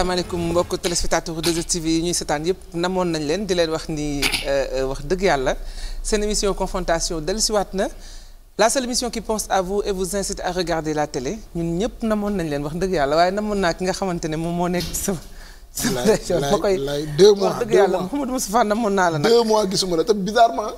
asalaamaaleykum mbokk téléspectateur de 2STV yi ñuy seetaan yëpp namoon nañ leen di leen wax ni euh, euh, wax dëgg yàlla seen émission confrontation dellusiwaat na la seule émission qui pense à vous et vous incite à regarder la télé ñun ñëpp namoon nañ leen wax dëgg yàlla waaye namoon naa ki nga xamante ne moom moo nekk sama. sama ma koy deux mois wax dëgg yàlla Mouhamadou Moustapha namoon naa la nag. deux mois gisuma la te bizarrement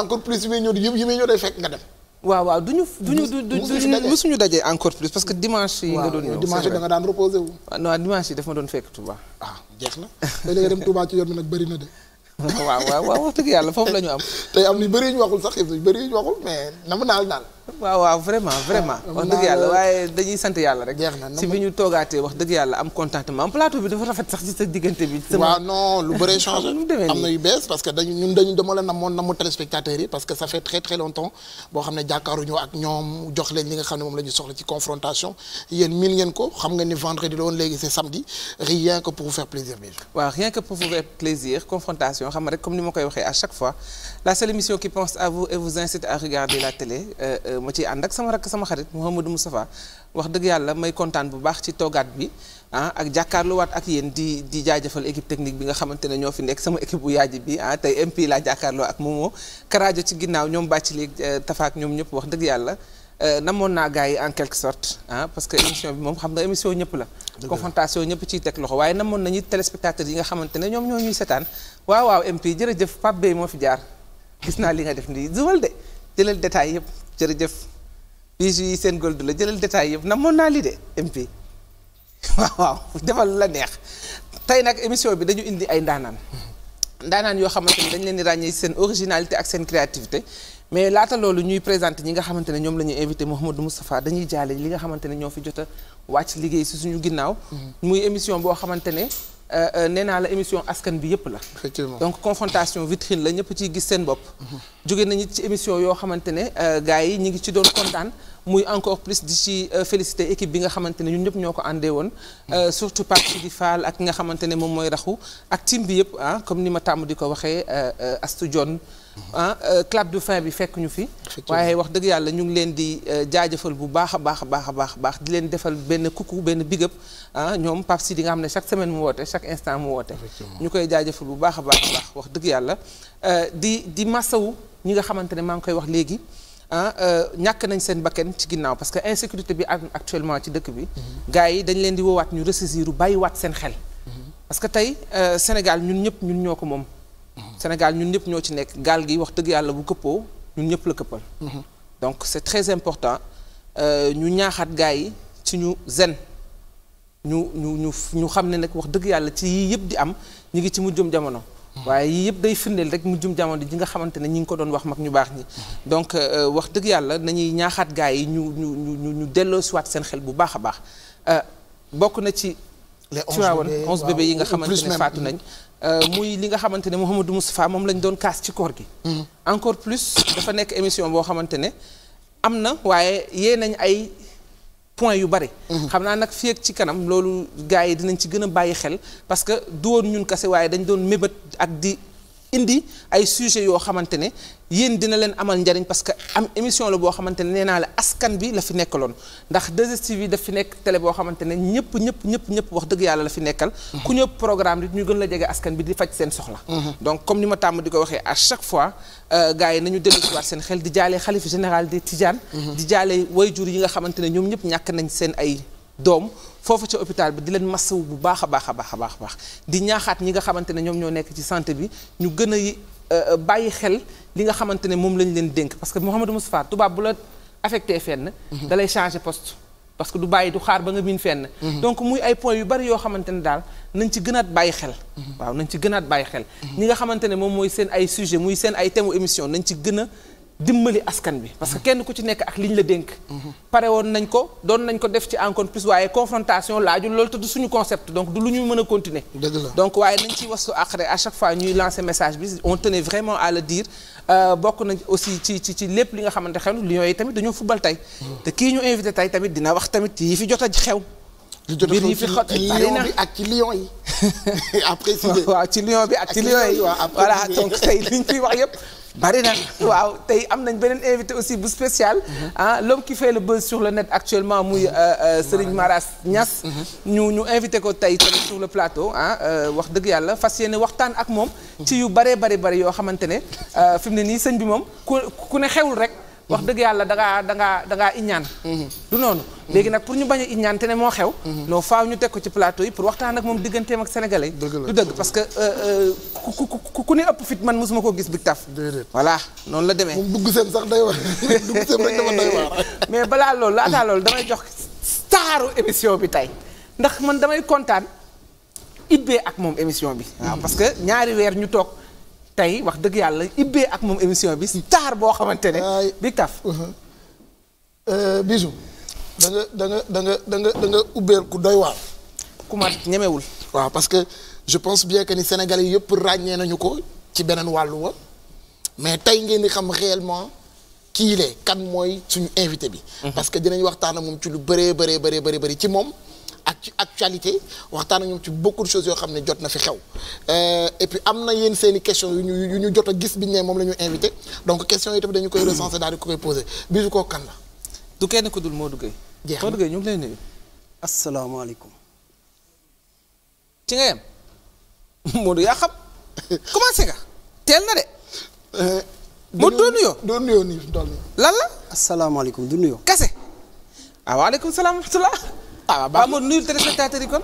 encore plus yi may ñëw yëpp fekk nga dem. waaw waaw du ñu. du ñu du du musuñu daje encore plus parce que dimanche yi nga doon ñëw dimanche da nga daan reposé wu. Ah, non dimanche yi dafa ma doon fekk Touba. Ah, jeex na. léegi ci yoon bi nag bëri na de. waaw waaw waaw wax dëgg yàlla foofu la ñu am. tey am na yu bëri yu ñu waxul sax yu bëri yu ñu waxul mais namu naal naal. waaw waaw vraiment vraiment wax dëgg yàlla waaye dañuy sant yàlla rek si bi ñu toogaatee wax dëgg yàlla am contentement plateau bi dafa rafet sax ci sa diggante bi waaw non lu bëre na yu bees parce que dañu ñun dañu dama la namoon namu téléspectateurs yi parce que ça nga xam ne moom la ñu la woon léegi c'est samedi rien que pour vous faire plaisir bi waaw rien que pour comme ni ma koy waxee à chaque fois la seule émission qui pense à vous et vous incite à regarder la télé euh, euh, ma ciy ànd ak sama rakk sama xarit Mouhamadou Moustapha wax dëgg yàlla may kontaan bu baax ci toogaat bi ah ak jàkkaarloowaat ak yéen di di jaajëfal équipe technique bi nga xamante ne ñoo fi nekk sama équipe bu bi ah tey MP laa jàkkaarloo ci ginnaaw ñoom bàcc léeg euh, tafaak ñoom ñëpp wax dëgg yàlla namoon naa gars yi en quelque sorte ah, parce que émission bi moom xam nga émission ñëpp la confrontation ñëpp ciy teg loxo waaye namoon nañu téléspectateurs yi nga xamante ne ñoom ñoo ñuy seetaan waaw waaw MP jërëjëf Pape Bey moo fi jaar gis naa li nga def nii zuwal de jëlal détail yëpp jërëjëf bijoux yi seen gold la jëlal détail yëpp namoon naa li de MP waaw waaw defal la neex tey nag émission bi dañu indi ay ndaanaan ndaanaan yoo xamante ne dañ leen di ràññee seen originalité ak seen créativité mais laata loolu ñuy présenté ñi nga xamante ne ñoom la ñuy invité Mouhamadou Moustapha dañuy jaale li nga xamante ne ñoo fi jot a wàcc liggéey si suñu ginnaaw mm-hmm. muy émission boo xamante ne Euh, euh, nee naa la émission askan bi yëpp la. effectivement donc confrontation vitrine la ñëpp ci gis seen bopp. jóge nañu ci émission yoo xamante ne euh, gars yi ñu ngi ci doon kontaan muy encore plus di ci féliciter équipe bi nga xamante ne ñun ñëpp ñoo ko àndee woon. surtout parti di Fall ak nga xamante ne moom mooy raxu ak team bi yëpp ah comme ni ma tàmm di ko waxee Astou Dione. ah euh, clap de fin bi fekk ñu fi. waaye wax dëgg yàlla ñu ngi leen di euh, jaajëfal bu baax a baax a baax a baax di leen defal benn coucou benn big ah ñoom Pape Sidi nga xam ne chaque semaine mu woote chaque instant mu woote. ñu koy jaajëfal bu baax a baax a baax wax dëgg yàlla euh, di di masawu ñi nga xamante ne maa ngi koy wax léegi. ah ñàkk nañ seen bakken ci ginnaaw parce que insécurité bi ak actuellement ci dëkk bi. Mhm. gars yi dañ leen di woowaat ñu ressaisir bàyyiwaat seen xel. Mhm. parce que tey Sénégal ñun ñëpp ñun ñoo ko moom. Sénégal ñun ñëpp ñoo ci nekk gaal gi wax dëgg yàlla bu këppoo ñun ñëpp la këppal. Mhm. donc c'est très important euh, ñu ñaaxaat gaa yi ci ñu zen ñu ñu ñu ñu xam ne nekk wax dëgg yàlla ci yii yëpp di am ñu ngi ci mujjum jamono. Mhm. waaye yii yëpp day firndeel rek mujjum jamono ji nga xamante ne ñi ngi ko doon wax mag ñu baax ñi. Mhm. donc euh, euh, wax dëgg yàlla nañuy ñaaxaat gars yi ñu ñu ñu ñu delloo siwaat seen xel bu baax a baax bokk na ci. Tiwaawan onze bébé yi nga xamante ne faatu nañ euh, muy li nga xamante ne Mouhamadou Moustapha moom lañ doon kaas ci koor gi mm-hmm. encore plus dafa nekk émission boo xamante ne am na waaye yee nañ ay point yu bari mm-hmm. xam naa nag fii ak ci kanam loolu gars yi dinañ ci gën a bàyyi xel parce que du woon ñun kase waaye dañ doon mébét ak di indi ay sujets yoo xamante ne yéen dina leen amal njariñ parce que am émission la boo xamante ne nee naa la askan bi la fi nekkaloon ndax 2STV daf fi nekk télé boo xamante ne ñëpp ñëpp ñëpp ñëpp wax dëgg yàlla la fi nekkal ku ñëpp programme bi ñu gën la jege askan bi di faj seen soxla mhm. donc comme ni ma tàmm di ko waxee à chaque fois euh, gars yi nañu dellusiwaat seen xel di jaalee xalif général des Tidiane mhm. di jaalee wayjur yi nga xamante ne ñoom ñëpp ñàkk nañ seen ay doom foofu ca hôpital bi di leen masawu bu baax a baax a baax a baax di ñaaxaat ñi nga xamante ne ñoom ñoo nekk ci santé bi ñu gën a euh, euh, bàyyi xel li nga xamante ne moom lañ leen dénk parce que Mouhamadou Moustapha tubaab bu la affecté fenn. Mhm. da lay changé poste. parce que du bàyyi du xaar ba nga miin fenn. Mhm. donc muy ay points yu bari yoo xamante ne daal nañ ci gënaat bàyyi xel. Mhm. waaw nañ ci gënaat bàyyi xel. ñi nga xamante ne moom mooy seen ay sujet muy seen ay thème émission nañ ci gën a. dimbali askan bi parce que kenn ku ci nekk ak li liñ la dénk pare woon nañ ko doon nañ ko def ci encore plus waaye confrontation laajul loolu te du suñu concept donc du lu ñuy mën a continuer donc waaye nañ ciy wastu àqre à chaque fois ñuy lancer message bi on tenait vraiment à le dire euh, bokk nañ aussi ci ci ci lépp li nga xamante xew lion yi tamit dañoo football tey te kii ñu invité tey tamit dina wax tamit yi fi jot ci xew mbir yi fi xot Lion bi ak ci Lion yi après waaw ci Lion bi ak ci Lion yi voilà donc tey liñ fiy wax yëpp bari na waaw tey am nañ beneen invité aussi bu spécial mhm. ah l'homme qui fait le buzz sur le net actuellement muy euh, euh, Serigne Maras ñas mhm. ñu ñu invité ko tey tamit sur le plateau ah euh, wax dëgg yàlla fas yéene waxtaan ak moom ci yu bare bari bari yoo xamante ne fi mu ne nii sëñ bi moom ku ku ne xewul rek wax dëgg yàlla dangaa dangaa da ngaa da ngaa mm-hmm. du noonu mm-hmm. léegi nag pour ñu bañ a te ne moo xew mm-hmm. non faaw ñu teg ko ci plateau yi pour waxtaan ak moom digganteem ak sénégalais du dëgg parce que euh, euh, ku ku ni ëpp fit man mosuma koo gis big taf voilà noonu la demee moom dugg seen sax day wax dugg mais balaa loolu laataa loolu damay jox staaru émission bi tey ndax man damay kontaan ibbee ak moom émission bi waaw parce ñaari weer ñu toog tey wax dëgg yàlla ibbee ak moom émission bi si taar boo xamante ne. big taf. Uh-huh. Euh, bisu. da nga danga nga da nga da nga da nga ubbeer ku doy waar. ku ma ñemewul. waaw parce que je pense bien que ni Sénégalais yëpp ràññee nañu ko ci beneen wàllu wa mais tey ngeen di xam réellement. kii le kan mooy suñu invité bi. Uh-huh. parce que dinañ waxtaan ak moom ci lu bëree bëree bëree bëri ci moom. ak ci actualité waxtaan ak ñoom ci beaucoup de yoo xam ne jot na fi xew euh, et puis am na yéen seen i questions yu ñu yu ñu jot a gis bi ñu ne moom la invité donc questions yi tamit dañu koy recensé daal di ko koy posé bisu koo kan la. du kenn ko dul moo Gueye. jeex na Modou Gueye ñu ngi lay nuyu. asalaamaaleykum. ci nga yem. Modou yaa xam. commencé nga. teel na de. Euh, moo doo nuyoo doo nuyoo nii lan la. asalaamaaleykum du nuyoo. kese. ah waaleykum salaam wa rahmatulah. ah waaw Modou nuyul téléspectateurs yi kon.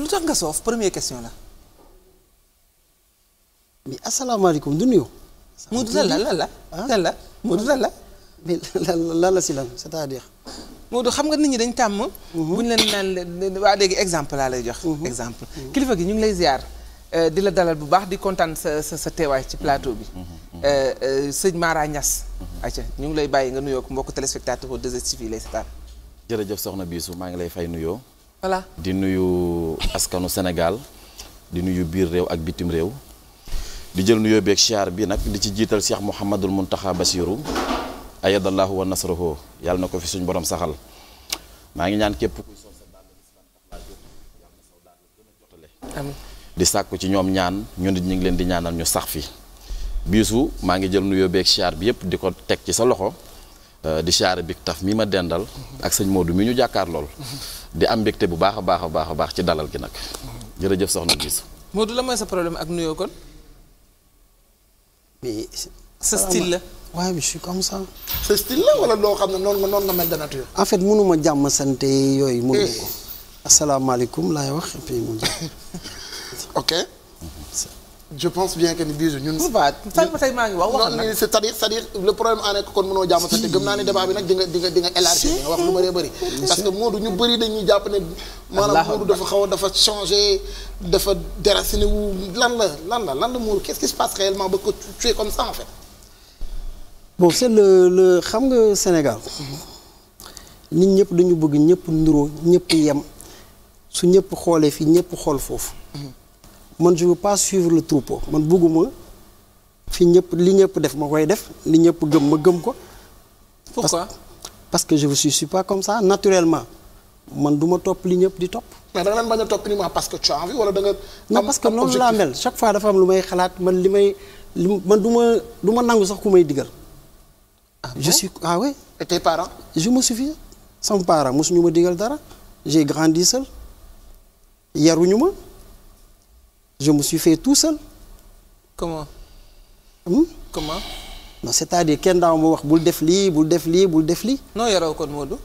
lu tax nga soof première question la. mais asalaamaaleykum du nuyu. Modou lan la lan la. Ah? lan la Modou lan la. mais lan la si lan c'est-à-dire. Modou xam nga nit ñi dañ tàmm. Mhm. buñ leen naan waa léegi exemple laa lay jox. Mhm. exemple mhm. kilifa gi ñu ngi lay ziar. Euh, di la dalal bu baax di kontaan sa sa sa teewaay ci plateau bi. Euh, euh, sëñ Mara Niass. ñu ngi lay bàyyi nga nuyoo ko mbokk téléspectateur 2STV lay jërëjëf soxna Bisou maa ngi lay fay nuyoo. voilà di nuyu askanu senegal di nuyu biir réew ak bitim réew. di jël nuyoo beeg siyaar bi nag di ci jiital Cheikh Mouhamadul Mountakha Bassirou. ayadallahu wa nasrahu yàlla na ko fi suñ borom saxal. maa ngi ñaan képp kuy sol sa di sàkku ci ñoom ñaan ñu nit ñu ngi leen di ñaanal ñu sax fi. biisu maa ngi jël nuyoo beek siyaar bi yëpp di ko teg ci sa loxo euh, di siyaare big taf mi ma dendal ak sëñ moodu mi ñu jàkkaar lool di am mbégte bu baax a baax a baax a baax ci dalal gi nag jërëjëf soxna biisu Modou la mooy sa problème ak nuyoo kon sa style la waaye bi je suis comme ça. sa style la wala loo xam ne noonu nga noonu nga mel de nature. en fait mënuma jàmm sante yooyu mënu eh. ko. asalaamaaleykum laay wax et puis mu je pense bien que ni bisu ñun. ça va maa ngi wax wax na c'est-à-dire c'est-à-dire le problème en kon mënoo jàmm te gëm naa ne débat bi nag di nga di nga di nga élargir di nga wax lu bëree bëri. parce que Modou ñu bari dañuy jàpp ne. maanaam Modou dafa xaw a dafa changé dafa déraciné wu lan la lan la lan la moo qu'est-ce qui passe réellement ba ko tuer comme ça en fait. bon c'est le xam nga Sénégal. nit ñëpp dañu bëgg ñëpp niroo ñëpp yem su ñëpp xoolee fii ñëpp xool foofu. man je veux pas suivre le troupeau man bëgguma fi ñëpp li ñëpp def ma koy def li ñëpp gëm ma gëm ko. pourquoi parce que je ne suis pas comme ça naturellement man du ma topp li ñëpp di topp. mais da nga a topp ni parce que tu as envie wala da nga. non que noonu laa mel chaque fois dafa am lu may xalaat man li may li man du ma du ma nangu sax ku may digal. ah je suis ah oui. et tes parents. je me suffis ma digal dara j'ai grandi seul yaruñu ma. je me suis fait tout seul. comment. Hmm? comment. c'est-à-dire kenn daa ma wax bul def lii bul def lii bul def lii. non yaroo kon Modou.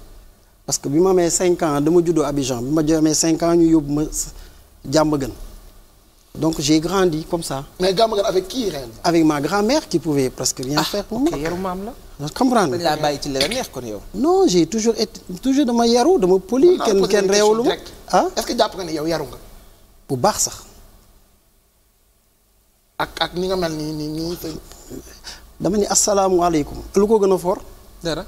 parce que bi ma amee cinq ans dama juddoo Abidjan bi ma amee cinq ñu yóbbu ma Diamaguène donc j'ai grandi comme ça. mais Diamaguène avec qui réellement. avec ma grand-mère qui pouvait presque rien ah, faire pour moi. ah ok yaru maam la. nga comprendre bàyyi ci la neex kon yow. non j'ai toujours été toujours dama yaru dama poli. kenn kenn réewlu ma ah. est-ce que jàpp nga ne yow yaru nga. bu baax sax. ak ak ni nga mel nii nii nii. dama ni asalaamualeykum lu ko gën a foor dara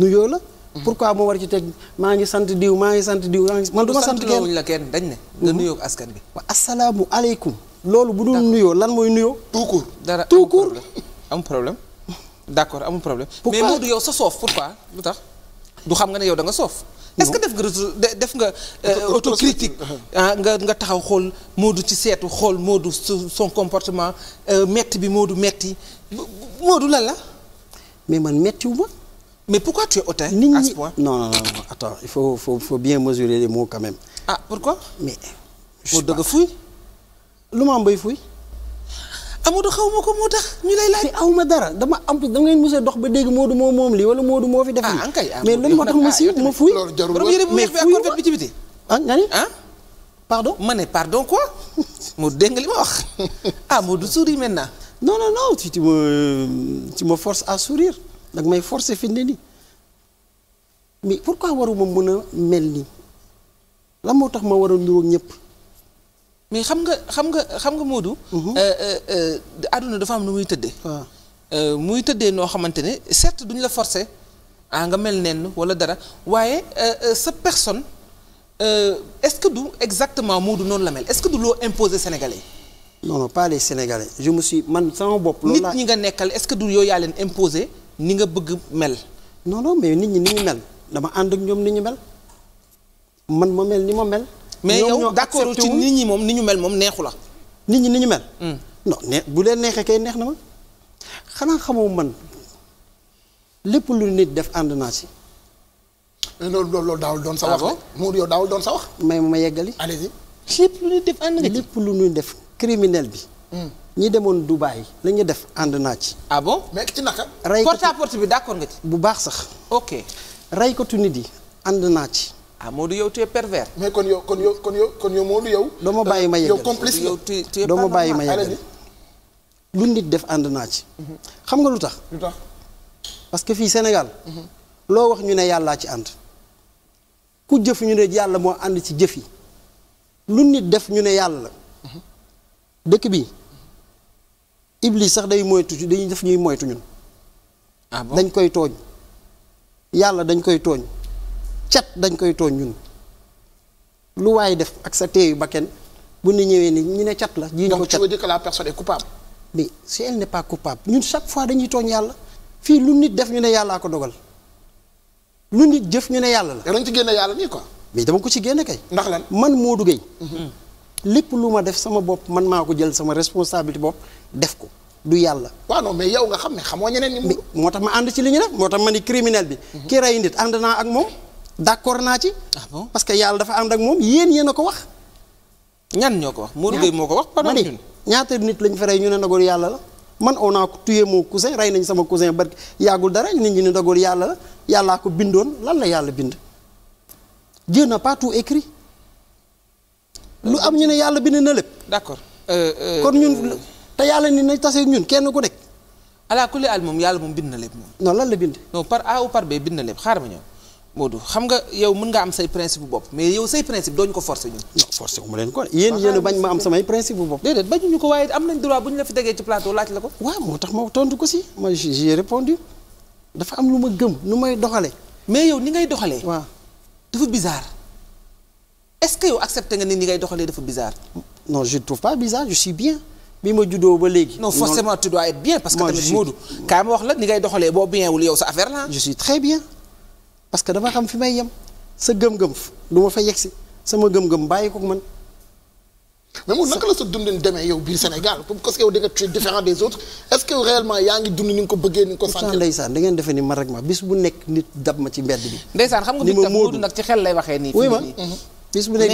nuyoo la. Mhm. pourquoi moo war ci teg maa ngi sant diw maa ngi sant diw maa man du sant kenn la kenn dañ ne. nga mhm. nuyoo ak askan bi. waaw asalaamualeykum. loolu bu dul nuyoo lan mooy nuyoo. tout dara tout court. am problème d'accord amul problème. mais Modou yow sa soof pourquoi lu tax. du xam nga ne yow da nga soof. est-ce que def nga def nga. Euh, autocritique ah, nga nga taxaw xool moo Modou ci seetu xool moo Modou son comportement euh, metti bi Modou metti Modou lan la. mais man méttiwu ma. mais pourquoi tu es hautain à ce point non non non il faut faut bien mesurer les mots quand même. ah pourquoi. mais. je sais pas nga fuy. lu ma am bay fuy. Amadou xaw ma ko moo tax ñu lay laaj. te aw ma dara dama am da ngeen mos a dox ba dégg Modou moo moom lii wala Modou moo fi def. ah ankay ah, mais lan moo tax ma ah, siiw ma fuy. loolu jarul ah, ma ne pardon quoi mu dégg nga li ma wax ah Modou souris maintenant. non non non tu tu me tu me à sourire dag may forcer fi ne nii mais pourquoi waruma mën a mel nii lan moo tax ma war a niroog ñëpp. mais xam nga xam nga xam nga Modou. Mhm. Euh, euh, euh, àdduna dafa am nu muy tëdde ah. muy tëddee noo xamante ne certes duñ la forcer ah nga mel nenn wala dara waaye sa personne est-ce que du exactement Modou noonu la mel est-ce que du loo imposer Sénégalais. non non pas les Sénégalais je me suis man sama bopp. loolu nit ñi nga nekkal est-ce que du yow yaa leen imposer ni nga bëgg mel. non non mais nit ñi ni ñu mel dama ànd ak ñoom ni ñu mel man ma mel ni ma mel. mais yow d'accord ci nit ñi moom ni ñu mel moom neexu la. nit ñi ni ñu mel. Hmm. non ne bu leen neexee kay neex na ma xanaa xamoo man lépp lu nit def ànd naa si. Eh, loolu loolu daawul doon sa ah wax. muur doon sa wax. may ma yeggali. allez-y. lépp lu ñuy def ànd nga ci. lépp lu ñuy def criminel bi. Hmm. ñi demoon Dubaï la ñu def ànd naa ci. ah bon mais ci naka. rey porte bi d'accord nga ci. bu baax sax. ok reykatu nit yi ànd naa ci. moo ah, Modou yow tu es pervers. mais kon yow kon yow kon kon yow Modou yow. doo ma bàyyi ma yeggal yow complice yow tu ma bàyyi ma yeggal lu nit def ànd naa ci. xam nga lu tax. lu parce que fii Sénégal. Mhm. loo wax ñu ne yàllaa ci ànd. ku jëf ñu ne yàlla moo ànd ci jëf yi. lu nit def ñu ne yàlla la. Mhm. dëkk bi Iblis sax day moytu dañuy def ñuy moytu ñun. Ah dañ koy tooñ. yàlla dañ koy tooñ. cat dañ koy tooñ ñun lu waaye def ak sa teeyu bakken bu ñu ñëwee ni ñu ne cat la. jiiñ ko cat donc tu veux la personne est coupable. mais si elle pas coupable ñun chaque fois dañuy tooñ yàlla fii lu nit def ñu ne yàllaa ko dogal lu nit jëf ñu ne yàlla la. danañ ci yàlla nii quoi. mais dama ko ci génn kay. ndax lan man moo Gueye. Mhm. lépp lu ma def sama bopp man maa ko jël sama responsabilité bopp def ko du yàlla. waa non mais yow nga xam ne xamoo ñeneen ñi. moo tax ma ànd ci li ñu def moo tax ma ni criminel bi. Mhm. ki rey nit ànd naa moom. d'accord naa ci. ah bon parce que yàlla dafa ànd ak moom yéen yéen a ko wax. ñan ñoo ko wax Modou Gueye moo ko wax. ma ne ñaata nit lañ feree ñu ne ndogalu yàlla la man on a tué mon cousin rey nañ sama cousin barki yàggul dara nit ñi ne ndogalu yàlla la yàllaa ko bindoon lan la yàlla bind. Dieu n'a pas tout écrit lu am ñu ne yàlla bind na lépp. d'accord euh, euh, kon ñun euh, te yàlla ni nañ tase ñun kenn ku nekk. alaa kulli aal moom yàlla moom bind na lépp moom. non la bind. non par A ou par bind na lépp xaar ma ñëw. Modou xam nga yow mën nga am say principe bu bopp mais yow say principe dooñu ko forcer ñun. non forcer ma leen ko yéen yéen bañ ma am samay principe bu bopp. déedéet bañuñu ko waaye am nañ droit bu ñu la fi déggee ci plateau laaj la ko. waaw moo tax ma tontu ko si ma j'ai répondu dafa am lu ma gëm nu may doxalee. mais yow ni ngay doxalee. waaw dafa bizarre est-ce que yow accepté nga ni ni ngay doxalee dafa bizarre. non je trouve pas bizarre je suis bien. bi ma juddoo ba que tamit Modou. kaay ma wax boo bien parce que dafa xam fi may yem sa gëm-gëm ma fa yegg si sama gëm-gëm bàyyi ko man. mais moom naka la sa dundin demee yow biir Sénégal comme parce que yow da nga tuuti des autres est-ce que réellement yaa ngi dund ni nga ko bëggee ni nga ko. sant ndeysaan da ngeen ni man rek ma bis bu nekk nit dab ma ci mbedd bi. ndeysaan xam nga mhm. nit tam mhm. ma bis bu nekk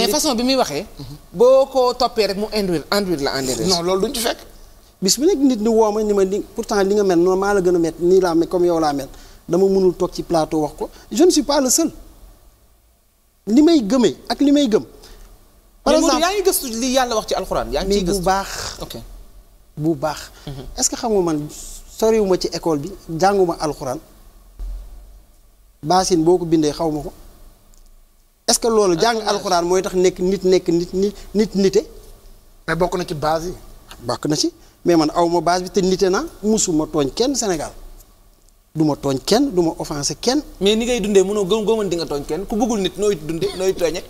nit ni woo ni ma ni pourtant li nga mel noonu maa la gën a mel nii laa mel comme yow laa mel dama mënul toog ci plateau wax ko je ne suis pas li may gëme ak li may gëm. par exemple yaa ngi gëstu li yàlla wax ci alxuraan yaa ngi ciy baax. ok bu baax. Mhm. est-ce que xam nga man soriwuma ci école bi jànguma alxuraan baasin boo ko bindee xaw ma ko. est-ce que loolu ah, jàng ah. alxuraan mooy tax nekk nit nekk nit nit nit nite. mais bokk na ci base yi. bokk na ci mais man awma base bi te nite naa musuma tooñ kenn Sénégal. du ma tooñ kenn du ma offensé kenn. mais ni ngay dundee mënoo gëm gëmoon di nga tooñ kenn ku bëggul nit nooy dundee nooy tooñe.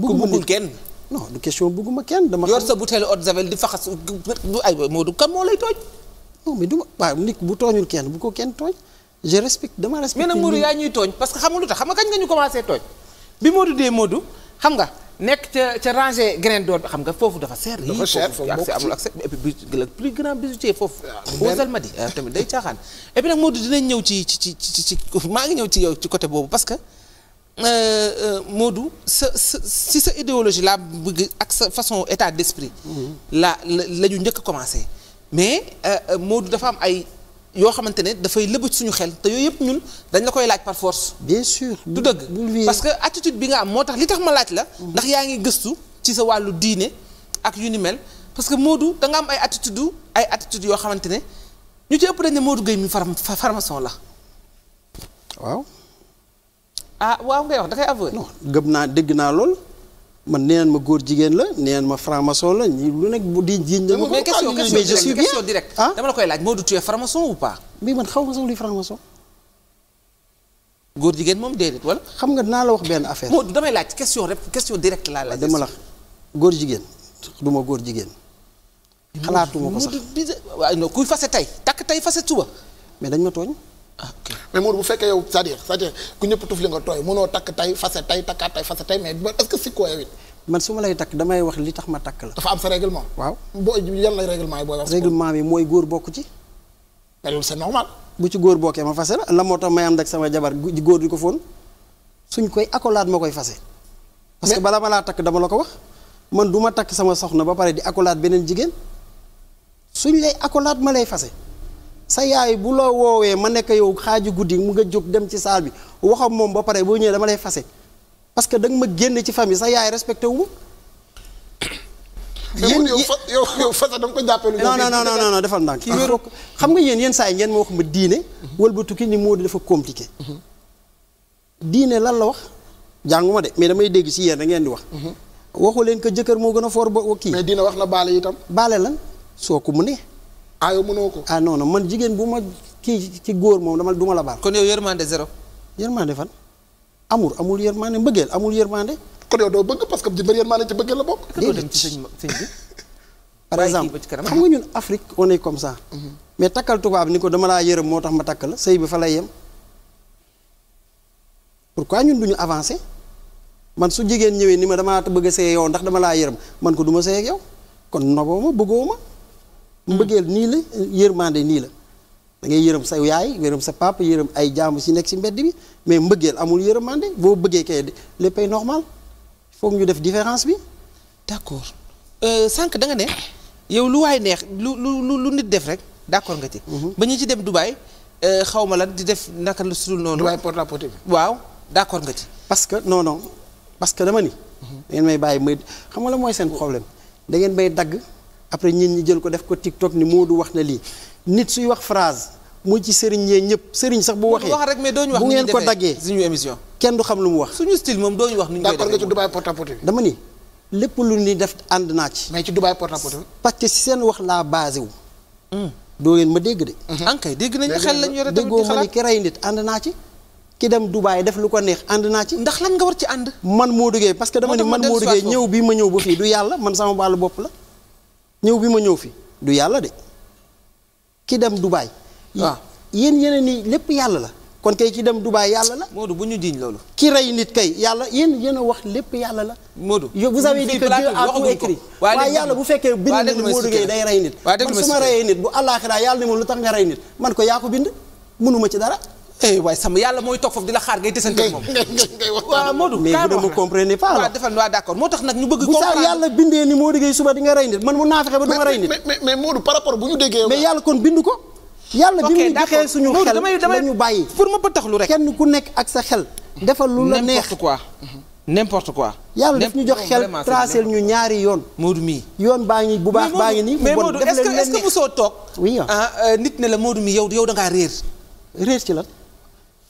bëgguma ku bëggul kenn. non du question kenn dama. yor sa butéelu eau di faxas du moo lay tooñ. non mais du waaw nit bu tooñul kenn bu ko kenn tooñ je respecte dama respecte. mais nag Modou yaa ñuy tooñ parce que xam nga lu tax xam nga kañ nga ñu commencé tooñ bi Modou dee Modou xam nga. nekk ca ca rangé grain d'or bi xam nga foofu dafa seer. dafa cher foofu accès amul accès et puis le plus grand bijoutier foofu. Ah, ah, ci ci ci ci maa ngi ñëw ci yow ci côté boobu parce que euh, euh, Modou sa sa si sa idéologie laa bëgg ak sa façon état d'esprit. Mhm. la la la ñu njëkk a commencé mais euh, Modou dafa am ay. yoo xamante ne dafay lëbëj suñu xel te yooyu yëpp ñun dañ la koy laaj par force. bien sûr du dëgg parce que attitude bi nga am moo tax li tax ma laaj la. ndax yaa ngi gëstu ci sa wàllu diine ak yu ni mel parce que Modou da nga am ay attitude ay attitude yoo xamante ne ñu ci ëpp dañ ne Modou Gueye mi farmason la. waaw. ah waaw ngay wax da koy avoué. non gëm naa dégg naa lool. man neenaan ma góor jigéen la neenaan ma franc-maçon la ñu lu nekk bu di jiiñ la ma ko mais ah, je suis bien ah koy laaj Modou tu es franc-maçon ou pas xaw ma sax luy franc-maçon góor moom déedéet wala xam nga naa la wax benn affaire Modou damay laaj question rek question directe laa laaj dama la góor jigéen ma góor jigéen xalaatuma ko sax waaye non kuy fase tey takk tey fase suba mais dañ ma tooñ Ah, mais Modou bu fekkee yow cest ku ñëpp tuf li nga tooy mënoo takk tay fase tay takkaat tay fase tay mais est-ce que si su ma lay takk damay wax li tax ma takk am sa règlement waaw boo yan lay règlement yi booy wax règlement bi mooy góor bokk ci mais loolu c'est normal bu ci góor bokkee ma fase la la moo may ànd ak sama jabar góor di ko fóon suñ koy accolade ma koy fase parce que bala ma laa takk dama la ko wax man du ma takk sama soxna ba pare di accolade beneen jigéen suñ lay accolade ma lay fase sa yaay bu la woowee ma nekk yow xaaju guddi mu nga jóg dem ci saal bi waxam moom ba pare boo ñëwee dama lay fase parce que da nga ma génn ci famille sa yaay respecté wu ma. yéen da nga ko jàppee lu non non non non defal ndànk kii xam nga yéen yéen saa yi ngeen ma wax ma diine. wëlbatu ki ni moo di dafa compliqué. Mhm. diine lan la wax jànguma de mais damay dégg si yéen da ngeen di wax. Mhm. waxu leen ko jëkkër moo gën a foor ba kii. mais diine wax na baale itam. baale lan soo ko mu ne ah yow ah, man jigéen bu ma kii ci góor moom dama du ma la baal. kon yow yërmande zéro. yërmande fan amul amul yërmande mbëggeel amul yërmande. kon yow doo bëgg parce que di bëri yërmande ci bëggeel la bokk. déedéet par exemple xam nga ñun Afrique on est comme ça. Mhm. mais takkal tubaab ni ko dama laa yërëm moo tax ma takk la sëy bi fa lay yem. pourquoi ñun du ñu avancer man su jigéen ñëwee ni ma damaa bëgg a yow ndax dama laa yërëm man ko du ma yow kon nagoo ma bëggoo mbëggeel nii la yërmande nii la da ngay yërëm sa yaay yërëm sa papa yërëm ay jaamu si nekk si mbedd bi mais mbëggeel amul yërmande boo bëggee kay lépp ay normal foog ñu def différence bi. d'accord euh, sànq da nga ne yow lu waay neex lu lu lu nit def rek d'accord nga ci. Mhm. ba ñu ci dem Dubaay euh, xaw ma lan di def naka la sudul noonu. Dubaay porte la porte bi. waaw d'accord nga ci. parce que non non parce que dama ni. Mhm. da ngeen may bàyyi may xam nga la mooy seen problème da ngeen may dagg. après nit ñi jël ko def ko TikTok ni Modou wax na lii nit suy wax phrase mu ci sëriñ yee ñëpp sëriñ sax bu waxee wax rek doo ñu wax bu ngeen ko daggee suñu émission kenn du xam lu mu wax. suñu style moom doo wax. nu ñu koy dama ni lépp lu ni def ànd naa ci. mais ci Dubaay porte parce que si seen wax laa basé wu. Hmm. doo leen ma dégg de. Mhm. ankay dégg nañu xel déggoo ma ni ki rey nit ànd naa ci. ki dem Dubaay def lu ko neex ànd naa ci. ndax lañ nga war ci ànd. man moo Gueye parce que dama ni man Modou Gueye ñëw bi ma ñëw ba fii du yàlla man sama baal bopp la ñëw bi ma ñëw fi du yàlla de ki dem Dubaay. waaw ah. yéen yeneen yi lépp yàlla la. kon kay ki dem Dubaay yàlla la. Modou bu ñu diñ loolu. ki rey nit kay yàlla yéen yéen a wax lépp yàlla la. Modou yow vous avez dit que Dieu a tout écrit. waaye yàlla bu fekkee bind na Modou Gueye day rey nit. man su ma reyee nit bu àllaaxiraa yàlla ne ma lu tax nga rey nit man ko yaa ko bind mënuma ci dara. eh waaye sama yàlla mooy toog foofu di la xaar ngay desante moom. ngay ngay ngay waxtaan mais bu ne ma comprendre pas la waaw defal waaw moo tax nag ñu bëgg. comprendre bu saa yàlla ni mu joxee suñu xel la ñu ñaari yoon Modou mii yoon baa ngi bu baax baa ngi nii mais Modou est-ce que est-ce soo toog ah. ah, euh, nit ne la Modou mii yow yow réer réer ci la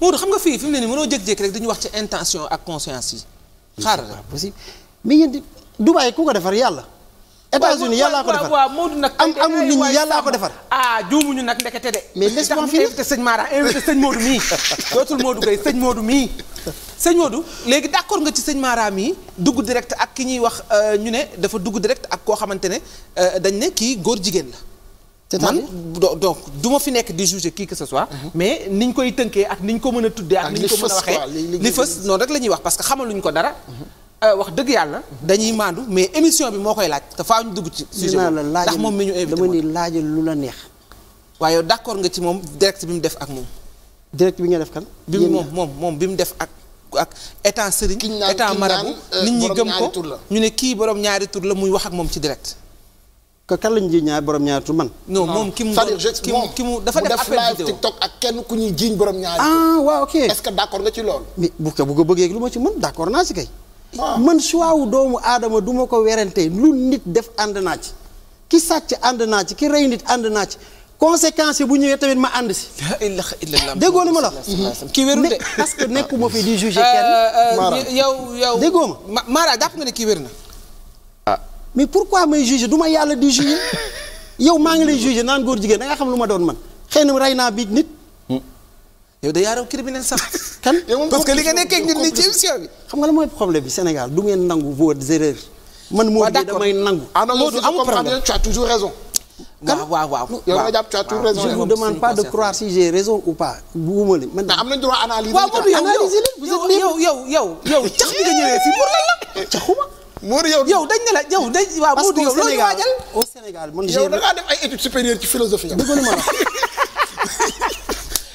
Moodu xam nga fii fi mu ne nii mënoo jékki-jékki rek dañu wax ci intention ak conscience yi. xaaral rek possible mais yéen di Dubaay ku ko defar yàlla. États-Unis yàllaa ko defar waaw Moodu nag. am amul nit ñi yàllaa ko defar. ah juumuñu nag ndekete de. mais laisse-moi finir invité sëñ Mara invité sëñ Moodu mii dootul Moodu Gueye sëñ Moodu mii. sëñ Moodu léegi d'accord nga ci sëñ Mara mii dugg direct ak ki ñuy wax euh, ñu ne dafa dugg direct ak koo xamante ne euh, dañ ne kii góor jigéen la man donc du ma fi nekk di juger kii que ce soit. Mhm. mais niñ koy tënkee ak niñ ko mën a tuddee. ak niñ ko mën a waxee li fës noonu rek la ñuy wax parce que xamaluñ ko dara. Mhm. Euh, wax dëgg yàlla. Mhm. dañuy maandu mais émission bi moo koy laaj te faa dugg ci. sujet ndax moom mi ñu invité dama ni laajal lu la neex. waaye yow d'accord nga ci moom direct bi mu def ak moom. direct bi nga def kan. bi moom moom moom bi mu def ak. ak état sëriñ état marabu euh, nit ñi gëm ko ñu ne kii borom ñaari tur la muy wax ak moom ci direct que kan lañ jiiñ ñaar borom ñaari tur man. non moom ki mu ki mu dafa def appel vidéo TikTok ak kenn ku ñuy jiiñ borom ñaari ah waaw ok est-ce que d'accord nga ci loolu. mais bu ko bu ko bëggee lu ma ci mën d'accord naa ci kay. Ah. man choix waaw doomu aadama duma ko werante lu nit def ànd naa ci. ki sàcc ànd naa ci ki rey nit ànd naa ci. conséquence bu ñëwee tamit ma ànd si. déggoo li ma la kii wéru de parce que nekkuma fi di juger euh, kenn. Euh, yow yow déggoo ma. Mara jàpp nga ne kii wér na. mais pourquoi may juger du ma yàlla di juger yow maa ngi lay juger naan góor jigéen da nga xam lu ma doon man xëy na rey naa biig nit. yow da yaa raw criminel sax. kan parce que li nga nekkee ñun ni ci émission bi. xam nga la mooy problème bi Sénégal du ngeen nangu vos erreurs. man moo di damay nangu. ah non non je tu as toujours raison. waaw waaw waaw yow nga jàpp tu vous demande pas de croire si raison ou pas. buuma li man am nañ droit analyser. waaw Modou yow yow yow yow. yow cax bi nga ñëwee fii pour lan la Modou yow. yow dañ ne la yow dañ. waaw Modou yow loolu waajal au Sénégal man. yow da ngaa am.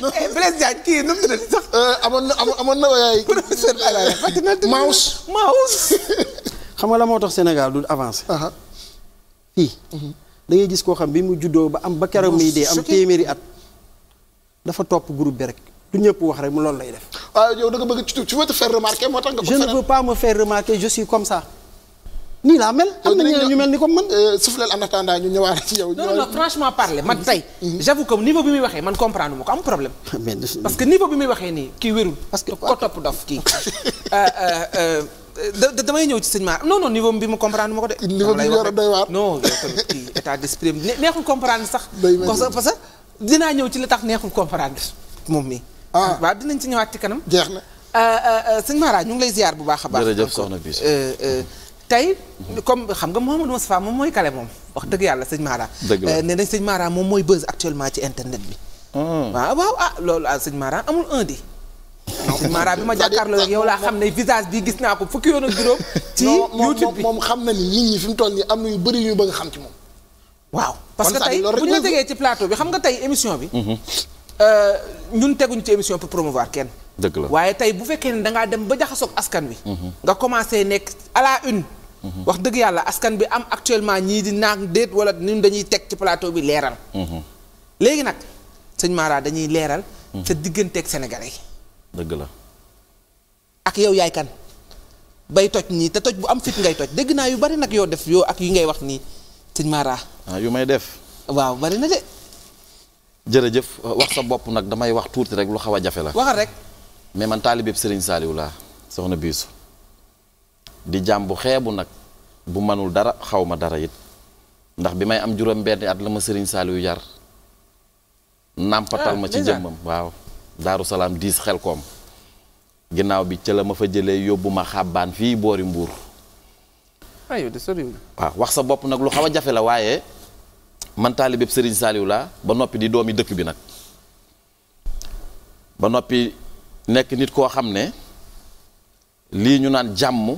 ma eh, euh, amoon na amoon na waay. Euh, xam nga la moo tax Sénégal du avancé. fii. Mhm. da ngay gis koo xam bi mu juddoo ba am ba keroog muy dee am téeméeri at. dafa topp groupe bi rek du ñëpp wax rek mu loolu lay def. waaw yow da nga bëgg tu veux te remarquer moo tax nga ko. je nii laa mel. am ñu mel ni comme man. Euh, soufflel en attendant ñu ñëwaat ci yow. non non franchement parler man tey. Mm-hmm. Mm-hmm. j'avoue que niveau bi muy waxee man comprendre ma ko am problème. parce que niveau bi muy waxee nii kii wérul. parce que ko topp dof kii. Euh, euh, da damay ñëw ci sëñ Mar non non niveau bi mu comprendre ma ko de. niveau bi yor a doy waar non kii état d'esprit neexul comprendre sax. parce que dinaa ñëw ci li tax neexul comprendre moom mi. ah waaw dinañ si ñëwaat ci kanam. jeex na. sëñ Mara ñu ngi lay ziar bu baax a baax. jërëjëf soxna bi tey comme xam nga Mouhamadou Moustapha moom mooy kale moom wax dëgg yàlla sëñ Mara. dëgg la eh, nee nañ sëñ Mara moom mooy buzz actuellement ci internet bi. Hmm. waaw waaw ah loolu ah sëñ Mara amul un di. sëñ Mara bi ma jàkkaarloo ak yow laa xam ne visage bi gis naa ko fukki yoon juróom. ci YouTube bi moom xam na ni nit ñi fi mu toll nii am na yu bëri yu ñu bëgg xam ci moom. waaw parce que tey bu ñu la tegee bi xam nga tey émission bi. Mm-hmm. Euh, ñun teguñu ci émission pour promouvoir kenn. dëgg la waaye tey bu fekkee ne dangaa dem ba jaxasoog askan wi. Mhm. nga commencé nekk à la une. Mhm. wax dëgg yàlla askan bi am actuellement ñii di naan déet wala ñun dañuy teg ci plateau bi leeral. Mhm. léegi nag sëñ Mara dañuy leeral. sa digganteeg Sénégalais yi. dëgg la. ak yow yaay kan bay toj nii te toj bu am fit ngay toj dégg naa yu bari nag yoo def yoo ak yi ngay wax nii sëñ Mara. Ah, yu may def. waaw bari na de. jërëjëf wax sa bopp nag damay wax tuuti rek lu xaw a jafe la. waxal rek. mais man taalibeeb Serigne Saliou laa soxna biisu di jàmm bu xeebu nag bu manul dara xaw ma dara it ndax bi may am juróom benn at la ma sëriñ Saliou yar nàmpatal ah, ma ci jëmmam waaw daaru salaam diis xel koom ginnaaw bi ca la ma fa jëlee yóbbu ma xàbbaan fii boori mbuur ah, waaw wax sa bopp nag lu xaw a jafe la waaye man taalibeeb Serigne Saliou laa ba noppi di doomi dëkk bi nag ba noppi nekk nit koo xam ne lii ñu naan jàmm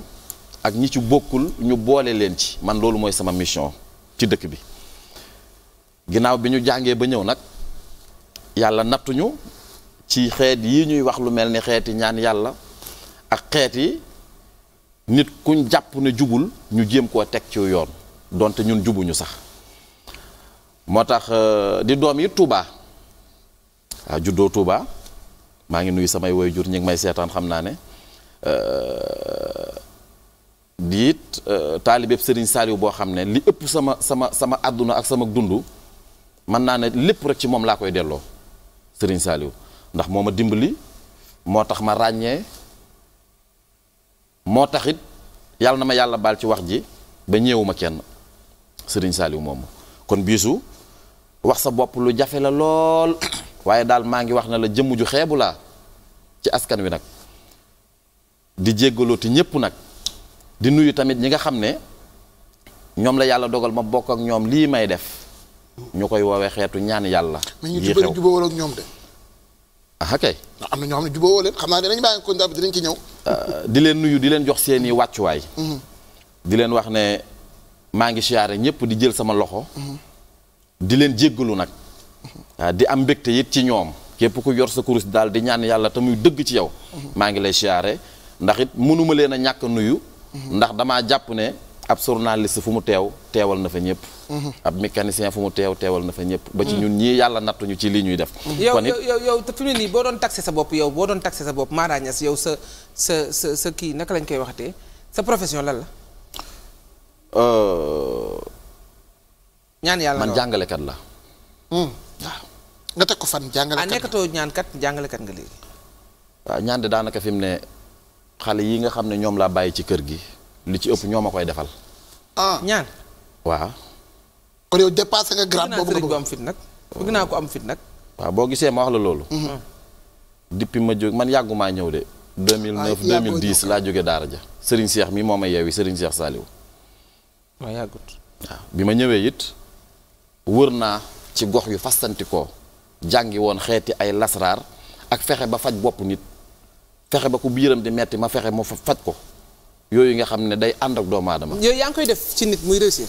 ak ñi ci bokkul ñu boole leen ci man loolu mooy sama mission ci dëkk bi ginnaaw bi ñu jàngee ba ñëw nag yàlla nattuñu ci xeet yi ñuy wax lu mel ni xeeti ñaan yàlla ak xeet yi nit kuñ jàpp ne jubul ñu jéem koo teg ci yoon donte ñun jubuñu sax moo tax euh, di doom yi Touba waaw juddoo Touba maa ngi nuyu samay woy jur ñi ngi may seetaan xam naa ne euh, di it euh, taalibeb Serigne boo xam ne li ëpp sama sama sama àdduna ak sama dund mën naa ne lépp rek ci moom laa koy delloo Serigne Saliou ndax moo ma dimbali moo tax ma ràññee moo taxit it yàlla na ma yàlla baal ci wax ji ba ñëwuma kenn sëriñ Saliou moomu kon biisu wax sa bopp lu jafe la lool. waaye daal maa ngi wax na la jëmm ju xeebu laa ci askan wi nag di jéggalooti ñépp nag di nuyu tamit ñi nga xam ne ñoom la yàlla dogal ma bokk ak ñoom lii may def ñu koy woowee xeetu ñaan yàlla. lii xew mais ñu ci bëri jubóowal xam ne jubóowoo leen xam naa dinañ ko ndax dinañ ci ñëw. Euh, di leen nuyu di leen jox seen i wàccuwaay. Mm-hmm. di leen wax ne maa ngi siyaare ñëpp di jël sama loxo. Mm-hmm. di leen jéggalu nag. Ah, di am mbégte it ci ñoom képp ku yor sa kurus daal di ñaan yàlla te muy dëgg ci yow maa ngi lay siyaare ndax it mënuma leen a ñàkk nuyu ndax damaa jàpp ne ab journaliste fu mu teew teewal na fa ñëpp ab mécanicien fu mu teew teewal na fa ñëpp ba ci ñun ñii ci lii ñuy def yow yow yow fi mu ne nii boo doon taxé sa bopp yow boo doon taxé sa bopp sa sa sa sa kii naka lañ koy waxatee sa profession lan la euh, man jàngalekat la hmm. waaw nga teg ko fan jàngalekat. ah ñaankat jàngalekat nga léegi. waaw ñaan de daanaka fi mu ne xale yi nga xam ne ñoom laa bàyyi ci kër gi li ci ëpp ñoo ma koy defal. ah ñaan. waaw. kon yow dépassé nga grade boobu nga am fit nag. bëgg naa ko am fit nag. waaw boo gisee ma wax la loolu. Mm-hmm. depuis ma jóg man maa ñëw de. 2009 ah, 2010 laa jóge daara ja Serigne Cheikh mi moo ma yeewi Serigne Cheikh Saliou. ma yàggut. waaw bi ma ñëwee it wër naa. ci gox yu fasanti ko jàngi woon xeeti ay lasraar ak fexe ba faj bopp nit fexe ba ku biiram di metti ma fexe ma faj ko yooyu nga xam ne day ànd ak doomu aadama. yooyu yaa ngi koy def ci nit muy réussir.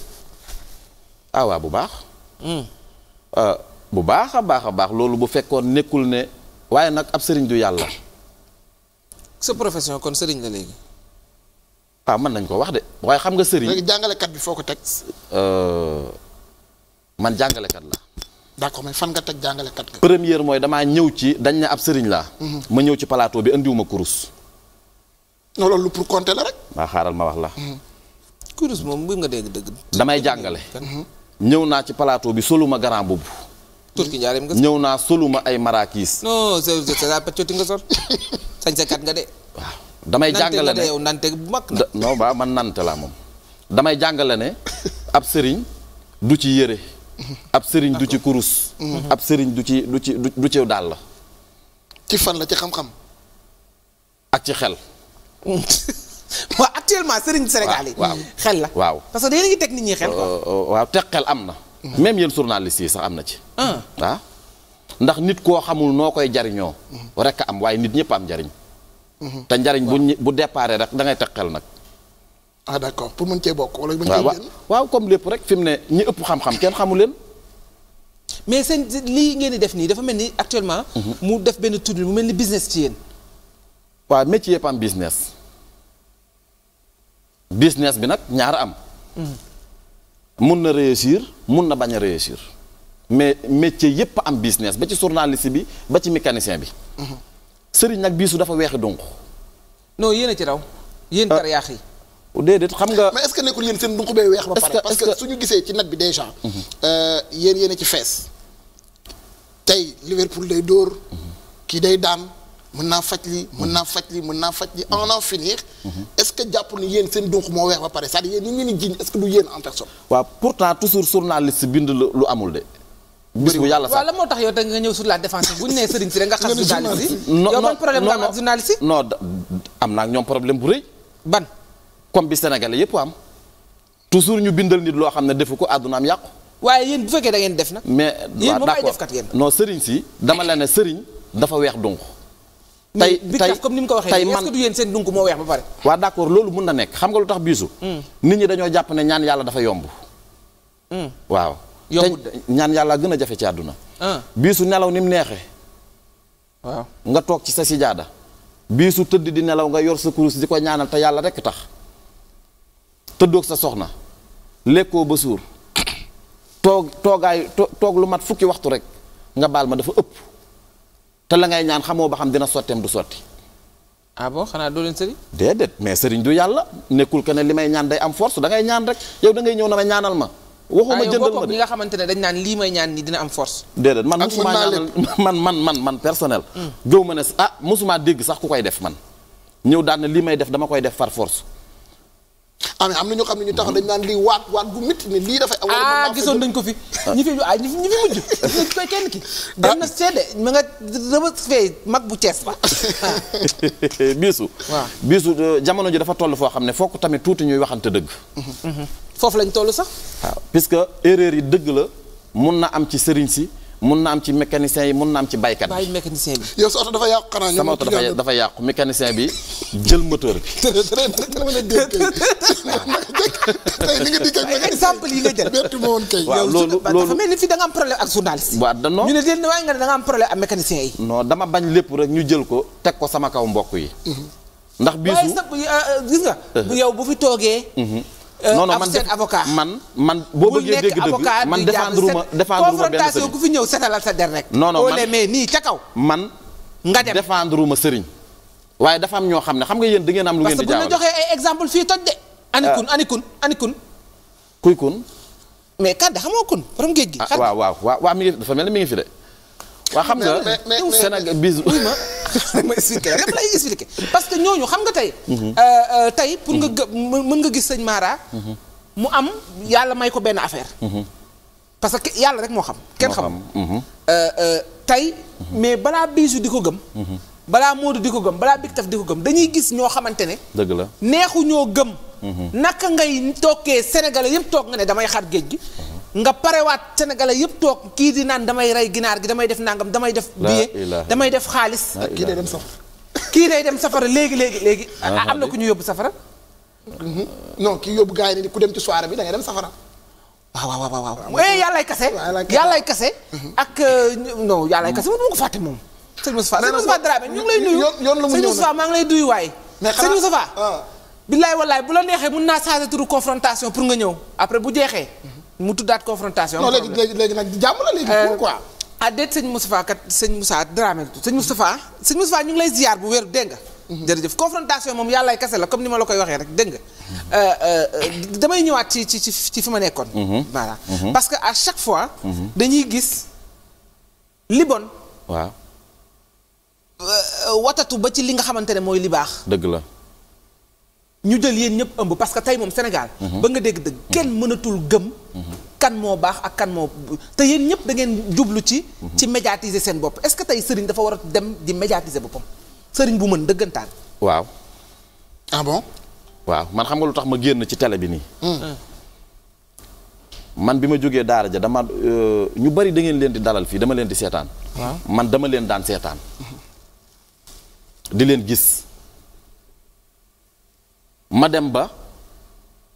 ah waaw bu baax. Hmm. Ah, bu baax a baax a baax loolu bu fekkoon nekkul ne waaye nag ab sëriñ du yàlla. sa profession kon sëriñ la léegi. waaw ah, mën nañ ko wax de waaye xam nga sëriñ. jàngalekat bi foo ko teg. Euh, man jàngalekat la. d'accord fan nga teg jàngalekat nga. première mooy damaa ñëw ci dañ ne ab sëriñ laa. Mhm. ma ñëw ci plateau bi andiwuma kurus. non loolu pour compter la rek. waa xaaral ma wax la. Mhm. kurus moom bu nga dégg dëgg. damay jàngale. Mhm. ñëw naa ci palaato bi soluma grand boobu. turki njaareem nga. ñëw naa soluma ay maraakis. non c'est ça peccoti nga nga de. waaw damay jàngale ne yow nante bu mag non ba man nante laa moom. damay jàngale ne ab sëriñ du ci yëre. ab sëriñ du ci kurus. Mhm. ab sëriñ du ci du ci du ci dàll. ci fan la ci xam-xam. ak ci xel. waaw actuellement sëriñ Sénégal yi. xel la waaw. parce que da ngeen teg nit ñi xel quoi. Euh, euh, waaw teg xel am na. Mhm. même yéen journaliste yi sax am na ci. waaw ah. ah. ndax nit koo xamul noo koy jariñoo. Mhm. rek am waaye nit ñëpp am njariñ. te njariñ bu bu déparé rek dangay ngay teg xel nag. ah d'accord pour mën cee bokk wala mën cee génn waaw comme lépp rek fi mu ne ñi ëpp xam-xam kenn xamu leen. mais seen lii ngeen di def nii dafa mel ni actuellement. Mhm. mu def benn tournée mu mel ni business ci yéen. waaw métier yëpp am business. business bi nag ñaar am. Mhm. mun na réussir mun na bañ a réussir mais métier yëpp am business ba ci journaliste bi ba ci mécanicien bi. Mhm. sëriñ nag biisu dafa weexi donc. non yéen ci raw. yéen tariyaax ah. yi. déedéet xam nga. mais est-ce que nekkul yéen seen dunq bee weex. ba pare parce que suñu gisee ci nag bi déjà. Euh, yéen yéen ci fees. tey Liverpool day dóor. kii day daan. mën naa faj li mën naa faj li mën naa faj li en en finir. est-ce que jàpp ni yéen seen dunq moo weex ba pare c'est-à-dire yéen ñu ngi est-ce que du yéen en personne. waaw pourtant toujours journaliste bind lu amul de. bis yàlla sax moo tax yow te nga ñëw sur la défense bu ñu nee sëriñ si rek nga xam yi. non non ñoom problème bu rëy. ban. comme bi Sénégalais yëpp am toujours ñu bindal nit loo xam ne defu ko àddunaam yàqu. waaye yéen bu fekkee da ngeen def nag. mais waaw d'accord noo sëriñ si dama la ne sëriñ dafa weex donc. tey tey comme ni ko waxee tey man est-ce que du moo weex ba pare. waaw d'accord loolu mun na nekk xam nga lu tax biisu. Hmm. nit ñi dañoo jàpp ne ñaan yàlla dafa yomb. Hmm. waaw. yombut te ñaan yàlla gën a jafe ci àdduna. Ah. biisu nelaw ni mu neexee. waaw nga toog ci sa sijaada. biisu tëdd di nelaw nga yor sa kurus di ko ñaanal te yàlla rek tax. tëddoog sa soxna lekkoo ba suur toog toogaay toog lu mat fukki waxtu rek nga baal ma dafa ëpp te la ngay ñaan xamoo ba xam dina sotteem du sotti. ah boo xanaa doo leen sëriñ. déedéet mais sëriñ du yàlla nekkul que ne li may ñaan day am force da ngay ñaan rek yow da ngay ñëw na ma ñaanal ma. waxuma ah, jëndal ma nga xamante ne dañ naan lii may ñaan ni dina am force. déedéet man mosuma man man man man personnel. Hmm. gëw ma ne ah mosuma dégg sax ku koy def man ñëw daan ne lii may def dama koy def par force. ah am na ñoo xam ne ñu tax dañ naan lii waat waat bu métti ne lii dafay. ah gisoon dañ ko fi ñi fi ah ñi fi mujj ñi koy kenn ki. Ah. dem na seede nga dama fee mag bu Cees ba. biisu. waaw biisu euh, jamono ji dafa toll foo xam ne fokk tamit tuuti ñuy waxante dëgg. Mm-hmm. Mm-hmm. foofu lañ toll sax. waaw ah, puisque erreur yi dëgg la mun na am ci sëriñ si. mun na am ci mécanicien yi mun na am ci baykat bi mécanicien bi. yow sa oto dafa yàqu xanaa sama oto dafa dafa yàqu mécanicien bi jël moteur bi. exemple loolu loolu mel ni fii da nga am problème ak journaliste. waaw ñu ne leen waaye nga da nga am problème ak mécanicien yi. non dama bañ lépp rek ñu jël ko teg ko sama kaw mbokk yi. ndax biisu waaye gis nga. yow bu fi toogee. Euh, non non man seen avocat man man boo bëggee dégg dëgg man défendre ma défendre ma benn ku fi ñëw setalal sa der rek. non non man nii ca kaw. man nga dem défendre ma sëriñ. waaye dafa am ñoo xam ne xam nga yéen da ngeen am lu ngeen di jaawale parce que bu ñu exemple fii toj de. anikun euh. anikun anikun. kuy kun. mais kan de xamoo kun borom géej gi. Ah, waaw waaw waaw mi ngi dafa mel ni mi ngi fi de. waa xam nga mais Sénégal bisu ma damay expliqué lépp lay expliqué parce que ñooñu xam nga tey mhm. euh, euh, tey pour nga gë mën nga gis sëñ Mara mhm. mu am yàlla may ko benn affaire mhm. parce que yàlla rek moo xam kenn xam euh, tey mais balaa bisu di ko gëm balaa Modou di ko gëm balaa Big Taf di ko gëm dañuy gis ñoo xamante ne dëgg la neexu ñoo gëm naka ngay toogee sénégalais yëpp toog nga ne damay xar géej gi nga parewaat sénégalais yëpp toog kii di naan damay rey ginaar gi damay def nangam damay def billet damay def xaalis kii day dem safara kii day dem safara léegi léegi léegi am na ku ñu yóbbu safara mhm. non kii yóbbu gars yi ni ku dem ci soirée bi da ngay dem safara waaw waaw waaw waaw eh, yàllaay kase yàllaay kase mhm. ak euh, non yàllaay kase man ma ko fàtte moom sëñ Moustapha sëñ Moustapha Dramé ñu ngi lay nuyu sëñ Moustapha maa ngi lay duyu waay sëñ Moustapha ah. billaay wallaay bu la neexee mun naa changer turu confrontation pour nga ñëw après bu jeexee mu tuddaat confrontation. non léegi léegi léegi nag jàmm la léegi euh, pourquoi. ah déet sëñ Moustapha kat sëñ Moussa Dramé sëñ Moustapha sëñ ñu ngi lay ziar bu wér dégg nga. Mhm. jërëjëf confrontation moom yàllaay kase la comme ni ma la koy waxee rek dégg euh, euh, damay ñëwaat ci ci ci fi ma nekkoon. Mhm. voilà mhm. parce que à chaque fois. dañuy gis li watatu ba ci li nga xamante ne mooy li baax. dëgg la. ñu jël yéen ñëpp ëmb parce que tey moom Sénégal. Mhm. ba nga dégg dëgg kenn mhm. mënatul gëm. Mhm. kan moo baax ak kan moo te yéen ñëpp dangeen jublu ci. ci médiatiser seen bopp est-ce que tey sëriñ dafa war a dem di médiatiser boppam sëriñ bu mën dëggantaan. waaw. ah bon. waaw man xam nga lu tax ma génn ci télé bi nii. Hmm. Hmm. man bi ma jógee daara ja dama euh, ñu bari da ngeen leen di dalal fii dama leen di seetaan. man dama leen daan seetaan. di leen gis. ma dem ba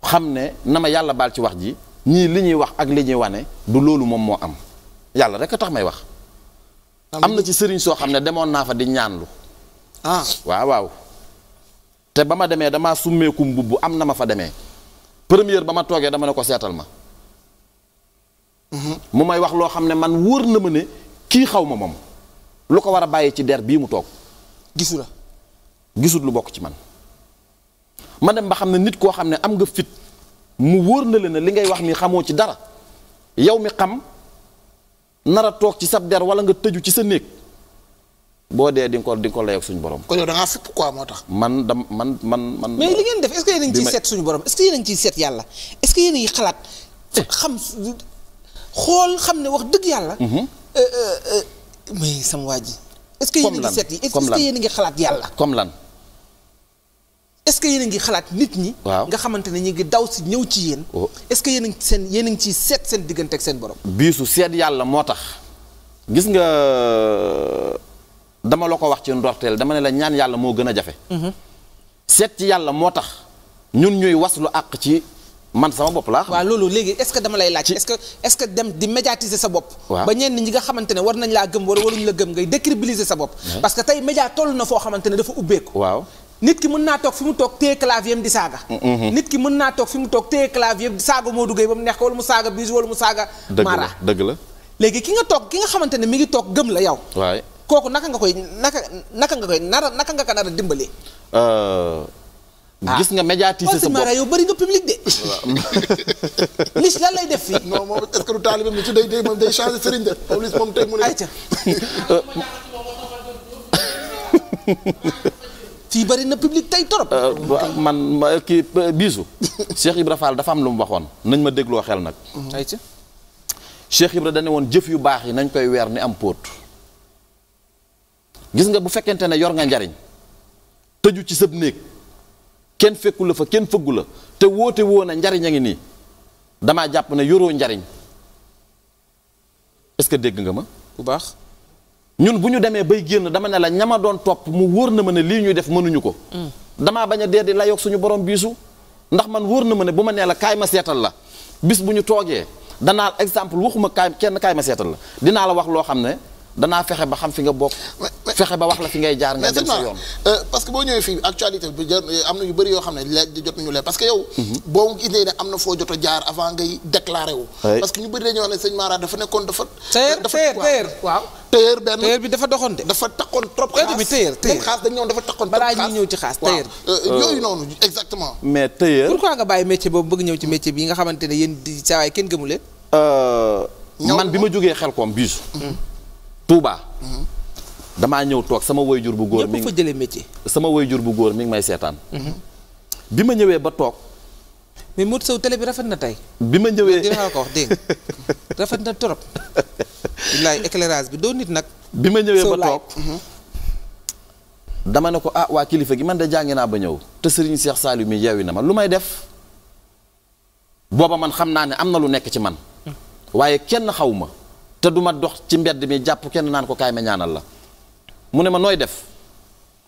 xam ne na ma yàlla baal ci wax ji ñii li ñuy wax ak li ñuy wane du loolu moom moo am yàlla rek a tax may wax. am na ci sëriñ soo xam ne demoon naa fa di ñaanlu. ah waaw waaw. te ba ma demee dama summeeku mbubb bu am na ma fa demee première ba ma toogee dama ne ko seetal ma. Mhm. mu may wax loo xam ne man wóor na ma ne kii xaw ma moom lu ko war a bàyyi ci der bii mu toog. gisu la gisul lu bokk ci man. ma dem ba xam ne nit koo xam ne am nga fit mu wóor na la ne li ngay wax ni xamoo ci dara yow mi xam nara toog ci sab der wala nga tëju ci sa néeg boo dee di nga ko di nga ko layoog suñu borom. ko yow da ngaa fipp quoi moo tax. man dam man man man. mais li ngeen def est-ce que yéen ngi seet suñu borom est-ce que ngi ciy seet yàlla est-ce que yéen a ngi xool xam ne wax dëgg yàlla. Mhm. Euh, euh, euh, mais waa ji. est-ce a ngi seet yi est-ce ngi xalaat yàlla. comme lan. est-ce que yéen ngi xalaat nit ñi. waaw nga xamante ne ñu ngi daw si ñëw ci yéen. Oh. est-ce que yéen a ngi seen yéen a ngi ciy seet seen diggante ak seen borom. biisu seet yàlla moo tax. gis nga dama la ko wax ci ndorteel dama ne la ñaan yàlla moo gën a jafe. Mm-hmm. yàlla moo tax ñun ñuy ci man sama bopp laa. waaw loolu léegi est-ce que dama lay laaj. est est-ce que dem di médiatiser sa bopp. ba ñenn ñi nga xamante ne war nañ laa gëm wala waruñ la gëm ngay décrédibiliser sa bopp. parce que tey média toll na foo xamante ne dafa ubbeeku. waaw nit ki mën naa toog fi mu toog téye clavier am di saaga mm-hmm. nit ki mën naa toog fi mu toog téye clavier am saaga moo duggee ba mu neex ko wala mu saaga biis wala mu saaga mara dëgg la léegi ki nga toog ki nga xamante ne mi ngi toog gëm la yow waay kooku naka nga koy naka naka nga koy nara naka nga ko nar a dimbalee euh, ah. gis nga médiatiser sa bopp yow bëri nga public de. lis lan lay def fii. moom moom de moom tey mu ne. ayca. Euh, fii bari na public tey torop euh, man kii euh, biisu Cheikh Ibra Fall dafa am lu mu waxoon nañ ma dégloo xel nag mhm. Cheikh Ibra dane woon jëf yu baax yi nañ koy weer ni am póot gis nga bu fekkente ne yor nga njariñ tëju ci sëb néeg kenn fekku la fa kenn fëggu la te woote woo na njariñ a ngi nii damaa jàpp ne yoroo njariñ est que dégg nga ma bu baax ñun bu ñu demee bay génn dama ne la ñama doon topp mu wóor na ma ne lii ñuy def mënuñu ko mm. damaa bañ a dee di layoog suñu borom biisu ndax man wóor na ma ne bu ma nee la kaay ma seetal la bis bu ñu toogee danaa exemple waxuma kaay kenn kaay ma seetal la dinaa la wax loo xam ne danaa fexe ba xam fi nga bokk. fexe ba wax la fi ngay jaar nga dem sa yoon euh, parce que boo ñëwee fii actualité bi euh, am na yu bëri yoo xam ne laaj jot nañu leen parce que yow. Mhm. boo gisee ne am na foo jot a jaar avant ngay déclaré wu. parce que ñu bëri dañuy wax ne sëñ Mara dafa nekkoon dafa. dafa teer waaw. teer benn teer bi dafa doxoon de. dafa takkoon trop xaas bi teer teer xaas dañu ñëw dafa takkoon trop xaas balaa ñuy ñëw ci xaas teer. Euh, yooyu noonu exactement. mais teer pourquoi nga bàyyi métier boobu bëgg ñëw ci métier bi nga xamante ne yéen di saa waay kenn gëmu leen. man bi ma jógee xel koom biisu mm-hmm. Touba. Mhm. damaa ñëw toog sama waajur bu góor. mi ngi jëlee métier. sama waajur bu góor mi ngi may seetaan. Mhm. bi ma ñëwee ba toog. mais Modou Sow tele bi rafet na tey. bi ma ñëwee dinaa ko na trop. billaay bi doo nit nag. bi ma ñëwee ba toog. Mhm. dama ne ko ah waa kilifa gi man de jàngi naa ba ñëw te Serigne seex Saliou mi yeewi na ma lu may def booba man xam naa ne am na lu nekk ci man waaye kenn xaw ma. te du ma dox ci mbedd mi jàpp kenn naan ko kaay ma ñaanal la mu ne ma nooy def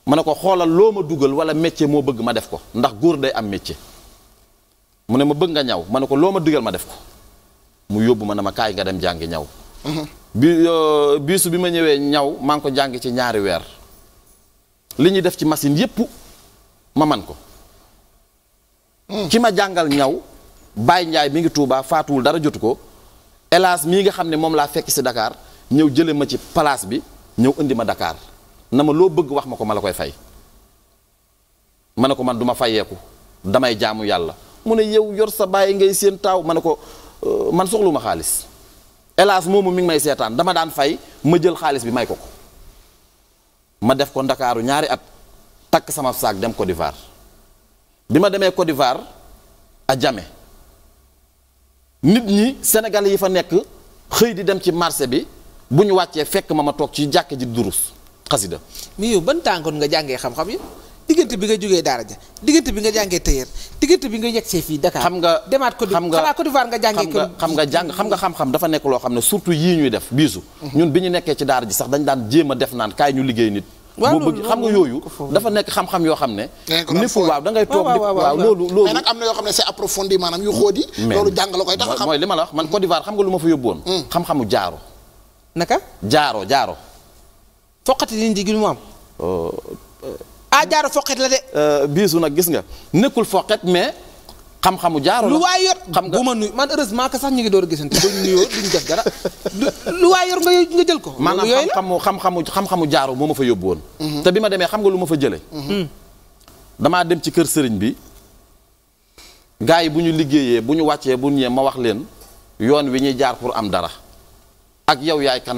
ma ne ko xoolal loo ma dugal wala métier moo bëgg ma def ko ndax góor day am métier mu ne ma bëgg nga ñaw ma ne ko loo ma dugal ma def ko mu yóbbu ma ne ma kaay nga dem jàngi ñaw mhm. bi euh, biisu bi ma ñëwee ñaw maa ngi ko jàngi ci ñaari weer li ñuy def ci machine yépp ma man ko mhm. ki ma jàngal ñaw Baye Njaay mi ngi Tuubaa faatuwul dara jotu ko hélas mii nga xam ne moom laa fekk si dakaar ñëw jële ma ci place bi ñëw indi ma dakaar na ma loo bëgg wax ma ko ma la koy fay ma ne ko man duma ma fayeeku damay jaamu yàlla mu ne yow yor sa bàyyi ngay seen taaw ma ne ko euh, man soxlu ma xaalis hélas moomu mi ngi may seetaan dama daan fay ma jël xaalis bi may ko ko ma def ko ndakaaru ñaari at takk sama saak dem Côte d'Ivoire bi ma demee Côte d'Ivoire a jame nit ñi sénégalais yi fa nekk xëy di dem ci marché bi bu ñu wàccee fekk ma ma toog ci jàkk ji durus xasida mais yow ban tànkoon nga jàngee xam-xam yi diggante bi nga jógee daara ja diggante bi nga jàngee tëyër diggante bi nga yegsee fii Dakar xam nga demaat Côte d'Ivoire xanaa Côte d'Ivoire nga jàngee ko xam nga jàng xam nga xam-xam dafa nekk loo xam ne surtout yii ñuy def biisu mhm. ñun bi ñu nekkee ci daara ji sax dañ daan jéem a def naan kaay ñu liggéey nit waaw xam nga yooyu dafa nekk xam-xam yoo xam ne eh, nif waaw da ngay toog waaw loolu loolu mais nag am na yoo xam ne c'est approfondi maanaam yu xóot yi loolu jàng la koy tax mooy li ma la wax man Côte d'Ivoire xam nga lu ma fa yóbboon hmm. xam-xamu jaaro naka jaaro jaaro foqati liñ di gi mu am euh, ah jaaro foqet la de euh, biisu nag gis nga nekkul foqet mais xam jaaro lu waay yor xam nga bu ma nuyu man heureusement que sax ñu ngi door a gisante ba nuyoo duñ def dara lu waay yor nga nga jël ko maanaam xam-xamu xam-xamu xam jaaro moo fa yóbbu woon mhm. te bi ma demee xam nga lu ma fa jële mhm. damaa dem ci kër sëriñ bi gars yi bu ñu liggéeyee bu ñu wàccee bu ñee ma wax leen yoon wi ñuy jaar pour am dara ak yow yaay kan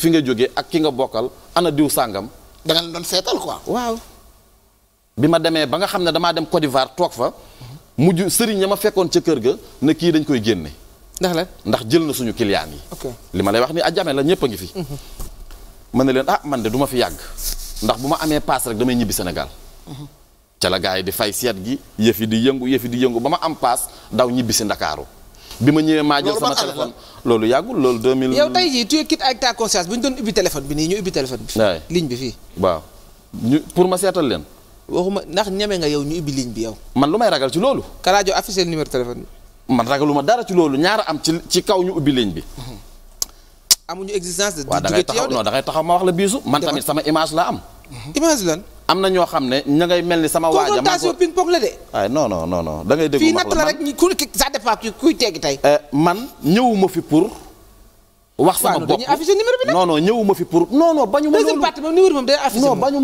fi nga jógee ak ki nga bokkal ana diw sàngam da nga leen doon seetal quoi waaw bi ma demee ba nga xam ne damaa dem Côte toog fa mujj sëriñ ya ma fekkoon ca kër ga ne kii dañ koy génne. ndax la ndax jël na suñu client yi. li ma lay wax ni a jame la ñëpp a ngi fi. Mhm. ma ne leen ah man de du ma fi yàgg ndax bu ma amee paas rek damay ñibbi Sénégal. Mhm. ca la yi di fay seet gi yëf yi di yëngu yëf di yëngu ba ma am paas daw ñibbi si Ndakaaru. bi ma ñëwee maa jël sama téléphone loolu yàggul loolu 2000. yow tey jii tu es quitte avec conscience bu ñu doon ubbi téléphone bi nii ñu ubbi téléphone bi. ligne bi fii. waaw ñu pour ma seetal leen. waxuma ndax ñeme nga yow ñu ubbi ligne bi yow. man lu may ragal ci loolu. Karajo affiché numéro téléphone bi. man ragaluma dara ci loolu ñaara am ci ci kaw ñu ubbi ligne bi. amuñu existence de. di ci yow de waaw da ngay taxaw non da ngay ma wax la biisu. man tamit sama image la am. image lan. am ñoo xam ne ña mel ni sama. waaja confrontation ping pong la de. ay non non non non da ngay dégg. fii natt la rek ñu ku kuy teggi tey. Eh, man ñëwuma fi pour. wax sama bopp dañuy affiché numéro ñëwuma fi pour. non non bañu ma loolu deuxième partie moom numéro moom day affiché non nga lu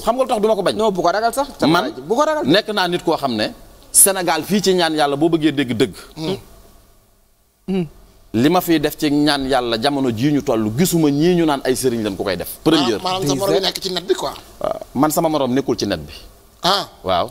tax ko bañ. non bu ko ragal sax. man bu ko ragal nekk naa nit koo xam ne. Sénégal fii ci ñaan yàlla boo bëggee dégg dëgg. Hmm. Hmm. li ma fi def ci ñaan yàlla jamono jii ñu toll gisuma ñii ñu naan ay sëriñ lañ ko koy def. première maanaam sa morom nekk ci net bi quoi. Ah, man sama morom nekkul ci net bi. ah waaw.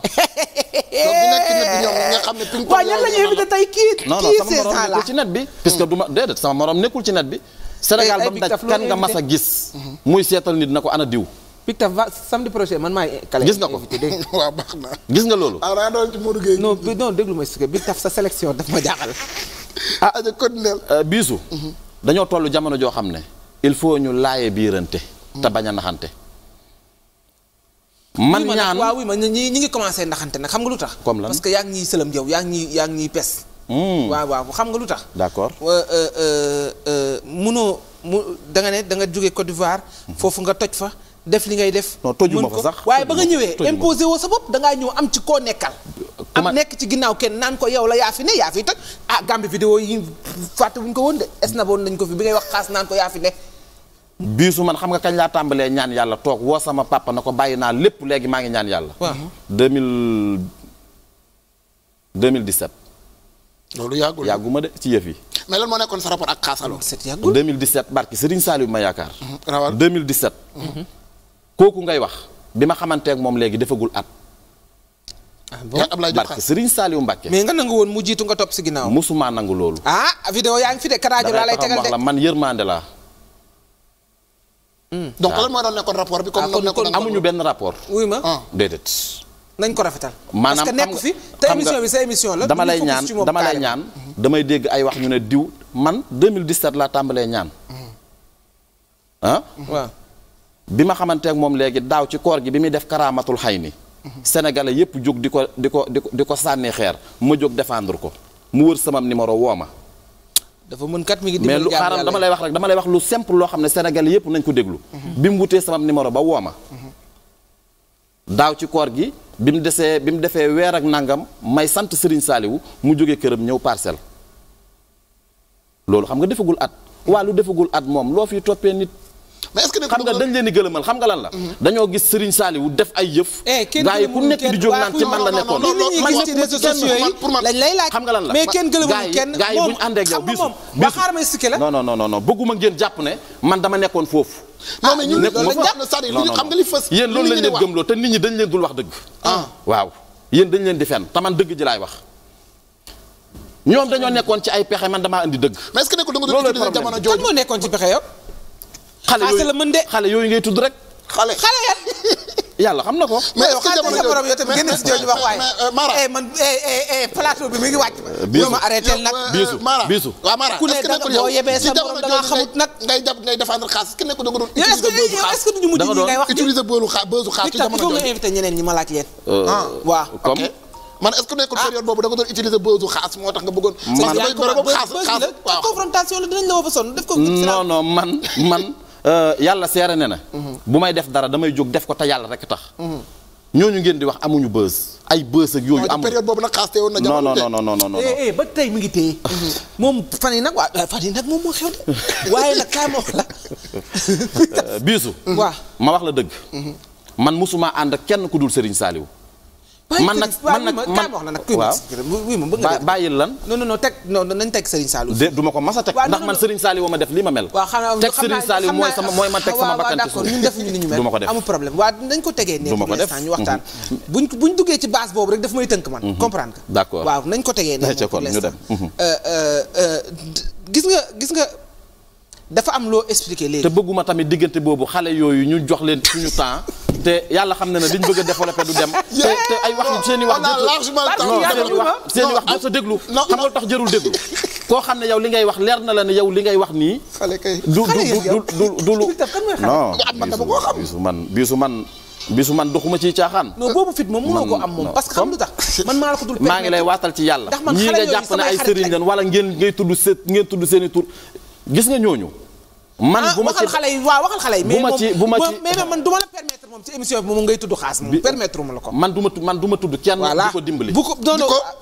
donc bu nekk net bi ñoom nga xam ne. ping pong waaw ñan kii. kii non non nekkul ci net bi. parce que du ma déedéet sama morom nekkul ci net bi. Sénégal ba mu daj kan nga mas a gis. Mhm. muy seetal nit na ko ana diw. Pictap va samedi prochain man maay. kale gis nga ko waaw na. gis nga loolu. ah daa doon ci déglu ma si Pictap sa sélection daf ma jaaxal. ah aja continuer. Euh, biisu. Mhm. dañoo tollu jamono joo xam ne. il faut ñu laaye biirante. te bañ a naxante. man ñaan waaw oui ma ñi ñi ngi commencé ndaxante nag xam nga lu tax. comme lan parce que yaa ngi ñuy sëlëm yow yaa ngi yaa ngi pes. Hmm. waaw waaw xam nga lu tax. d'accord euh, euh, euh, munoo mu da nga ne da nga jóge Côte d'Ivoire. foofu nga toj fa. def li ngay def. non tojuma ko sax waaye ba nga ñëwee. imposé woo sa bopp da ngaa ñëw am ci koo nekkal. am nekk ci ginnaaw kenn naan ko yow la yaa fi ne yaa fi toj. ah Gambie vidéo yi fàtte wuñ ko woon de. est na boon nañ ko fi bi ngay wax xaas naan ko yaa fi ne. biisu man xam nga kañ laa tàmbalee ñaan yàlla toog woo sama papa na ko bàyyi naa lépp léegi maa ngi ñaan yàlla. waaw 2000 2017. loolu yàggul yàgguma de ci yëf yi. mais lan moo nekkoon sa rapport ak xaasaloo. 2017 barki Serigne Saliou ma yaakaar. Mhm, rawal 2017. Mhm. kooku ngay wax bi ma xamanteeg moom léegi defagul at. ah bon Ablaye Diop xaas mais nga nangu woon mu jiitu nga topp si ginnaaw. musuma nangu loolu. ah vidéo yaa ngi fi de kadaajo laa lay tegal de man yërmande laa. donc lan moo doon nekkoon rapport bi. comme ah, kon amuñu benn rapport. wuy ma ah. déedéet. nañ ko rafetal. maanaam parce que fi te émission bi sa émission la. dama lay ñaan dama lay ñaan. damay dégg ay wax ñu ne diw man 2017 laa tàmbalee ñaan. Mm-hmm. ah. waaw mm-hmm. bi ma xamanteeg moom léegi daaw ci koor gi bi muy def karaamatul xay ni mm-hmm. Sénégalais yépp jóg di ko di ko di ko di ko sànni xeer ma jóg défendre ko mu wër sama numéro wooma dafa mën kat mi ngi mais lu xaaral dama lay wax rek dama lay wax lu simple loo xam ne Sénégal yëpp nañ ko déglu. Mhm. bi mu wutee sama numéro ba woo mhm. daaw ci koor gi bi mu desee bi mu defee weer ak nangam may sant Serigne Saliou mu jógee këram ñëw parcelle. loolu xam nga defagul at. Mhm. waa lu defagul at moom loo fiy toppee nit. mais xam nga dañ leen di gëlëmal xam la. Mm-hmm. dañoo gis Serigne Saliou def ay yëf. Eh, gaa yi ku nekk di jóg naan ci man la nekkoon. man gis ci réseaux sociaux yi lañ lay laaj. xam nga lan la mais man dama nekkoon foofu. non ah, loolu lañ jàpp leen gëmloo te nit ñi dañ leen dul wax dëgg. Ah. waaw yéen dañ leen di fenn te man dëgg ji laay wax. ñoom dañoo nekkoon ci ay pexe man damaa indi dëgg. kan moo nekkoon ci pexe yow xale yooyu la yooyu ngay tudd rek. xale yàlla xam na ko. mais est-ce que jamono jooju yow tamit génn si jooju wax waaye. Euh, eh, man eh, eh, plateau bi mi ngi wàcc. Euh, biisu ma arrêté nag. Euh, biisu biisu. waaw Mara ku ne danga boo yebee sa morom da nga xamut ngay jàpp ngay défendre xaalis ki nekk da nga ah, ah. doon. utiliser bëzu xaalis est-ce nga invité ma boobu da doon utiliser bëzu xaas moo tax nga bëggoon. confrontation la dinañ la woo fa sonn def ko. non non man man Euh, yàlla seere ne na bu may def dara damay jóg def ko te yàlla rek tax ñooñu ngeen di wax amuñu bës ay bës ak yooyu amul période boobu nag xaaste woon na jamono non eh, eh, ba tey mi ngi téye mhm. moom fan yi nag waa fan yi nag moom moo xew de waaye nag kaay ma wax la euh, biisu waaw ma wax la dëgg mhm. man mosumaa ànd ak kenn ku dul Serigne Saliou man nag man nag man nag kuy ma bëgg nga bàyyil lan non non non nañ teg Serigne Saliou de ma def li ma mel teg Serigne Saliou mooy sama mooy ma teg sama bakkan d'accord ñun defuñu ni ñu mel du ko def amul problème waaw dañ ko tegee ne pour l'instant ñu waxtaan mhm. buñ buñ duggee ci base boobu rek daf may tënk man mhm. comprendre que d'accord waaw nañ ko tegee ne pour l'instant mhm. euh, euh, euh, gis nga gis nga dafa am loo expliqué léegi. te bëgguma tamit diggante boobu xale yooyu ñu jox leen suñu temps. te yàlla xam na ne liñ bëgg a développé du dem. te ay wax seen i wax. seen i wax boo sa déglu. xam nga tax jërul déglu. koo xam ne yow li ngay wax leer na la ne yow li ngay wax nii. xale kay du du du du lu. non bisu man bisu man. bisu man doxuma ciy caaxaan. non boobu fit moom mënoo ko am parce que xam lu man maa la ko maa ngi lay waatal ci yàlla. ndax man xale yooyu samay xarit ñii nga jàpp ne ay sëriñ lañ wala ngeen ngay tudd se ngeen tudd seen i tur. gis nga ñooñu man ah, bu ma ci yi waaw xale yi. ma ci bu ma ci mais man du ma la permettre moom ci émission bi moom ngay tudd xaas moom permettre ko. man du ma man ma tudd kenn. voilà di ko dimbali. bu ko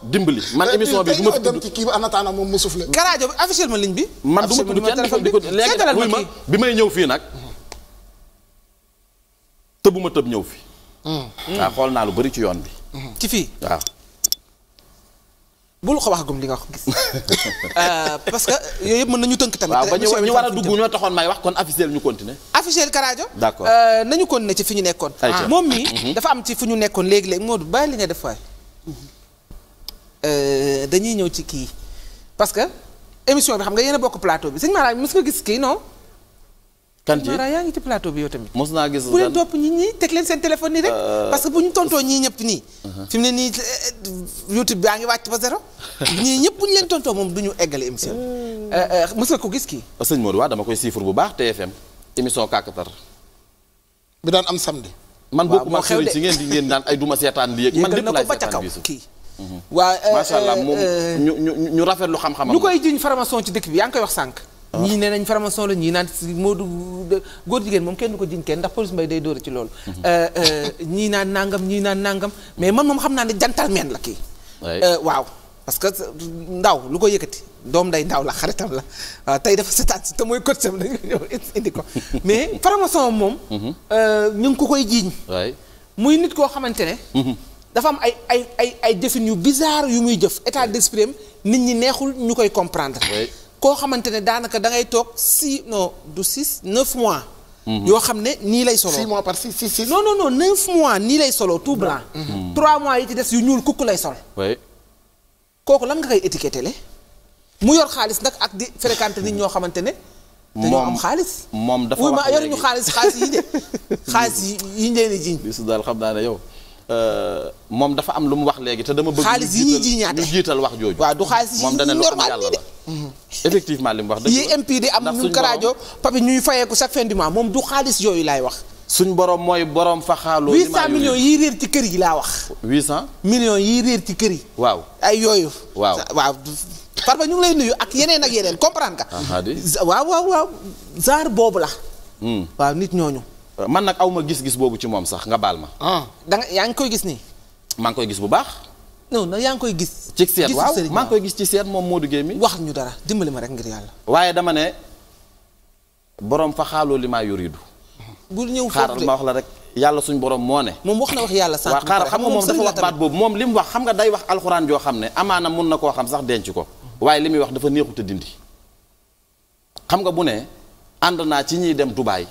dimbali. man émission bi du ma tudd ci kii bi en attendant moom mu soufflé. Karajo affiché ma ligne bi. man du ma tudd kenn di ko léegi nag wuy ma bi may ñëw fii nag. tëbu tëb ñëw fi. Hmm. waaw xool naa lu bari ci yoon bi. ci fii waaw. bul ko wax gum li nga wax gis euh, parce que yooyu yëpp mën nañu tënk tamit. waaw euh, ba ñu war a dugg ñoo taxoon may wax kon officiel ñu continuer. officiel Karajo. d'accord euh, nañu continuer ci fi ñu nekkoon. Ah, moom mi mhm. dafa am ci fu ñu nekkoon léegi léegi Modou bàyyi li nga def waay. dañuy ñëw ci kii parce que émission bi xam nga yéen a bokk plateau bi sëñ Mara mos nga gis kii non. kan ci Mara yaa ngi ci plateau bi yow tamit. mos naa gis bu leen topp nit ñi teg leen seen téléphone nii rek. Euh, parce que bu ñu tontoo ñii ñëpp nii. Uh-huh. fi mu ne nii eh, eh, YouTube baa ngi wàcc ba zéro. ñii ñëpp leen tontoo moom du ñu eggale émission bi. Euh. Euh, mos nga ko gis kii. sëñ Modou waaw dama koy siifur bu baax TFM émission kàkkatar. bi daan am samedi. man bokkuma xew si ngeen di ngeen daan ay duma seetaan lii. man lépp laay seetaan bisu kii. Mhm. waa macha allah moom ñu ñu ñu rafetlu xam-xamam. ñu koy jiñ formation ci bi yaa ngi koy wax sànq Ah. ñii ne nañ franc-maçon la ñii naan moo Modou góor jigéen moom kenn du ko jiñ kenn ndax Pawlish Mbaye day dóor ci loolu. Mhm. Euh, euh, ñii naan nangam ñii naan nangam mais man moom xam naa ne gentleman la kii. Euh, waaw parce que ndaw lu ko yëkkati doom nday ndaw la xaritam la waaw ah, tey dafa setaan si te mooy coach sam dañu ko mais franc-maçon moom. Mhm. ñu ngi ko koy jiiñ. muy nit koo xamante ne. Mhm. dafa am ay ay ay ay jëfin yu yu muy jëf état d'esprit nit ñi neexul ñu koy comprendre. koo xamante ne daanaka da ngay toog six non du six neuf mois. Mhm. yoo xam ne nii lay solo. six mois par six six six. non non neuf mois nii lay solo tout blanc. Mhm. Mhm. trois mois yi ci des yu ñuul kukk lay sol. oui. kooku lan nga koy étiqueté le mu yor xaalis nag ak di fréquenté nit ñoo xamante ne. dañoo am xaalis. moom dafa ma yoruñu xaalis xaalis yi de yi ñu leen di jiñ. bisu xam naa ne yow. Euh, moom dafa am lu mu wax léegi te dama. bëgg xaalis yi ñuy jiñaate ñu jiital wax jooju. waaw du xaalis yi ñu moom dana lu am effectivement li mu wax dëgg yi MP di am ñu karaajo papi ñuy fayeeku chaque fin moom du xaalis yooyu laay wax suñ borom mooy borom fa xaaloo 800 millions yii réer ci kër yi laa wax 800 millions yii réer ci kër yi waaw ay yooyu waaw waaw Farba ñu ngi lay nuyu ak yeneen ak yeneen comprendre nga ah, waaw waaw waaw genre boobu la hmm. waaw nit ñooñu man nag awma gis-gis boobu ci moom sax nga baal ma ah, da yaa ngi koy gis nii maa ngi koy gis bu baax non nag yaa ngi koy gis. ci seet waaw maa ngi koy gis ci seet moom moo Gueye mi. wax ñu dara dimbali ma rek ngir yàlla. waaye dama ne borom fa xaaloo li maa yoridu. bu ñëw foofu xaaral ma wax la rek yàlla suñ borom moo ne. moom wax na wax yàlla sànq. xam nga moom dafa wax boobu moom li mu wax xam nga day wax alxuraan joo xam ne amaana mun na koo xam sax denc ko. waaye li muy wax dafa neexut a dindi. xam nga bu ne ànd naa ci ñiy dem Dubaay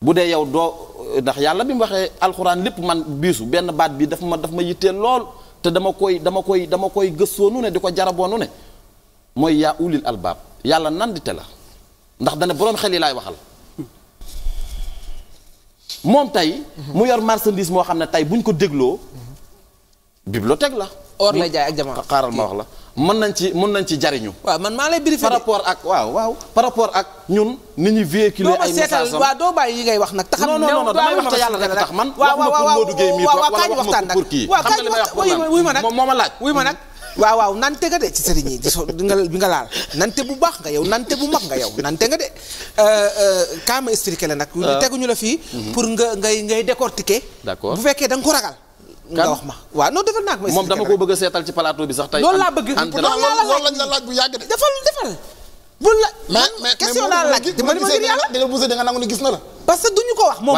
bu dee yow doo ndax yàlla bi mu waxee alxuraan lépp man biisu benn baat bi daf ma daf ma yitteel lool te dama koy dama koy dama koy gëstoonu ne di ko jaraboonu ne mooy yaa ulil albaab yàlla nandite la ndax dana boroom xel yi laay waxal moom tey mu yor marchandise moo xam ne tey bu ñu ko dégloo bibliothèque la or lay jaay ak jamono xaaral ma wax la mën nañ ci mën nañ ci jariñu waaw man maa lay briefé par rapport ak waaw waaw par rapport ak ñun ni ñu véhiculer ay messages waaw doo bàyyi yi ngay wax nag taxam non non non damay wax te yàlla rek tax man waaw waaw waaw Modou Gueye mii toog wala wax ma pour kii xam nga li may wax wuy waaw waaw nante nga de ci sëriñ yi di so bi nga laal nante bu baax nga yow nante bu mag nga yow nante nga de euh, euh, kaama expliqué la nag euh. teguñu la fii mhm. pour nga ngay ngay décortiquer bu fekkee da ko ragal nga wax ma waaw non defal naa moom dama ko bëgg a seetal ci plateau bi sax tey. loolu laa bëgg loolu lañ la laaj bu yàgg de. defal defal. bul la mais question laa laaj dama que duñu ko wax moom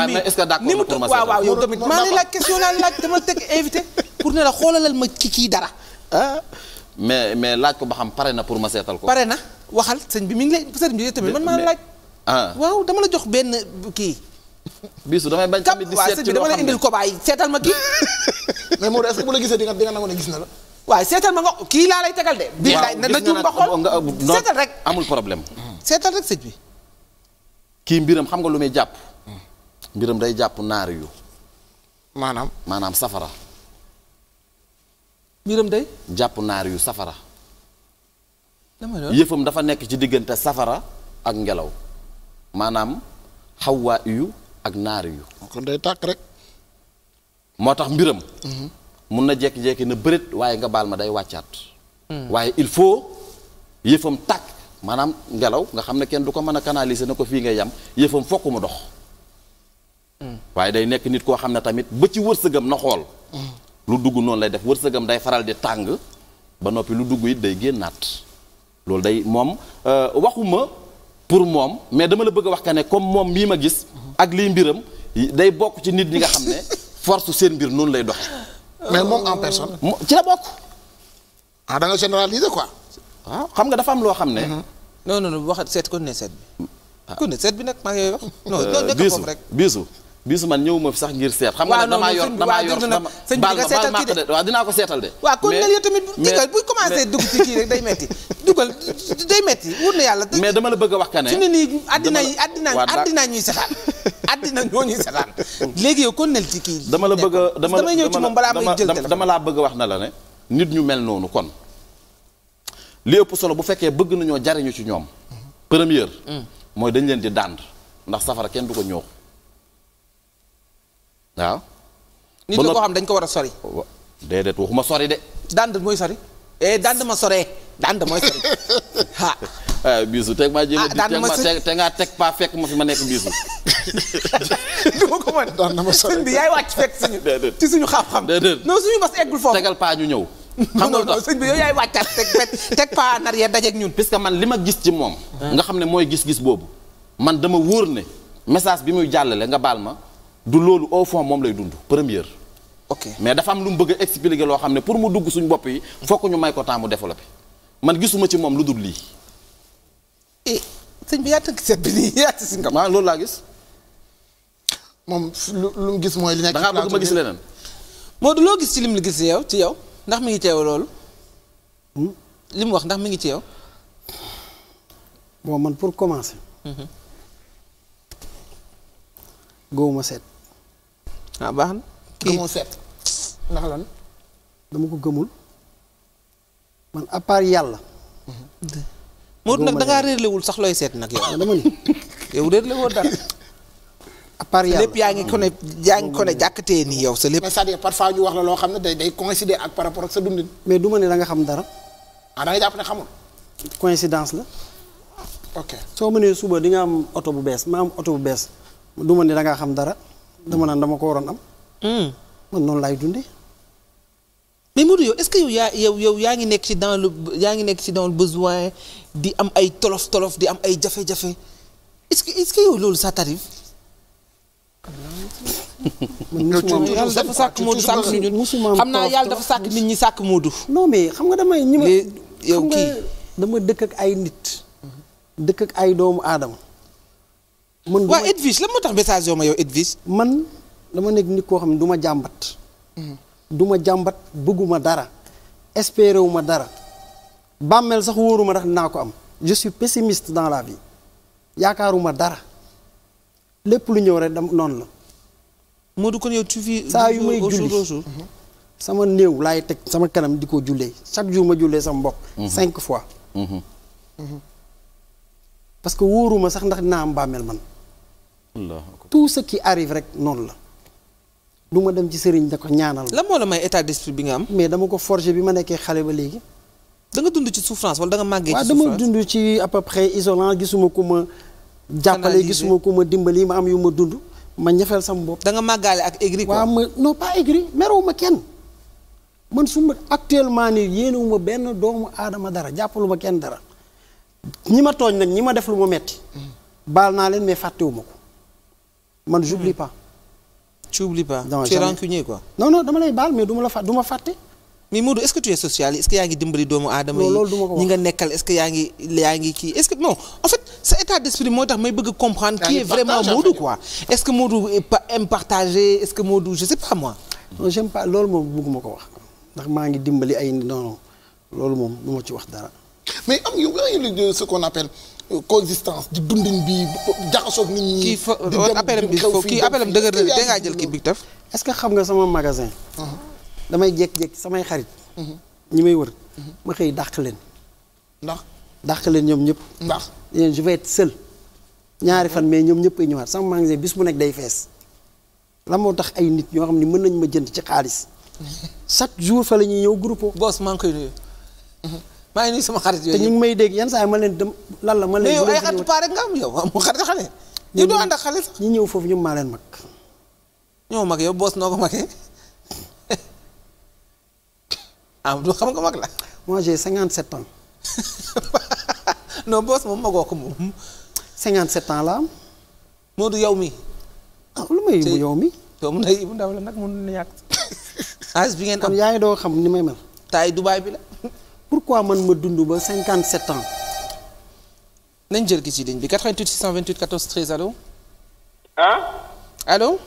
mi ni teg invité pour ne la xoolalal ma ci kii dara. Ah. mais mais laaj ko ba xam pare na pour ma seetal ko. pare na waxal sëñ bi mi ngi lay sëñ bi tamit man maa laaj. Ah. waaw dama la jox benn kii bisu damay bañ tamit di seet ci loo xam ne waaw sëñ bi dama seetal ma kii. mais Maodo est-ce que bu la gisee di nga na nga nangu ne gis na la. waaw seetal ma nga kii laa lay tegal de. bii na na juum ba xool seetal rek amul problème. seetal rek sëñ bi. kii mbiram xam nga lu muy jàpp. mbiram day jàpp naar yu. maanaam maanaam safara. mbiram day. jàpp naar yu safara. yëfam dafa nekk ci diggante safara ak ngelaw maanaam xawaa yu. ak naar yu. kon day tàkk moo tax mbiram. Mhm. mun na jékki-jékki na bërit waaye nga baal ma day wàccaat. Hmm. waaye il faut yëfam tàkk maanaam ngelaw nga xam ne kenn du ko mën a canaliser na ko fii ngay yam yëfam fokk mu dox. Hmm. waaye day nekk nit koo xam ne tamit ba ci wërsëgam na xool. Hmm. lu dugg noonu lay def wërsëgam day faral di tàng ba noppi lu dugg it day génnaat loolu day moom euh, waxuma pour moom mais dama la bëgg a wax ka ne comme moom mii ma gis. ak liy mbiram day bokk ci nit ñi nga xam ne force seen mbir noonu lay dox mais moom en personne. ci la bokk. ah da nga généraliser quoi. Ah, xam nga dafa am loo xam ne. Mhm. non non waxat seet ko ne seet bi. ah ne seet bi nag maa ngi wax. Euh, rek biisu biisu. bisu man ñëwuma fi sax ngir seet xam nga damaa yor damaa yor sëñ bi nga seetal kii de waaw dinaa ko seetal de waaw kon nel yow tamit digal bu kii rek day metti dugal day metti wut na yàlla mais dama la bëgg a wax ka ne su ne nii addina yi addina ñuy seetaan addina ñoo ñuy léegi yow kon nel ci kii dama la bëgg dama damay ñëw ci moom balaa may jël dama laa bëgg a wax na la ne nit ñu mel noonu kon li ëpp solo bu fekkee bëgg nañoo jariñu ci ñoom première mm. mooy dañ leen di dànd ndax safara kenn du ko ñëw waaw. nit la koo xam dañ ko war a sori. déedéet waxuma sori de. dànd mooy sori. eh dànd ma soree dand mooy sori ah. ah bisu teg maa ma ah, te ngaa teg ma fi ma nekk bisu. du ma ko mën dànd ma sori sëñ bi yaay wàcc suñu. déedéet ci suñu xam-xam. ñu ñëw. xam nga lu tax sëñ bi yow yaay wàccaat teg paa nar yee ñun. puisque man li ma gis ci moom. nga xam ne mooy gis-gis boobu. man dama wóor ne message bi muy jàllale nga baal ma du loolu au fond moom lay dund première. ok mais dafa am lu mu bëgg a expliquer loo xam ne pour mu dugg suñ bopp yi fokk ñu may ko temps mu man gisuma ci moom lu dul lii. eh sëñ bi yaa tëgg seet bi nii yaa si nga. waaw loolu laa gis. moom lu gis mooy. li nekk da ngaa bëgg ma gis leneen. Modou loo gis ci lim li gis yow ci yow ndax mi ngi teew loolu. Hmm? li wax ndax mi ngi ci yow. bon man pour commencer. Mm-hmm. góobu seet. ah baax na. kii gëmoo seet ndax lan dama ko gëmul man à part yàlla. Mhm. moo nag da ngaa réerlewul sax looy seet nag yow. Ah, dama ni yow réerlewoo dara. à part yàlla ko ne yaa ngi ko yow sa lépp. mais c'est-à-dire parfois wax la loo xam ne day day coïncider ak par rapport ak sa dundin. du ma ne da xam dara. ah da nga jàpp ne xamul. coïncidence la. ok soo ma nee suba dinga am oto bu bees ma am oto bu bees du ma ne da xam dara. dama naan dama ko waroon am. Hmm. man noonu laay dundee. mais Modou yow est-ce que yow yaa yow yow yaa ngi nekk ci dans le yaa ngi nekk ci dans le besoin di am ay tolof tolof di am ay jafe-jafe est-ce que est-ce que yow loolu ça t'arrive. yàlla dafa sàkk Modou sàkk ñu ñun xam naa yàlla dafa sàkk nit ñi sàkk Modou. non mais xam nga damay ñi yow kii dama dëkk ak ay nit. dëkk ak ay doomu aadama. man du ma waaw moo tax message yoo ma yow Edwige. man dama nekk nit koo xam ne du ma jàmbat. Mhm. du ma jàmbat bëgguma dara. espéré wu ma dara. bàmmeel sax wóoruma ndax naa ko am. je suis dans la vie. yaakaaruma dara. lépp lu ñëw rek noonu la. Modou kon yow tu vis. saa yu may julli mhm. sama néew laay teg sama kanam di ko jullee chaque jour ma jullee sama mbokk. Mhm. cinq fois. parce que wóoruma sax ndax dinaa am bàmmeel man. tout ce qui arrive rek noonu la. du ma dem ci sëriñ da ko ñaanal. lan moo la may état d'esprit bi nga am. mais dama ko forger bi ma nekkee xale ba léegi. da nga dund ci souffrance wala da nga màggee. ci souffrance waaw dama ci à peu près gisuma ko ma. jàppale gisuma ko ma dimbali ma am yu ma dund. ma ñafeel sama bopp. danga nga màggaale ak aigri quoi. waaw ma non pas aigri merewuma kenn. man su actuellement nii yéenewuma benn doomu aadama dara jàppaluma kenn dara. ñi ma tooñ nag ñi ma def lu ma metti man j'oublie pas. tu oublies pas. non tu es rancunier quoi. dama lay baal mais du la fa du ma fàtte. mais Modou est-ce que tu es social est-ce que yaa ngi dimbali doomu aadama yi ñi nga nekkal est-ce que yaa ngi yaa ngi kii est-ce que non en fait sa état d'esprit moo tax may bëgg comprendre qui est vraiment Modou quoi est-ce que Modou aime partager est-ce que Modou je sais pas moi loolu moom bëgguma ko wax ndax maa ngi dimbali ay non non loolu moom du ma ci wax dara mais am yu Euh, consistance di dundin bi jaxasoog nit ñi. kii fa bi foofu kii appelam dëgër na de jël kii big taf. est-ce que xam nga sama magasin. Uh-huh. damay jékki-jékki samay xarit. ñi may wër. Uh-huh. ma xëy dàq leen. ndax dàq leen ñoom ñëpp. ndax je vais être ñaari fan mais ñoom ñëpp ay ñëwaat sama magasin bis mu nekk day fees. la moo tax ay nit ñoo xam ne mën nañ ma jënd ci xaalis. Uh-huh. chaque jour fa la ñuy ñëw groupe. boss maa ngi koy nuyu. maa ngi nuyu sama xarit yooyu te ñu ngi may dégg yan saa yi ma leen dem lan la ma leen. yow ay xarit paa rek nga am yow mu xarit xale. yow doo xale sax ñëw foofu ñu maa leen mag. ñoo mag yow boos noo ko magee xam nga mag la. moi j'ai 57 ans. non moom magoo ko moom. 57 la am. yow mi ah lu may yóbbu yow mi doomu ndey bu ndaw la nag mun na ñàkk. as bi ngeen am kon yaa ngi doo xam ni may mel. taay Dubaay bi la. pourquoi man ma dund ba 57 ans. nañ jël ki ci ligne bi 88 628 14 13 allo. ah. allo.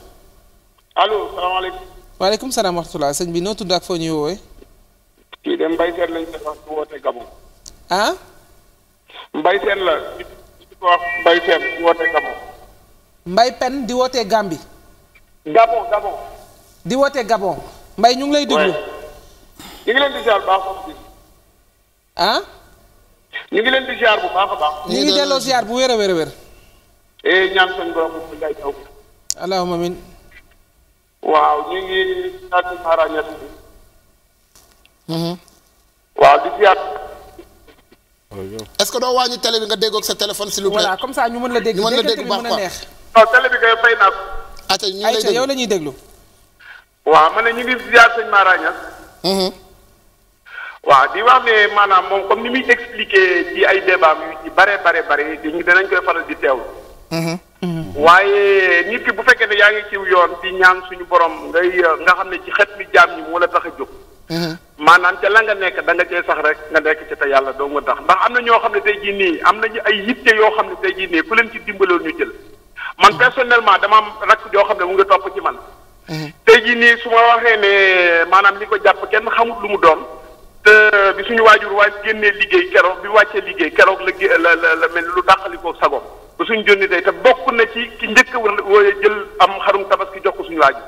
allo salaamaaleykum. waaleykum salaam wa rahmatulah sëñ bi noo tudd ak foo ñuy woowee. kii de Mbaye Sène lañ defar di woote Gabon. ah. Mbaye Sène la di woote Gabon. Mbaye Pen di wootee Gambie. Gabon ñu ngi lay déglu. ah. ñu ngi leen di jaar bu baax a baax. ñu ngi delloo ziar bu wér a wér a wér. E, ñaan seen borom bi lay mm-hmm. di ziar. est que doo wàññi télé bi nga déggoog sa téléphone. s'il vous plaît comme ça ñu mën la dégg. ñu mën la dégg bu baax quoi bi kay fay naa ko. ayca yow la ñuy déglu. waaw ma ne ñu ngi ziar sëñ maarañat. waaw di wax ne maanaam moom comme ni muy expliqué ci ay débat yu ci bare bare bare dañ danañ koy faral di teew mhm. mhm. waaye nit ki bu fekkee ne yaa ngi ciw yoon di ñaan suñu borom ngay nga xam ne ci xet mi jaam ñi moo la tax a jóg mhm. maanaam ca la nga nekk da nga cee sax rek nga nekk ci te yàlla doo nga tax ndax am na ñoo xam ne tey jii nii am nañu ay yitte yoo xam ne tey jii nii ku leen ci dimbaloon ñu jël man personnellement dama am rakk yoo xam ne mu ngi topp ci man tey jii nii su ma waxee ne maanaam li ko jàpp kenn xamut lu mu doon te euh, bi suñu waajur waa génnee liggéey keroog bi wàccee liggéey keroog la la la mel lu dàqalikoo sagom ba suñu jonni day te bokk na ci ki njëkk war jël am xarum tabaski jox ko suñu waajur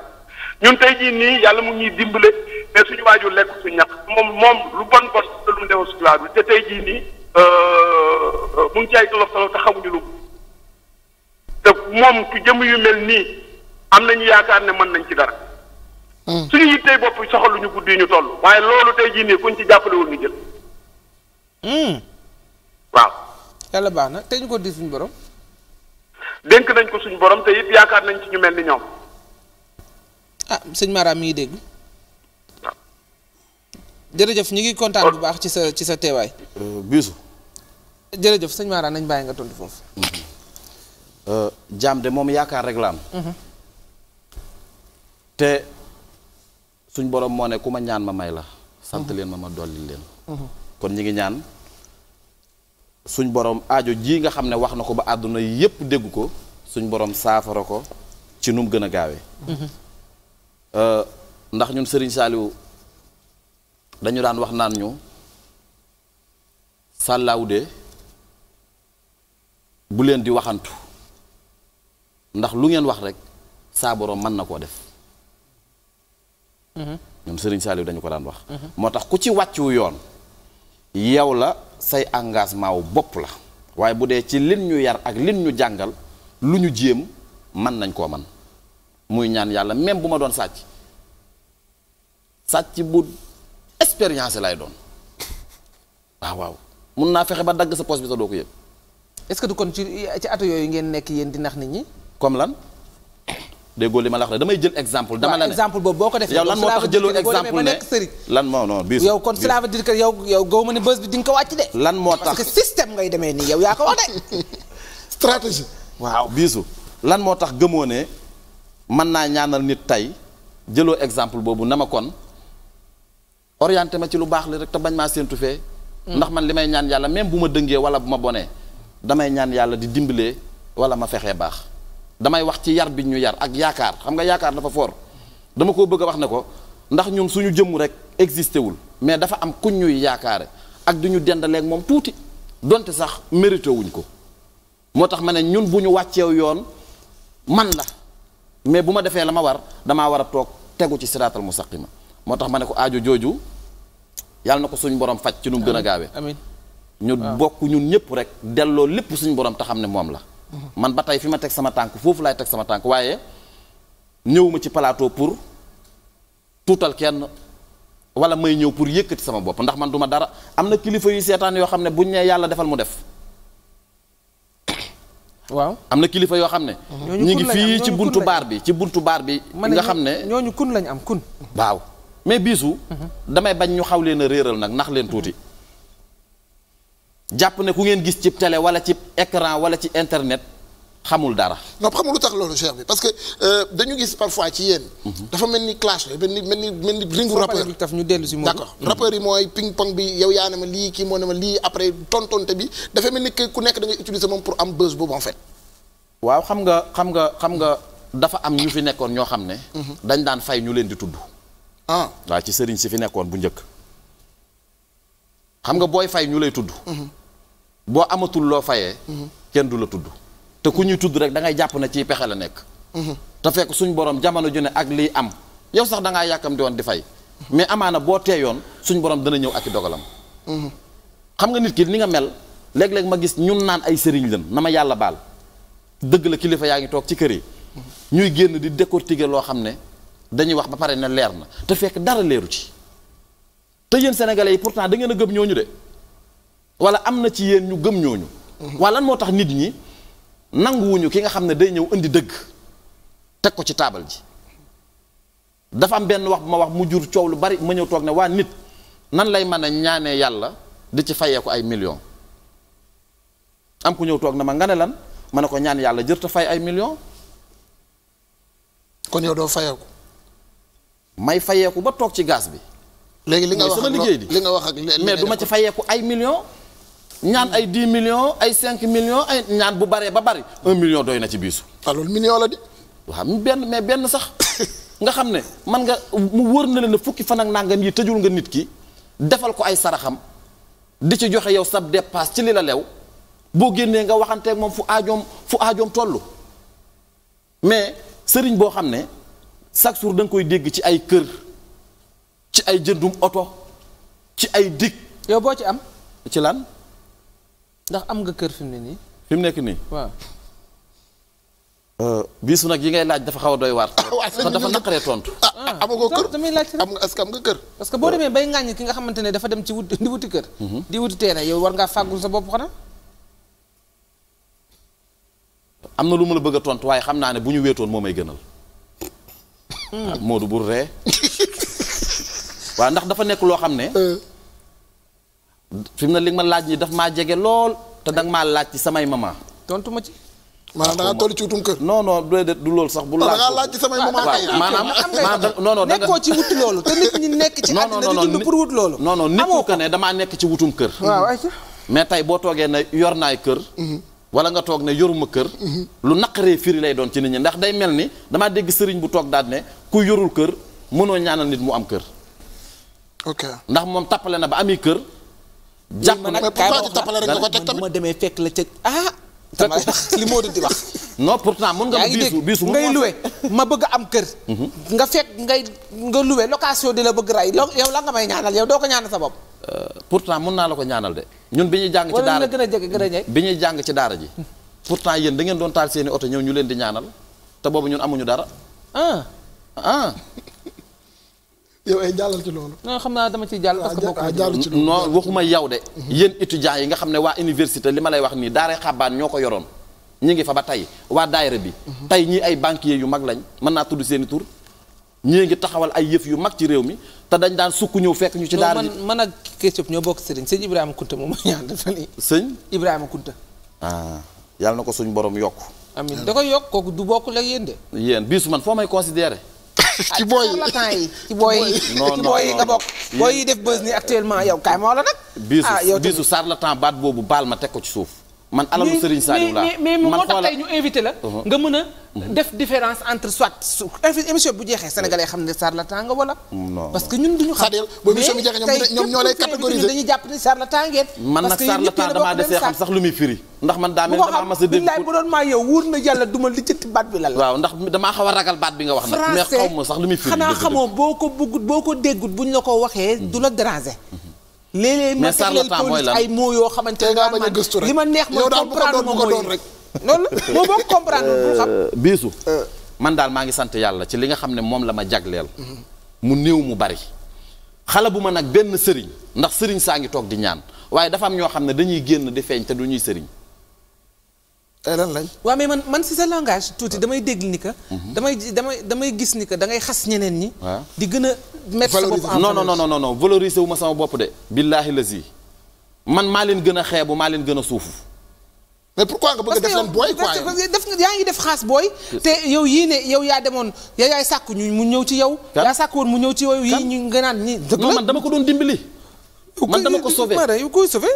ñun tey jii nii yàlla mu ñuy dimbale mais suñu waajur lekk suñu ñax moom moom lu bon bon lu mu defoon suñu waajur te tey jii nii euh, euh, mu ngi ci ay tolof te xamuñu lu te moom ku jëm yu mel nii am nañu yaakaar ne mën nañ ci dara Mm. suñu yittee bopp soxaluñu guddi ñu toll waaye loolu tey jii nii kuñ ci jàppalewul ñu jël mm. waaw yàlla baax na tey ñu ko di suñu borom dénk nañ ko suñu borom te it yaakaar nañ ci ñu mel ni ñoom ah sëñ Mara mi ngi dégg ah. jërëjëf ñu ngi kontaan bu oh. baax ci sa ci sa teewaay euh, biisu jërëjëf sëñ Mara nañ bàyyi nga tontu foofu euh, jaam de moom yaakaar rek la am mm-hmm. te suñ borom moo ne ku ma ñaan ma may la sant leen ma ma dolli leen kon ñi ngi ñaan suñ borom aajo ji nga xam ne wax na ko ba àdduna yépp dégg ko suñ boroom saafara ko ci nu mu gën a gaawee euh, ndax ñun sëriñ Saaliw dañu daan wax naan ñu sàllaawde bu leen di waxantu ndax lu ngeen wax rek saa borom mën na koo def ñun Serigne Saliou dañu ko daan wax. Mhm. moo tax ku ci wàccu yoon yow la say engagement wu bopp la waaye bu dee ci lin ñu yar ak lin ñu jàngal lu ñu jéem man nañ koo man muy ñaan yàlla même bu ma doon sàcc sàcc bu expérience lay doon waaw waaw mun naa fexe ba dagg sa poche bi sa doo ko yëg. est que kon ci ci at yooyu ngeen nekk yéen di nax nit ñi. comme lan. déggoo li ma la damay jël exemple. dama la ne exemple boobu boo ko defee. yow lan moo tax jëloo exemple ne lan moo non biir yow kon cela veut dire gaw ma ne bës bi di ko wàcc de. lan moo tax parce que système ngay demee nii yow yaa ko wax de. stratégie. waaw biisu lan moo tax gëmoo ne mën naa ñaanal nit tey jëloo exemple boobu na ma kon oriente ma ci lu baax li rek te bañ maa séentu fee. Hmm. ndax man li may ñaan yàlla même bu ma dëngee wala bu ma bonee damay ñaan yàlla di dimbalee wala ma fexee baax. damay wax ci yar bi ñu yar ak yaakaar xam nga yaakaar dafa foor dama ko bëgg wax ne ko ndax ñun suñu jëmm rek existé wul mais dafa am kuñ ñuy yaakaare ak du ñu dendaleeg moom tuuti donte sax mérité wuñ ko moo tax ma ne ñun bu ñu wàcceew yoon man la mais bu ma defee la ma war damaa war a toog tegu ci siraatal ma moo tax ma ne ko aajo jooju yàlla na ko suñu borom faj ci nu mu gën a gaawee. amiin ñu bokk ñun ñëpp rek delloo lépp suñu borom te xam ne moom la. man ba tey fi ma teg sama tànk foofu laay teg sama tànk waaye ñëwuma ci plateau pour tuutal kenn wala may ñëw pour yëkkati sama bopp ndax man duma dara am na kilifa yu seetaan yoo xam ne buñ ne yàlla defal mu def. waaw am na kilifa yoo xam ne. ñu ngi fii ci buntu baar bi ci buntu baar bi. nga xam ne ñooñu kun lañ am kun. waaw mais biisu. Mhm. damay bañ ñu xaw leen réeral nag nax leen tuuti. Mhm. jàpp ne ku ngeen gis ci télé wala ci écran wala ci internet xamul dara. non xamul lu tax loolu cher bi parce que euh, dañu gis parfois ci yéen. Mhm. dafa mel ni clash la mel ni mel ni mel ni ringu rappeur taf ñu dellu si moom. d'accord rappeur yi mooy ping pong bi yow yaa ne ma lii kii moo ne ma lii après tontonte bi dafa mel ni que ku nekk da ngay utiliser moom pour am buzz boobu en fait. waaw xam nga xam nga xam nga dafa am ñu fi nekkoon ñoo xam ne. Mhm. dañ daan fay ñu leen di tudd. ah waaw ci sëriñ si fi nekkoon bu njëkk. xam nga booy fay ñu lay tudd. Mhm. boo amatul loo fayee mhm. kenn du la tudd te ku ñuy tudd rek da ngay jàpp na ciy pexe la nekk mhm. te fekk suñ borom jamono ju ne ak liy am yow sax da yàkkam di woon di fay mais amaana boo teeyoon suñ borom dana ñëw ak i dogalam mhm. xam nga nit ki ni nga mel léeg-léeg ma gis ñun naan ay sëriñ lan na ma yàlla baal dëgg la kilifa yaa ngi toog ci kër yi ñuy génn di décortiquer loo xam ne dañuy wax ba pare ne leer na te fekk dara leeru ci te yéen sénégalais yi pourtant da ngeen a gëm ñooñu de wala am na ci yéen ñu gëm ñooñu. Mhm. waa lan moo tax nit ñi nanguwuñu ki nga xam ne day ñëw indi dëgg teg ko ci taabal ji dafa am benn wax bu ma wax mu jur coow lu bari ma ñëw toog ne waa nit nan lay mën a ñaanee yàlla di ci fayeeku ay millions am ku ñëw toog na ma nga ne lan ma ne ko ñaan yàlla jër te fay ay millions. kon yow doo fayeeku. may fayeeku ba toog ci gaas bi. léegi li nga wax ak li nga wax ak mais du ma ci fayeeku ay millions. ñaan ay 10 millions ay 5 millions ay ñaan bu baree ba bari 1 million doy na ci biisu. alors ah, million la di. waaw benn mais benn sax nga xam ne man nga mu wër na leen fukki fan ak nangam yi tëjul nga nit ki defal ko ay saraxam di ci joxe yow sab dépasse ci li la lew boo génnee nga waxanteeg moom fu aajoom fu aajoom toll mais sëriñ boo xam ne chaque jour danga koy dégg ci ay kër ci ay jëndum oto ci ay dig. yow boo ci am ci lan. ndax am nga kër fi mu ne nii. fi mu nekk nii waaw. Euh, biisu nag yi ngay laaj dafa xaw a doy waar. ah dafa naqaree tontu. ah, ah, ah amagoo kër damay laaj am est-ce que am nga kër. parce que boo demee bay ŋàññi ki nga xamante ne dafa dem ci wut di wuti kër. Mhm. di wuti teene yow war ngaa fàggul sa bopp xanaa. am na lu ma la bëgga tontu waaye xam naa ne bu ñu weetoon moo may gënal. Hmm. Modou bu ree. waaw ndax dafa nekk loo xam ne. Euh. fi mu ne li nga ma laaj nii daf maa jege lool te danga maa laaj ci samay mama tontu ma ci. maanaam da ngaa ci wutum kër. non non déedéet du lool sax. bu laaj laaj ci samay mama kay. Ah, ah, ah, maanaam non non nekkoo ci wut loolu te nit ñi nekk ci àddina di dund pour wut loolu. non nit nekk ci wutum kër. waaw mais tey boo toogee ne yor naay kër. Mhm. wala nga toog ne yoruma kër. Mhm. lu naqaree firi lay doon ci nit ndax day mel ni damaa dégg sëriñ bu toog daal ne ku yorul kër mënoo ñaanal nit mu am kër. ndax moom tappale na ba ami kër jàpp nag kaay ma wax la ma demee fekk la ca ah. ah dama li moo di wax. non pourtant mun nga ma biisu biisu ngay luwe ma bëgg am kër. Mhm. nga fekk ngay nga luwe location di la bëgg ray yow la nga may ñaanal yow doo ko ñaanal sa bopp. Euh, pourtant mun naa la ko ñaanal de. ñun bi ñuy jàng ci daara gën a jege gën a ñëw bi ñuy jàng ci daara ji. pourtant yéen da ngeen doon taal seeni oto ñëw ñu leen di ñaanal te boobu ñun amuñu dara. ah ah. yow eh, jàllal ci loolu. non xam naa dama ciy jàll parce que ah, bokk ah, ci non waxuma yow de. yéen étudiants yi nga xam ne waa université li ma lay wax nii daaree xabaan ñoo ko yoroon. ñi ngi fa ba tey waa daayira bi. Mhm. tey ñii ay banquier yu mag lañ mën naa tudd seen i tur. ñii ngi taxawal ay yëf yu mag ci réew mi te dañ daan sukk ñëw fekk ñu ci daara ji man man ak Ketchup ñoo bokk sëriñ sëñ Ibrahima Kunta moom la ñaan dafa sëñ Ibrahima Kunta. ah yàlla na ko suñ borom yokk. amiin da koy yokk kooku du bokkul ak yéen de. yéen biisu man foo may considéré ci booy yi ci booy yi ci booy nga bokk booy yi def buzz ni actuellement yow kaay ma wala nag. ah yow bisu bisu charlatan baat boobu baal ma teg ko ci suuf. man alalu Serigne Saliou laa mais mais moo tax tey ñu invité la. Uh-huh. nga mën a uh-huh. def différence entre soit su bu jeexee sénégalais xam ne charlatan nga wala. Mm, parce que ñun duñu xam. c'est-à-dire bu émission bi jeexee ñoom ñoo lay catégoriser man nag charlatan damaa desee xam sax lu muy firi. ndax man daa mel damaa mas a dégg bu doon ndax damaa xaw a ragal baat bi nga ma sax lu muy firi. xanaa xamoo boo ko bëggut boo ko déggut buñ la ko waxee mm-hmm. du la déranger mm-hmm. léeg-léeg ma tegleel la ay moo yoo xamante ne li ma neex ma comprendre moom mooy rek loolu moo boo comprendre bul xam euh, biisu euh. man daal maa ngi sant yàlla ci li nga xam ne moom la ma jagleel mu néew mu bari xala bu ma nag benn sëriñ ndax sëriñ saa ngi toog di ñaan waaye dafa am ñoo xam ne dañuy génn di feeñ te du ñuy sëriñ tey lan lañ. mais man man si sa langage tuuti damay dégg ni que. Mhm. damay damay damay gis ni que dangay xas ñeneen ñi. di gën a mettre sa bopp en non non non non non valoriser wu ma sama bopp de. billaahi lazi man maa leen gën a xeebu maa leen gën a suufu. mais pourquoi nga bëgg a def leen booy yaa ngi def xaas booy. te yow yii ne yow yaa demoon yow yaay sàkku ñu mu ñëw ci yow. yaa sàkk woon mu ñëw ci yow yii ñu nga naan ñii. dëgg man dama ko doon dimbali. man dama ko sauvé yow koy sauvé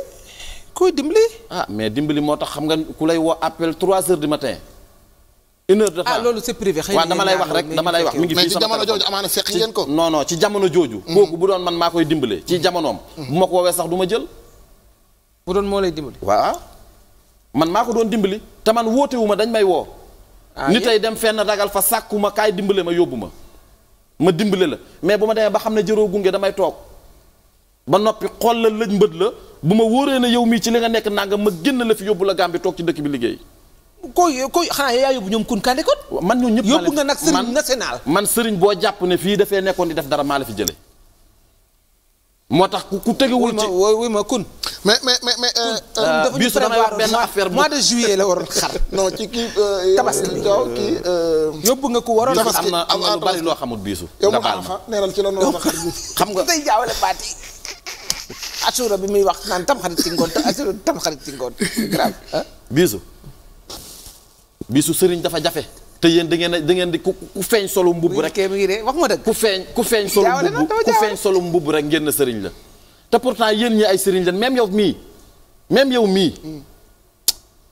koy dimbali. ah mais dimbali moo tax xam nga ku lay woo appel trois heures de matin. une heure de ah, temps ah loolu c'est privé xëy na dama lay wax rek dama lay wax mi ngi fii sama téléphone mais ci jamono jooju amaana fekk ngeen ko. non non ci jamono jooju. Mm. kooku bu doon man maa koy dimbale. ci jamonoom. Mm. bu ma ko woowee sax du ma jël. bu doon moo lay dimbali. waaw man maa ko doon dimbali te man woote wu ma dañ may woo. Ah, ni tey dem fenn ragal fa sàkku ma kaay dimbale ma yóbbu ma. ma dimbale la mais bu ma demee ba xam ne jëroo gunge damay toog. ba noppi xool la lëj mbët la bu ma wóoree na yow mii ci li nga nekk nanga ma génn la fi yóbbu la bi toog ci dëkk bi liggéey ko koy xanaa yaa yóbbu ñoom kunkande kon man ñoo ñëpp yóbbu nga nag sëriñ national man sëriñ boo jàpp ne fii dafee nekkoon di def dara maa la fi jële moo tax ku tegewul ci wuy ma kun mais mais mais mais euh, euh, bii su damay wax benn affaire de juillet la waroon xar non ci kii euh, tabaski yóbbu nga ko waroon am na am na lu bari loo xamul biisu nga baal ma neeral ci la noonu xar xam nga tey jaawale assura bi muy wax naan tam xarit ci ngoon te assura tam xarit ci ngoon biisu biisu sëriñ dafa jafe te yéen da ngeen da di ku feeñ solo mbubb rek wax ma dëgg ku feeñ ku feeñ solo mbubb ku feeñ solo mbubb rek ngeen na sëriñ la te pourtant yéen ñi ay sëriñ lan même yow mii même yow mii hmm.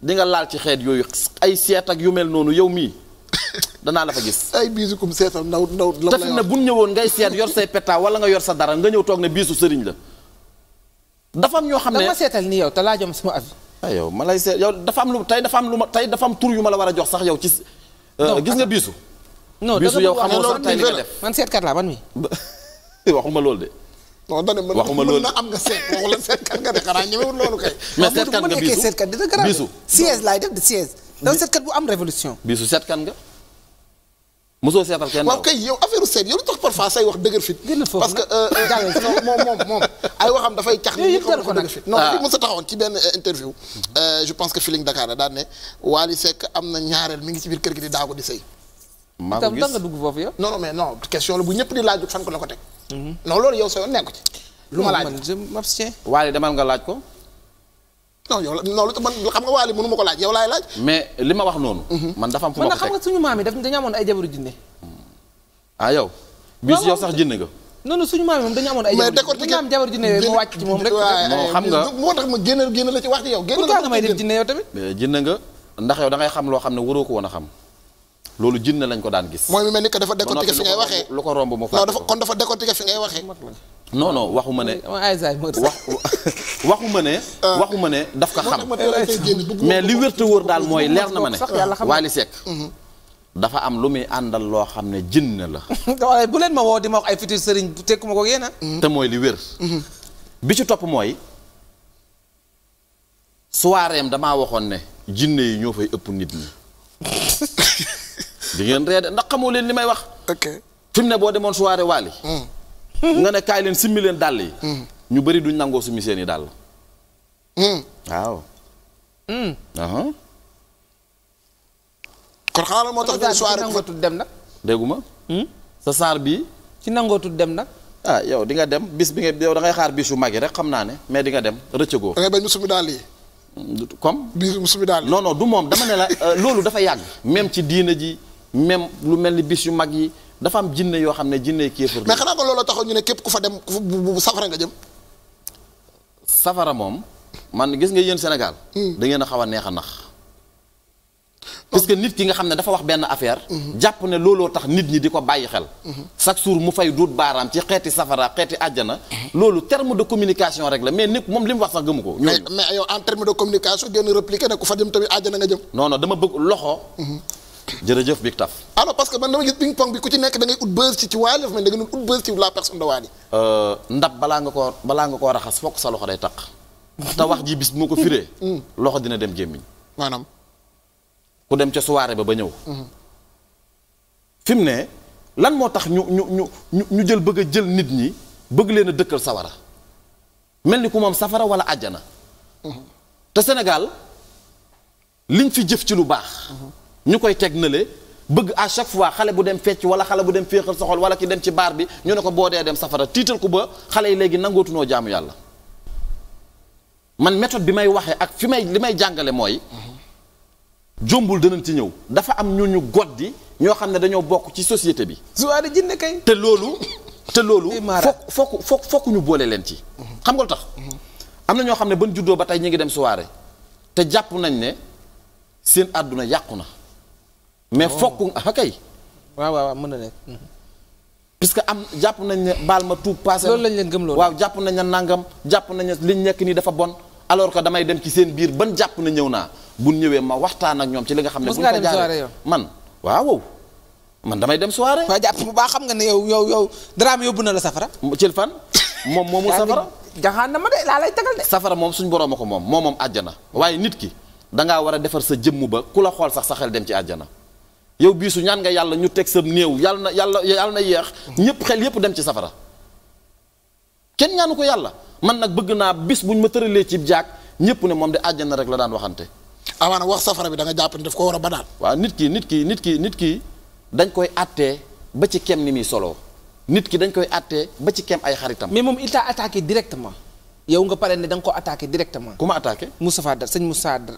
dinga laal ci xeet yooyu ay seet ak yu mel noonu yow mii danaa la fa gis ay biisu kum seetal ndaw ndaw. la na bu ñëwoon ngay seet yor say peta wala nga yor sa dara nga ñëw toog ne biisu sëriñ la dafa am ñoo xam ne da ma seetal ni yow te laa jëm sama avis. Ah, yow ma lay seet yow dafa am lu tey dafa am lu ma tey dafa am tur yu ma la war a jox sax yow ci. Euh, gis nga biisu. non biisu yow xamoo sax tey li nga def man seetkat laa man mi waxuma loolu de. non da waxuma loolu mën na am nga seet waxula nga de xanaa ñemewul loolu kay. mais seetkat nga biisu biisu. siège laay def de siège. da seetkat bu am révolution. biisu kan nga. mosoo seetal kenn waaw kay yow affaire seet yow lu tax parfois say wax dëgër fit parce que euh, moom moom moom ay waxam dafay cax ni xam ko dëgër fit non ah. ci benn euh, interview mhm. euh, je pense que Feeling Dakar la daan ne Wally na ñaareel mi ngi ci biir kër gi di daago di sëy maa ko gis itam nga dugg foofu mais non question la bu ñëpp di laajut fan ko la ko teg mhm. non loolu yow sa yoon nekk ci lu ma laaj je demal nga laaj ko non yow la non lu man xam nga waali mënu ma ko laaj yow laay laaj. mais li ma wax noonu. Mhm. man suñu maam yi moom dañu amoon ay. mais décortiqué dañu may def jinne yow tamit. jinne nga ndax yow da xam loo xam ne waroo ko woon a xam. loolu jinne lañ ko daan gis. mooy mel ni que dafa décortiqué fi ngay waxee lu ko romb mu fàtte kon dafa décortiqué fi ngay waxee non non waxuma ne. wax waxuma ne. Ah. waxuma ne daf ko xam. mais li wér te wóor daal mooy leer na ma ne. Wally Seck mhm. dafa am lu muy àndal loo xam ne jinne la. bu leen ma woo di ma wax ay futur sëriñ tekkuma ko yéena mhm. te mooy li wér. Mhm. bi ci topp mooy soiréem damaa waxoon ne jinne yi ñoo fay ëpp nit ñi. di ngeen reede ndax xamoo leen li may wax. ok fi mu ne boo demoon soirée Wally nga ne kaay leen simmi leen dàll yi. ñu bari du nangoo summi seen i dàll. waaw. Uh-huh. kon xaaral moo tax benn soirée dem nag. déggu ma. Hmm? sa saar bii. ci nangootul dem nag. ah yow di nga dem bis bi nga yow da xaar bis yu mag yi rek xam naa ne mais di dem rëccëgoo. da ngay mu summi dàll yi. comme. bis mu summi dàll du moom dama ne euh, loolu dafa yàgg. même ci diina ji même lu mel ni bis yu mag yi. dafa am jinne yoo xam ne jinne kéefër mais xanaa ko looloo taxaw ñu ne képp ku fa dem ku bu safara nga jëm safara moom man gis nga yéen Sénégal hmm. da ngeen a xaw a neex a nax parce que nit ki nga xam ne dafa wax benn affaire hmm. jàpp ne looloo tax nit ñi di ko bàyyi xel hmm. chaque jour mu fay duut baaraam ci xeeti safara xeeti àjjana loolu terme de communication rek la mais nit moom li mu wax sax gëmu ko mais yow en terme de communication génn répliqué ne ku fa jëm tamit nga jëm non non dama bëgg jërëjëf Big Taf. alors parce que man dama gis ping pong bi ku ci nekk da ngay ut buzz ci ci Wally mais euh, da balaa nga koo balaa nga koo raxas fokk sa loxo day taq. wax ji bis moo ko firee. Mm. loxo dina dem gémmiñ. maanaam. ku dem ca soirée ba ba ñëw. Mm-hmm. ne lan moo tax ñu ñu ñu ñu jël bëgg a jël nit ñi bëgg leen a dëkkal sawara mel ni ku moom safara wala àjjana. Mm-hmm. te Sénégal liñ fi jëf ci lu baax. Mm-hmm. ñu koy teg nële bëgg à chaque fois xale bu dem fecc wala xale bu dem féexal soxol wala ki dem ci baar bi ñu ne ko boo dee dem safara tiital ko ba xale yi léegi nangootunoo jaamu yàlla man méthode bi may waxee ak fi may li may jàngale mooy jombul danañ ci ñëw dafa am ñu ñu goddi ñoo xam ne dañoo bokk ci société bi. suwaare jinne kay. te loolu te loolu. fokk fokk fokk fokk ñu boole leen ci. xam nga lu tax. am na ñoo xam ne ban juddoo ba tey ñu ngi dem suwaare te jàpp nañ ne seen àdduna yàqu na. mais oh. fokk nga kay. waaw waaw mën na nekk. Hmm. puisque am jàpp nañ ne baal ma tuub passé. loolu lañ leen gëm loolu waaw jàpp nañ ne nangam jàpp nañ li liñ nekk nii dafa bon. alors que damay dem ci seen biir ban jàpp na ñëw naa bu ñëwee ma waxtaan ak ñoom ci li nga xam ne. bu ñu ko jaaree man waaw man damay dem soirée. waa jàpp bu baax xam nga ne yow yow yow drame yóbbu na la safara. ci fan moom moomu safara. jaxaan na ma de laa lay tegal de. safara moom suñ borom a ko moom moo moom àjjana waaye nit ki da war a defar sa jëmm ba ku la xool sax sa xel dem ci àjjana yow biisu ñaan nga yàlla ñu teg sa néew yàlla na yàlla yàlla na yeex ñëpp xel yëpp dem ci safara kenn ñaanu ko yàlla man nag bëgg naa bis bu ñu ma tëralee ci jaag ñëpp ne moom de àjjana rek la daan waxante. amaana wax safara bi danga nga jàpp ne daf ko war a banaan. waaw nit ki nit ki nit ki nit ki dañ koy àttee ba ci kem ni muy solo nit ki dañ koy àttee ba ci kem ay xaritam. mais moom il t'a directement. yow nga pare ne da nga ko attaqué directement. ku ma attaqué. Moustapha Dramé sëñ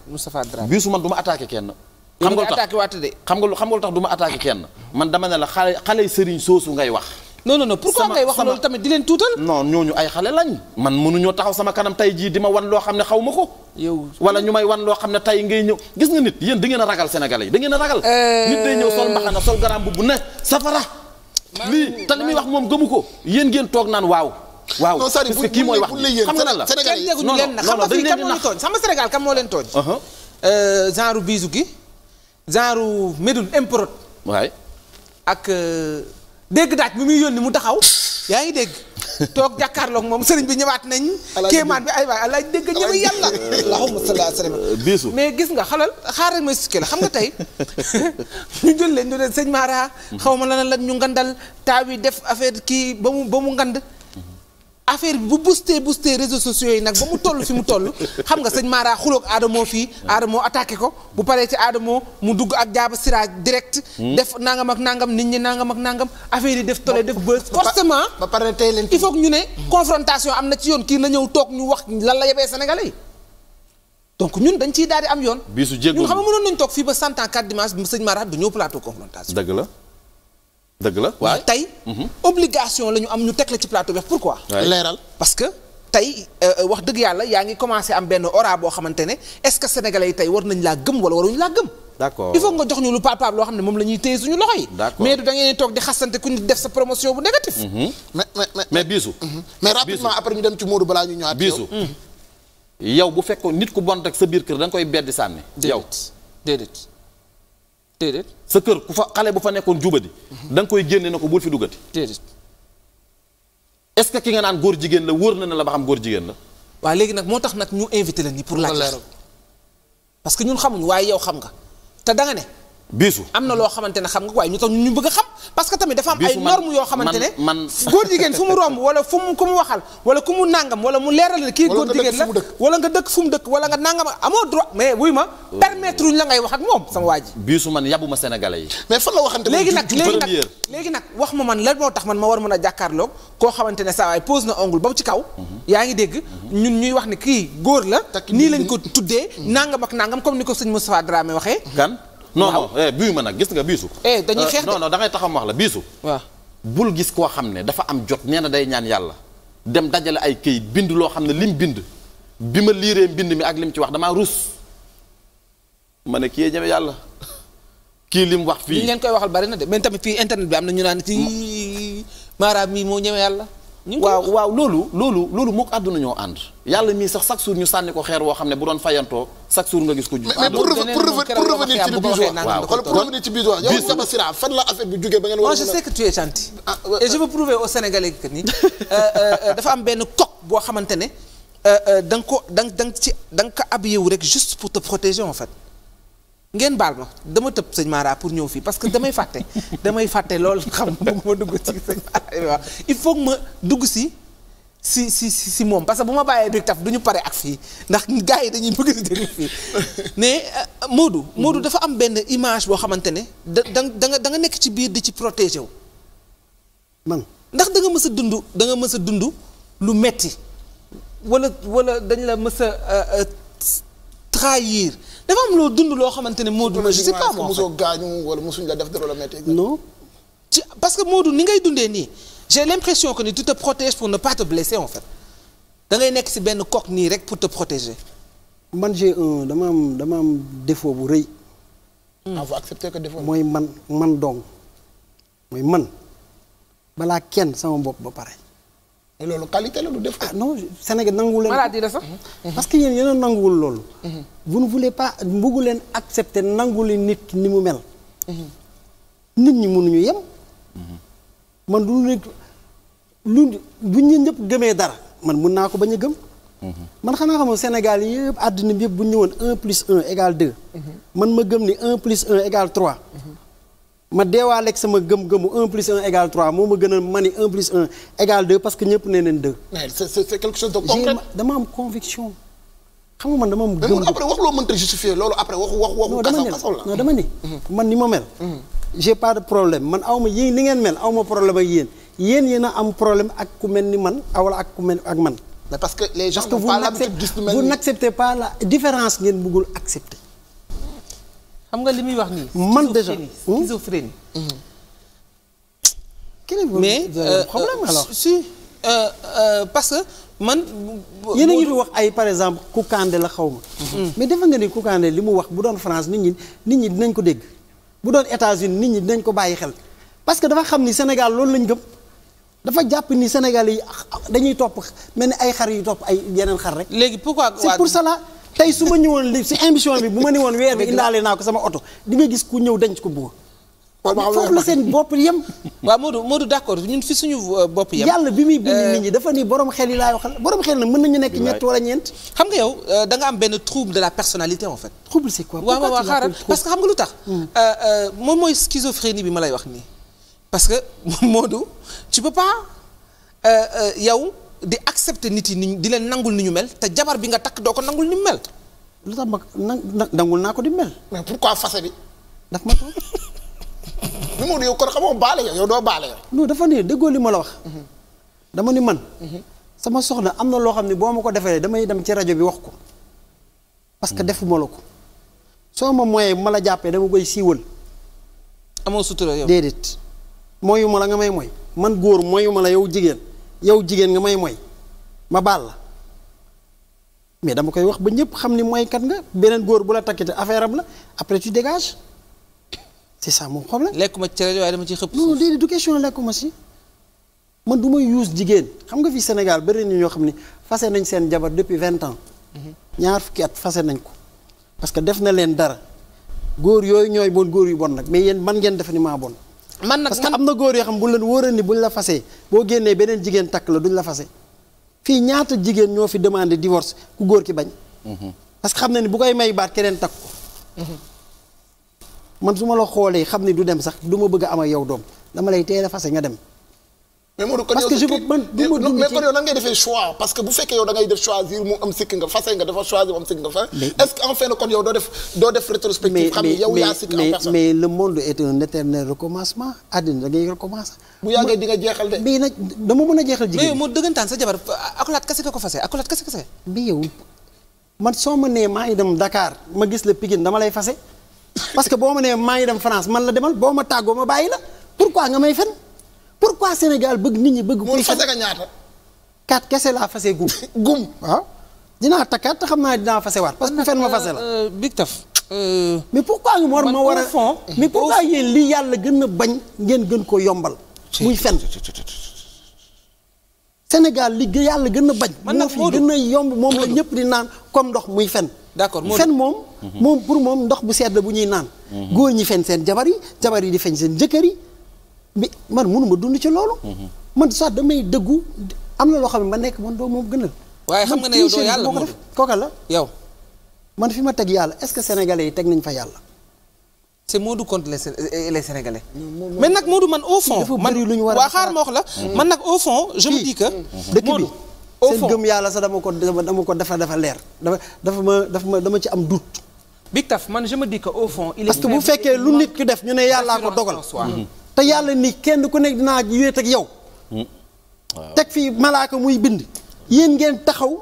Moustapha Dramé. biisu man du ma kenn. xam nga lu tax attaqué waate xam nga lu xam nga lu tax du ma kenn man dama ne la xale xale sëriñ soosu ngay wax non non non pourquoi ngay wax loolu tamit di leen tuutal non ñooñu ay xale lañ man mënuñoo taxaw sama kanam tey jii di ma wan loo xam ne xaw ma ko yow wala ñu may wan loo xam ne tey ngay ñëw gis nga nit yéen da ngeen a ragal sénégalais yi da ngeen a ragal euh, nit day ñëw sol mbaxana sol garam bu ne safara lii te wax moom gëmu ko yéen gen toog naan waaw waaw parce que kii mooy wax xam nga la Sénégal xam nga fii kan moo leen tooñ xam nga Sénégal kan moo leen tooñ genre bisu gi genre Médoune Import. waay ak euh, dégg daat bi muy yónni mu taxaw yaa ngi dégg. toog jàkkaarlook moom sëriñ bi ñëwaat nañ. kéemaan bi ay waay alaay dégg ñëw yàlla. Euh, allahumma salli ala biisu mais gis nga xalal xaaral ma expliqué xam nga tey ñu jël leen ñu sëñ Mara. Mm-hmm. xaw ma lan lan ñu ngandal taa wi def affaire kii ba mu ba mu ngand. affaire bi bu boosté boosté réseaux sociaux yi nag ba mu toll fi mu toll xam nga sëñ Mara xuloog Adamo fii Adamo attaqué ko bu paree ci Adamo mu dugg ak jaaba sirage direct. Hmm? def nangam ak nangam nit ñi nangam ak nangam affaire yi def tole def bës. forcément ba pare tey leen il faut que ñu ne confrontation am na ci yoon kii na ñëw toog ñu wax lan la yebee Sénégalais yi. donc ñun dañ ci daal di am yoon. bisu jéego ñun xam nga mënoon nañu toog fii ba cent ans quatre dimanche sëñ Mara du ñëw plateau la. dëgg la waaye tey. obligation la ñu am ñu teg la ci plateau bi pourquoi. leeral parce que tey euh, wax dëgg yàlla yaa ngi commencé am benn aura boo xamante ne est-ce que sénégalais yi tey war nañ laa gëm wala waruñu laa gëm. d'accord il faut nga jox ñu lu palpable loo xam ne moom la ñuy téye suñu loxo yi. mais du da ngeen toog di xasante ku ñu def sa promotion bu négatif. Mm-hmm. mais mais mais biisu. mais mm-hmm. rapidement après ñu dem ci Modou balaa ñu ñëwaat. biisu mm-hmm. yow bu fekkoon nit ku bon rek sa biir kër da koy beddi sànni. yow déedéet. déedéet sa kër ku fa xale bu fa nekkoon jubadi mhm. da nga koy génne na ko bul fi duggati déedéet est-ce que ki nga naan góor jigéen la wóor na ne la ba xam góor jigéen la waa léegi nag moo tax nag ñu invité la nii pour laaj parce que ñun xamuñu waaye yow xam nga te da nga ne biisu am na loo xamante ne xam nga waaye ñu tax ñun ñu bëgg xam parce que tamit dafa am ay normes yoo xamante ne man góor jigéen fu mu romb wala fu mu ku mu waxal wala ku mu nàngam wala mu leeral kii góor jigéen la wala nga dëkk fu mu wala nga nàngam amoo droit mais wuy oh. uñ la ngay wax ak moom sama waa ji biisu man yabuma sénégalais yi mais fan waxante léegi nag léegi nag wax ma man lan moo tax man ma war mën a jàkkaarloog koo xamante ne saa waay pose na ongle kaw mhm. yaa ngi dégg mhm. ñun ñuy wax ne kii góor la nii lañ ko tuddee mhm. nàngam ak nàngam comme ni ko sëñ Moustapha Dramé waxee kan non non eh, buy ma nag gis nga biisu. Eh, dañuy euh, xeex non non taxam wax la biisu. waaw bul gis koo xam ne dafa am jot nee day ñaan yàlla. dem dajale ay këyit bind loo xam ne lim bind bi ma liiree mbind mi ak lim ci wax damaa rus ma ne kii yee ñeme yàlla kii lim wax. fii li ngeen koy waxal bari na de mais tamit fii internet bi am na ñu naan ci maaraam mi moo ñeme yàlla. waaw waaw loolu loolu loolu moo ko àdduna ñoo ànd yàlla mii sax chaque jour ñu sànni ko xeer woo xam ne bu doon fayantoo chaque jour nga gis ko ju mais ah, pour revenir ci Bijou waaw pour revenir ci la affaire bi jógee ba ngeen war je sais que ah, euh, euh, dafa am benn coq boo xamante ne euh, dang ko dang dang ci dang nga ko habillé wu rek juste pour te protéger en fait ngeen baal ma dama tëb sëñ Mara pour ñëw fii parce que damay fàtte damay fàtte lool xam bëgguma dugg ci sëñ Mara il faut ma dugg si si si si moom parce que bu ma bàyyee big taf du pare ak fii ndax gars yi dañuy bëgg di déglu fii mais euh, moodu moodu dafa am benn image boo xamante ne da da nga da nekk ci biir di ci protéger wu man ndax danga nga mës a dund danga nga mës a dund lu metti wala wala dañ la mës a euh, euh, trahir dafa am loo dund loo xamante ne moo ma je sais pas moi mosoo la def dara la metti ci parce que Modou ni ngay dundee nii j'ai l'impression ko ni tu te protèges pour ne pas te blesser en fait da nekk ci benn coque nii rek pour te protéger man j'ai dama am dama am défaut bu rëy ah vous mooy man man dong mooy man balaa kenn sama bopp ba pare loolu qualité la lu def ko. ah non Sénégal nanguwul leen. maladie la sax. Mm-hmm. parce que yéen yéen a nanguwul loolu. Mm-hmm. vous ne voulez pas bëggu leen accepter nangu leen nit ki ni mu mel. Mm-hmm. nit ñi mënuñu yem. man du nit bu ñu ñëpp gëmee dara man mun naa ko bañ a gëm. man xanaa xamoon Sénégal yëpp àddina bi bu ñu ñëwoon un plus un égale deux. man ma gëm ni un plus un égale trois. ma deewaal deewaaleeg sama gëm-gëmu 1 plus 1 égale 3 moo ma gën a mani 1 plus 1 égale 2 parce que ñëpp ne nañ 2. mais c'est c'est quelque chose de concret. dama am conviction. xam dama am gëm. après wax loo mënta justifier loolu après waxu waxu waxu. kasaw la non dama ne mhm. man ni ma mel. Mhm. j'ai pas de problème man aw ma yéen ni ngeen mel aw ma problème ak yéen yéen yéen a am problème ak ku mel ni man wala ak ku mel ak man. parce que les gens n'ont pas l'habitude de vous n'acceptez pas xam li muy wax nii. man déjà schizophrénie hmm? mais euh, euh, problème euh, alors si parce que man. yéen a ngi wax ay par exemple Koukandé la xaw ma. Mhm. mais defe nga ni Koukandé li mu wax bu doon France nit ñi nit ñi dinañ ko dégg bu doon États-Unis nit ñi dinañ ko bàyyi xel parce que dafa xam ni Sénégal loolu lañ gëm. dafa jàpp ni Sénégal yi ah, ah, dañuy topp mel ni ay xar yu topp ay yeneen xar rek. léegi pourquoi c'est pour tey su ma ñëwoon li si émission bi bu ma ne woon weer bi indaale naa ko sama oto di nga gis ku ñëw denc ko buur foofu la seen bopp yem waaw moo Modou d'accord ñun fi suñu euh, bopp yem yàlla bi muy bind euh, nit ñi dafa ni borom xel yi laay waxal borom xel nag mën nañu nekk ñett wala ñeent xam nga yow euh, da am benn trouble de la personalité en fait trouble c'est quoi waaw waaw xaaral parce que xam nga lu tax hmm. moom mooy schizophrénie bi ma lay wax nii parce que Modou tu peux di accepter nit yi ni di leen nangul ni ñu mel te jabar bi nga takk doo ko nangul ni mu mel. lu tax ma nangul naa ko di mel. mais pourquoi fase bi. daf ma toog. kon xamoo baale yow doo baale yow. dafa ne déggoo li ma wax. Mhm. dama ni man. Mhm. sama soxna am na loo xam ne boo ma ko defee damay dem ci rajo bi wax ko. parce que mhm. defuma la ko. soo ma moyee ma la jàppee dama koy siiwal. amoo sutura yow déedéet. mooyu ma la nga may mooy. man góor mooyu ma la yow jigéen. yow jigéen nga may mooy ma baal la mais dama koy wax ba ñëpp xam ni mooykat nga beneen góor bu la takkite affaire am la après tu dégages c'est ça mon problème. lekkuma ci waaye dama ci xëpp. non déedéet du question lekkuma si man du may yuus jigéen xam nga fi Sénégal bari na ñoo xam ni fase nañ seen jabar depuis vingt ans. Mhm. ñaar fukki at fase nañ ko. parce que def na leen dara góor yooyu ñooy bon góor yu bon nag mais yéen man ngeen defe ni maa bon. man nag parce que am na góor yoo xam buñ leen wóoral ni buñ la fasee boo génnee beneen jigéen takk la duñ la fase fii ñaata jigéen ñoo fi demandé divorce ku góor ki bañ. Mhm. parce que xam na ni bu koy may baat keneen takk ko. Mhm. man su ma la xoolee xam ni du dem sax du ma bëgg a yow doom dama lay teel la fase nga dem. mais Modou kon parce que je veux man du ma dugg mais kon yow nan ngay defee choix parce que bu fekkee yow da ngay def choisir mu am sikk nga fase nga dafa choisir mu am sikk nga fa. est-ce que en fait kon yow doo def doo def rétrospective. xam sikk en personne mais mais le monde est di nga jeexal de. dama mën a jeexal jigéen mais dëggantaan sa jabar akulaat kese ko fase akulaat kese kese. bi yow man soo ma nee maa ngi dem Dakar ma gis la Pikine dama lay fase parce que boo ma nee maa ngi dem France man la demal boo ma tàggoo ma bàyyi la pourquoi nga may fen pourquoi Sénégal bëgg nit ñi bëgg. kuy fas nga ñaata. kaat kese laa fase gum. gum waaw. Ah, dinaa takkaat te xam naa dinaa fase waat parce que fen ma fase la. Euh, euh, Big Taf. Euh, mais pourquoi nga war ma war a. mais pourquoi yéen li yàlla gën a bañ ngeen gën koo yombal. muy fen Sénégal li yàlla gën a bañ. man nag moo fi gën a yomb moom la ñëpp di naan comme ndox muy fen. d'accord fen moom. Mhm. moom pour moom ndox bu sedd bu ñuy naan. Mhm. góor ñi fen seen jabar yi jabar yi di feñ seen jëkkër yi. mais man mënuma dund ci loolu. Mhm. man sax damay dëggu am na loo xam ne ma nekk man doo moom gënal. waaye xam nga ne yow doo yàlla moo def la yow. man fi ma teg yàlla est-ce que sénégalais yi teg nañ fa yàlla. c'est Modou contre les les sénégalais. mais nag Modou man au fond. man lu ñu war a xaar la. man nag au fond mhm. seen gëm yàlla sax dama ko dama ko dafa dafa leer dafa dafa ma dafa ma dama ci am doute. Big Taf man je me au fond. il bu fekkee lu nit ki def ñu ne yàllaa ko dogal. te yàlla ni kenn ku nekk dinaa wéet ak yow. Hmm. teg fii malaaka muy bind. yéen ngeen taxaw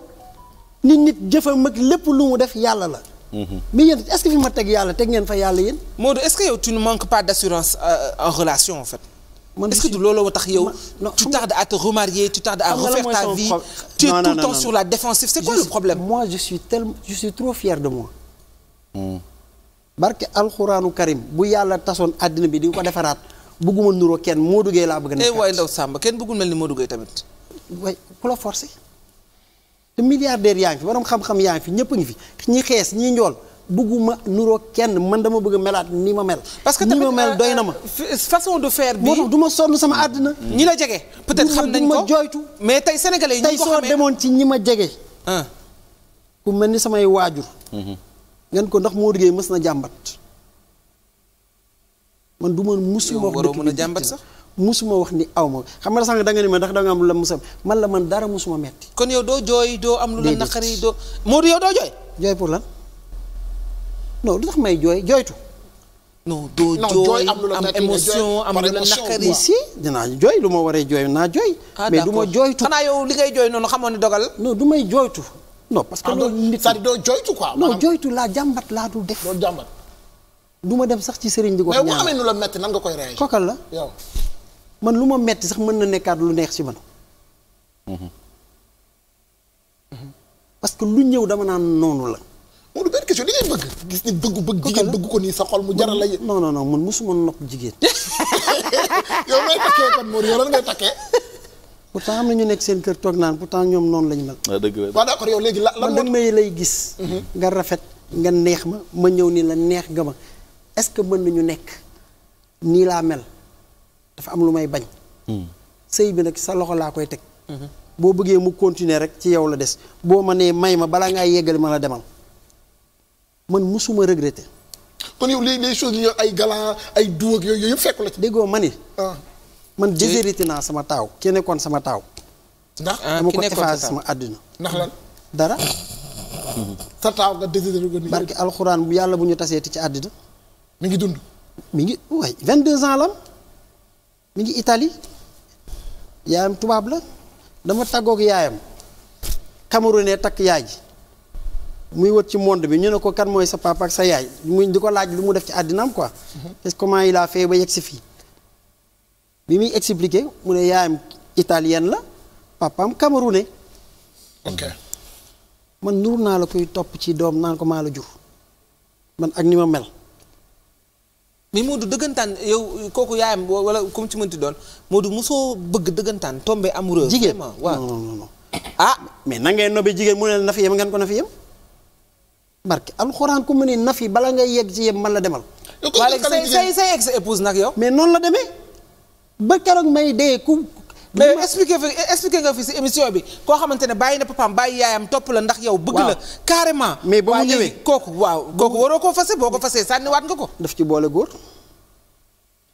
ni nit jëfam ak lépp lu mu def yàlla la. Hmm. mais yéen est-ce que fi ma teg yàlla teg ngeen fa yàlla yéen. Maodo est-ce que yow tu ne manques pas d'assurance euh, euh, en relation en fait. man est-ce que du loolu tax yow. tu tardes à te remarier tu tardes à refaire ta vie. tu es tout temps sur la défensive c'est quoi le problème. moi je suis tellement je suis trop fier de moi. Hmm. barke alxuraanu bu yàlla tasoon àddina bi di ko defaraat. bëgguma nuroo kenn moo Gueye laa bëgg a eh, nekk. waaye ndaw Samba kenn bëggul mel ni Modou Gueye tamit. way ku la forcé te milliardaire yaa ngi fi borom xam-xam yaa ngi fi ñëpp a ngi fi ñi xees ñi njool bëgguma nuroo kenn man dama bëgg melaat ni ma mel. parce que tamit ni ma mel doy na ma. Euh, euh, façon de faire bi moo tax du ma sonn sama àddina. ñi la jege. peut-être xam nañ ma jooytu. mais tey sénégalais yi ñu ko xamee tey soo demoon ci ma jege. ku mel ni samay waajur. Mhm. ngeen ko ndax Modou Gueye mës na jàmbat. man du ma musuma wax waroo mën a jàmbat sax musuma wax ni aw ma xam nga sànq da nga ma ndax da nga am lu la musam man la man dara musuma metti kon yow doo jooy doo am lu la naqari doo Modou yow doo jooy jooy pour lan non lu tax may jooy jooytu non doo jooy am émotion am lu la naqari si dinaa jooy lu ma waree jooy naa jooy ah, mais du ma jooytu xanaa yow li ngay jooy noonu xamoon ni dogal non du may jooytu non parce que ah, loolu nit c'est-à-dire doo jooytu quoi non jooytu laa jàmbat laa dul def doo jàmbat du ma dem sax ci sëriñ di ko ñaan mais bu amee nu la metti nan nga koy réagir kokal la man lu ma metti sax mën na nekkaat lu neex ci man mhm. parce que lu ñëw dama naan noonu la Modou benn gis ni bëggu bëgg jigéen bëgg ko nii sa xol mu jaral la non non non man mosuma nopp jigéen yow ngay takkee kat Modou yow lan ngay am na ñu nekk seen kër toog naan pourtant ñoom noonu lañu mel waaw ah, dëgg la waaw d'accord yow léegi la lan man damay lay gis mhm. nga rafet nga neex ma ma ñëw nii la neex nga ma est-ce que mën nañu nekk nii laa mel dafa am lu may bañ. Hmm. sëy bi nag sa loxo laa koy teg. Hmm. boo bëggee mu continuer rek ci yow la des boo ma nee may ma balaa ngaa yeggali ma la demal man musuma regretter. kon yow les les choses ay galan ay duw ak yooyu yëpp fekk déggoo ma ni. Ah. man déshérité naa sama taaw. ki nekkoon sama taaw. ndax ah, dama ko effacé sama àdduna. ndax lan dara. sa taaw nga déshérité ko. barke alxuraan bu yàlla bu ñu tasee taseeti ci àddina. mi ngi dund. mi ngi waay 22 ans la am mi ngi itali yaayam tubaab la dama taggook yaayam camerounais takk yaay ji muy wër ci monde bi ñu ne ko kan mooy sa papa ak sa yaay muy di ko laaj lu mu def ci àddinaam quoi. Mhm. est-ce comment il a fait ba yegg si fii. bi muy expliqué mu ne yaayam italienne la papaam camerounais. ok man nur naa la koy topp ci doom naan ko maa la jur man ak ni ma mel. mais Modou dëggantaan yow kooku yaayam wala comme ci mënti doon Modou mosoo bëgg dëggantaan tombé amoureux. jigéen waaw non ah mais na ngeen nobbee jigéen mu ne na fi yem ngeen ko na fi yem. barke alxuraan ku mu ne na fi bala ngay yegg ci yem man la demal. yow say say say ex épouse nag yow. mais noonu la demee ba keroog may dee ku. mais expliqué fi expliqué nga fi si émission bi koo xamante ne bàyyi na papaam bàyyi yaayam topp la ndax yow. bëgg la carrément. mais ba mu kooku waaw kooku waroo koo fase boo ko fasee sànniwaat nga ko. daf ci boole góor.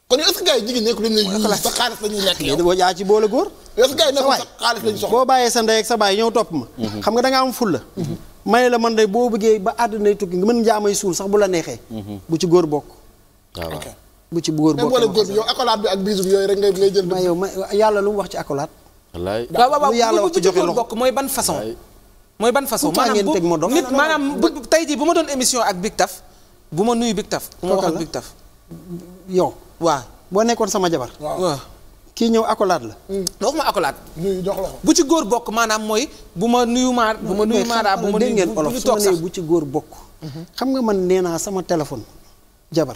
kon est-ce que gars yi jigéen ñi nekkul la ñuy ñàkk yow. boo jaa ci boole góor. est-ce que gars yi nekkul sa xaalis la ñuy soxla. boo bàyyee sa ndey ak sa baay ñëw topp ma. Mhm. xam nga da am fulla. Mhm. may la man de boo bëggee ba àddina tukki nga mën njaamay suul sax bu la neexee. Mhm. bu ci góor bokk. bu ci góor boo boole góor bi yow accolade bi ak bisou yooyu rek ngay ngay jël. ma yow ma yàlla lu mu wax ci accolade. wallaay waaw waaw bu ci góor bokk mooy ban façon. mooy ban façon maanaam bu nit maanaam bu tey jii bu ma doon émission ak Big Taf bu ma nuyu Big Taf. bu ma wax ak Big Taf. yow. waaw boo nekkoon sama jabar. waaw kii ñëw accolade la. Hmm. waxuma accolade. nuyu jox la ko bu ci góor bokk maanaam mooy bu ma nuyu maa bu ma nuyu maa bu ma nuyu bu ñu toog sax bu ci góor bokk. Mhm. xam nga man nee naa sama téléphone jabar.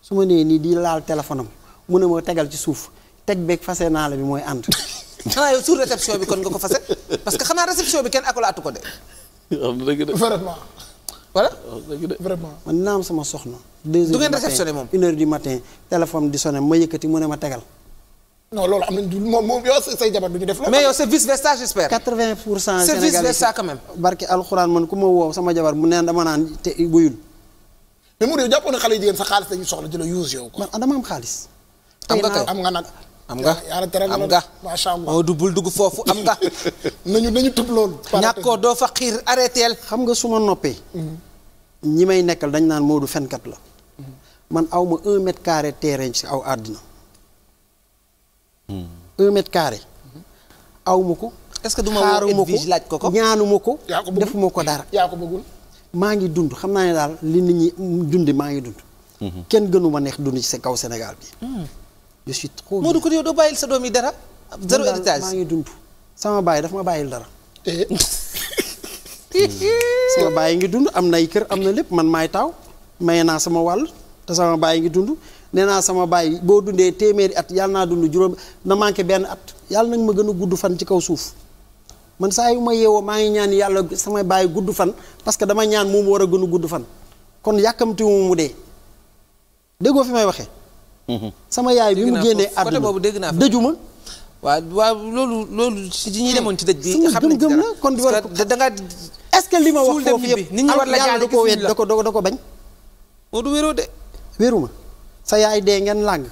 su ma nee nii di laal téléphone am mu ne ma tegal ci suuf teg beeg fase naa la bi mooy ànd. xanaa yow suur réception bi kon nga ko fase parce que xanaa réception bi kenn akulaatu ko de. am dëgg de vraiment. voilà man naa sama soxna. deux heures ngeen réceptionné moom une heure du matin téléphone di sonné ma yëkkati mu ne ma tegal. non loolu am nañu du moom moom yow say jabar du ñu def la. mais yow c'est vice versa j'espère. 80 pour cent Sénégalais c'est vice barke alxuraan man ku ma woo sama jabar mu neen dama naan te wuyul. mais mu réew jàppoon na xale jigéen sa xaalis dañuy soxla di la use yow ko man dama am xaalis am nga kay am nga am nga am nga allah moo dubul dugg foofu am nga nañu nañu tub loolu ñàkkoo doo fa xiir arrêteel xam nga suma noppee ñi may nekkal dañ naan Modou fenkat la man aw ma un mètre carré terrain ci aw àddina hmm. un mètre carré aw ma ko est-ce que duma woo Edwige laaj ko ko ñaanuma ko defuma ko dara yaa ko maa ngi dund xam naa ne daal li nit ñi dundi maa ngi dund. Mhm. kenn gënu ma neex dund ci sa kaw Sénégal bi. Hmm. je suis trop. Modou doo bàyyil sa doom yi dara. zéro héritage maa ngi dund. sama baay dafa ma bàyyil dara. Eh. sama baay ngi dund am nay kër am na lépp man maay taaw maye naa sama wàll te sama baay ngi dund nee naa sama baay boo dundee téeméeri at yàlla naa dund juróom na manqué benn at yàlla nag ma gën a gudd fan ci kaw suuf. man saa yu ma yeewoo maa ngi ñaan yàlla sama bàyyi gudd fan parce que dama ñaan moom war a gën a gudd fan kon yàkkamtiwu mu dee déggoo fi may waxee. Mhm. sama yaay bi mu génnee àdduna dëju ma. waaw waaw loolu loolu si ñi demoon ci dëj bi. Hmm. xam nañ gëm la kon di war da nga est-ce que li ma wax foofu yëpp da ko wéet da ko da ko bañ. moo du wéroo de. wéru sa yaay dee ngeen làng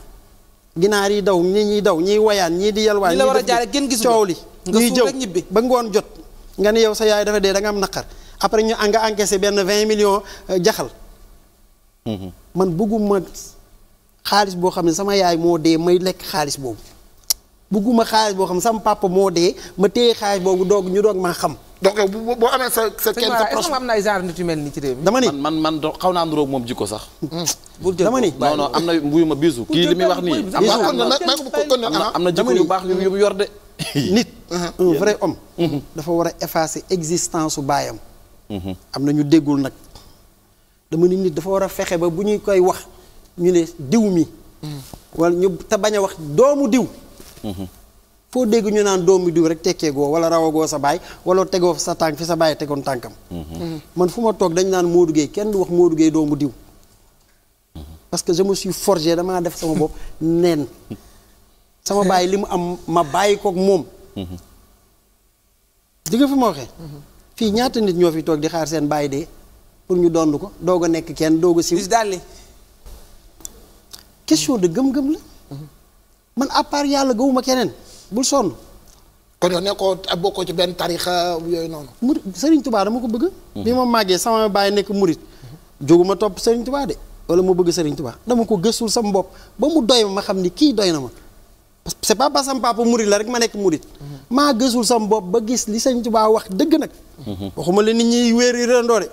ginaar yi daw ñi ñuy daw ñiy woyaan ñii di yalwaan ñii di coow li nga suur rek ba ngoon jot nga ne yow sa yaay dafa dee danga am naqar après ñu nga encaissé benn vingt millions euh, jaxal mhm. man bëgguma xaalis boo xam ne sama yaay moo dee may lekk xaalis boobu bëgguma xaalis boo xam ne sama papa moo dee ma téye xaalis boobu doog ñu doog maa xam donc boo amee sa sa kenn sa proche na ay genre nit yu mel dama ni man man xaw naa nduróog moom jikko sax hmm. Hmm. dama ni non am na mbuyu ma bisu kii li muy wax nii am na jikko yu baax yu yor de nit uh-huh. un vrai homme mm-hmm. dafa war a effacer existence su baayam mm-hmm. am na ñu déggul nag dama ni nit dafa war a fexe ba bu ñuy koy wax ñu ne diw mi mm-hmm. wala ñu te bañ a wax doomu diw foo dégg ñu naan doomu diw rek tekkee goo wala rawagoo sa baay wala tegoo sa tànk fi sa baay tegoon tànkam man fu ma toog dañ naan Modou Gueye kenn du wax Modou Gueye doomu diw parce que je me damaa def sama bopp neen sama bàyyi li mu am ma bàyyi kook moom di fi ma waxee fii ñaata nit ñoo fi toog di xaar seen bàyyi de pour ñu dond ko doog a nekk kenn doog a siw question de gëm-gëm la man à part yàlla gëwuma keneen bul sonn kon yow nekkoo bokkoo ci benn tarixa yooyu noonu murit Sëriñ Tubaa dama ko bëgg bi ma màggee sama bàyyi nekk murit jóguma topp Sëriñ Tubaa de wala ma bëgg Sëriñ Tubaa dama ko gëstul sama bopp ba mu doy ma ma xam ni kii doy na ma c'est pas parce murit la rek ma nekk murit maa gësul sam bopp ba gis li sëñ Tuubaa wax dëgg nag waxuma la nit ñuy wéeri rendoore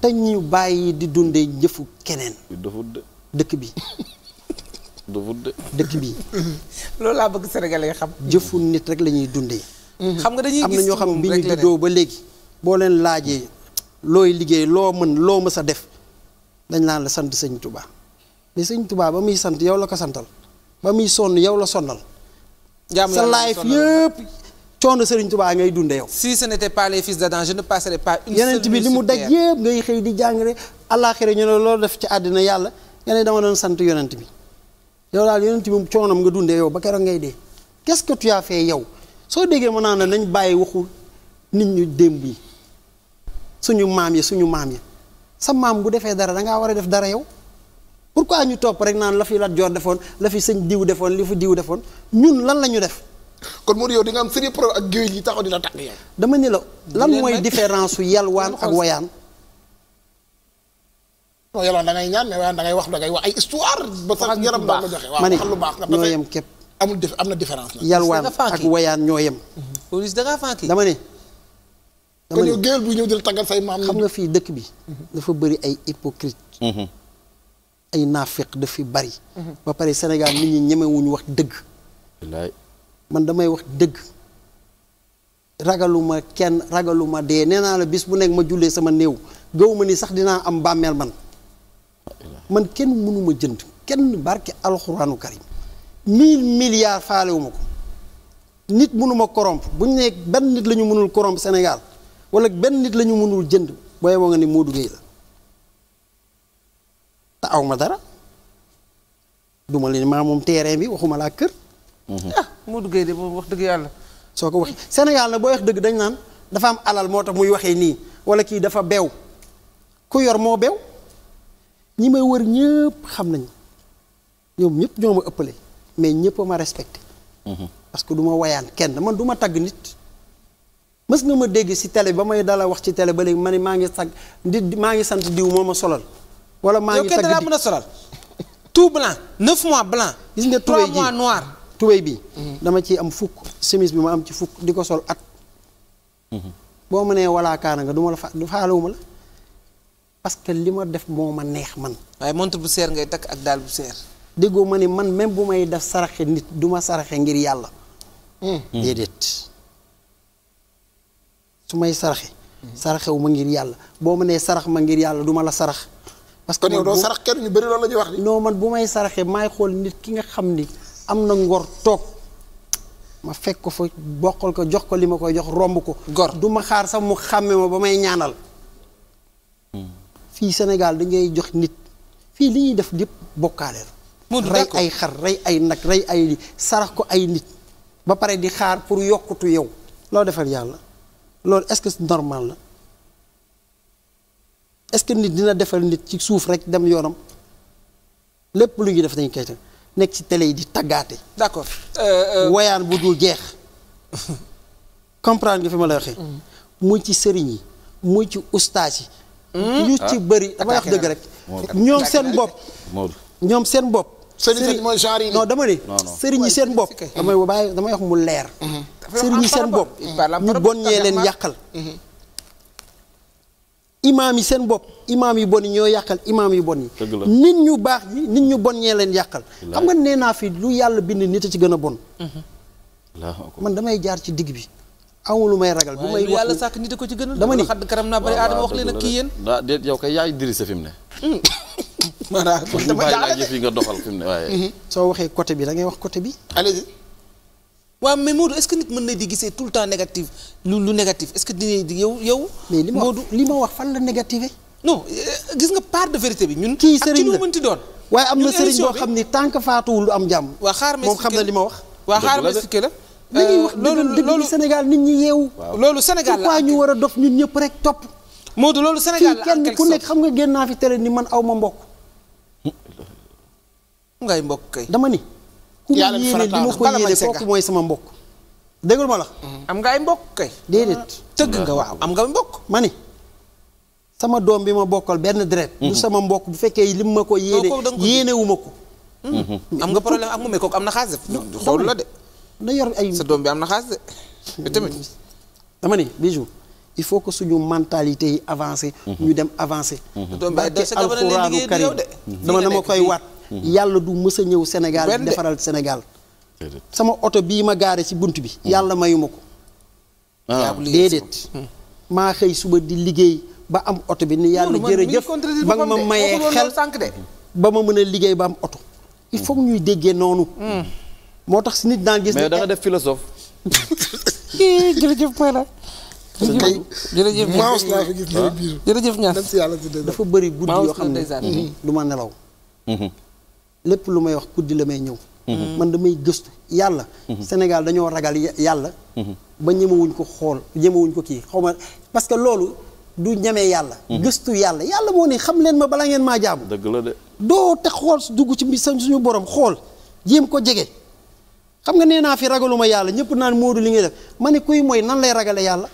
te ñu bàyyi di dundee jëfu keneen dëkk bi dëkk bi loolu laa bëgg Sénégalais xam jëfu nit rek la ñuy dundee mmh. xam nga dañuy gis am na ñoo xam bi ñu juddoo ba léegi boo leen laajee looy liggéey loo mën loo mës a def dañ naan la sant sëñ tubaa mais sëñ tubaa ba muy sant yow la ko santal ba muy sonn yow la sonnal sa life yëpp coono Serigne Touba ngay dunde yow. si ce n'était pas les fils d'Adam je ne passerais pas. une seule nuit bi li mu daj yëpp ngay xëy di jàngale àllaaxira ñu ne loo def ci àddina yàlla nga dama doon sant yonent bi yow daal yonent bi coonam nga dundee yow ba keroog ngay dee qu'est-ce que tu as fait yow soo déggee mën naa ne nañ bàyyi waxu nit ñu démb yi suñu maam yi suñu maam yi sa maam bu defee dara da ngaa war a def dara yow. pourquoi ñu topp rek naan la fi Lat Joor defoon la fi sëñ diw defoon li fi diw defoon ñun lan la ñu def. kon Modou yow di am sérieux problème ak géej yi taxaw di la dama ni la lan mooy différence su yalwaan ak woyaan. non yalwaan da ngay ñaan mais woyaan da wax da ngay wax ay histoire. ba sax yaram da nga joxe waaw waxal lu baax ñoo yem képp. amul def am na différence nag. yalwaan ak woyaan ñoo yem. Mhm. police da ngaa fànki dama ne. dama ne kon yow géej bu ñëw di la tàggal say maam. xam nga fii dëkk bi. Mhm. dafa bëri ay hypocrite mhm. ay naafeq daf fi bari. ba pare Sénégal nit ñi ñemewuñu wax dëgg. man damay wax dëgg. ragaluma kenn ragaluma dee nee naa la bis bu nekk ma jullee sama néew gaw ma ni sax dinaa am bàmmeel man. man kenn mënuma jënd kenn barke alxuraanu karim mille milliards faalewuma ko nit mënuma corrompre bu ñu nee benn nit lañu mënul corrompre Sénégal wala benn nit lañu mënul jënd booy woo nga ni Modou Gueye la te aw ma dara duma leen maa moom terrain bi waxuma laa kër. Mhm. ah moo duggee de moom wax dëgg yàlla. soo ko waxee mm-hmm. Sénégal na boo wax dëgg dañ naan dafa am alal moo tax muy waxee nii wala kii dafa beew ku yor moo bew ñi may wër ñëpp xam nañ ñoom ñëpp ñoo ma ëppale mais ñëpp ma respecté. Mm-hmm. parce que du ma wayaan kenn man du ma tagg nit. mës nga ma dégg si télé ba may dala wax ci tele ba léegi ma ne maa ngi sag di maa ngi sant diw moo ma solal. wala maa ngi tagg yow kenn dalaa mën a solal tout blanc neuf mois blanc. gis nga tubéy ji trois mois bi. Mhm. dama ciy am fukk chemise bi ma am ci fukk di ko sol at. Mhm. boo ma nee walaa kaana la fa du faalewuma parce que li ma def moo ma neex man. waaye montre bu seer ngay takk ak daal bu seer. déggoo ma ne man même bu may def saraxe nit duma ma saraxe ngir yàlla. Mhm. déedéet su may saraxe. saraxewu ma ngir yàlla boo ma nee sarax ma ngir yàlla duma la sarax. parce que yow doo sarax kenn ñu bëri la ñuy wax. non man bu may saraxee maay xool nit ki nga xam ni am na ngor toog ma fekk ko fa bokkal ko jox ko li ma koy jox romb ko. gor du ma xaar sax mu xàmmee ma ba may ñaanal. fii Sénégal dangay jox nit fii li ñuy def lépp bokkaaleel rey ay xar rey ay nag rey ay sarax ko ay nit. ba pare di xaar pour yokkutu yow. loo defal yàlla loolu est-ce que c'est normal la. est-ce que nit dina defal nit ci suuf rek dem yoonam lépp lu ñuy def dañu koy nekk ci télé yi di taggaate. d'accord. Euh, euh, woyaan bu dul jeex comprendre nga fi ma la waxee. Mm. muy ci sëriñ yi muy ci ustaas yi. ñu mm. ah. ci bëri dama wax dëgg rek. ñoom seen bopp. ñoom seen bopp. sëriñ mooy genre yi non dama ne. sëriñ yi seen bopp. damay bàyyi damay wax mu leer. Mm-hmm. sëriñ yi seen bopp. ñu bon ñee leen yàqal. Mm-hmm. imaam yi seen bopp imaam yu bon yi ñoo yàqal imaam yu bon yi nit ñu baax nit ñu bon ñee leen yàqal xam nga nee naa fi lu yàlla bind nit a ci gën a bon man damay jaar ci digg bi amul lu may ragal bu may wax yàlla sàkk nit a ko ci gënal dama ni xadd karam naa bari aadama wax leen a kii yéen daa déet yow kay yaay diri sa fi mu ne maanaam dama bàyyi laa jëf mhm. soo waxee côté bi da ngay wax côté bi waaw mais Modou est-ce que nit mën na di gisee tout le temps négatif lu lu est-ce que dina di yow yow. mais li ma wax li ma wax fan la négative non euh, gis nga part de vérité bi ñun. kii sëriñ la ak mënti doon. waaye am na sëriñ boo xam ni tant que faatuwul du am jàmm. waaw xaar ma moom xam na li ma wax. waaw xaar ma expliqué la. wax euh, loolu loolu Sénégal nit ñi yeewu. loolu Sénégal la pourquoi ñu war a dof ñun ñëpp rek topp. Modou loolu Sénégal la kenn ku nekk xam nga génn naa fi télé ni man aw ma mbokk. ngay mbokk kay dama ni. yaa ma yéene li ma ko yéene kooku mooy sama mbokk. déglu ma la. Mm-hmm. am nga ay mbokk kay. déedéet ah. tëgg nga waaw am nga mbokk ma ni. sama doom bi ma bokkal benn deret. Mm-hmm. du sama mbokk bu fekkee li ma ko yéene yéene wu ma ko. Mm-hmm. am nga problème ak moom kooku am na xaalis de. xool la de. na yor ay sa doom bi am na xaalis de. dama ni bijou il faut que suñu mentalité yi avancé. ñu dem avancé. barke dama koy waat. Mhm. yàlla du mës a ñëw Sénégal defaral senegal sama oto bii ma gaare ci bunt bi mhm. yàlla mayuma ko ah. déedéet maa xëy suba di liggéey ba am oto bi ni yàlla jërëjëf ba nga ma mayee xel ba ma mën a liggéey ba am oto il faut ñuy déggee noonu mhm. moo tax si nit daan gis mais da def philosophe jërëjëf mooy jërëjëf maos laa fi gis dafa bëri guddi yoo xam ne du ma nelaw lépp lu may wax guddi la may ñëw. Mhm. man damay gëstu yàlla. Mhm. Sénégal dañoo ragal yàlla. Mhm. ba ñemewuñ ko xool ñemewuñ ko kii xaw ma parce que loolu du ñemee yàlla. gëstu yàlla yàlla moo ne xam leen ma bala ngeen maa jaamu. dëgg la de. doo te xool dugg ci sa suñu borom xool jéem ko jege. xam nga nee naa fi ragaluma yàlla ñëpp naan Modou li ngay def ma ne kuy mooy nan lay ragale yàlla.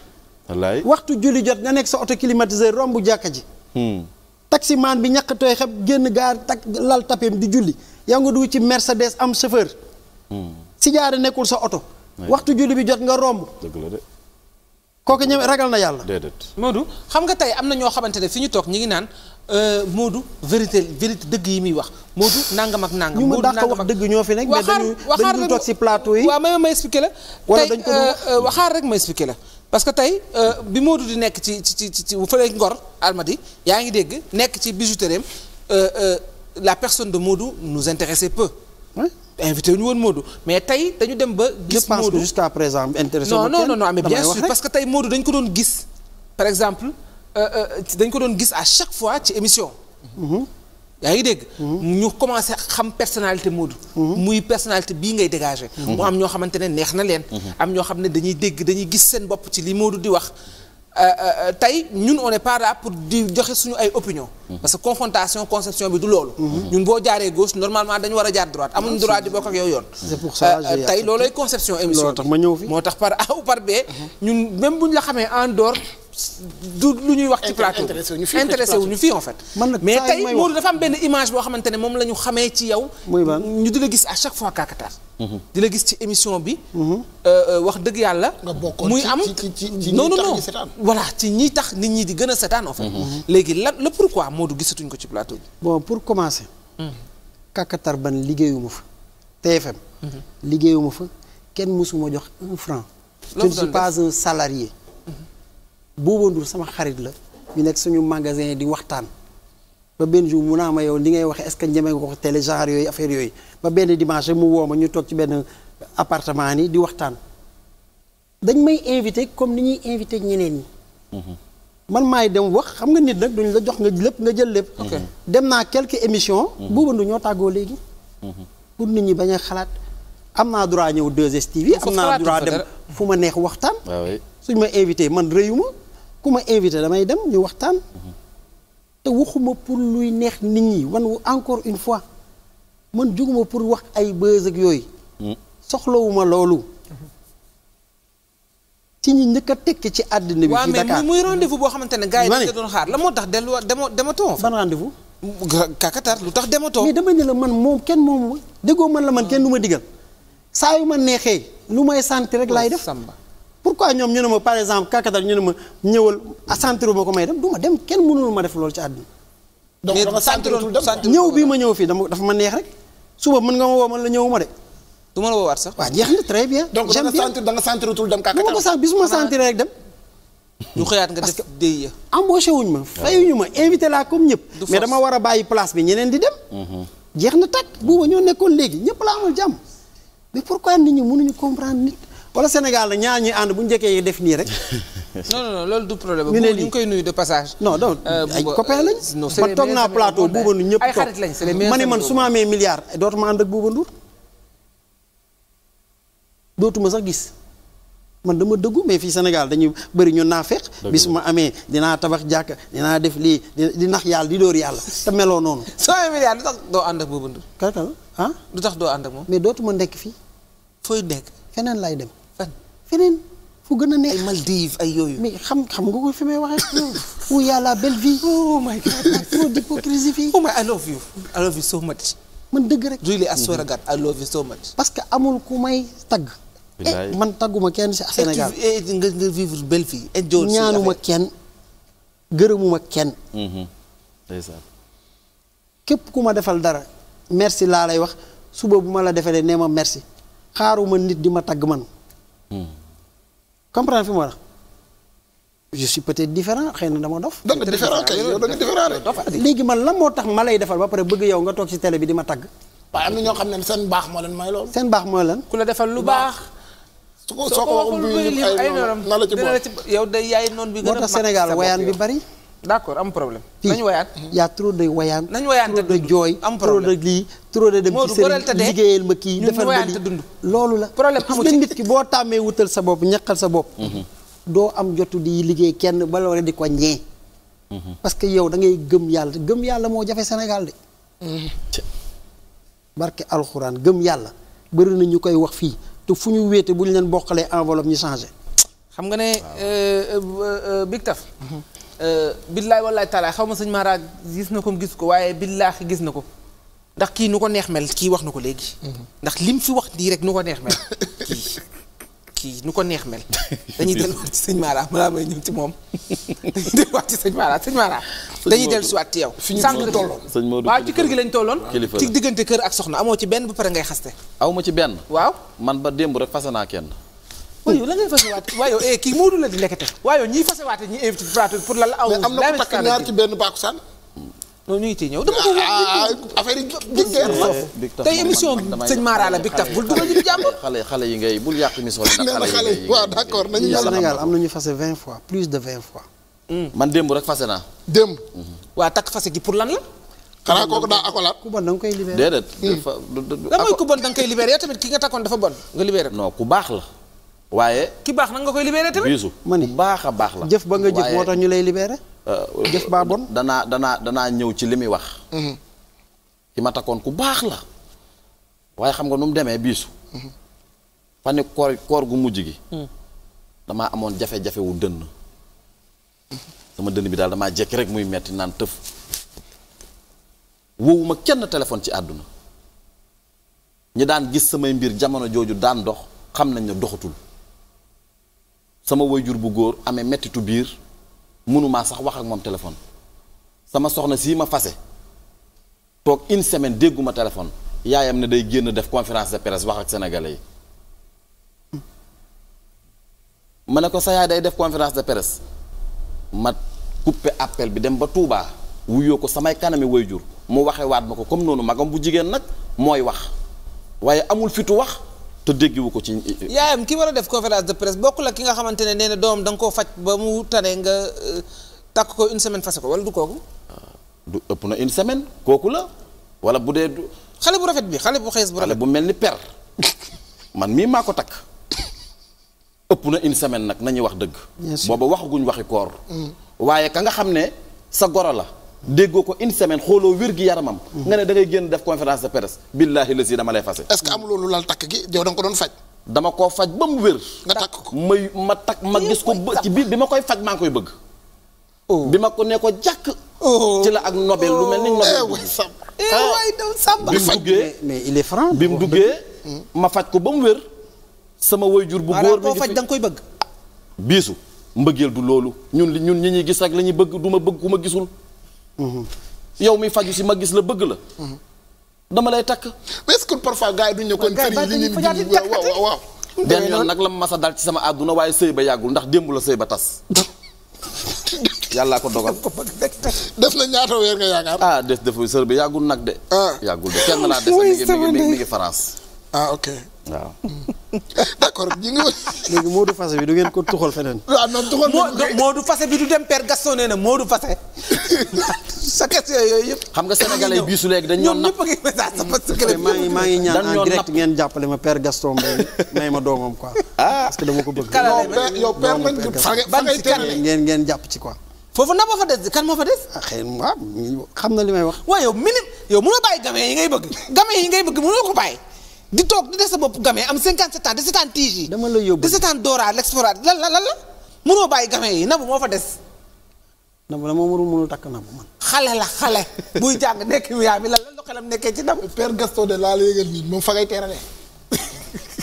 wallaay waxtu julli jot nga nekk sa auto climatiseur romb jàkka ji. Hmm. taximaan bi ñàkk tooy xeb génn gaar tak lal tapem di julli yaa nga dugg ci Mercedes am chauffeur. Hmm. si jaare nekkul sa oto. waxtu julli bi jot nga romb. dëgg kooku ñëw ragal na yàlla. déedéet Modou xam nga tey am na ñoo xamante ne fi ñu toog ñu ngi naan euh, Modou vérité vérité dëgg yi muy wax Modou nangam ak nangam. Modou nangam ak wax dëgg ñoo fi nekk. mais dañu dañu toog si plateau yi. ma expliqué la. dañ ko euh, euh, waxaar rek ma expliqué la. parce que tey euh, bi Modou di nekk ci ci ci ci ci fële Ngor Almadi yaa ngi dégg nekk ci bijouterie euh, euh, la personne de Modou nous intéressait peu. invité wu ñu woon Modou mais tey dañu dem ba. gis Modou jusqu'à présent intéressé non non non mais bien sûr parce que tey Modou dañ ko doon gis par exemple dañ ko doon gis à chaque fois ci émission. Mm-hmm. yaa ngi dégg. Mhm. ñu commencé xam personnalité du mhm. muy personnalité bii ngay dégager. Mhm. mu am ñoo xamante ne neex na leen. am ñoo xam ne dañuy dégg dañuy gis seen bopp ci li Modou di wax euh, euh, euh, tey ñun on est pas pour di joxe suñu ay opinion parce que confrontation conception bi du loolu. ñun boo jaaree gauche normalement dañu war a jaar droite amuñu droit di bokk ak yow yoon. c'est euh, loolooy conception émission bi. moo tax par A ou par ñun même bu ñu la xamee en dehors du lu ñuy wax ci plateau intéressé wu ñu fii en fait mais tey Modou dafa am benn image boo xamante ne moom la ñu xamee ci yow ñu di la gis à chaque fois Kakatar mhm. di gis ci émission bi mhm. euh, euh, wax dëgg yàlla muy am non non non tax nit ñi di gën a setaan en fait mhm. la moo Modou gisatuñ ko ci plateau bi. bon pour commencer. Hmm. kàkkatar ban liggéeyuma fa. TFM. Hmm. liggéeyuma fa kenn mësuma jox un franc. je ne suis pas un salarié. Hmm. Bouba sama xarit la. ñu nekk suñu magasin di waxtaan. ba benn jour mu naa ma yow li ngay waxee est-ce que ñeme nga ko télé genre yooyu affaire yooyu ba benn dimanche mu woo ma ñu toog ci benn appartement nii di waxtaan dañ may invité comme ni ñuy invité ñeneen ñi. man maay dem wax xam nga nit nag duñ la jox nga lépp nga jël lépp. Mhm. dem naa quelques émissions. Mhm. buuba du ñoo tàggoo léegi. Mhm. pour nit ñi bañ a xalaat am naa droit ñëw 2STV. am naa droit dem fu ma neex waxtaan. Ah suñ ma invité man réyuma ku ma invité damay dem ñu waxtaan. te waxuma pour luy neex nit ñi wan encore une fois man juguma pour wax ay bës ak yooyu. soxlawuma loolu. ci ñi njëkk a tekki ci àddina bi. ci Dakar waaw mais muy rendez-vous boo xamante ne gars yi dañu doon xaar la moo tax delluwaat demoo dematoo. fan rendez kakatar lu tax dematoo. mais dama ne la man moom kenn moom déggoo man la man ah. kenn du ma digal saa yu ma neexee lu may sant rek laay oh, def. pourquoi ñoom ñu ne ma par exemple kakatar ñu ne ma ñëwal centre ah, ma ko may dem du ma dem kenn mënul ma def loolu ci àddina. donc dama sant ñëw bii ma ñëw fii dama dafa ma neex rek suba mën nga ma woo man la ñëwuma de. du ma la woowaat sax. waaw jeex na très bien. donc da nga sentir dem bu ma ko sax bis ma sentir rek dem. ñu xëyaat nga def déy ya. embauché wuñ ma fayuñu ma invité laa comme ñëpp. mais dama war a bi ñeneen di dem. Mhm. jeex na takk buuba léegi ñëpp la amal jàmm mais pourquoi nit ñi mënuñu comprendre nit. wala Sénégal la ñaar ñuy ànd bu ñu njëkkee def nii rek. non non loolu du problème. ñu ne ñu ngi koy nuyu de passage. non euh, euh, non ay copain lañ. man toog naa plateau buuba nu ñëpp toog. ma ne man su ma amee milliard dootuma ànd dootuma sax gis man dama dëggu mais fii Sénégal dañu bëri ñu naa feq bis ma amee dinaa tabax jàkk dinaa def lii di nax yàlla di dóor yàlla te meloo noonu. soo milliards du tax ànd ak boobu. kàttan ah. tax doo ànd ak moom. mais dootuma nekk fii. fooy nekk. feneen lay dem. fan feneen. fu gën a nekk ay Maldives ay yooyu. mais xam xam nga ko fi may waxee. fu yàlla a la belle vie. oh my God a trop fii. oh my I love you. I love you so much. man dëgg rek. really I swear to so much. parce que amul ku may tagg. Eh, man tagguma kenn si Sénégal eh, nga nga vivre belle vie enjoy ñaanuma kenn gërëmuma kenn mm-hmm. ndeysaan képp ku ma defal dara merci laa lay wax suba bu ma la defalee nee ma merci xaaruma nit di ma tagg man mm. comprendre fi ma wax je suis peut xëy na dama dof. donc différent kay da nga différent rek. léegi man la moo tax ma lay defal ba pare bëgg yow nga toog ci télé bi di ma tagg. waaye am na ñoo xam ne seen baax moo leen may loolu. seen baax moo leen. ku la defal lu baax. su ko soo ko waxul bi ay na yow day yaay noonu bi gën a moo tax Sénégal wayaan bi bari am problème. nañu wayaat y' a trop de wayaan. nañu wayaat trop de jooy. am problème trop de lii trop de liggéeyal ma kii. defal ma lii loolu la. problème amu ci nit ki boo tàmmee wutal sa bopp ñaqal sa bopp. Mhm. doo am jotu di liggéey kenn ba loolee di ko ñee. Mhm. parce que yow da ngay gëm yàlla gëm yàlla moo jafe Sénégal de. Mhm. barke alxuraan gëm yàlla bëri na ñu koy wax fii. te fu ñu wéete bu ñu leen bokkalee enveloppe ñu changé. xam nga ne euh, euh, Big Taf. Euh, billaay wallaay taalaay xaw ma sañ Mara gis na ko gis ko waaye billaahi gis na ko ndax kii nu ko neex mel kii wax na ko léegi. Mhm. ndax lim fi wax lii rek nu ko neex mel kii nu ko neex mel dañuy delluwaat ci sëñ Mara balaa may ñëw ci moom dañuy delluwaat ci sëñ Mara sëñ Mara dañuy dellusiwaat ci yow sànq nga tolloon waaw ci kër gi lañ tolloon ci diggante kër ak soxna amoo ci benn ba pare ngay xaste aw ma ci benn waaw man ba démb rek fase naa kenn waaye yow la ngay fasewaate waaye yow eh, kii Moodu la di lekkete waaye yow ñiy fasewaate ñi invité plateau pour lan la am na ko takk ñaar ci benn baaku sànn ñu ngi ciy ñëw dama ko ah, ah, affaire yi big taf tey émission sëñ Mara la big taf bul dugal ñu jàmm xale xale yi ngay bul yàq émission ndax xale yi waaw d'accord nañu Sénégal am nañu fase vingt fois plus de vingt fois hmm. man démb rek naa démb mm-hmm. waa takk fase ki pour lan la xanaa kooku daa akolaat ku bon da nga koy libéré déedéet hmm. dafa lan mooy ku bon da nga koy libéré yow tamit ki nga takkoon dafa bon nga libéré non ku baax la waaye ki baax nag nga koy libéré tamit biisu man ku baax a baax la jëf ba nga jëf moo tax ñu lay libéré jëf euh, baa bon danaa danaa danaa ñëw ci li muy wax. Mhm. ki ma takkoon ku baax la. waaye xam nga nu mu demee biisu. Mhm. fani koor koor gu mujj gi. Mm. damaa amoon jafe-jafe wu dënn. sama dënn bi daal damaa jekki rek muy metti naan tëf. woowuma kenn téléphone ci àdduna. ñi daan gis samay mbir jamono jooju daan dox xam nañ ne doxatul. sama jur bu góor amee mettitu biir. mënumaa sax wax ak moom téléphone sama soxna sii ma fase toog une semaine dégguma téléphone yaayam ne day génn def conférence de presse wax ak senegale yi ma ne ko sa yaay day def conférence de presse ma coupé appel bi dem ba Touba wuyoo ko samay kanami jur mu waxe waat ma ko comme noonu magam bu jigéen nag mooy wax waaye amul fitu wax te déggiwu ko ci. yaayam ki war a def conférence de presse bokk la ki nga xamante ne nee na doom da koo faj ba mu tane nga euh, takk ko une semaine fase ko wala du kooku. Ah, du ëpp na une semaine kooku la wala bu dee du. xale bu rafet bi xale bu xees bu rafet. bu mel ni per man mii maa ko takk ëpp na une semaine nag nañuy wax dëgg. booba waxaguñ waxi koor. Mm. waaye ka nga xam ne sa goro la. déggoo ko une semaine xooloo wér gi yaramam. nga ne da génn def conférence de presse. billaahi la si dama lay fase. est-ce que am loolu lal takk gi yow da ko doon faj. dama koo faj ba mu wér. nga takk ko may ma takk ma gis ko ba ci biir bi ma koy faj maa koy bëgg. Oh. bi ma ko ne ko jàkk. Oh. ak nobel lu mel ni nobel. Eh, eh, ah. waay daw sàmba mu duggee mais il est franc. bi mu duggee hmm. ma faj ko ba mu wér. sama jur bu góor mi faj da nga koy bëgg. biisu mbëggeel du loolu ñun li ñun ñi ñuy gis rek la ñuy bëgg du ma bëgg ku ma gisul. Mm-hmm. yow mi faju si ma gis la bëgg la. Mm-hmm. dama lay takk. mais est que parfois yoon nag la ma masa dal ci sama àdduna waaye sëy ba yàggul ndax démb la sëy ba tas. yàllaa ko dogal def na ñaata weer nga yaakaar. ah def defu sër bi yàggul nag de. Ah. yàggul de kenn laa des mi ngi mi ngi mi ah, waaw. d' accord ñu ngi. léegi Modou Fassé bi du ngeen ko tuxal feneen. waaw non tuxal nañu bi du dem Père Gaston nee na Modou Fassé. sa question yooyu yëpp. xam nga sénégalais bii su léegi dañu ñoom ñëpp a ngi message sa parce que maa ngi maa ngi ñaan ngeen jàppale ma Père Gaston Mbengue may ma doomam quoi. Ah. parce que dama ko bëgg. ngeen ngeen jàpp ci quoi. foofu na moo fa des kan moo ah, xëy na waaw xam na li may wax. waaw yow minim yow mënoo bàyyi game yi ngay bëgg game yi ngay bëgg mënoo ko bàyyi di toog di des sa bopp gamee am 57 ans 17 ans tige yi. dama la yóbbu 17 ans dooraa l'explorat lan la lan la mënoo bàyyi gamee yi nabu moo fa des. nabu la moo mënul mënul takk nabu man. la xale. buy jàng nekk yaa bi lan la xelam nekkee ci nabu. père Gaston de la yëgal nii moom fa ngay teeralee.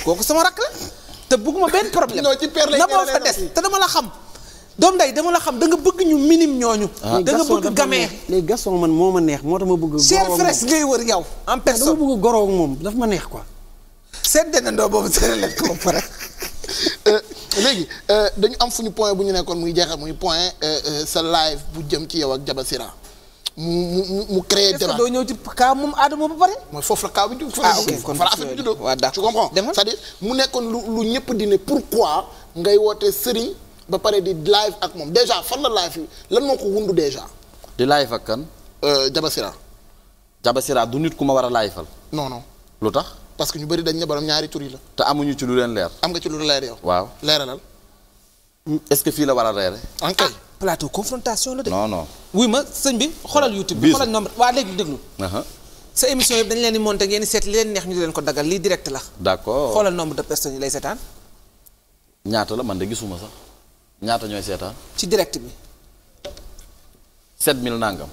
kooku sama rakk te bëgguma benn problème. non ci père lay teeralee naboo fa des te dama la xam. doom day dama la xam da nga bëgg ñu minime ñooñu. Ah. da nga bëgg gamee léegi Gaston man moo ma neex moo tax ma bëgg. goroog moom ngay wër yow en personne dama bëgg goroog moom daf ma neex quoi seen dendandoo boobu seen lekk ba pare. Euh, léegi euh, dañu am fu ñu point bu ñu nekkoon muy jeexal muy point euh, sa live bu jëm ci yow ak Jaba mu mu mu créé débat est-ce que doo ñëw ci cas Adama ba pare. mooy foofu la cas kon foofu la juddoo tu comprends cest à mu nekkoon lu lu ñëpp di ne pourquoi ngay woote sëriñ ba pare di live ak moom déjà fan la live yi lan moo ko wundu déjà. di live ak kan. Jaba Sira. du nit ku ma war a live-al. non lu tax. parce que ñu bëri dañ ne borom ñaari tur yi la. te amuñu ci lu leen leer. am nga ci lu leer yow. waaw leeralal. est-ce que fii la war a reere. ankay ah, ah, plateau confrontation la de. non non wuy ma sëñ bi xoolal YouTube bi xoolal nombre waa léegi déglu. sa émission dañ leen di monté ngeen seet leen neex ñu di ko daggal lii direct la. d'accord xoolal nombre de personnes yi lay seetaan. ñaata la man de gisuma sax ñaata ñooy seetaan. ci direct bi. 7000 nangam.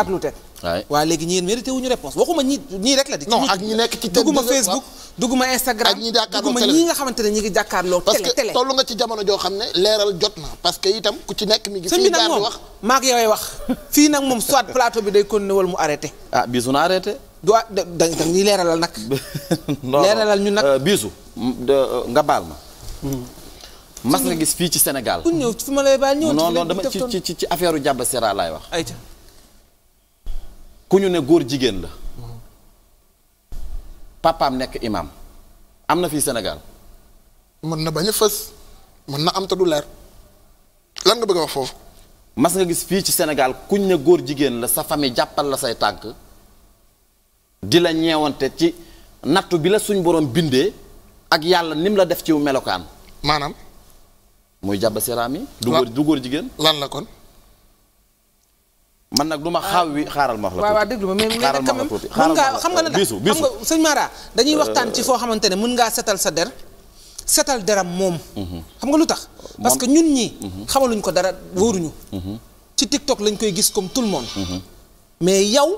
ak lu teg. waaw léegi ñi wu wuñu réponse waxuma ñi ñii rek la di. non ak ñi nekk ci dugguma Facebook dugguma Instagram ak ñi jàkkaarloo télé dugguma ñi nga xamante ne ñi ngi jàkkaarloo télé télé parce que nga ci jamono joo xam ne leeral jot na parce que itam ku ci nekk mi ngi fii daal di wax maak yowee wax fii nag moom soit plateau bi day continuer wala mu arrêté ah bisu na arrêté da da ñuy leeralal nag leeralal ñu nag euh, biisu euh, nga baal ma hmm. mas nga gis fii ci Sénégal ku ñëw fi ma lay baal ñëw non non dama ci ci ci affaire u jàmba laay wax ku ñu ne góor jigéen la papaam nekk imaam am na fii Sénégal mën na bañ a fës mën na am te du leer lan nga bëgg a wax foofu mas nga gis fii ci Sénégal kuñ ne góor jigéen la sa famille jàppal la say tànk di la ñeewante ci nattu bi la suñ borom bindee ak yàlla ni mu la def ci melokaan maanaam muy jàbb siraam yi du góor du góor jigéen lan la kon man nag du ma xaaw wi xaaral ma wax la tuuti waaw waaw ma mais mais nag quand même ngaa xam nga la bisu bisu xam nga sëñ Mara dañuy euh, waxtaan ci foo xamante ne mën ngaa setal sa der setal deram moom mhm. xam nga lu tax parce que ñun ñi mhm. xamaluñ ko dara wóoruñu mhm. ci TikTok lañ koy gis comme tout le monde mais yow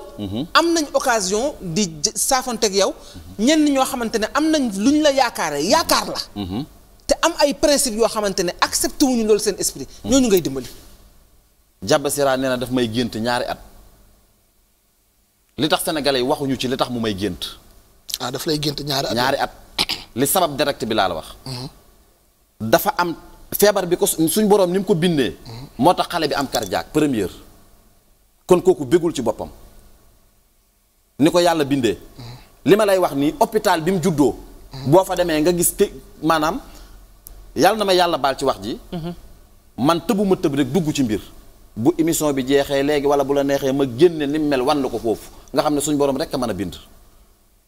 am nañ occasion di saafanteeg yow ñenn ñoo xamante ne am nañ luñ la yaakaare yaakaar la te am ay principe yoo xamante ne accepté wuñu loolu seen esprit ñooñu ngay dimbali jàbba sira nee na daf may gént ñaari at li tax sénégalais waxuñu ci li tax mu may gént. ah daf lay gént ñaari at ñaari at li sabab direct bi laa la wax. Mhm. dafa am feebar bi ko suñ borom ni mu ko bindee. Mhm. moo tax xale bi am cardiaque première. kon kooku bégul ci boppam. ni ko yàlla bindee. Mhm. li ma lay wax nii hôpital bi mu juddoo. boo fa demee nga gis te maanaam yàlla na ma yàlla baal ci wax ji. man tëbu tëb rek dugg ci mbir. bu émission bi jeexee léegi wala bu la neexee ma génne ni mel wan la ko foofu nga xam ne suñ borom rek a mën a bind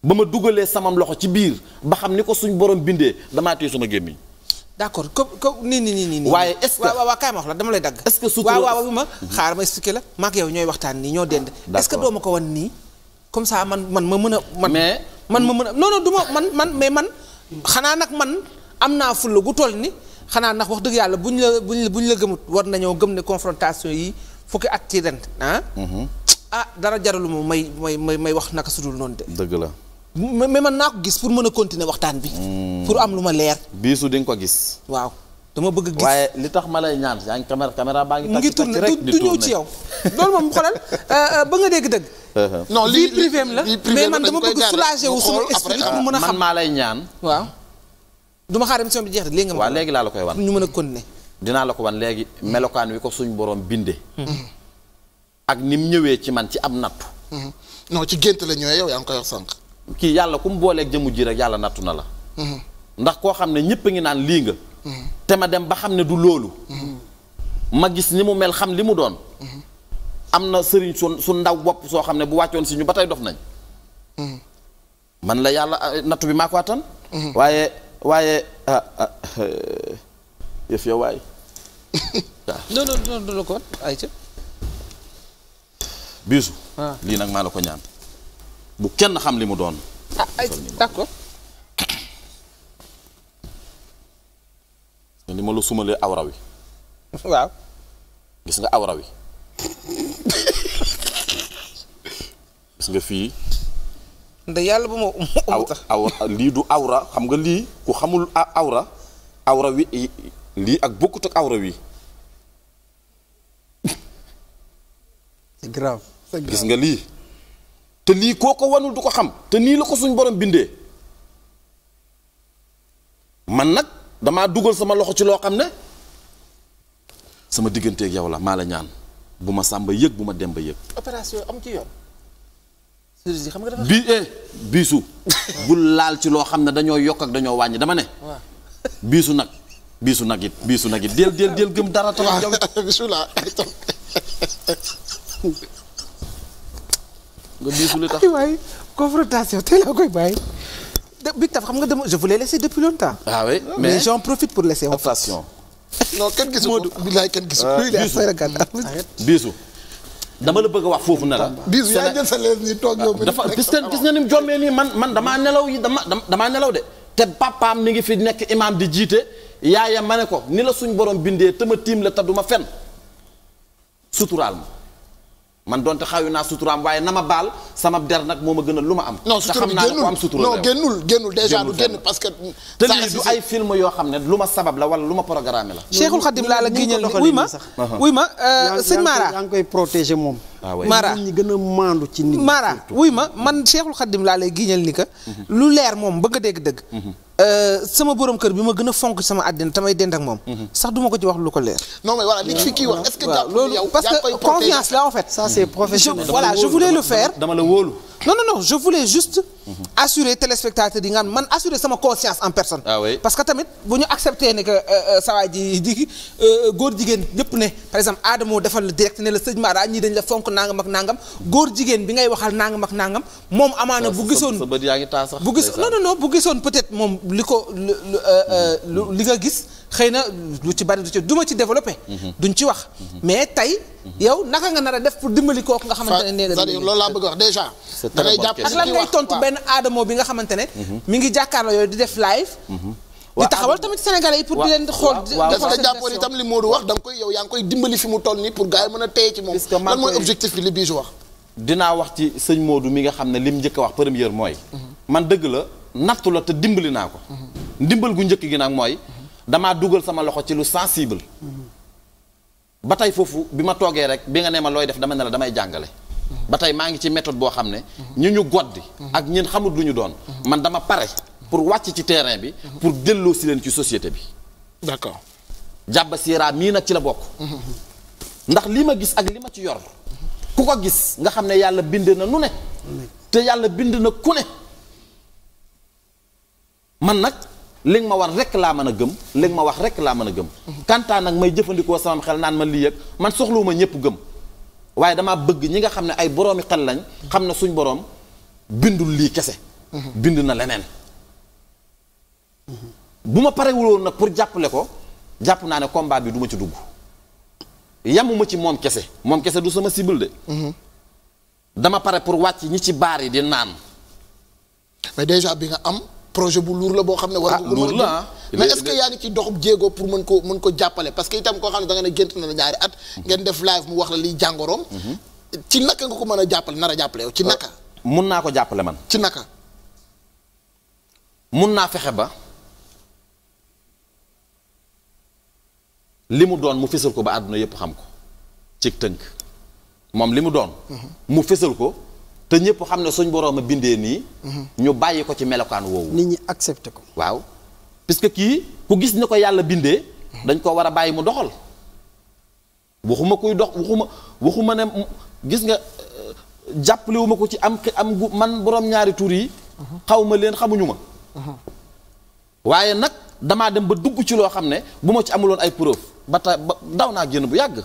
ba ma dugalee samam loxo ci biir ba xam ni ko suñ borom bindee damaa téye sama gémmiñ d'accord ko ko nii nii nii nii. waaye est-ce que waaw waaw kaay ma wax la dama lay dagg. que sutura waaw waaw ma xaar ma expliqué la. maak yow ñooy waxtaan nii ñoo dend. est-ce que doo ko wan nii. comme ça man man ma mën a. man man ma mën a non non ma man man mais man. xanaa nag man am naa fulla gu toll ni xanaa ndax wax dëgg yàlla bu la buñ la buñ la gëmut war nañoo gëm ne confrontation yi fukki at ci ren ah. Mhm. ah dara jaralu ma may may may may wax naka sudul noonu de. dëgg la. mais man naa ko gis pour mën a continuer waxtaan bi. Hmm. pour am lu ma leer. biisu di nga ko gis. waaw dama bëgg gis waaye li tax ma lay ñaan yaa ngi caméra caméra baa ngi. takk takk rek di tourné du ñëw ci yow. loolu moom xoolal euh, euh, ba nga dégg dëgg. Uh-huh. non lii privé la mais man dama bëgg soulager wu sama esprit mën a xam man maa lay ñaan du ma xaar émission bi jeex léegi nga ma. waaw léegi laa la koy wan ñu mën a continuer. dinaa la ko wan léegi melokaan wi ko suñ borom bindee. ak ni mu ñëwee ci man ci ab nattu. Mm-hmm. non ci gént la ñëwee yaa ngi koy wax sànq. kii yàlla ku mu booleeg jëmu ji yàlla nattu na la. Mm-hmm. ndax koo xam ne ñëpp ngi naan lii nga. Mm-hmm. te ma dem ba xam ne du loolu. ma gis ni mu mel xam li mu doon. am na sëriñ su su ndaw bopp soo xam ne bu wàccoon si ñu ba tey dof nañ. man la yàlla eh, nattu bi maa ko attan. waaye. waaye ah ah eh, yëf yow waay. waaw non non non kon ay ca. biisu. Ah. lii nag maa la ko ñaan. bu kenn xam li mu doon. ah ay d'accord. li ma la sumalee awra wi. waaw. gis nga awra wi. gis nga fii. nde yàlla ba ma aw aw lii du awra xam nga lii ku xamul awra awra wi lii ak bokkut ak awra wi c'est gis nga lii te lii koo ko wanul du ko xam te nii la ko suñ borom bindee man nag damaa dugal sama loxo ci loo xam ne sama digganteeg yow la maa la ñaan bu ma sàmba yëg bu ma dem ba yëg opération am ci yoon bi eh biisu bul laal ci loo xam ne dañoo yokk ak dañoo wàññi dama ne biisu nag biisu nag it biisu nag it del del del gëm dara tam jom bismillah nga biisu li tax waay confrontation tey laa koy bàyyi Big Taf xam nga dem je voulais laisser depuis longtemps ah oui mais j'en profite pour laisser attention non kenn gisu ah, biisu dama la bëgg a wax foofu nelaw la. bisu sa lees toog ñoom. dafa gis nga gis nga ni mu jommee nii man man damaa nelaw yi dama damaa nelaw de. te papaam mi ngi fi nekk imaam di jiite yaayam ma ne ko ni la suñ borom bindee te tiim la ta duma fen fenn suturaal ma. man donte xaw naa suturaam waaye na ma baal sama der nag moo ma gën a lu ma am. non sutura bi génnul am sutura non génnul génnul déjà lu génn parce que. te lii ay film yoo xam ne lu ma sabab la wala lu ma programme la. Cheikhul Khadim laa la génneel uh-huh. wuy ma wuy euh, ma sëñ Mara yaa ngi koy protéger moom. Ah, Mara ñi gën a maandu ci nit Mara wuy ma man Cheikhul Khadim laa lay génneel ni que. Uh-huh. lu leer moom bëgg a dégg dëgg. Uh-huh. Euh, sama borom kër bi ma gën a fonk sama àddina tamay dend ak moom. Mhm. sax duma ko ci wax lu ko leer. non mais que jàpp yow parce que confiance la en fait. ça c'est professionnel. voilà je voulais le faire non non non je voulais juste. assurer téléspectateurs yi nga am man assurer sama conscience en personne. Ah oui. parce que tamit bu ñu accepté ne que euh, euh, sawaay ji di euh, góor jigéen ñëpp ne par exemple aadamoo defal la direct ne la sëñ Mara ñi dañ la fonk nangam ak nangam góor jigéen bi ngay waxal nangam ak nangam moom amaana bu gisoon bu gisoon non non non bu gisoon peut-être moom li ko li nga gis. xëy na lu ci bari du ci du ma ci développé. Mhm. duñ ci wax. Mhm. mais tey. Mhm. yow naka nga nar a def pour dimbali kooku nga xamante ne nee nga. loolu laa wax déjà. da ngay jàpp ak lan ne. mi ngi jàkkaarloo yooyu di def live. di taxawal tamit sénégalais yi pour di leen xool dafa wax da nga koy yow yaa ngi koy dimbali fi mu toll nii pour gars yi mën a téye ci moom lan mooy objectif bi li bii wax dinaa wax ci sëñ Modou mi nga xam ne lim njëkk a wax première mooy man dëgg la nattu la te dimbali naa ko ndimbal gu njëkk gi nag mooy damaa dugal sama loxo ci lu sensible. ba tey foofu bi ma toogee rek bi nga ne ma looy def dama ne damay jàngale. ba tey maa ngi ci méthode boo xam ne. ñu ñu goddi. ak ñun xamut lu ñu doon. man dama pare pour wàcc ci terrain bi. pour delloo si leen ci société bi. d'accord jàbba Sierra mii nag ci la bokk. ndax li ma gis ak li ma ci yor. ku ko gis nga xam ne yàlla bind na nu ne. te yàlla bind na ku ne. man nag. li ma war rekk laa mën a gëm li ma wax rek laa mën a gëm kantaan nag may jëfandikoo sama xel naan ma lii yëg man soxluwuma ñëpp gëm waaye damaa bëgg ñi nga xam ne ay boroomi xel lañ xam ne suñ boroom bindul lii kese bind na leneen bu ma parewuloon nag pour jàppale ko jàpp naa ne combat bi duma ci dugg yamuma ci moom kese moom kese du sama cible de dama pare pour wàcc ñi ci baar yi di naan mais déjà bi nga am projet bu luur la boo xam ne. war nga ah, ko mën a ah. mais est-ce que yaa ngi ci doxub jéego pour mën ko mën ko jàppale parce que itam koo xam ne da nga ne gént na la ñaari at. ngeen def live mu wax la liy jàngoroom. Mhm. ci naka nga ko mën a jàppale nar a jàppale yow ci euh, naka. mun naa ko jàppale man. ci naka. mun naa fexe ba. li mu doon mu fésal ko ba àdduna yépp xam ko. ci tënk moom li mu doon. Mhm. mu fésal ko. te ñëpp xam ne suñ boroom a bindee nii. Mhm. ñu bàyyi ko ci melokaan woowu. nit ñi accepté ko. waaw parce que kii ku gis ni ko yàlla bindee. dañ ko war a bàyyi mu doxal. waxuma kuy dox waxuma waxuma ne gis nga euh, jàppalewu ma ko ci am am gu man boroom ñaari tur yi. Mhm. xaw ma leen xamuñu ma. Mhm. waaye nag damaa dem ba dugg ci loo xam ne bu ma ci amuloon ay preuve ba ta ba daw naa génn bu yàgg.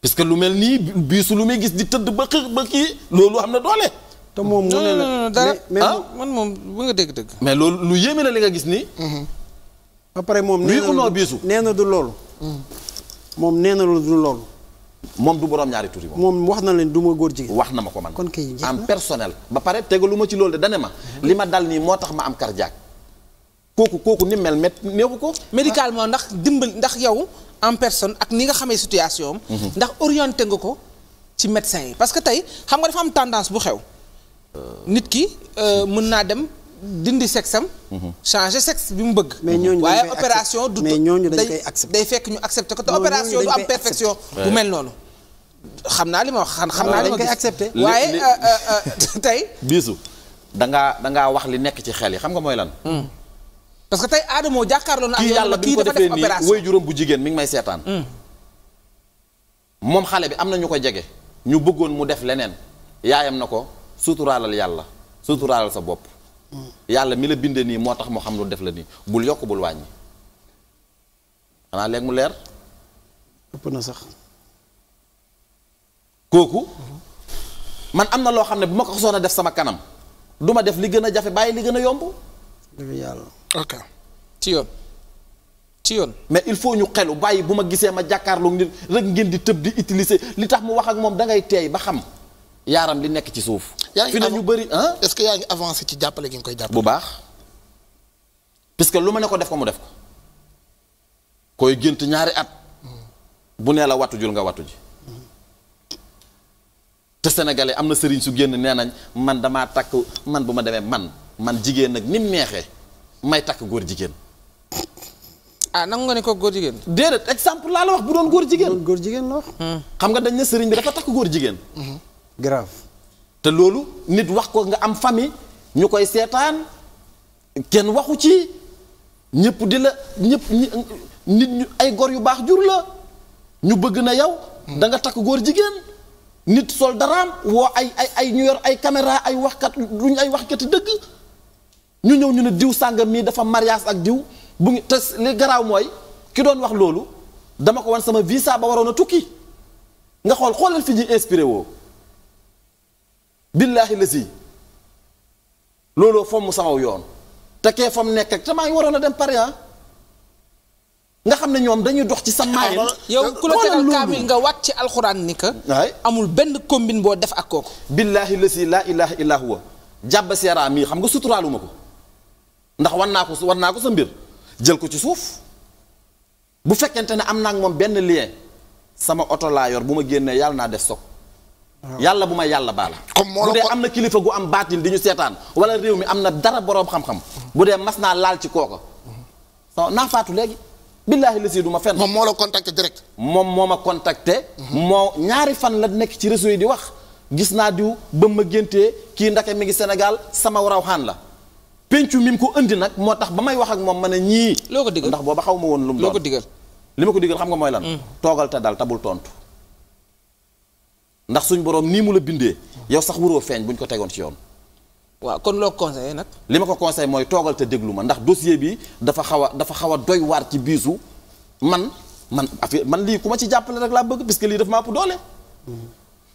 parce que lu mel nii biisu lu muy gis di tëdd ba xë ba kii loolu am na doole. te moom mu ne la dara mais ah? man moom bu nga dégg dëgg. mais loolu lu yéeme la nga gis nii. Mm-hmm. ba pare moom nee na nee na du loolu. Mm-hmm. moom nee na du loolu. du borom ñaari turi moom. moom wax na leen du ma góor jigéen. wax na ma ko man kon kay en personnel. ba pare tegaluma ci loolu de dane ma. Mm-hmm. li ma dal nii moo tax ma am cardiaque. kooku kooku ni mel met néewu ko. médicalement ndax dimbali ndax yow. en personne ak ni nga xamee situation mhm. ndax orienté nga ko ci médecin yi parce que tey xam nga dafa am tendance bu xew. nit ki euh, mën naa dem dindi sexe am. Mhm. changer sexe bi mu bëgg. waaye opération du mais ñooñu dañ koy accepté day fekk ñu accepté ko te opération du am perfection bu mel noonu. xam naa li ma wax xam naa li ma gis accepté waaye euh, euh, tey. biisu da ngaa da ngaa wax li nekk ci xel yi xam nga mooy lan. Hmm. parce que tey Adamo jàkkaarloo na ak yàlla kii dafa def opération way juróom bu jigéen mi hmm. xale bi am na ko jege ñu bëggoon mu def leneen yaayam na ko suturaalal yàlla suturaalal sa bopp hmm. yàlla mi la nii moo tax moo xam lu def la nii bul yokk bul wàññi xanaa mu leer ëpp na kooku man am na loo xam ne bu ma ko soxna def sama kanam duma def li gën a jafe bàyyi li gën a yomb ngir yàlla. ci yoon. ci yoon mais il faut ñu xelu bàyyi bu ma gisee ma jàkkaarloo nit rek ngeen di tëb di utiliser li tax mu wax ak moom da ngay teey ba xam yaaram li nekk ci suuf. fi ne ñu bari ah. est-ce que yaa ngi avancé ci jàppale gi koy jàppale. bu baax puisque lu ma ne ko def ko mu def ko koy gént ñaari at hmm. bu nee la wattu jul nga wattu ji te sénégalais am na sëriñ su génn nee nañ man damaa takk man bu ma demee man. man jigéen nag nim neexee may takk góor jigéen. ah nangu nga ne ko góor jigéen. déedéet exemple laa la wax bu doon góor jigéen. góor jigéen la wax. Hmm. xam nga dañ ne sëriñ bi dafa takk góor jigéen. Hmm. grave. te loolu nit wax ko nga am famille ñu koy seetaan kenn waxu ci ñëpp di la ñëpp nit ñu ay góor yu baax jur la ñu bëgg na yow. Hmm. danga takk góor jigéen. nit sol daraam woo ay ay ay ñu yor ay caméra ay waxkat luñ ay waxkati dëgg. ñu ñëw ñu ne diw sàngam mii dafa mariage ak diw bu ngi te li garaaw mooy ki doon wax loolu dama ko wan sama visa ba waroon a tukki nga xool xoolal fi ñuy inspiré woo billaahi la si looloo fomm samaw yoon te kee fam nekk ak te maa ngi waroon a dem parian ah. nga xam ne ñoom dañuy dox ci sa ah, maay yow ku la tegal kaamil nga wàcc ci alxuraan ni que amul benn combine boo def ak kooku billaahi la si laa ilaha illa huwa jàbb seeraa mii xam nga suturaaluma ko ndax war naa ko war naa ko sa mbir jël ko ci suuf bu fekkente ne am naa moom benn lien sama oto laa yor bu ma génnee yàlla naa def soog. yàlla bu ma yàlla baala. comme dee am na kilifa gu am baatin di ñu seetaan wala réew mi am na dara boroom xam-xam. bu dee mas naa laal ci kooka. so naa faatu léegi. billaahi lisi du ma fenn. moom moo la contacté direct. moom moo ma contacté. Mhm. moo ñaari fan la nekk ci réseau yi di wax. gis naa diw ba ma géntee kii ndake mi ngi senegal sama raw la. pencu mi mu ko indi nag moo tax ba may wax ak moom ma ne ñii. loo ko digal ndax booba xaw ma woon lu mu doon loo ko digal. li ma ko digal xam nga mooy lan. Mm. toogal te daal tabul tontu. ndax suñ borom nii mu la bindee yow sax waroo feeñ buñ ko tegoon ci yoon. waaw kon loo conseillé nag. li ma ko conseillé mooy toogal te déglu ma ndax dossier bi dafa xaw a dafa xaw a doy waar ci biisu man man affaire man lii ku ma ci jàppale rek laa bëgg puisque lii daf maa ëpp doole. Mm.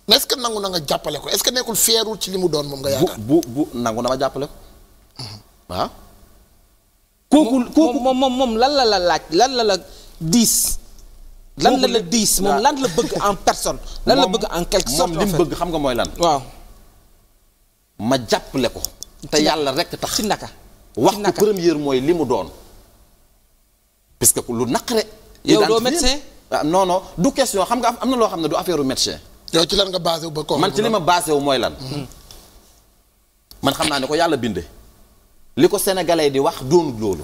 mais est-ce que na nga jàppale ko est-ce que nekkul feerul ci li mu doon moom nga yaakaar. bu bu bu nangu ma jàppale ah. kooku kooku moom moom moom lan la la laaj lan la la diis. lan la la diis moom lan la bëgg en personne. lan la bëgg en quelque sorte moom bëgg xam nga mooy lan. waaw. ma jàppale ko. te yàlla rekk tax ci naka. wax ko première mooy li mu doon. parce que lu naqare. yow doo médecin ah, non non du question xam nga am na loo xam ne du affaire médecin. yow ci lan nga basé wu man ci li ma basé wu mooy lan. Mm-hmm. xam naa ne ko yàlla binde li ko sénégalais di wax doonut loolu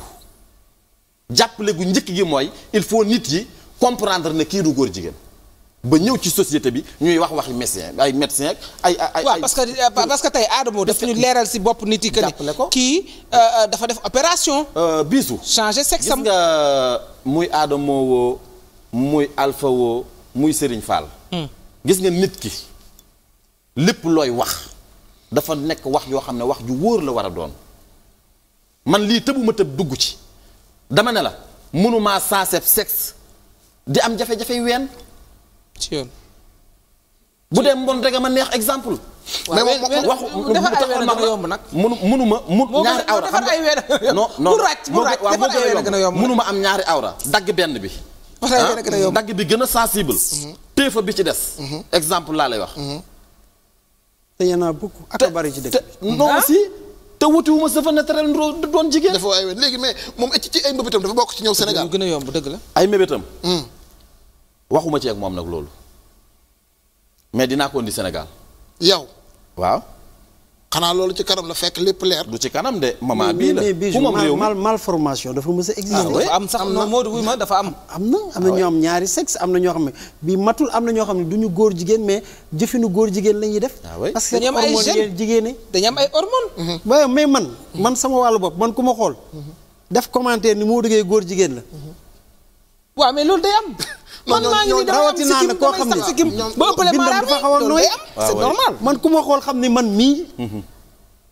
jàppale gu njëkk gi mooy il faut nit yi comprendre ne kii du góor jigéen ba ñëw ci société bi ñuy wax waxi médecin ay médecin ay ay. waaw parce que parce que tey aadamoo daf ñu leeral si bopp nit yi. jàppale ko kii euh, euh, dafa def opération. Euh, bisu changé sexe muy Adamo woo muy Alpha woo muy Serigne Fall. Hmm. gis nga nit ki lépp looy wax dafa nekk wax yoo xam ne wax ju wóor la war a doon. man lii tëbuma tëb dugg ci dama ne la mënumaa saasef sexe di am jafe-jafe ween ci yoon bu dee mbon rek ma neex exemple. mais wax wax yomb nag. munu munu ma mu ñaari awra xam nga non non munu ma am ñaari awra. dagg benn bi. Ah, dagg bi gën a sensible. Mhm. téefa bi ci des. Mhm. exemple laa lay wax. Mhm. te yéen a bëgg ak a bari ci dëkk non ah? aussi. te wuti wu ma dafa naturel doon jigéen. dafa waaye léegi mais moom ci ay mbébétam dafa bokk ci ñëw Sénégal. gën a yomb dëgg la. ay mbébétam. Hmm. waxuma ci ak moom nag loolu. mais dinaa ko indi Sénégal. yow waaw. xanaa loolu ci kanam la fekk lépp leer. du ci kanam de maman bii la ku moom réew dafa mës a exister. Ah, dafa am sax non Modou wuy ma dafa am. am na am na ah, ñoo am ñaari sexe am na ñoo xam ne bii matul am na ñoo xam ne du ñu góor jigéen mais jëfinu góor jigéen la ñuy def. Ah, parce que hormones yi jigéen ñi dañu am ay hormones. Mhm. waaw mais man man sama wàllu bopp man ku ma xool. Mhm. def commentaire ni moo duggee góor jigéen la. Mhm. waaw mais loolu day am. man maa ngi nii dama sikkim damay sax sikkim ba xaw a ah, man ku ma xool xam ne man mii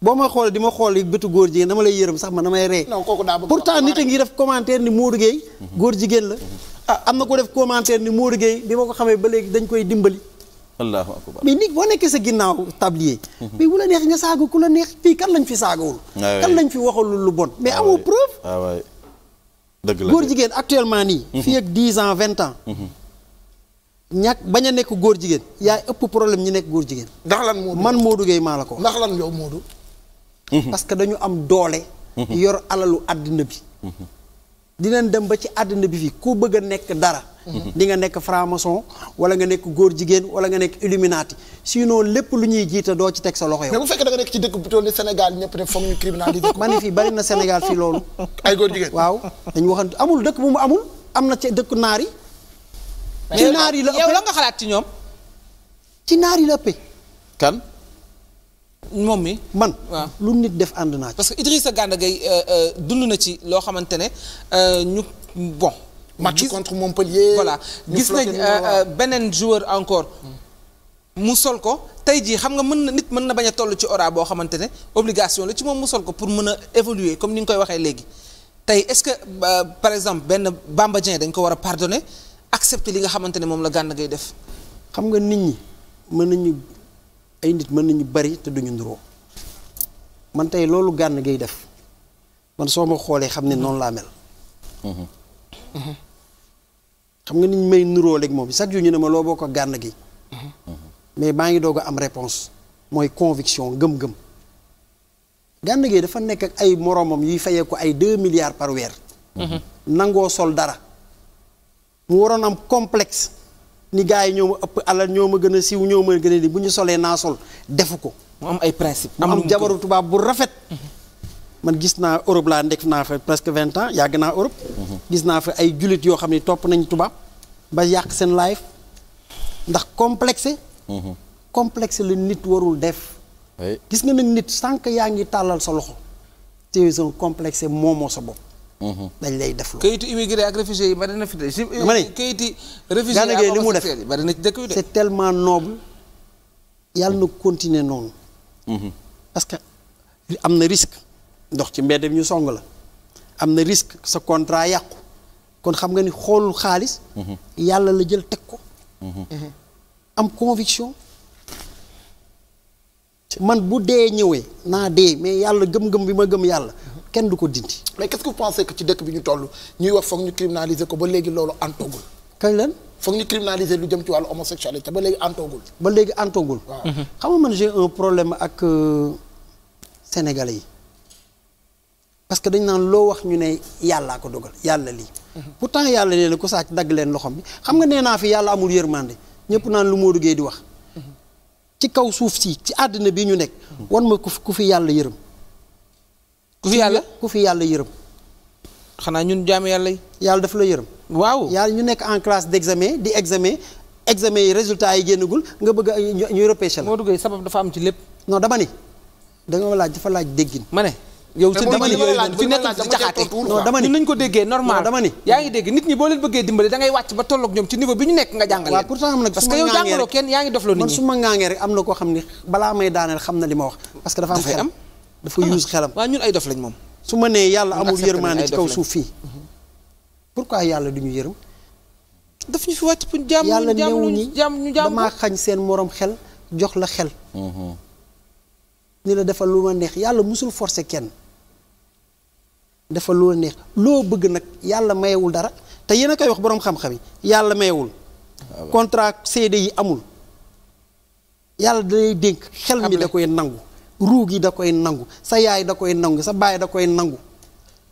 boo may xool di ma xool yi bëtu góor jigéen dama lay yërëm sax man damay ree pourtant nit a ngi def commentaire ni Modou Gueye góor jigéen la ah, am na ko def commentaire ni moo Gueye bi ma ko xamee ba léegi dañ koy dimbali allahu akbar mais nit boo nekkee sa ginnaaw tablier mais wu la neex nga saaga ku la neex fii kan lañ fi saagawul ah, kan lañ fi waxalul lu bon mais amoo preuve dëgg la góor jigéen actuellement nii. Mhm. fi ak dix ans vingt ans. Mhm. ñàkk bañ a nekk góor jigéen yaa ëpp problème ñi nekk góor jigéen. ndax lan man Moodu Gueye maa la ko. ndax lan yow Moodu. Mhm. parce que dañu am doole. yor alalu àddina bi. dinañ dem ba ci àddina bi fii ku bëgg a nekk dara. di nga nekk franc-maçon wala nga nekk góor jigéen wala nga nekk illuminati sinon lépp lu ñuy jiita doo ci teg sa loxo yow. mais bu fekkee da nga nekk ci dëkk bu toll ni Sénégal ñëpp ne foog ñu criminaliser ko. ma na Sénégal fii loolu. ay góor jigéen waaw dañu waxante amul dëkk bu mu amul am na ci dëkk naar yi. ci naar la ëppee yow la nga xalaat ci ñoom. ci naar yi la ëppee. moom mi man. lu nit def ànd naa ci. parce que Idrissa Gana Gueye euh, euh, dund na ci loo xamante ne euh, ñu bon. match contre Montpellier. voilà gis nañ beneen joueur encore. Hmm. mu sol ko tey jii xam nga mën na nit mën na bañ a toll ci ora boo xamante ne obligation la ci moom mu sol ko pour mën a évoluer comme ni nga koy waxee léegi. tey est-ce que par exemple benn Bamba Dieng dañ ko war a pardonner accepter li nga xamante ne moom la gànn gay def. xam nga nit ñi mën nañu. ay nit mën nañu bari te duñu nuroo man tey loolu gànn ngay def man soo ma xoolee xam ne mhm. noonu laa mel. Mhm. Mhm. xam nga niñ may nuroo léegi moom chaque jour ñu ne ma loo bokk gànn gi. mais maa ngi doog am réponse mooy conviction gëm-gëm. gànn gi dafa nekk ak ay moroomam yuy fayee ko ay deux milliards par weer. nangoo sol dara. mu waroon am complexe. ni gars yi ñoo ma ëpp alal ñoo ma gën a siiw ñoo ma gën a di bu ñu solee naa sol defu ko. mu am ay principe mu am jabaru tubaab bu rafet. Mm-hmm. man gis naa Europe laa nekk naa fa presque vingt ans yàgg naa Europe. Mm-hmm. gis naa fa ay jullit yoo xam ne topp nañ tubaab ba yàq seen life ndax complexe. Mm-hmm. complexe la nit warul def. gis nga nag nit sànq yaa ngi tàllal sa loxo. c'est un complexe moomoo sa bopp. dañ lay def loolu. kayitu immigré ak réfugié yi bari na fi de. dama eh, ne kayiti réfugié yi li mu def bari na ci dëkk yu de. c'est tellement noble yàlla na continuer noonu. Mhm. parce que am na risque. ndox ci mbedd bi ñu song la. am na risque sa contrat yàqu. kon xam nga ni xoolu xaalis. Mhm. yàlla la jël teg ko. Mhm. am conviction. man bu dee ñëwee naa dee mais yàlla gëm-gëm bi ma gëm yàlla. kenn du ko dindi. mais qu'est-ce que vous pensez que ci dëkk bi ñu toll ñuy wax foog ñu criminaliser ko ba léegi loolu antogul. kañ leen. foog ñu criminaliser lu jëm ci wàllu homosexualité ba léegi antogul. ba léegi antogul. waaw mhm. xam nga man j'ai un problème ak euh, sénégalais yi parce que dañ naan loo wax ñu ne yàllaa ko dogal yàlla lii. Mhm. pourtant yàlla nee na ku sàcc dagg leen loxoom bi xam nga nee naa fi yàlla amul yërmande ñëpp naan lu Modou Gueye di wax. Mhm. ci kaw suuf si ci àddina bi ñu nekk. wan yàlla yërëm. ku fi yàlla yàlla yërëm. xanaa ñun jaam yàlla yi. yàlla daf la yërëm. waaw yàlla ñu nekk en classe d' di examen examen yi résultat yi génnagul nga bëgg a ñu ñu repêché moo duggee sabab dafa am ci lépp. non dama ni da nga laaj dafa laaj déggin. ma ne. yow ci dama nit ñi boo leen bëggee dimbali da wàcc ba tolloog ñoom ci niveau bi ñu nekk nga jàngale waaw pourtant am na parce que yow jàngaloo kenn yaa ngi dofloo nit ñi su ma ŋaangee rek am na koo xam ni balaa may na li ma wax parce que dafa am dafa use xelam waaw ñun ay dof lañ moom su ma nee yàlla amul yërmaane ci kaw suuf fii mhm. pourquoi yàlla du ñu yërëm daf ñu fi wàcc pour jàmm yàlla newu ñi ñu damaa xañ seen morom xel jox la xel mhm. ni la defal lu ma neex yàlla musul forcer kenn defal lu la neex loo bëgg nag yàlla mayewul dara te yéen a koy wax boroom xam-xam yi yàlla mayewul ah contrat CD yi amul yàlla dalay dénk xel mi da koy nangu ruu gi da koy nangu sa yaay da koy nangu sa baay da koy nangu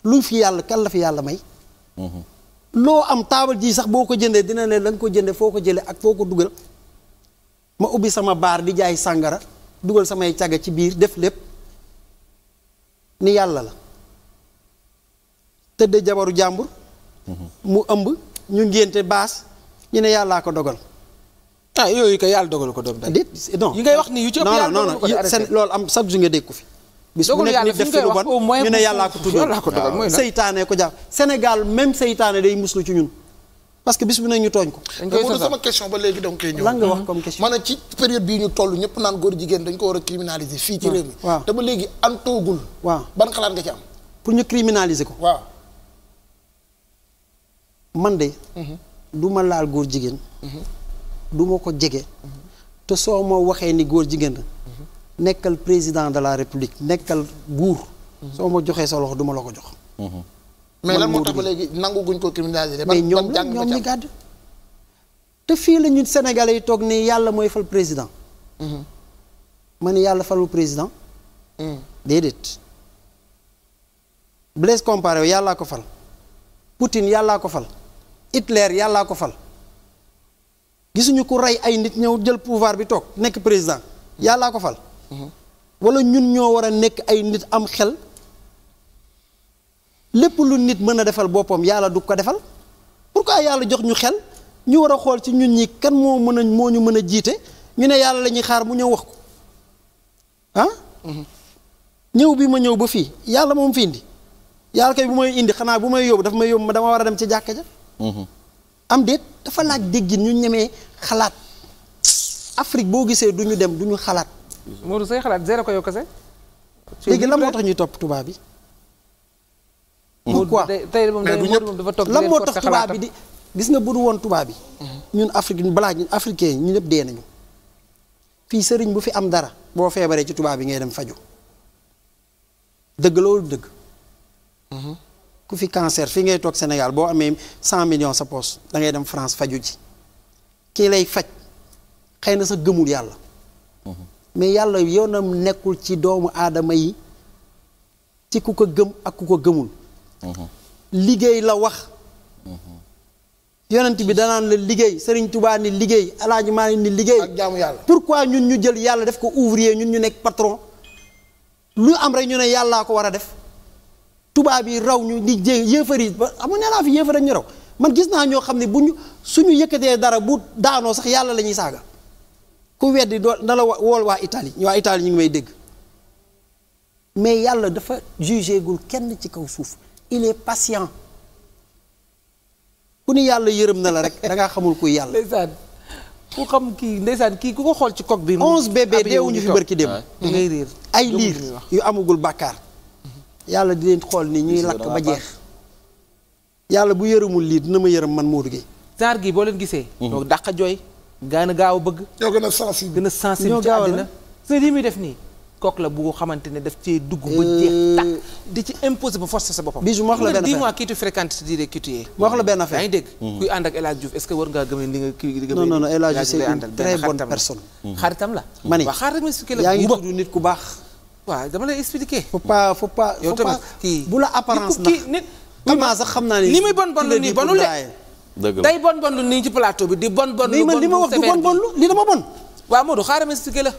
lu fi yàlla kan la fi yàlla may. Mhm. loo am taabal jii sax boo ko jëndee dina leen la nga ko jëndee foo ko jëlee ak foo ko dugal ma ubbi sama baar di jaay sàngara dugal samay caga ci biir def lépp ni yàlla la tëdd jabaru jàmbur. Mhm. mu ëmb ñu ngénte baas ñu ne yàllaa ko dogal. ah yooyu kay yàlla dogal ko doom daal. non yi ngay wax ni yu ci ëpp yàlla dogal ko non non loolu am chaque jour nga dégg ko fi. bis bu nekk nit def fi lu bon ne parce que bis bu ne ñu tooñ da nga koy ñëw. lan nga wax mhm. comme question. maanaam ci période bii ñu toll ñëpp naan góor jigéen dañ ko war a criminaliser. fii ci ah, réew mi waaw te léegi antoogul. waaw ban xalaat nga ci am. pour ñu criminaliser ko. waaw. man de. Mhm. du ma laal góor jigéen. Mhm. du ma ko jege. te soo ma waxee ni góor jigéen la nekkal président de la république nekkal buur. soo ma joxee sa loxo du la ko jox. mais lan moo tax ba léegi ko criminaliser. mais ñoom la ñoom ñi gàdd. te fii la ñun sénégalais yi toog ni yàlla mooy fal président. Mhm. ma ni yàlla falul président. Mhm. déedéet. Blaise Compaoré yàllaa ko fal. Poutine yàllaa ko fal. Hitler yàllaa ko fal. gisuñu ku rey ay nit ñëw jël pouvoir bi toog nekk président yàllaa ko fal. wala ñun ñoo war a nekk ay nit am xel lépp lu nit mën a defal boppam yàlla du ko defal ay yàlla jox ñu xel ñu war a xool ci ñun ñi kan moo mën a moo ñu mën a jiite ñu ne yàlla la ñuy xaar mu ñëw wax ko ah. ñëw bi ma ñëw ba fii yàlla moom fi indi yàlla kay bu may indi xanaa bu may yóbbu dafa may yóbbu dama war a dem ci jàkka ja. Mm-hmm. am déet dafa laaj déggin ñu ñemee xalaat Afrique boo gisee du ñu dem du ñu xalaat. Modou say xalaat kese. léegi lan moo tax ñuy topp tubaab bi. pourquoi lan moo tax tubaab di gis nga bu du woon tubaab bi. Mhm. ñun Afrique balaa ñun africain ñu ñëpp dee nañu. fii sëriñ bu fi am dara boo feebaree ci tubaab bi ngay dem faju dëgg loolu dëgg. Mhm. ku fi cancer fi ngay toog Sénégal boo amee cent millions sa poos dangay dem France faju ji. kii lay faj xëy na sa gëmul yàlla mais yàlla yoonam nekkul ci doomu aadama yi ci ku ko gëm ak ku ko gëmul liggéey la wax yonent bi danaan la liggéey Serigne Touba ni liggéey alaaj maa ni liggéey ak jaamu yàlla pourquoi ñun ñu jël yàlla def ko ouvrier ñun ñu nekk patron lu am rek ñu ne yàllaa ko war a def tubaab yi raw ñu di jé yi ba amu ne laa fi ñu raw man gis naa ñoo xam ne bu ñu suñu yëkkatee dara bu daanoo sax yàlla la ñuy saaga ku weddi doo na la wool waa Italie waa itali ñu ngi may dégg mais yàlla dafa jugé gul kenn ci kaw suuf il est patient ku ni yàlla yërëm na la rek da xamul kuy yàlla. ku xam kii ndeysaan kii ku ko xool ci kok bi. onze bébé deewuñu fi ki dem ngay réer ay liir yu amagul bàkkaar yàlla di leen xool ni ñuy lakk ba jeex. yàlla bu yërëmul lii dina ma yërëm man Modou Gueye. genre gi boo leen gisee. ñoo mhm. dàq jooy. gaana gaaw a bëgg. ñoo gën a sensible gën a sensible ci muy def nii. kook la bu xamante ne daf ci dugg. mu euh, jeex tàkk di ci imposer ba sa boppam. bii ma wax la benn affaire dis-moi qui tu fréquentes te dirai qui tu es. ma wax la benn affaire yaa ngi dégg. Mhm. kuy ànd ak El Hadj Diouf est que war ngaa gëmee li nga kii gëmee. non non non El Hadj c'est une très bonne personne. Mhm. xaritam la. ma la yaa ku baax. waaw dama bu la apparence nag xam naa sax xam naa ni li muy bon bon lu nii bonul de day bon bon lu nii ci plateau bi di bon bon lu bon li ma wax du bon bon lu lii dama bon waaw Modou xaaral ma expliqué la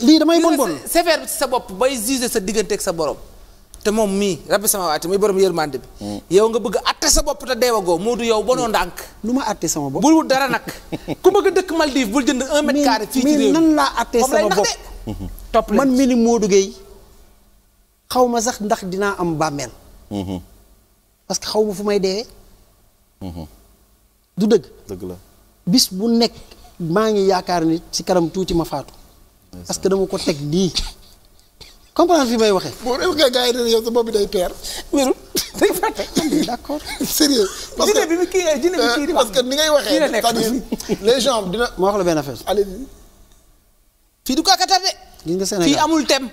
lii damay bon bon sévère bi ci sa bopp bay juger sa diggante ak sa borom te moom mii rabbi sama waati muy borom yërmande bi mm. yow nga bëgg atte sa bopp te deewagoo Modou yow bonoo mm. ndànk lu ma atte sama bopp bul wut dara nag ku bëgg a dëkk Maldives bul jënd un mètre carré fii ci réew nan laa atte sama bopp mi ni Modou Gueye sax ndax dinaa am bàmmeel mm-hmm. parce que xaw ma fu may deewee. Mhm. du dëgg. dëgg la bis bu nekk maa ngi yaakaar ni ci kanam tuuti ma faatu. parce que dama ko teg dii comprendre fi may waxee. boo def nga bi day peer. wérul day fàtte. d'accord sérieux. parce que jinne bi mu kii jinne bi euh, kii di wax parce ni ngay waxee. c'est-à-dire ma wax la benn affaire. fii du ko akatar de. fii amul thème.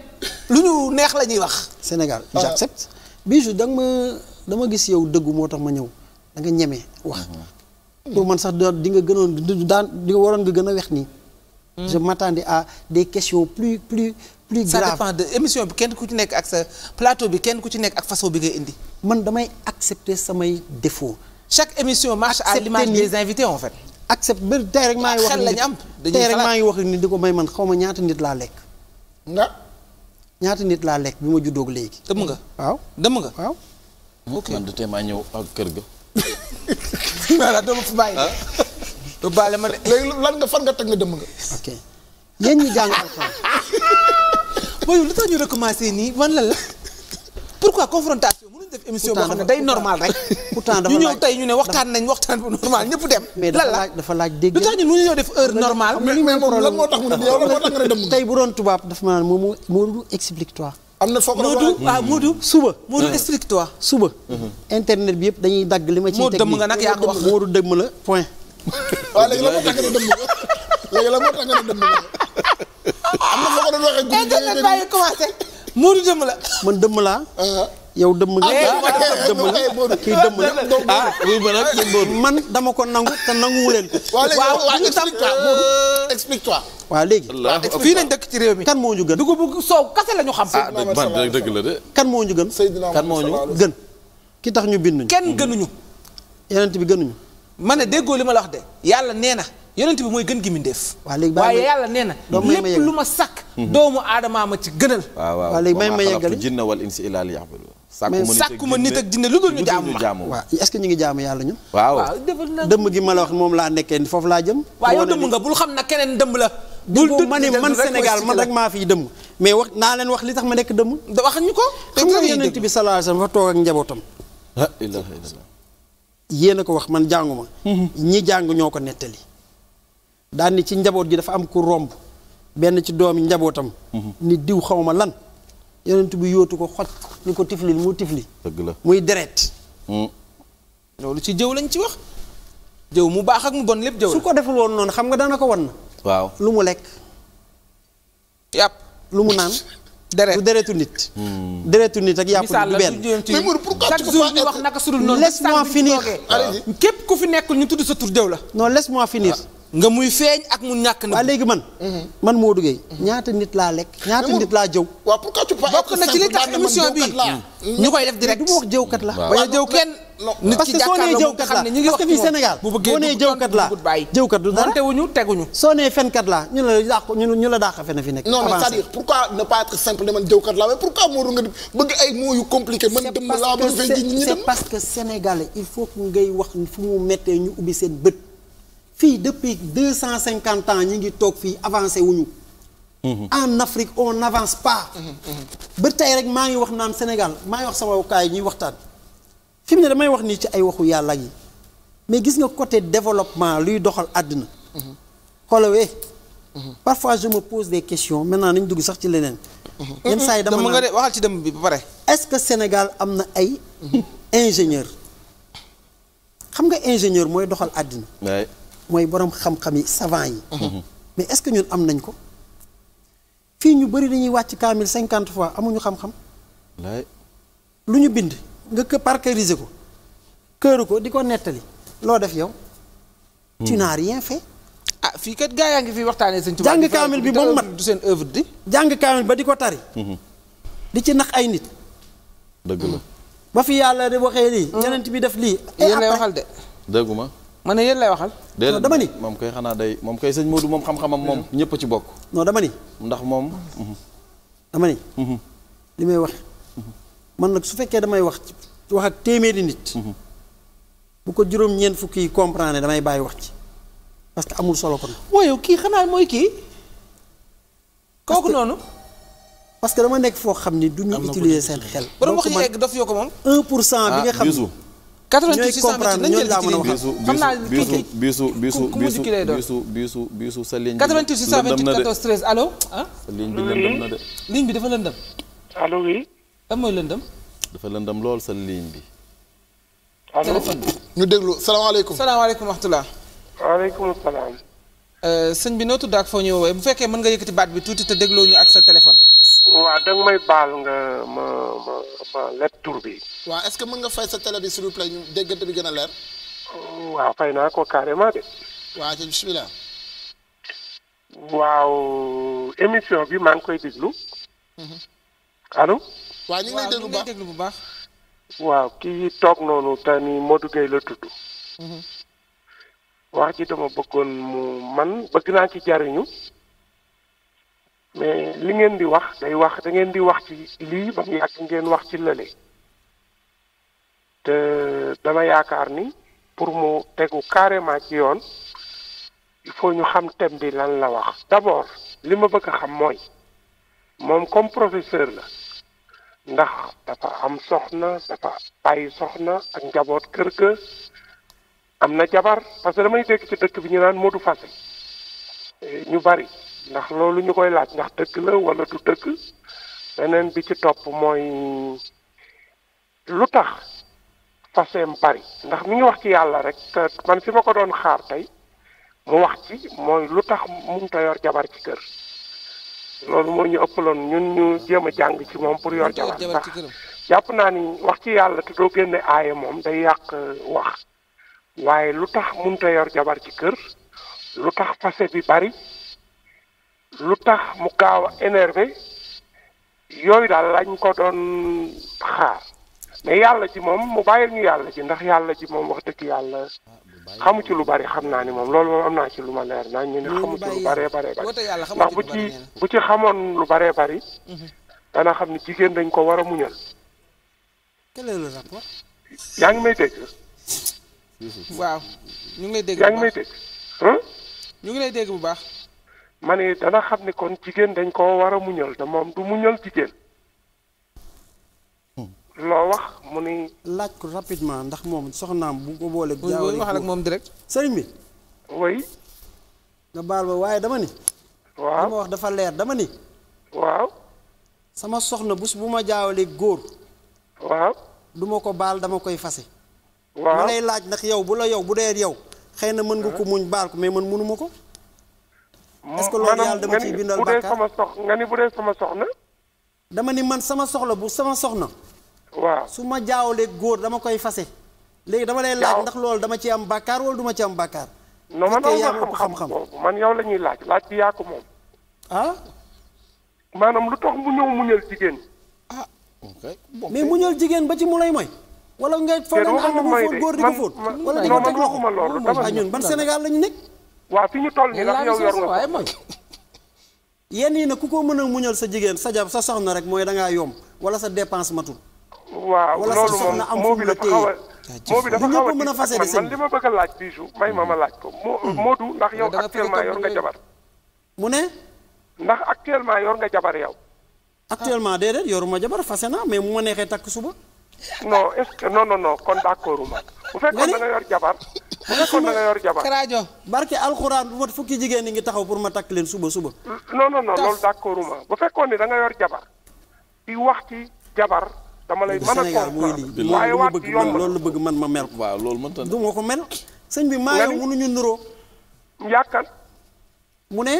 lu ñu neex la ñuy wax. Sénégal j'accepte. Bijou da nga ma. dama gis yow dëggu moo tax ma ñëw da nga ñeme wax. pour man sax di nga gënoon daan di waroon nga gën a wex nii. Hmm. je m'attendais à des questions plus plus plus graves. ça de émission bi kenn ku ci nekk ak sa plateau bi kenn ku ci nekk ak façon bi nga indi. man damay accepter samay défauts. chaque émission marche à l'image des invités en fait. accepte ba tey maa ngi wax xel lañu am tey rek maa ni di ko may man xaw ma ñaata nit laa lekk. nga ñaata nit laa lekk bi ma juddoo léegi. dëmm nga waaw dëmm ok man de tey maa ñëw ak kër ga. la doo ma fi bàyyi. Ah. du baale ma de léegi lan nga fan nga teg nga dem nga. ok yéen ñi jàng alxuraan. mooy lu tax ñu recommencé nii man la la pourquoi confrontation mënuñ def émission ne day normal rek. pourtant dafa ñu ne waxtaan nañ waxtaan bu ñëpp dem. mais dafa laaj dafa laaj dégg lu tax ñu mënuñoo def heure normale. mais moo tax mu ne yow tey bu doon tubaab dafa ma naan moom moo explique toi am na soog a Moodu waaw Moodu suba. Mm-hmm. Moodu explique toi suba. Mm-hmm. internet bi yëpp dañuy dagg li ma. ciy teg nga nag yaa ko wax Moodu dëmm la point. waaw léegi la moo tax nga dëmm nga léegi la moo tax nga dëmm nga. am na foo ko dëmm la. Uh-huh. yow dëmm nga ah, dëmm nga kii dëmm la ah, ah, man dama ko nangu te nanguwu leen ko. waaw léegi waaw explique toi waaw léegi. fii nañ dëkk ci réew mi. kan moo ñu gën dugub soow kase la xam. ah dëgg la de. kan moo ñu gën. kan moo ñu gën. ki tax ñu bind ñu. kenn gënuñu. yonent bi gënuñu. ma ne déggoo li ma la wax de. yàlla nee na yonent bi mooy gën gi mindeef. waaw léegi waaye yàlla nee na. lépp lu ma sàkk. doomu aadamaa ma ci gënal. waaw waaw léegi may ma yeggali wal insi sàkkuma nit ak jinne lu dul ñu jaamu ma waaw est ñu ngi jaamu yàlla ñun waaw gi ma la wax moom laa nekkee foofu laa jëm waaw yow dëmm nga bul xam na keneen dëmm la bul tudd ma ni man Sénégal man rek maa fiy dëmm mais wax naa leen wax li tax ma nekk dëmm wax ñu ko xam nga yonent bi sallallahu alayhi wasallam fa toog ak njabootam yéen a ko wax man jànguma mhm. ñi jàng ñoo ko nettali daan ni ci njaboot gi dafa am ku romb benn ci doom njabootam mhm. ni diw ma lan yonent bi yootu ko xoj ni ko tiflil mu tifli dëgg la muy deret hmm. loolu ci jëw lañ ci wax jëw mu baax ak mu bon lépp jëw su ko deful woon noonu xam nga daana ko wan na waaw lu mu lekk yàpp lu mu naan deret deretu nit. Hmm. deretu nit ak yàpp du benn mais Mourou pourquoi chaque jour ñu wax naka su dul noonu. laisse-moi finir képp ku fi nekkul ñu tudd sa tur jëw la. non laisse-moi finir. nga muy feeñ ak mu ñàkk na. waaw léegi man. Mhm. man moo duggee. ñaata nit laa lekk. ñaata nit laa jëw. waaw pourquoi tu bokk na ci li tax émission bi la. Mhm. waaw waaw jëw kenn. nit ki jàkkaarloo nga xam ne ñu ngi wax parce que la ñu la dàq ñu ñu fi nekk. non mais c'est-à-dire parce que Sénégalais il faut que ngay wax fu mu mettee ñu ubbi seen bët fii depuis deux cent cinquante ans ñi ngi toog fii avancé wuñu mhm. en Afrique on n'avance pas mhm, mhm. ba tey rek maa ngi wax naan Sénégal maa ngi wax sama kaay ñuy waxtaan fi mu ne damay wax nii ci ay waxu yàlla yi mais gis nga côté développement luy doxal àddina xoolawee eh. parfois je me pose des questions maintenant nañ dugg sax ci leneen yenn saa yi dama nga waxal ci dem bi ba pare est-ce que Sénégal am na ay ingénieur xam nga ingénieur mooy doxal àddina mooy boroom xam-xam yi savant yi. Mhm. mais est-ce que ñun am nañ ko. fii ñu bëri dañuy wàcc kaamil cinquante fois amuñu xam-xam. lu ñu bind nga ko parcariser ko. kër ko di ko nettali. loo def yow. Hmm. tu n'as rien fait. ah fii kat gaa yaa ngi fi waxtaanee sëñ Tuubaa jàng kaamil bi moom mat du seen œuvre di. jàng kaamil ba di ko tari. li mhm. ci nax ay nit. dëgg la. Hmm. ba fi yàlla di waxee lii. Hmm. yeneen bi def lii. Eh, ay waxal de. dëgguma. ma ne yéen lay waxal. déedéet dama ni moom koy xanaa day moom koy sëñ Modou moom xam-xamam moom ñëpp a ci bokk. non dama ni. ndax moom. Mm-hmm. Mm-hmm. dama ni. Mm-hmm. li may wax. man nag su fekkee damay wax ci wax ak téeméeri nit. bu ko juróom-ñeent fukki yi bàyyi wax ci parce que amul solo kon. waaye kii xanaa mooy kii. kooku noonu. parce que dama nekk foo xam ni du ñu utiliser seen xel. borom wax yi egg daf yoo ko moom. 1 pour cent bi nga ah, xam 88 628 nañu jël ci biisu biisu biisu biisu biisu biisu sa ligne bi. 88 628 14 13 bi lëndëm na de. ligne bi dafa lëndëm. allo oui. lan lëndëm. dafa lëndëm lool sa ligne bi. allo bi. ñu déglu salaamaaleykum. salaamaaleykum wa rahmatulah. waaleykum salaam. Euh, sëñ bi noo tudd ak foo ñëwee bu fekkee mën nga yëkkati baat bi tuuti te dégloo ñu ak sa téléphone. waaw da may baal nga ma ma ma leb tur bi. waa est-ce que mën nga fay sa télé bi s'il vous plaît ñu déggante bi gën a leer. waaw fay naa ko carrément de. waaw ci bisimilah. waaw émission bi maa ngi koy déglu. Mhm. allo. waaw ñu ngi lay déglu waaw kii toog noonu te ni Modou Gueye la tudd. Mhm. wax ji dama bëggoon mu man bëgg naa ci jariñu mais li ngeen di wax day wax da ngeen di wax ci lii ba mu yàgg ngeen wax ci lële te dama yaakaar ni pour mu tegu carrément ci yoon il faut ñu xam thème bi lan la wax d'abord li ma bëgg a xam mooy moom comme professeur la ndax dafa am soxna dafa bàyyi soxna ak njaboot kër kër am na jabar parce que damay dégg ci dëkk bi ñu naan Modou Fassé eh, ñu bari ndax loolu ñu koy laaj ndax dëgg la wala du dëgg beneen bi ci topp mooy lu tax faseem bari ndax mi ngi wax ci yàlla rek man fi ma ko doon xaar tey mu wax ci mooy lu tax mënut a yor jabar ci kër loolu moo ñu ëppaloon ñun ñu jéem a jàng ci moom pour yor jabar ndax jàpp naa ni wax ci yàlla te doo génne aaye moom day yàq wax waaye lu tax mënut a yor jabar ci kër lu tax fase bi bari lu tax mu gaaw a énervé yooyu daal lañ ko doon xaar mais yàlla ji moom mu bàyyil ñu yàlla ji ndax yàlla ji moom wax dëgg yàlla xamu ci lu bari xam naa ni moom loolu moom am naa ci lu ma leer naa ñu ne xamu ci lu baree baree bari ndax bu ci bu ci xamoon lu baree bari mhm. dana xam ne jigéen dañ ko war a muñal yaa ngi may dégg waaw ñu ngi lay dégg yaa ngi may dégg ñu ngi lay dégg bu baax ma ne dana xam ne kon jigéen dañ koo war a muñal te moom du muñal jigéen. Hmm. loo wax mu ni. laaj ko rapidement ndax moom soxnaam bu ko boole. jaawale waxal ak moom direct. sëriñ bi. nga baal ba waaye dama ni. waaw wax dafa leer dama ni. waaw. sama soxna bés bu ma jaawale góor. waaw. duma ko baal dama koy fase. waaw ma laaj ndax yow bu la yow bu dee yow. xëy na mën nga ko hmm. muñ baal ko mais man mënuma ko. est-ce que loolu yàlla dama ciy bindal bàkkaar nga ni bu dee sama sox nga ni bu dee sama soxna. dama ni man sama soxla bu sama soxna. waaw su ma jaawalee góor dama koy fase léegi dama lay laaj ndax loolu dama ci am bàkkaar wala du ma ci am bàkkaar. non man aw xam-xam man yow la laaj laaj bi yaa ko moom. ah. lu toog mu ñëw muñal jigéen. ah mais muñal jigéen ba ci mu lay mooy. wala nga foog nga ànd mu fóot góor di ko fóot. wala di ko teg loxo man waxuma loolu. Ah, ñun ban Sénégal lañu nekk. waaw fi ñu toll nii nag yow yor nga waaye mooy yenn yi nag ku ko mën a muñal sa jigéen sa jab sa soxna rek mooy dangaa yomb wala sa dépense matul. waaw loolu moom moo bi dafa xaw a moo bi dafa xaw a mën a fase di ma bëgg laaj Bijou may ma ma laaj ko moo hmm. Modou ndax yow actuellement yor nga jabar mu ne ndax actuellement yor nga jabar yow actuellement déedéet yoruma jabar fase na mais mu ma neexee takk suba non est-ce que non non non kon d'accorduma bu fekkoon da nga yor jabar bu fekkoon da nga yor jabar karaajo alxuraan bu mat fukki jigéen ñi ngi taxaw pour ma takk leen suba suba non non non loolu d'accorduma bu fekkoon ni da yor jabar di wax ci dama lay mën a Sénégal mooy lii waaye waat loolu la bëgg man ma mel waaw loolu mënta du ma ko mel sëñ bi maa yow mënuñu nuroo yàkkan mu ne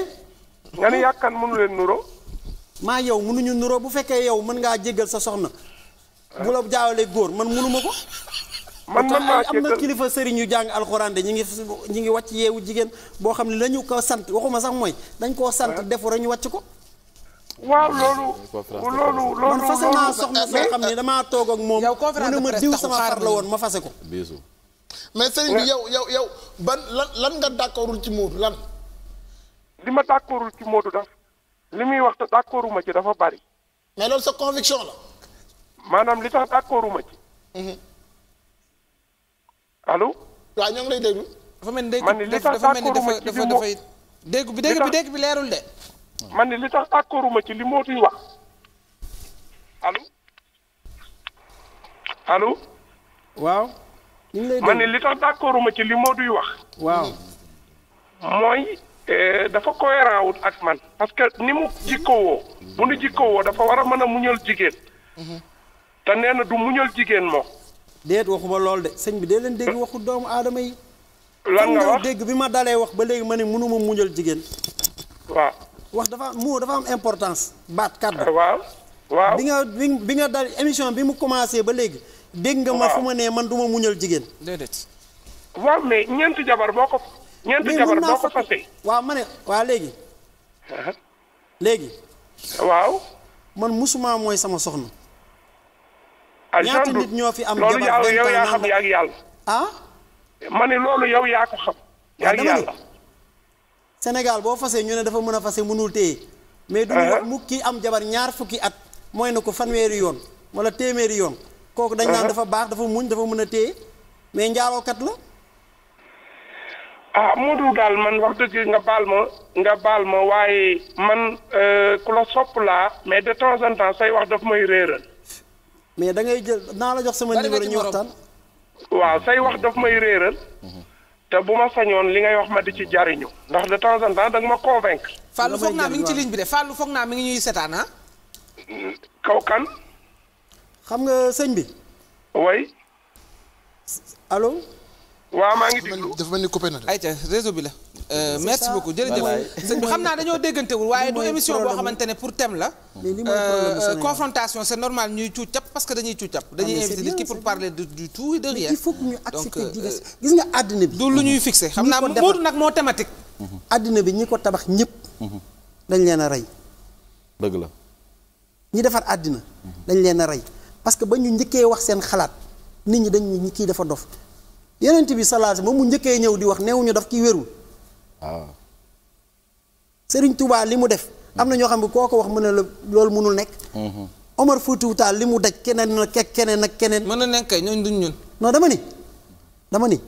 nga ni yàkkan mënu leen nuroo maa yow mënuñu nuroo bu fekkee yow mën ngaa jéggal sa soxna bu la jaawalee góor man mënuma ko. man man maa am na kilifa sëriñ yu jàng alxuraan de ñu ngi ñi ngi wàcc yeewu jigéen boo xam ne la ñu ko sant waxuma sax mooy dañ koo sant defu rek ñu wàcc ko. waaw loolu. loolu loolu man fase naa damaa toog ak moom. yow conférence de presse woon ma fase ko. mais sëriñ bi yow yow yow ban lan lan nga d'accordul ci Moodu lan. li ma d'accordul ci Moodu daf li muy wax te d'accorduma ci dafa bari. mais loolu sa conviction la. maanaam li tax d'accorduma ci. Mhm. allo. waaw ñoo ngi lay déglu. dafa mel ni man li tax d'accorduma ci li moo dégg bi dégg bi dégg bi leerul man ni li tax d'accorduma ci li moo wax allo allo. waaw. ñu ngi lay man ni li ci li moo tuy wax. Mhm. mooy. Eh, dafa cohérent wut ak man parce que ni mu jikkowoo bu nu jikkowoo dafa war a mën a muñal jigéen. Mhm. te nee na du muñal jigéen moom. déet waxuma lool de sëñ bi dee leen dégg waxu doomu aadama yi. lan nga wax dégg bi ma dalee wax ba léegi ma ne mënuma muñal jigéen. waaw. wax dafa mu dafa am importance. baat kàddu waaw. waaw bi nga bi nga dal émission bi mu commencé ba léegi. dégg nga ma fu ma nee man du muñal jigéen. déedéet. waaw mais jabar boo ko. ñeenti ko fase waaw ma ne waaw léegi. léegi. waaw. man musuma mooy sama soxna. ñaata nit ñoo fi am jabar loolu yaa xam yaa ngi yàlla. ah. ma ne loolu yow yaa ko xam. Ah, yaa ngi yàlla Sénégal boo fasee ñu ne dafa mën a fase mënul téye. mais du ñu uh-huh. am jabar ñaar fukki at mooy na ko fanweeri yoon wala téeméeri yoon. kooku dañ naan uh-huh. dafa baax dafa muñ dafa mën a téye mais njaalookat la. ah Modou daal man wax dëgg nga baal ma nga baal ma waaye man euh, ku la sopp laa mais de temps en temps say wax daf may réeral. mais da ngay jël naa la jox sama numéro ñu waxtaan. waaw say wax daf may réeral. te bu ma sañoon li ngay wax ma di ci jariñu ndax de temps en temps danga ma convaincre. Fallou foog naa mi ngi ci ligne bi de Fallou foog naa mi ngi ñuy setaana ah. kaw kan. xam nga sëñ bi. way allo. waaw maa ngi déglu dafa mel ni coupé na de. ayca réseau bi la. Euh, merci beaucoup jërëjëf sëñ bi xam naa dañoo déggantewul waaye du émission boo xamante ne pour thème la. Euh, confrontation c'est normal ñuy cuuc cap parce que dañuy cuuc cap dañuy ah, invité ki pour parler du tout et de rien. Euh, gis nga àddina bi. du lu ñuy fixé xam naa Moodu nag moo thématique. Mhm. àddina bi ñi ko tabax ñëpp. Mhm. dañ leen a rey. dëgg la. ñi defar àddina. Mhm. dañ leen a rey parce que ba ñu njëkkee wax seen xalaat nit ñi dañ ñu kii dafa dof yeneen yonent bi salaas moom mu njëkkee ñëw di wax newuñu daf ci wérul waaw ah. Sëriñ tubaa li mu def am na ñoo xam ne koo ko wax mën na la loolu mënul nekk mhm. Omar Foutiyou Tall li mu daj keneen na kek keneen ak keneen mën a nekk kay ñooñ duñ ñun noo dama ni dama ni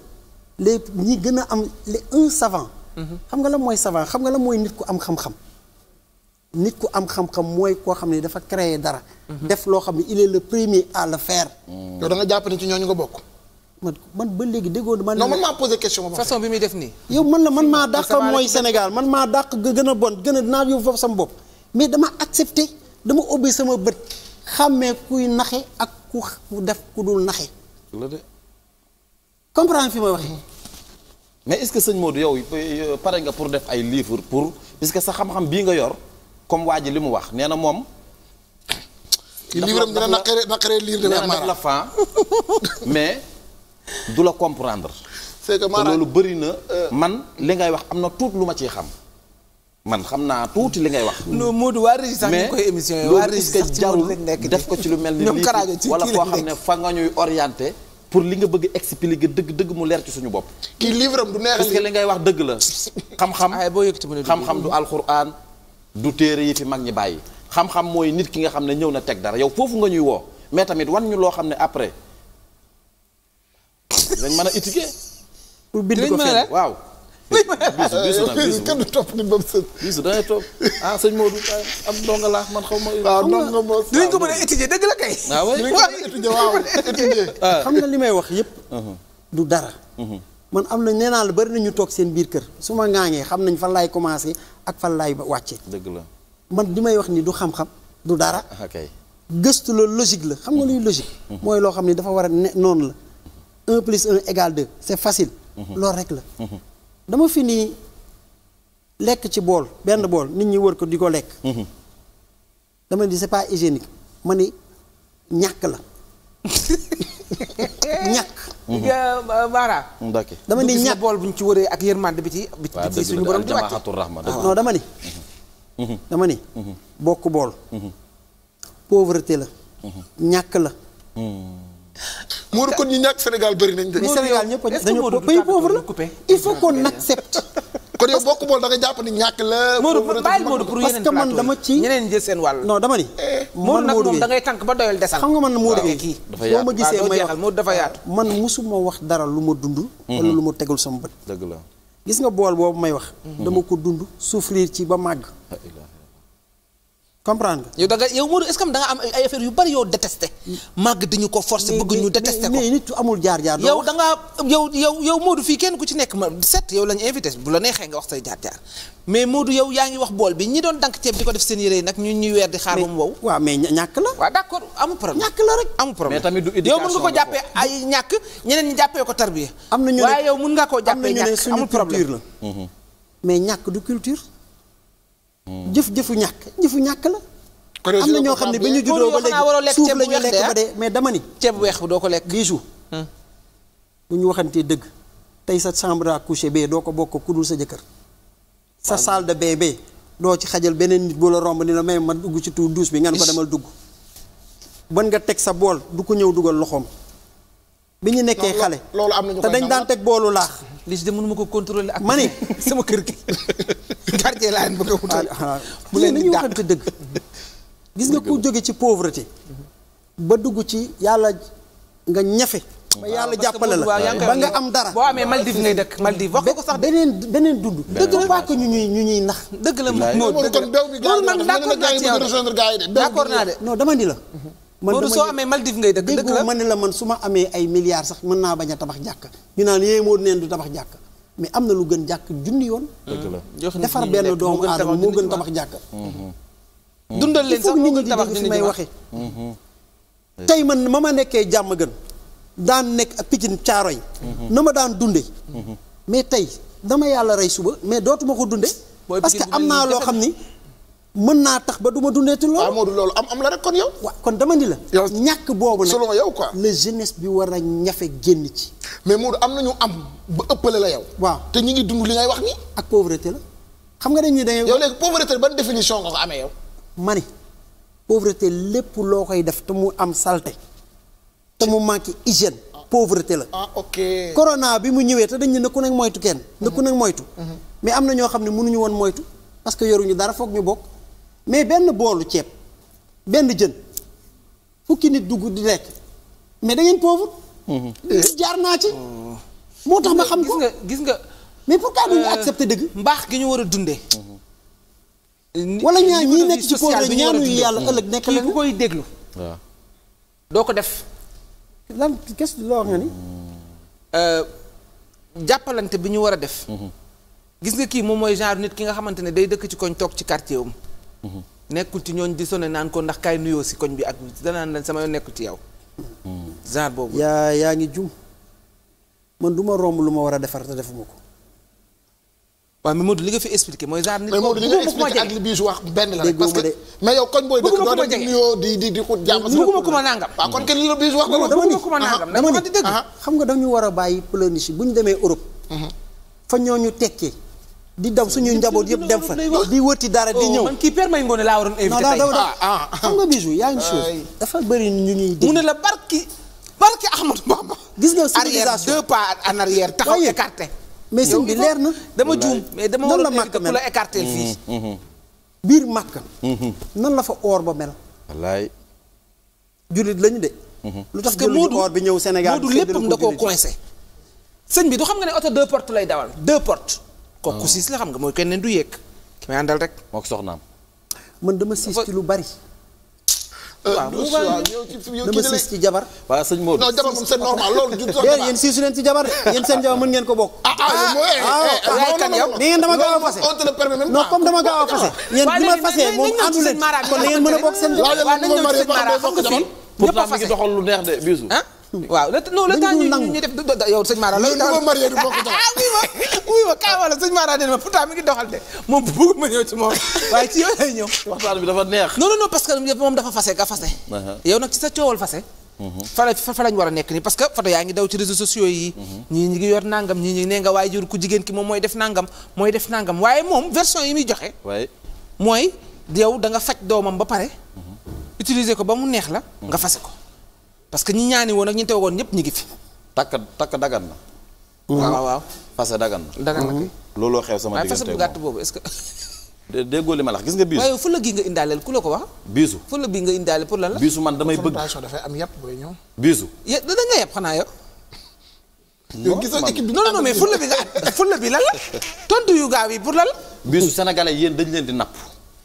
les ñi gën a am les un savant mhm. xam nga la mooy savant xam nga la mooy nit ku am xam-xam nit ku am xam-xam mooy koo xam ne dafa créer dara mhm. def loo xam ne il la le premier à le faire mm. yow jàpp ne ci ñooñu nga bokk man man ba léegi déggoo man. non man maa posé question. façon bi muy def nii. yow man la man maa dàq mooy Sénégal man maa dàq gën a bon gën a naa yóbbu foofu sama bopp mais dama accepté dama ubbi sama bët xàmmee kuy naxe ak ku def ku dul naxe. comprendre fi ma waxee. mais est-ce que sëñ Modou yow euh, pare nga pour def ay livre pour puisque sa xam-xam bii nga yor comme waa ji li mu wax nee na moom. livre am dina naqaree naqaree livre de la fan mais. du la comprendre. c'est que maanaam loolu bëri na. Euh, man li ngay wax am na tuut lu ma ciy xam. man xam naa tuuti li ngay wax. non Modou waa Régis sax ñu koy émission yi waa Régis sax ci jarul def ko ci lu mel ni lii wala koo xam ne fa nga ñuy orienté. pour li nga bëgg expliquer dëgg dëgg mu leer ci suñu bopp. kii livre am du neexal parce que li ngay wax dëgg la. xam-xam xam-xam du alxuraan du téere yi fi mag ñi bàyyi. xam-xam mooy nit ki nga xam ne ñëw na teg dara yow foofu nga ñuy woo mais tamit wan ñu loo xam ne après dañ mën a étiquer. waaw. bisu bisu nag bisu kenn du topp ni ba ah, ah, ndongo laa man xaw ma. waaw ah, dinañ ko mën a étudier dëgg la kay. a étudier xam nga li may wax yépp uh-huh. du dara. Uh-huh. man am na nee la bari na ñu toog seen biir kër su ma ŋaañee xam nañ fan laay commencé ak fan laay wàcce. dëgg la man li may wax ni du xam-xam du dara. gëstu la logique la xam nga luy logique. Uh-huh. mooy loo xam ne dafa war a ne noonu la. un plus un égale deux c' est facile. Mhm. loolu rek la. Mhm. dama fi nii lekk ci bool benn bool nit ñi wër ko di ko lekk. Mhm. dama ni c' est pas hygiénique ma ni ñàkk la ñàkk. Euh, Mara. ok dama ni ñàkk bool bu ñu ci wëree ak yërmande bi ci. bi ci suñu borom di wàcc ah, non dama ni. dama ni. bokk bool. pauvreté la. ñàkk la. Modou kon ñu ñàkk Sénégal bëri nañ de. Sénégal ñëpp dañoo pays pauvre la il faut qu'on accepte. kon yow bokk bool da nga jàpp ni ñàkk la. Modou bàyyi Modou pour yeneen plateau parce que man dama ci. ñeneen jël seen wàll. non dama ni. Eh, man nag moom da ngay tànk ba doyal desal. xam nga man moo Modou bi ah, boo ma gisee ah, may wax dafa yaatu. man musuma wax dara lu ma dund. wala mhm. lu ma tegul sama bët. dëgg la gis nga bool boobu may wax. Mhm. dama ko dund souffrir ci ba màgg. comprendre nga. yow da nga yow Modou est am ay affaire yu bari yoo détesté. Mm. màgg dañu ko forcer bëgg ñu détesté ko mais nit amul jaar jaar. yow da yow yow fii kenn ku ci nekk ma set yow lañu invité bu la neexee nga wax say jaar jaar mais Modou yaa ngi wax bool bi ñi doon dank ceeb di ko def seen yére yi nag ñun ñuy weer di xaar mu wow. waaw mais ñàkk la. waaw d'accord amul problème ñàkk la rek. yow mën nga ko jàppee ay ñàkk ñeneen ñi jàppee ko tarbiya. waaye yow mën nga jëf jëfu ñàkk jëfu ñàkk la. am na ñoo xam ne ba ñu juddoo ba léegi suuf la ñu lekk ba dee mais dama ni. ceeb weex bi doo ko lekk bijou. Hmm. bu ñu waxantee dëgg tey sa chambre à bee doo ko bokk ku dul sa jëkkër. sa salle de bain doo ci xajal beneen nit bu la romb ni la may ma dugg ci tuur douche bi ngeen ko demal dugg. ban nga teg sa bool du ko ñëw dugal loxoom. bi ñu nekkee xale. loolu am na ñu te dañ daan teg boolu laax. lii ci de mënuma ko contrôler ak. ma sama kër gi. quartier laa leen bëgg a wutal. mu ah, ah. leen di waxante dëgg. gis nga ku jóge ci pauvreté. ba dugg ci yàlla nga ñafe. ba yàlla jàppale la ba nga am dara. boo amee Maldives ngay dëkk Maldives wax ko sax beneen beneen dund. dëgg la pas ñu ñuy ñu ñuy nax. dëgg la moo dëgg la loolu man d'accord naa ci yow d'accord naa de. non dama ni la. Mhm. man dama soo amee Maldives ngay dëkk dëkk ma ne la man su ma amee ay milliards sax mën naa bañ a tabax jàkk ñu naan yee moo neen du tabax jàkk mais am na lu gën jàkk junni yoon. Hmm. defar benn doomu aadama moo gën tabax jàkk. Hmm. Hmm. dundal leen sax moo gën tabax junni may waxee. tey man ma ma nekkee jàmm gën daan nekk Pikine yi na ma daan dunde mais tey dama yàlla rey suba mais dootuma ko dunde parce que am naa loo xam ni. mën naa tax ba duma dundee dundeeti loolu. waaw Modou loolu am am la rek kon yow. waaw kon dama ni la. ñàkk boobu nag yow quoi. la jeunesse bi war a ñafe génn ci. mais Modou am na ñu am ba ëppale la yow. waaw te ñu ngi dund li ngay wax ni ak pauvreté la xam nga dañ ni dañuy. yow léegi pauvreté ban définition nga amee yow. ma ni pauvreté lépp loo koy def te mu am salte te mu manqué hygiène. Ah. pauvreté la. ah ok. corona bi mu ñëwee te dañ ne na moytu kenn. na ku nekk mm-hmm. mais am na xam ne woon moytu parce que yoruñu dara foog ñu bokk. mais benn boolu ceeb benn jën fukki nit dugg di lekk mais da ngeen pauvre. Mhm. jaar naa ci. moo tax ma xam ko gis nga gis nga. mais pourquoi duñu euh, accepté dëgg. mbaax gi ñu war a dundee. Mhm. wala ñaa ñi nekk ci pauvre ñaanuñu yàlla ëllëg nekk la ku koy déglu. waaw doo ko def. lan qu'est-ce que euh, jàppalante bi ñu war a def. Mhm. gis nga kii moom mooy genre nit ki nga xamante ne day dëkk ci koñ toog ci quartier am. nekkul ci ñooñ di sone naan ko ndax kay nuyoo si koñ bi ak danaan leen sama yoon nekkul ci yow. genre boobu. yaa yaa ngi jum man du ma romb lu ma war a defar te defuma ko. waaw mais Modou li nga fi expliqué mooy genre nit. ko li nga expliqué ak benn la rek. parce que mais yow koñ booy dëkk doo dem di nuyoo di di di xut jàmm. bëgguma ku ma nangam. waaw kon kenn li la bii wax. bëgguma ku ma nangam dama ni dama ni xam nga dañu war a bàyyi planiche bu ñu demee Europe. fa ñooñu tekkee di daw suñuy njaboot yëpp dem fa di wëti dara di oh, ñëw. man kii Père Mbaye Ngoné laa waroon invité tey ah, ah, ah. xam nga Bijou y a une chose. dafa bëri ñu ñuy dégg. mu ne la barki barki Ahmadou Bamba. gis nga civilisation arrière deux pas en arrière taxaw écarté. mais sëñ bi leer na. dama juum mais dama war a invité ku la écarté fii. Mm-hmm, mm-hmm. biir Makka. Mm-hmm. nan la fa or ba mel. wallaay. jullit lañu de. lu tax jëluñu or bi ñëw Sénégal. Moodu léppam da koo coincé. sëñ bi du xam nga ne oto deux portes lay dawal deux portes. kooku siis la xam nga mooy kenn du yéeg ki may àndal rek moo ko soxnaam man dama siis ci lu bari waaw mu baax dama siis ci jabar. waaw sëñ Maodo non jabar moom c'est normal loolu siisu leen ci jabar yéen seen jabar mën ngeen ko bokk. ah ah yow ngeen dama gaaw a fase. non comme dama gaaw a fase. yéen bi ma fase moom àndu leen kon na ngeen mën a bokk seen jabar. waaw yéen a ngi doxal lu neex de bisu. waaw non le temps ñu ñu def yow sëñ Mara lay daal marié du bokk wuy ah, ma kaa wala sëñ Mara ma pourtant mi ngi doxal de moom bëgguma ñëw ci moom waaye ci yow lay ñëw waxtaan neex non non non que moom dafa fase nga fase uh-huh. sa coowal fase uh-huh. fala fa lañ war a nekk nii parce que photo yaa ngi daw ci réseaux sociaux yi uh-huh. ñii ñi ngi yor nangam ñii ñi nee nga waaye jur ku jigéen ki moom mooy def nangam mooy def nangam waaye moom version yi muy joxe mooy yow da nga faj doomam ba pare utiliser ko ba mu neex la nga fase ko parce que ñi ñaani woon ak ñi teewoon ñëpp ñu ngi fi. takk takk dagan na. waaw mm-hmm. waaw fase dagan na. dagan na kay mm-hmm. looloo xew sama diggante fase est que. déggoo li ma la gis nga biisu waaye fële gi nga indaaleel ku la ko wax. biisu fële bi nga indaale pour biisu man damay bëgg dafay am yàpp booy ñëw. biisu. yé da nga yàpp xanaa yow. non gisoo équipe bi bi nga fële bi lan la tontu yu gaaw yi pour lan la. biisu sénégalais yéen dañ leen di napp.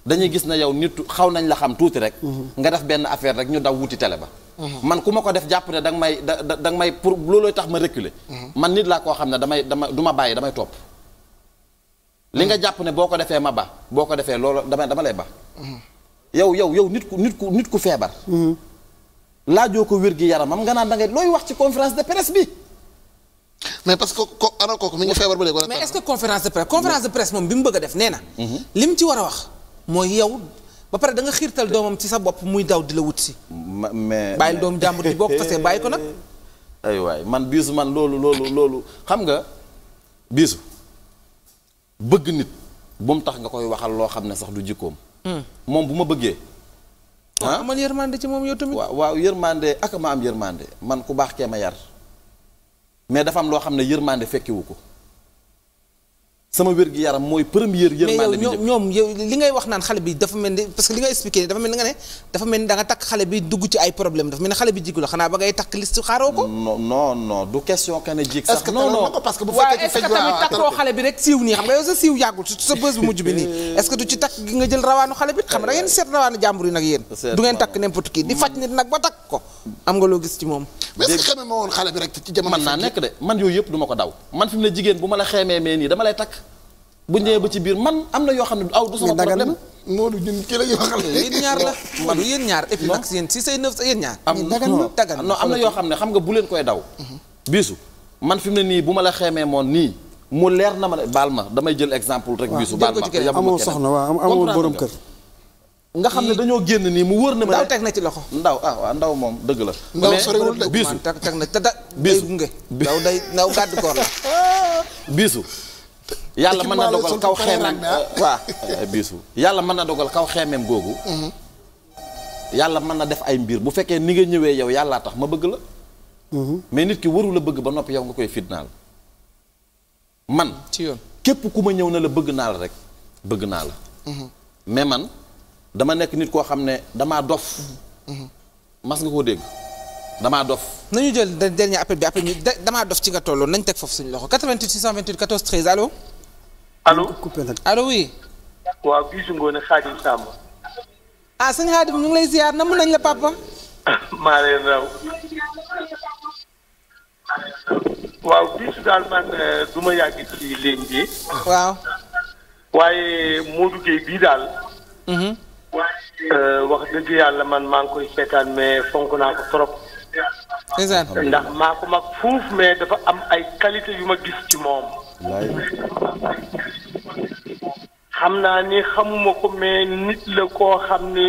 dañuy gis na yow nit xaw nañ la xam tuuti rek. Mhm. nga def benn affaire rek ñu daw wuti télé ba. Mhm. man ku ma ko def jàpp ne danga may da danga may pour loolooy tax ma reculer. Mhm. man nit laa koo xam ne damay dama ma bàyyi damay topp. li nga jàpp ne boo ko defee ma ba boo ko defee loolu dama dama lay ba. yow yow yow nit ku nit ku nit ku feebar. laajoo ko wér gi yaramam nga naan da looy wax ci conférence de presse bi. mais parce que ko de presse conférence de presse moom bi mu na. li mu ci war a wax. mooy yow ba pare da nga xiirtal doomam ci sa bopp muy daw di la wut si. ma mais bàyyil doomu jàmbur bi boo ko fasee bàyyi ko nag. ay man biisu man loolu loolu loolu xam nga biisu bëgg nit bu mu tax nga koy waxal loo xam ne sax du jikkoom. Hmm. moom bu ma bëggee. ah amal yërmande ci moom yow waaw waaw yërmande ak ma am yërmande man ku baax kee ma yar mais dafa am loo xam ne yërmande fekkiwu ko. sama wér gi yaram mooy première yërmande bi mais yow ñoom yow li ngay que li nga expliqué nii dafa mel ni nga ne dafa mel ni am nga loo gis ci moom mais est-ce que xamee ma man naa nekk de man yooyu yëpp du ma ko daw man fi ne jigéen bu ma la xeemee mee nii dama lay takk bu ñëwee ba ci biir man am na yoo xam ne aw du sama problème Modou ñun ki la yoo xam ne yéen ñaar la man yéen ñaar et yoo xam ne xam nga bu leen koy daw mhm. biisu man fi mu ne nii bu ma la xeemee moon nii mu leer na ma ne baal ma damay jël exemple rek biisu baal ma amoo soxna waaw amoo borom kër nga xam ne dañoo génn nii mu wër na ma ndaw teg na ci loxo ndaw ah waaw ndaw moom dëgg la mais biisu teg na te da biisu nge ndaw day ndaw gàddu koor la biisu yàlla mën na dogal kaw xeemeem euh, waa biisu yàlla mën na dogal kaw xeemeem googu mhm. yàlla mën na def ay mbiir bu fekkee ni nga ñëwee yow yàllaa tax ma bëgg la mhm. mais nit ki warul la bëgg ba noppi yow nga koy fitnaal man ci yoon képp ku ma ñëw na la bëgg naa la rek bëgg naa la mhm. mais man dama nekk nit koo xam ne dama dof mas nga koo dégg damaa dof. nañu jël dernier appel bi après ñu damaa dof ci nga tolloon nañ teg foofu suñ loxo 88 628 14 13 allo. allo allo oui. waaw Bijou Ngoné Khadim Samb. ah sëñ Khadim ñu ngi lay ziar na mun nañ la papa. maa leen raw. waaw Bijou daal man euh, du ma yàgg ci ligne bi. waaw. waaye Modou Gueye bii daal. Mhm. Euh, wax dëgg yàlla man maa ngi koy seetaan mais fonk naa ko trop. ndax maa ko mag fuuf dafa am ay qualité yu ma gis ci moom xam naa ni xamuma ko mais nit la ko xam ne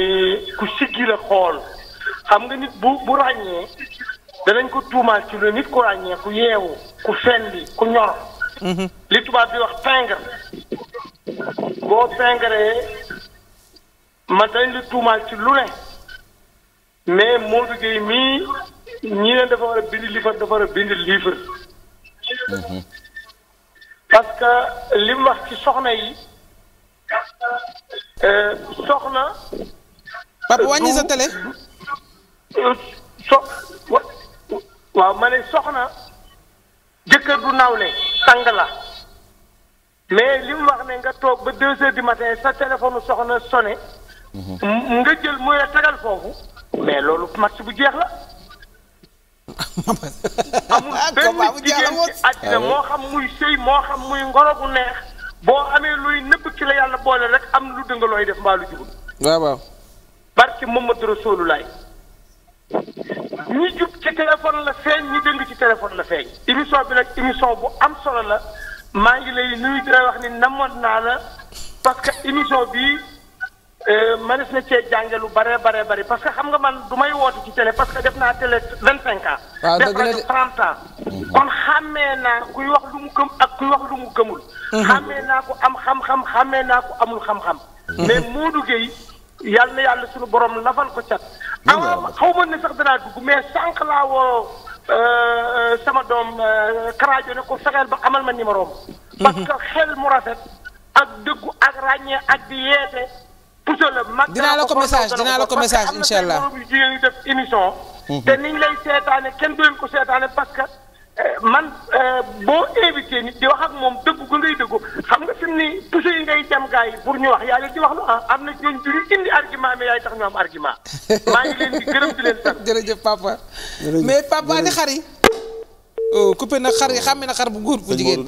ku siggi la xool xam nga nit bu bu ràññee danañ ko tuumaal ci lu nit ku ràññee ku yeewu ku fendi ku ñor mhm. li tubaab bi wax pingre boo pingree ma dañ la tuumaal ci lu ne mais Modou Gueye mii ñi leen dafa war a bind livre war a bind livre. parce que li wax ci soxna yi euh, soxna. papa wàññi sa télé. so waaw ma ne soxna jëkkër bu nawle sang la mais li mu wax ne nga toog ba deux heures du matin sa téléphone soxna sonné. Mhm. nga jël mooy tegal foofu mais loolu match bu jeex la. amul benn jigéen moo xam muy sëy moo xam muy ngoro bu neex boo amee luy nëbb ci la yàlla boole rek am lu dëngalooy def mbaa lu jubul waaw waaw barke Mamadu Rasulullaay ñi jub ci téléphone la feeñ ñi dëng ci téléphone la feeñ émission bi nag émission bu am solo la maa ngi lay nuyu di wax ni namoon naa la parce que émission bii Euh, mënees na cee jànge lu bare bare bari parce que xam nga man du may woote ci télé parce que def naa télé vingt cinq ans. waaw ah, dëgg def trente ans. Mhm. kon xàmmee naa kuy wax lu mu gëm ak kuy wax lu mu gëmul. Mhm. xàmmee naa ko am xam-xam xàmmee naa ko amul xam-xam. Mhm. mais Modou Gueye yàlla na yàlla suñu borom lafal ko cat. awa xaw ma ne sax danaa dugg mais sànq laa woo euh, sama doom euh, karaajo ne ko fexeel ba amal ma numéro am. parce que xel mu rafet ak dëggu ak ràññee ak di yeete. puso la mag. dinaa la ko message dinaa la ko message incha allah parce que am na te niñ lay seetaane kenn du leen ko seetaane parce que eh, man eh, boo invité nit di wax ak moom dëgg ko ngay dëggu xam nga fi mu ni puso yi ngay dem gars yi ñu wax yaa leen di wax lu ah, am na ñooñu du ñu indi argument mais yaay tax ñu am argument maa ngi leen di gërëm di leen sant. jërëjëf papa. mais papa di xari Euh, coupé na xar yi xàmme na xar bu góor bu jigéen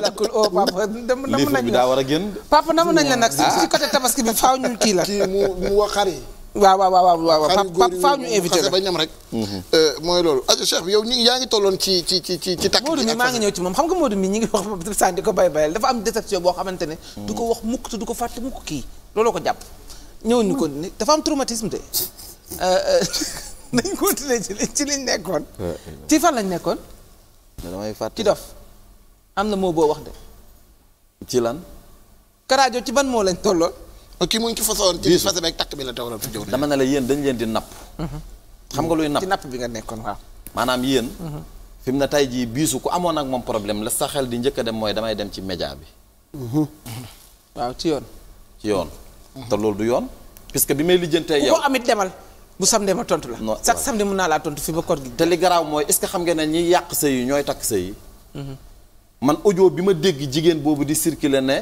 lakkul o oh, papa dem nam nañ daa a génn papa nam nañ la nag ah. si côté tabaski bi faaw ñu kii la kii mu wax xar yi waaw waaw waaw waaw papa faaw ñu invité la mhm. euh, mooy loolu aja cheikh bi yaa ngi tolloon ci ci ci ci ci takk Modou mi maa ngi ñëw ci moom xam nga Modou mi ñi ngi wax sànni ko bay bayal dafa am déception boo xamante ne mhm. du ko wax mukk te du ko fàtte mukk kii looloo ko jàpp ñëw ñu ko dafa am traumatisme de euh, nañ continuer ci liñ ci liñ nekkoon. Eh, eh. ci fan lañ nekkoon. damay fàtte ci dof. am na moo boo wax de. ci lan. karaajo ci ban moo lañ tolloo. Oh, kii mu ci fasoon ci fas takk bi la tawaloon fi a ne la yéen dañ leen di napp. Mm-hmm. xam nga luy napp ci bi nga nekkoon waaw. Ah. maanaam yéen. Mm-hmm. fi mu ne tey jii biisu ku amoon ak moom problème la sa xel di njëkk dem mooy damay dem ci média bi. Mm-hmm. waaw ci yoon. ci yoon. te loolu du yoon. puisque bi may lijjantee yow ku ko amit demal. bu samedi ma tontu la. non waaw chaque samedi mun naa laa tontu fi ba koor gi. te li garaaw mooy est ce que xam nga ne ñiy yàq sëy yi ñooy takk sëy yi. Mm-hmm. man audio bi ma dégg jigéen boobu di circuler ne.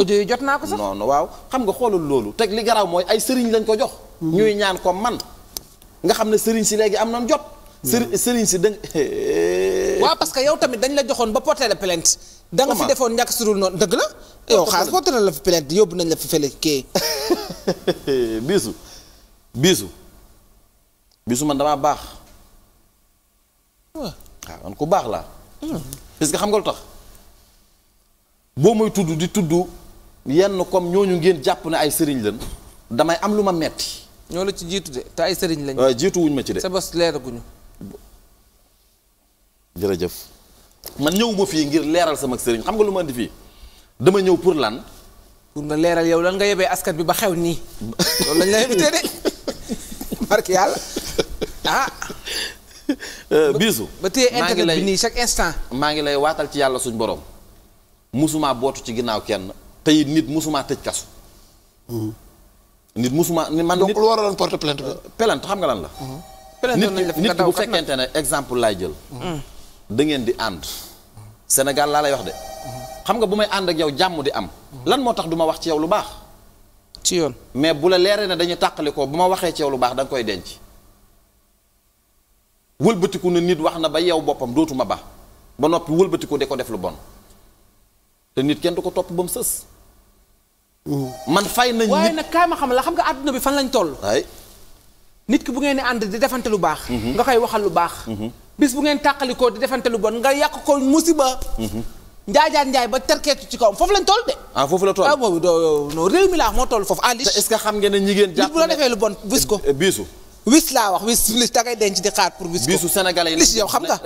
audio yi jot naa ko sax waaw xam nga xoolul loolu. teg li garaaw mooy ay sëriñ lañ ko jox. Mm-hmm. ñuy ñaan ko man. nga xam ne sëriñ si léegi am nañ jot. Mm-hmm. sëriñ si danga. waaw parce que yow tamit dañ la joxoon ba porté la plainte. da nga fi defoon ñàkk surul noonu dëgg la. yow xaas porté la fi plainte yóbbu nañ la fi fële kii. biisu biisu. bisu man damaa baax. Ah. waaw man ku baax laa. parce que xam nga lu tax boo mooy tudd di tudd yenn comme ñooñu ngeen jàpp ne ay sëriñ lañ damay am lu ma metti ñoo la ci jiitu de te ay sëriñ lañ. waaw jiitu wuñ ma ci de. sa bos leeraguñu. jërëjëf man ñëwuma fii ngir leeral sama sëriñ xam nga lu ma indi fii dama ñëw pour lan. pour nga leeral yow lan nga yebee askan bi ba xew nii. loolu lañ lay invité de barke yàlla. ah. Euh, bisu. ba téye internet bi nii chaque instant. maa ngi lay waatal ci yàlla suñ borom. musuma bootu ci ginnaaw kenn tey nit musuma tëj kasu. Hmm. nit musuma man. donc lu waraloon porte plainte bi. Euh, plainte xam nga lan la. Hmm. plainte nañ la fi bu fekkente ne exemple laay jël. Hmm. da ngeen di ànd. senegal laa lay wax de. xam nga bu may ànd ak yow jàmm di am. lan moo tax du ma wax ci yow lu baax. ci yoon mais bu la leeree na dañu tàqali ko bu ma waxee ci yow lu baax da koy denc. wëlbatiku na nit wax na ba yow boppam dootuma ba ba noppi wëlbatiku de ko def lu bon te nit kenn du ko topp ba mu sës. man fay nañ nit waaye nag kaay ma xam bi fan lañ toll. nit ki bu ngeen di ànd di defante lu baax. Mhm. nga koy waxal lu baax. Mhm. bis bu ngeen tàqalikoo di defante lu bon nga yàq ko musiba. Mhm. njaajaan njaay ba terkeetu ci kawam foofu lañ toll de. ah foofu la toll ah boobu doo non réew mi laa moo toll foofu. ah li xam ngeen ne ñi ngeen. jàpp nit bon bis ko biisu. wis laa wax wis lis da denc di xaar pour. wis ko bisu sénégalais yi lis yow xam nga.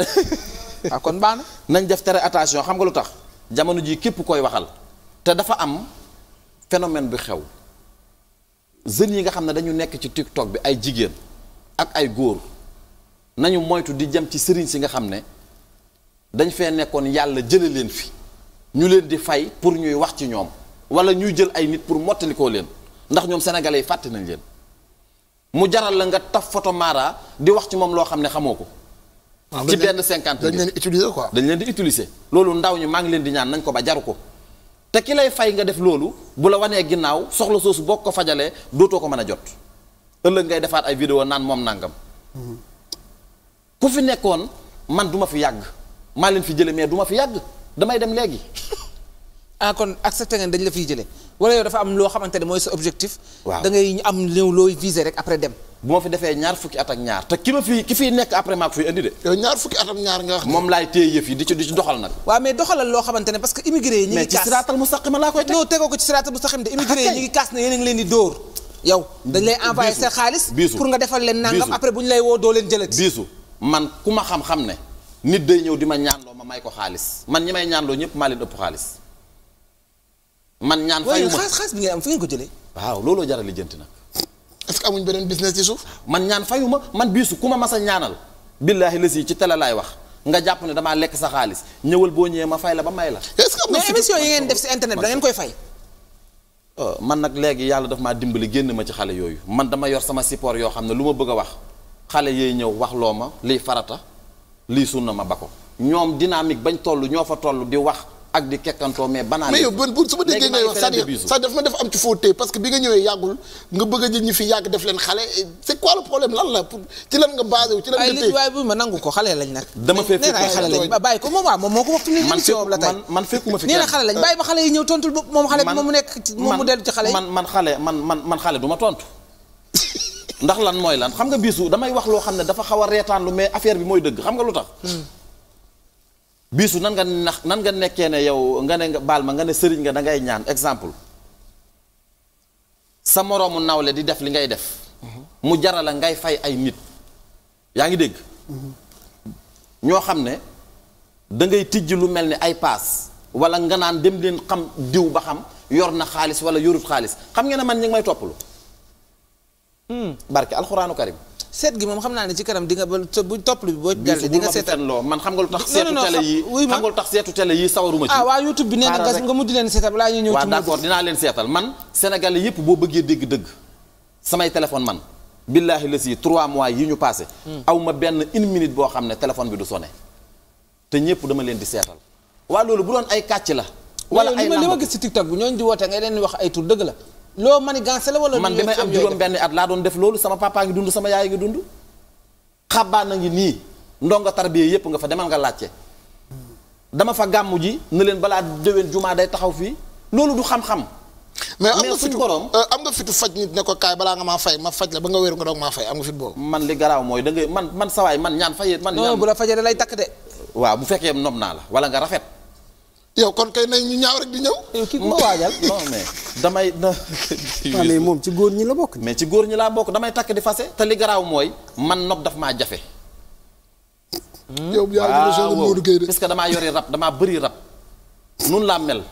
ah kon baax nañ def tere attention xam nga lu tax jamono ji képp koy waxal te dafa am phénomène bu xew jeunes yi nga xam ne dañu nekk ci TikTok bi ay jigéen ak ay góor nañu moytu di jëm ci sëriñ si nga xam ne dañ fee nekkoon yàlla jële leen fi ñu leen di fay pour ñuy wax ci ñoom wala ñuy jël ay nit pour mottalikoo leen ndax ñoom sénégalais yi fàtte nañ leen. mu jaral la nga taf photo Mara di wax ci moom loo xam ne xamoo ko. ci benn cinquante dañ leen di utiliser quoi. leen di utiliser loolu ndaw ñi maa ngi leen di ñaan nañ ko ba jaru ko te ki lay fay nga def loolu bu la wanee ginnaaw soxla soosu boo ko fajalee dootoo ko mën a jot ëllëg ngay defaat ay vidéo naan moom nangam. Mm-hmm. ku fi nekkoon man duma fi yàgg maa leen fi jëlee mais du ma fi yàgg damay dem léegi. ah kon accepté ngeen dañ la fiy jëlee. wala yow dafa am loo xamante ne mooy sa objectif. waaw da ngay am néew looy viser rek après dem. bu ma fi defee ñaar fukki at ak ñaar te ki ma fi ki fiy nekk après maa ko fiy indi de. ñaar laa koy teg. non tegoo ko ci siraatal mustaqim de immigré yi ñu ngi caas ne yéen a ngi leen di dóor. yow dañ lay envoyé sa xaalis. pour nga defal leen nangam après bu ñu lay woo doo leen jëlati. biisu man ku ma xam-xam ne nit day ñëw di ma ñaanloo ma may ko xaalis man ñi may ñaanloo ñëpp maa leen ëpp xaalis man ñaan fayu ma xaas bi ngay am fu ngeen ko looloo jaral lijjanti nag. est-ce que amuñ beneen business ci suuf. man ñaan fayu ma man biisu ku ma mas a ñaanal. billaahi la si ci tele laay wax nga jàpp ne damaa lekk sa xaalis ñëwal boo ñëwee ma fay la ba may la. est-ce que mais émission yi ngeen def si internet bi da koy fay. Oh, man nag léegi yàlla daf maa dimbali génn ma ci xale yooyu man dama yor sama support yoo xam ne lu ma bëgg a wax xale yee ñëw wax loo ma liy farata lii sunna ma ba ko ñoom dynamique bañ tollu ñoo fa toll di wax ak di kekkantoo mais. banaan mais yow bon su ma déggee ngay wax cest à ma def am ci fauté parce que bi nga ñëwee yàggul nga bëgg a jël ñi fi yàgg def leen xale c'est quoi le problème lan la pour bu ma nangu ko xale lañ nag. dama fee fekk ay xale lañ bàyyi na ba xale yi ñëw tontul bopp moom xale moom mu nekk moom mu dellu ci xale man man xale man xale du tontu ndax lan mooy lan xam nga biisu damay wax loo xam ne dafa xaw a reetaanlu mais affaire bi mooy dëgg xam nga lu tax hmm. biisu nan nga nax nan nga nekkee ne yow nga ne baal ma nga ne sëriñ nga dangay ñaan exemple sa moroomu nawle di def li ngay def mu jarala ngay fay ay nit yaa ngi dégg ñoo xam ne da ngay tijj lu mel ni ay paas wala nga naan dem leen xam diw ba xam yor na xaalis wala yorut xaalis xam ngeen ne man ñu ngi may toppalu hmm. barke alxuraanu karim seet gi moom xam naa ne ci kanam di nga ba bu topp bi boo jàllee di nga seetaan loo man xam nga lu tax seetu télé yi xam nga lu tax seetu télé yi sawaruma ci ah waaw YouTube bi nee na nga mujj leen seetal balaa ñu ñëw ci d'accord man sénégalais yëpp la si trois mois yi ñu passé hmm. aw ma benn une minute boo xam ne téléphone bi du sonné te ñëpp dama leen di seetal waa loolu bu doon ay kàcc la wala ay li ma gis ci TikTok bi ñooñu di woote nga leen wax ay tur dëgg la loo manigancé la wala man bi may am juróom benn at laa doon def loolu sama papa ngi dund sama yaay ngi dund xabaan na ngi nii ndongo tarbiya yépp nga fa demal nga laajte dama fa gàmmu ji ne leen balaa déwén jumaa day taxaw fii loolu du xam-xam mais am nga fitu borom euh, am nga fitu faj nit ne ko kaay balaa nga maa fay ma faj la ba nga wér nga doog maa fay am nga fit boobu man li garaaw mooy da ngay man man sawaay man ñaan fay man ñaan bu la fajee lay takk de waaw bu fekkee nopp naa la wala nga rafet yow kon kay nay ñu ñaaw rek di ñëw. Eh, kii ma waajal non mais damay. mais moom ci góor ñi la bokk. mais ci góor ñi laa bokk damay takk di fase te li garaaw mooy man nopp dafa maa jafe. Hmm? yow yaa ngi Modou Gueye de damaa yori rab damaa bëri rab. nun laa mel.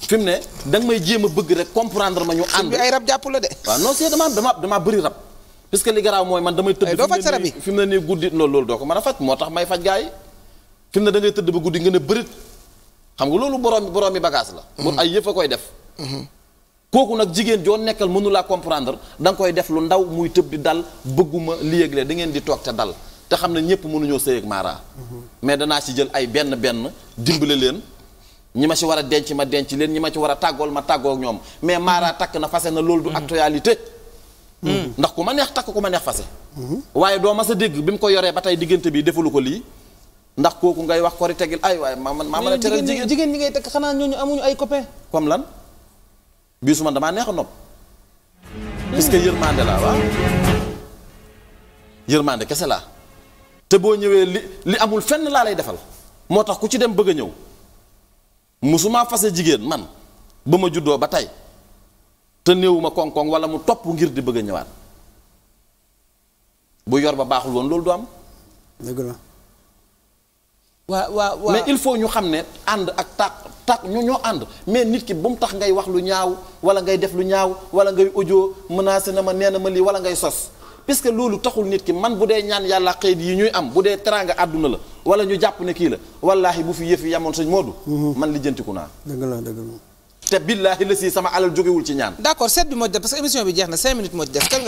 fi mu ne da may jéem a bëgg rek comprendre ma ñu ànd. bi ay rab jàpp la de. waaw non c'est dama dama damaa bëri rab. parce que li garaaw mooy man damay. tëdd fi mu ne nii guddi loolu loolu doo ko mën a faj moo tax may faj gaa yi. fi mu ne da tëdd ba guddi nga ne bërit xam nga loolu borom borom mi bagage la. loolu mm-hmm. ay yëf a koy def. Mm-hmm. kooku nag jigéen joo nekkal mënu laa comprendre da nga koy def lu ndaw muy tëb di dal bëgguma li yëgle da ngeen di toog te dal te xam ne ñëpp mënuñoo sëy ak Mara. Mm-hmm. mais danaa ci jël ay benn benn dimbale leen. ñi ma ci war a denc ma denc leen ñi ma ci war a tàggool ma tàggoog ñoom mais Mara takk na fase na loolu du actualité. ndax ku ma neex takk ko ma neex fase. waaye doo ma sa dégg bi mu ko yoree ba tey diggante bi defalu ko lii. ndax kooku ngay wax kori tegil ay waaye ma maa mën a teral jigéen jigéen ñi ngay takk xanaa ñooñu amuñu ay copain comme lan bii su damaa neex a nopp puisque yërmande la waaw yërmande kese laa te boo ñëwee li li amul fenn laa lay defal moo tax ku ci dem bëgg a ñëw musuma fase jigéen man ba ma juddoo ba tey te néewuma koŋ-koŋ wala mu topp ngir di bëgg ñëwaat bu yor ba baaxul woon loolu du am waa waa waa mais il faut ñu xam ne ànd ak tàq tàq ñu ñoo ànd mais nit ki bu mu tax ngay wax lu ñaaw wala ngay def lu ñaaw wala ngay audio menacé na ma nee na ma lii wala ngay sos puisque loolu taxul nit ki man bu dee ñaan yàlla xëyit yi ñuy am bu dee teraanga àdduna la wala ñu jàpp ne kii la wallaahi bu fi yëf yi yamoon sëñ Modou. Mhm. man lijjantiku naa. dëgg la dëgg la. te billaahi la si sama alal jógewul ci ñaan. d' accord seet bi moo ci def parce émission bi jeex na 5 minutes moo ci def kan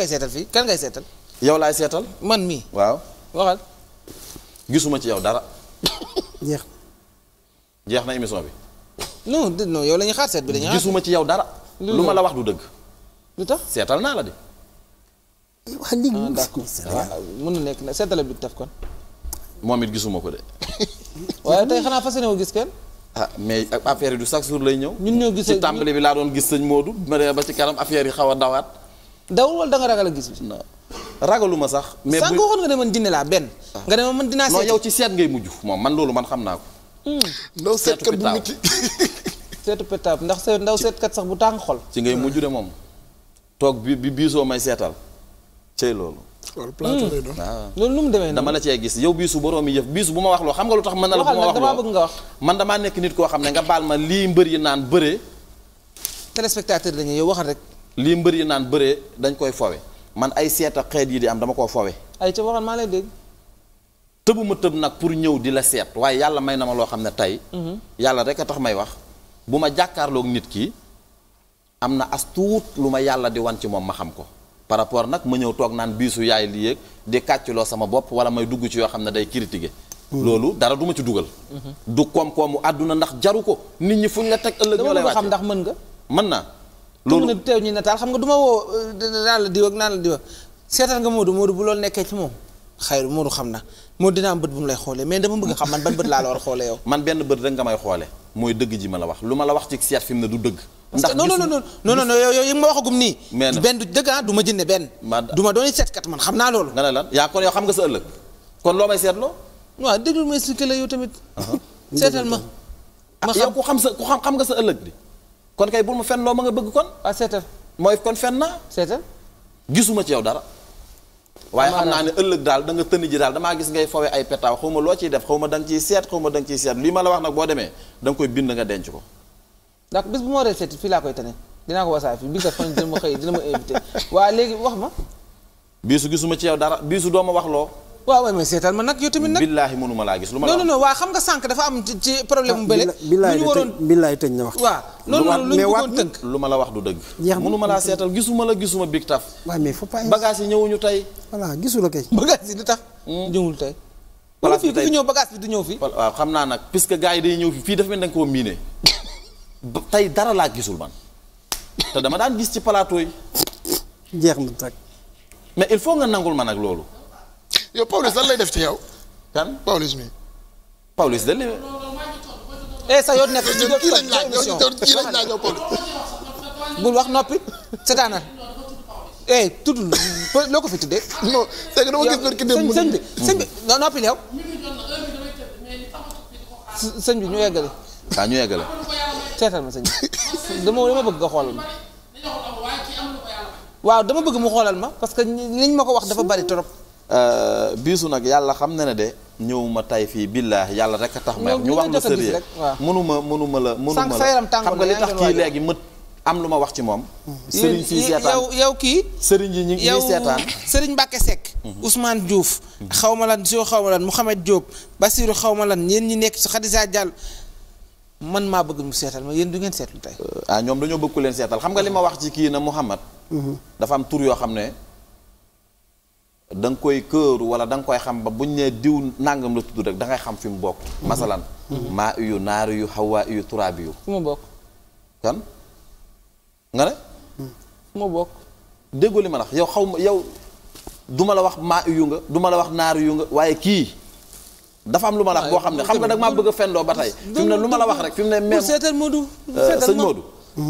kan ngay seetal. yow laay seetal. man mii waaw waxal. gisuma ci yow dara jeex na. jeex na émission bi. non non yow la ñuy xaar seet bi dañuy xaar gisuma ci yow dara. lu ma la wax du dëgg. lu tax seetal naa la de. wax ah, dëgg mën na nekk seetale bi taf kon. moom it gisuma ko de. waaye tey xanaa fas yéene gis kenn. ah mais affaire yi du chaque jour lay ñëw. ñun ñoo gis ci tàmbali bi laa doon gis sëñ Modou. ma ba ci kanam affaire yi xaw a dawaat. dawul wala da nga ragal a gis. non ragaluma sax. mais bu waxoon nga ne man jinne laa benn. Ah. nga man dinaa seet. yow ci seet ngay mujj moom man loolu man xam naa ko. Hmm. ndaw seetkat bu mucc seetu pétaaw ndax seet ndaw seet kat sax bu tàng xol. ci ngay mujj de moom toog bi bi biisoo may seetal cey loolu. loolu plateau lay doon hmm. loolu nu mu demee dama la cee gis yow biisu boroomi yëf biisu bu ma wax loo xam nga lu tax mën na la bu ma wax man damaa nekk nit koo xam ne nga baal ma lii mbër yi naan bëree téléspectateur dañuy yow waxal rek lii mbër yi naan bëree dañ koy fowe man ay seet xeet yi di am dama koo fowe ay ca waxal maa lay dégg tëbuma tëb nag pour ñëw di la seet waaye yàlla may na ma loo xam ne tey mhm. yàlla rekk a tax may wax bu ma jàkkaarloog nit ki am na as tuut lu ma yàlla di wan ci moom ma xam ko par rapport nag ma ñëw toog naan biisu yaay li yéeg di kàcculoo sama bopp wala may dugg ci yoo xam ne day critiquer mmh. loolu dara duma ci dugal mhm. du koom-koomu àdduna ndax jaru ko nit ñi fuñ la teg ëllëg ñoo lay xam ndax mën nga mën naa loolu nga teew ñi xam nga du ma woo euh, naan la diw ak seetal nga Modou Modou bu loolu nekkee ci moom xayru Modou xam na Modou dina am bët bu mu lay xoolee mais dama bëgg xam man ban bët laa la war a xoolee yow man benn bët rek nga mooy dëgg ji ma la wax lu ma la wax ci seet fi mu ne du dëgg ndax non non non non non yow yow benn du ah, du ma jënde benn du ma doon seetkat man xam naa loolu nga ne lan yaa kon yow xam nga sa ëllëg kon loo may seetloo waaw déglu ma expliqué la yow tamit uh-huh. seetal ma ma ah, xam ku xam sa xam xam nga sa ëllëg di kon kay bul ma fen loo ma nga bëgg kon. ah seetal mooy kon fen naa. seetal gisuma ci yow dara. waaye xam naa ne ëllëg daal da nga tënni ji daal damaa gis ngay fawee ay petaaw xaw ma loo ciy def xaw ma da nga ciy seet xaw ma da nga seet lii ma la wax nag boo demee da nga koy bind nga denc ko. ndax bis bu ma waree seeti fii laa koy tane dinaa ko wasaare fii biir sax fan dina ma xëy dina ma invité waa léegi wax ma. biisu gisuma ci yow dara biisu doo ma wax loo waaw waaye mais seetal ma nag yow tamit nag. billaahi mënuma laa gis lu ma la non waa xam nga sànq dafa am ci problème mu ah, bële. lu ñu waroon billaahi tëj na wax. waaw loolu lu tënk lu ma la wax du dëgg. jeex mënuma laa seetal gisuma la gisuma big taf. waaw mais faut pas bagage yi ñëwuñu tey. voilà gisu la kay. Hmm? bagage tax. Hmm? ñëwul tey. place bi tey fii du bi du ñëw fii. waaw xam naa nag puisque gars yi day ñëw fii fii dafa mel ni da nga koo tey dara laa gisul man te dama daan gis ci plateau jeex na tak mais il faut nga nangul ma nag loolu yow Pawlish lay def ci yow. kan Pawlish mi. Pawlish eh, nekk bul wax noppi seetaanal. eh tudd loo ko fi tuddee. non c'est que bi mm. sëñ bi noppi yow. sëñ bi ñu yeggale. waaw ah, ñu yeggale. seetal ma sëñ bi dama bëgg nga xoolal ma. waaw dama bëgg mu xoolal ma parce que liñ ma ko wax dafa bari trop. Euh, biisu nag yàlla xam na ne de ñëwuma tay fii billaahi yàlla rek a tax ma ñu wax la sérieux mënuma mënuma la mënuma la xam nga li tax kii léegi mët am lu ma wax ci moom mm-hmm. sëriñ fii seetaan yow kii sëriñ yi ñu ngi seetaan sëriñ Mbacke Seck mm-hmm. Ousmane Diouf mm-hmm. xaw ma lan sio xaw ma lan Mouhamed Diop Basirou xaw ma lan ñeen ñi nekk si Khadija Diallo man maa bëgg mu seetal ma yéen du ngeen seetlu tey euh, ah ñoom dañoo bëgg ku leen seetal xam nga li ma wax ci kii na mu Mouhamed dafa am tur yoo xam ne da koy këru wala da koy xam ba buñ nee diw nàngam la tudd rek da xam fi mu bokk. masalan. maa uyu naaru yu xawaa uyu turaabi yu. fu mu bokk. kan nga ne. fu mu bokk. déggoo li ma wax yow xaw ma yow du la wax maa uyu nga duma la wax naaru yu nga waaye kii. dafa am lu ma la wax boo xam ne xam nga nag maa bëgg a fendoo ba tey. fi ne lu ma la wax rek fi mu ne. même seetal Modou. Euh, seetal sëñ Modou.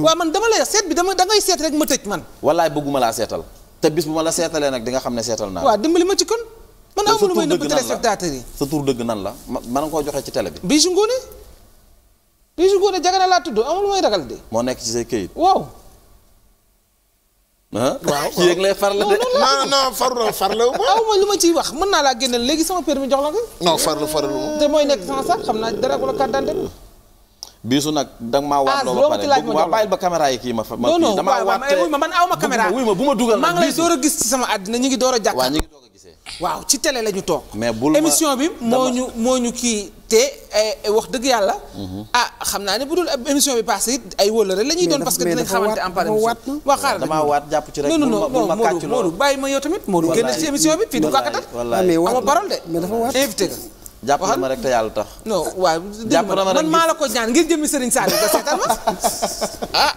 waaw man dama lay seet bi dama da seet rek ma tëj man. wallaay bëgguma laa seetal. te bis bu ma la seetalee nag di nga xam ne seetal naa waaw dimbali ma ci kon a amul may nëbb téléspectateurs yi sa tur dëgg nan la man nga koo joxe ci télé bi Bijou Ngoné Bijou Ngoné jagana laa tudd amul may ragal de moo nekk ci say këyit waaw ah ci yëg far farle far non ma lu wax mën naa laa génneel léegi sama permis jox la nga. te mooy nekk sans sax xam naa dara wala carte d'identité biisu nag danga maa waat ah, loo ba bàyyil ba caméra yi kii ma fa ma kii damaa eh, a gis ci a jàkk waaw ngi door a gisee waaw ci télé la ñu toog mais bul émission bi moo ñu moo ñu kii eh, mhm. ah, waat jàpp ci rek non non non ma yow tamit Modou génn ci émission bi fii du kàkkatal ama parole de jàpp ma rek te yàlla tax. non waaw jàpp na rek man maa la ko ñaan ngir jëmmi Serigne Saliou nga seetal ma. ah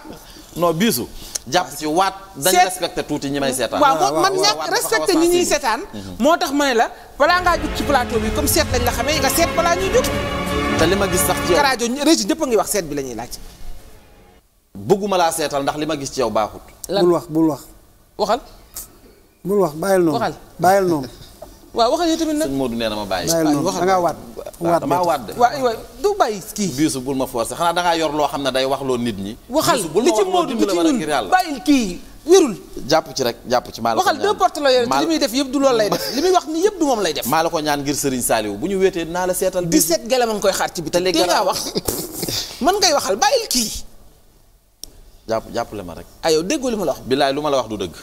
non biisu. jàpp ci waat dañ respecté tuuti ñi may seetaan. waaw man ñàkk respecté ñi ñuy seetaan. Mhm. moo tax ma ne la balaa ngaa jug ci plateau bi comme seet lañ la xamee nga seet balaa ñuy jug. te li ma gis sax ci yow Karajo régi ñëpp a ngi wax seet bi lañuy ñuy bëgguma laa seetal ndax li ma gis ci yow baaxut. bul wax bul wax. waxal. bul wax bàyyil noonu waaw waxal yow tamit nag moo Modou nee na ma bàyyi. da ngaa waat waat damaa waat de. waaw du bàyyi kii. biisu bul ma forcé xanaa da ngaa yor loo xam ne day wax loo nit ñi. waxal li ci Modou li ci ñun bàyyil kii wérul. jàpp ci rek jàpp ci maa la ko ñaan waxal deux muy def yëpp du loolu lay def wax yëpp du lay def. maa ko ñaan ngir Serigne Saliou bu ñu wéetee naa la seetal. biir 17 gele ma ngi koy xaar ci bi te léegi ngaa wax man ngay waxal bàyyil kii. jàpp jàpp jàppale ma rek. aywa déggoo li ma la wax. bilaay lu ma la wax du dëgg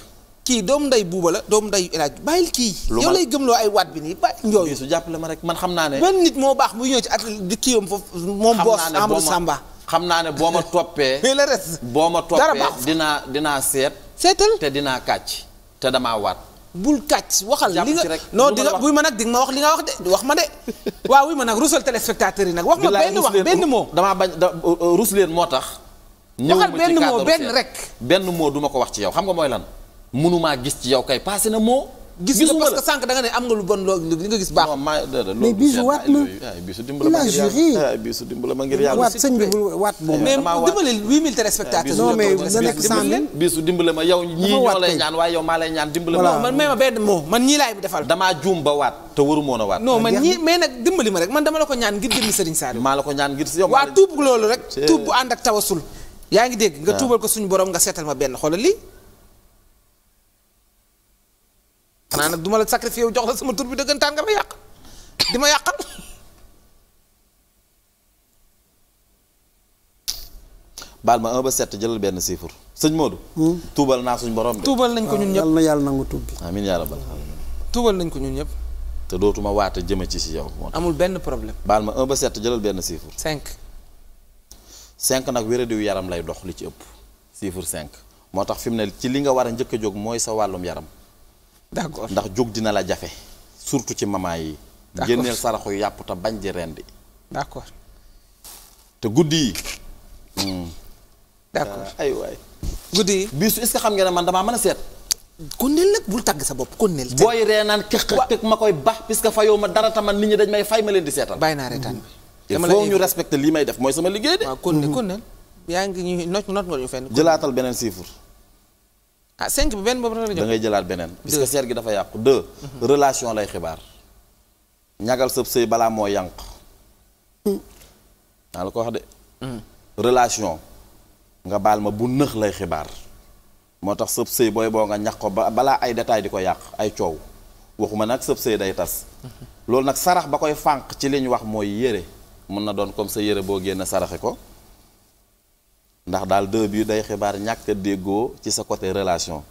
kii doomu nday buuba la doomu nday El Hadj bàyyil kii. yow lay gëmloo ay waat bi nii ba ñooñu. su jàppale ma rek man xam naa ne. benn nit moo baax muy ñëw ci at di kii am foofu. moom boos Amadou Samba xam naa ne boo ma toppee. mais boo ma toppee dinaa dinaa seet. seetal dinaa kàcc te damaa waat. bul kàcc waxal li nga non di nga buy ma nag di nga ma wax nga wax de wax ma de waaw wuy ma nag rusal téléspectateur yi nag wax ma benn wax benn moo damaa bañ rus leen moo tax ñëwul ma ci waxal benn moo rek benn moo du ma ko wax ci yow xam nga mooy lan mënumaa gis ci yow kay passé na moo. gis nga parce que sànq da nga ne am nga lu bon loolu li nga gis baax. non maa mais bisu waat na il a juré bisu dimbala ma ngir yàlla waat sëñ bi bul waat boobu. mais dimbali 8000 téléspectateurs. non mais na nekk 100000 bisu dimbala ma yow ñii ñoo lay ñaan waaye yow maa lay ñaan dimbala ma. man may ma benn moo man ñii laay defal. damaa juum ba waat te waru moon a waat. non ah, man ñii mais nag dimbali ma rek man dama la ko ñaan ngir jëmmi Serigne Saliou. maa la ko ñaan ngir si yow. waa tuub loolu rek tuub bu ànd ak tawasul yaa ngi dégg nga ah. tuubal ko suñu borom nga seetal ma benn xoolal lii xanaa nag duma la sacrifié wu jox la sama tur bi dëggantaan nga ma yàq di ma yàqal baal ma 1 ba 7 jëlal benn chiffre sëñ Modou. Hmm? tuubal naa suñ borom tuubal nañ ko ñun ñëpp na yàlla nangu tuub bi. amiin yaa tuubal nañ ko ñun ñëpp. te dootuma waata a ci si yow. amul benn problème. baal ma 1 ba 7 jëlal benn chiffre. cinq cinq nag wéradiw yaram lay dox li ci ëpp. chiffre 5 moo tax fi mu ne ci li nga war a njëkk a jóg mooy sa wàllum yaram. d'accord ndax jóg dina la jafe surtout ci mama yi génneel saraxu yàpp te bañ di rendi d'accord te guddi yi hmm. d'accord ah, ay waay guddi yi biisu est-ce que xam nga man damaa mën a seet kon nel nag bul tàgg sa bopp kon nel booy reenaan këq këq ma koy bax puisque fayoo ma dara taman nit ñi dañ may fay ma leen di seetal bàyyi naa reetaan bi il faut ñu respecter lii may def mooy sama liggéey de waaw kon nel kon yaa ngi ñuy not not nga ñu fenn jëlaatal beneen chiffre ah cinq bi benn boobu rek la jox da ngay jëlaat beneen. puisque seet gi dafa yàqu deux. Mm-hmm. relation lay xibaar. ñagal sëb sëy balaa moo yànq. Mm. naa la ko wax de. Mm. relation. nga baal ma bu nëx lay xibaar. moo tax sëb sëy booy boo nga ñax ko ba balaa ay détails di ko yàq ay coow waxuma nag sëb sëy day tas. Mm-hmm. loolu nag sarax ba koy fànq ci li ñu wax mooy yére. mun na doon comme sa yére boo génn saraxe ko. ndax daal deux bi day xibaar ñàkk a déggoo ci sa coté relation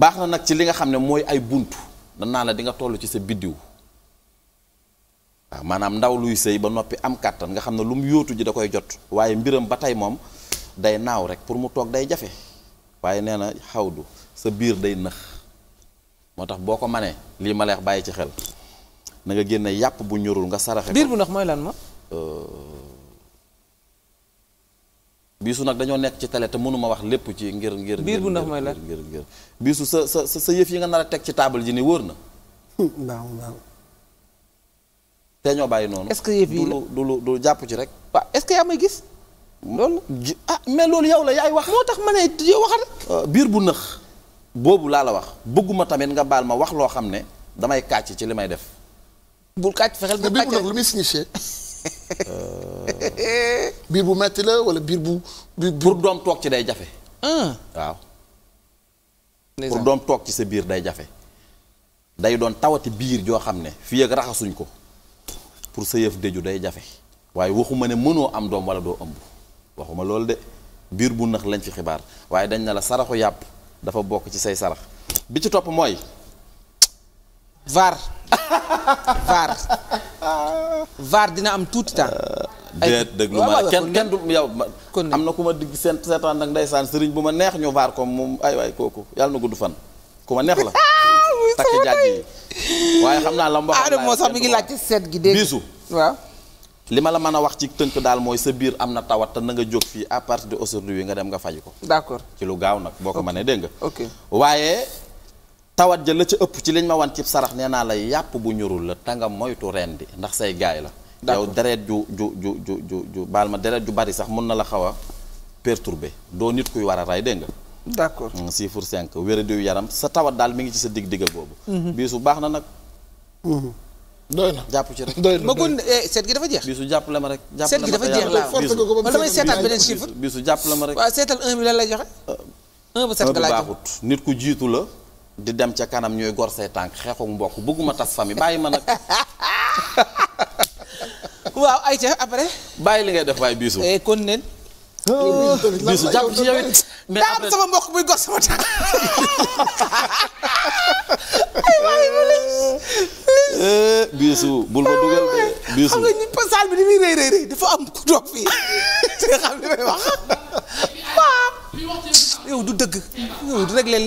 baax na nag ci li nga xam ne mooy ay bunt danaa la di nga toll ci sa biddiw waaw maanaam ndaw luy sëy ba noppi am kàttan nga xam ne lu mu yóotu ji da koy jot waaye mbiram ba tey moom day naaw rek pour mu toog day jafe waaye nee na xawdu sa biir day nëx moo tax boo ko manee lii ma leex bàyyi ci xel na nga génne yàpp bu ñorul nga saraxe biir bu nëx mooy lan ma euh, biisu nag dañoo nekk ci télé te mënuma wax lépp ci ngir ngir biir bu ndax mooy la ngir ngir biisu sa sa sa yëf yi nga nar a teg ci table ji ni wóor na bàyyi noonu est-ce que yëf yi du lu ci rek waaw ce que may gis mm. loolu ah mais loolu yow la yaay wax moo tax ma ne yow waxal euh, biir bu nëx boobu laa la wax bëgguma tamit nga baal ma wax loo xam ne damay kàcc ci li may def bul kàcc fexeel bu kàcc lu muy signifier Euh. biir bu metti la wala biir bu. biir pour doom toog ci day jafe. Ah. waaw. pour doom toog ci sa biir day jafe. day doon tawati biir joo xam ne fii ak raxasuñ ko pour sa yëf déju day jafe. waaye waxuma ne mënoo am doom wala doo ëmb waxuma loolu de biir bu nax lañ fi xibaar waaye dañ ne la saraxu yàpp dafa bokk ci say sarax bi ci topp mooy. VAR. VAR. VAR dina am tuuti temps. ay déglu ma kenn kenn du yow. kon am na ku ma digg seen seetaan nag ndeysaan sëriñ bu ma neex ñu VAR ko moom ay waay kooku yàlla na gudd fan ku ma neex la. Ah, takk jàgg yi xam naa la mboq. aadama moo sax mi ngi laajte seet gi dégg bisu waaw. li ma la mën a wax ci tënk daal mooy sa biir am na tawat te na nga jóg fii à partir de aujourd'hui nga dem nga faj ko. d'accord ci lu gaaw nag boo ko mënee dégg nga. ok waaye. tawat ja la ca ëpp ci liñ ma wan cib sarax nee naa la yàpp bu ñurul la tanga moytu rendi ndax say gaay la yow deret ju ju ju ju ju ju ma deret la xaw a a rey dégg nga d'accord chiffre mm, cinq wéradiw yaram sa tawat daal mi ngi ci sa dig digal boobu mhm. biisu baax na nag mhm. doy na jàpp ci rek doy na bëggoon eh, seet gi dafa jeex biisu jàppale ma rek seet gi dafa jeex laa man damay seetaat beneen chiffre biisu ma rek waaw seetal un bi lan lay joxe euh, un ba seet nga laa baaxut nit ku jiitu la di dem ca kanam ñooy gor say tànk xeexu mbokk bëgguma tas famille bàyyi ma nag. waaw ayca après. bàyyi li ngay def waaye biisu. Eh, kon neen. Oh, oh. biisu jàpp ci yow it. mais après sama mbokk buy gor sama tànk. Eh, biisu bul ma dugal de biisu. xam nga ñi saal bi ni muy rëy rëy rëy dafa am ku toog fii te xam li may wax. waaw. yow du dëgg. yow du rek leen.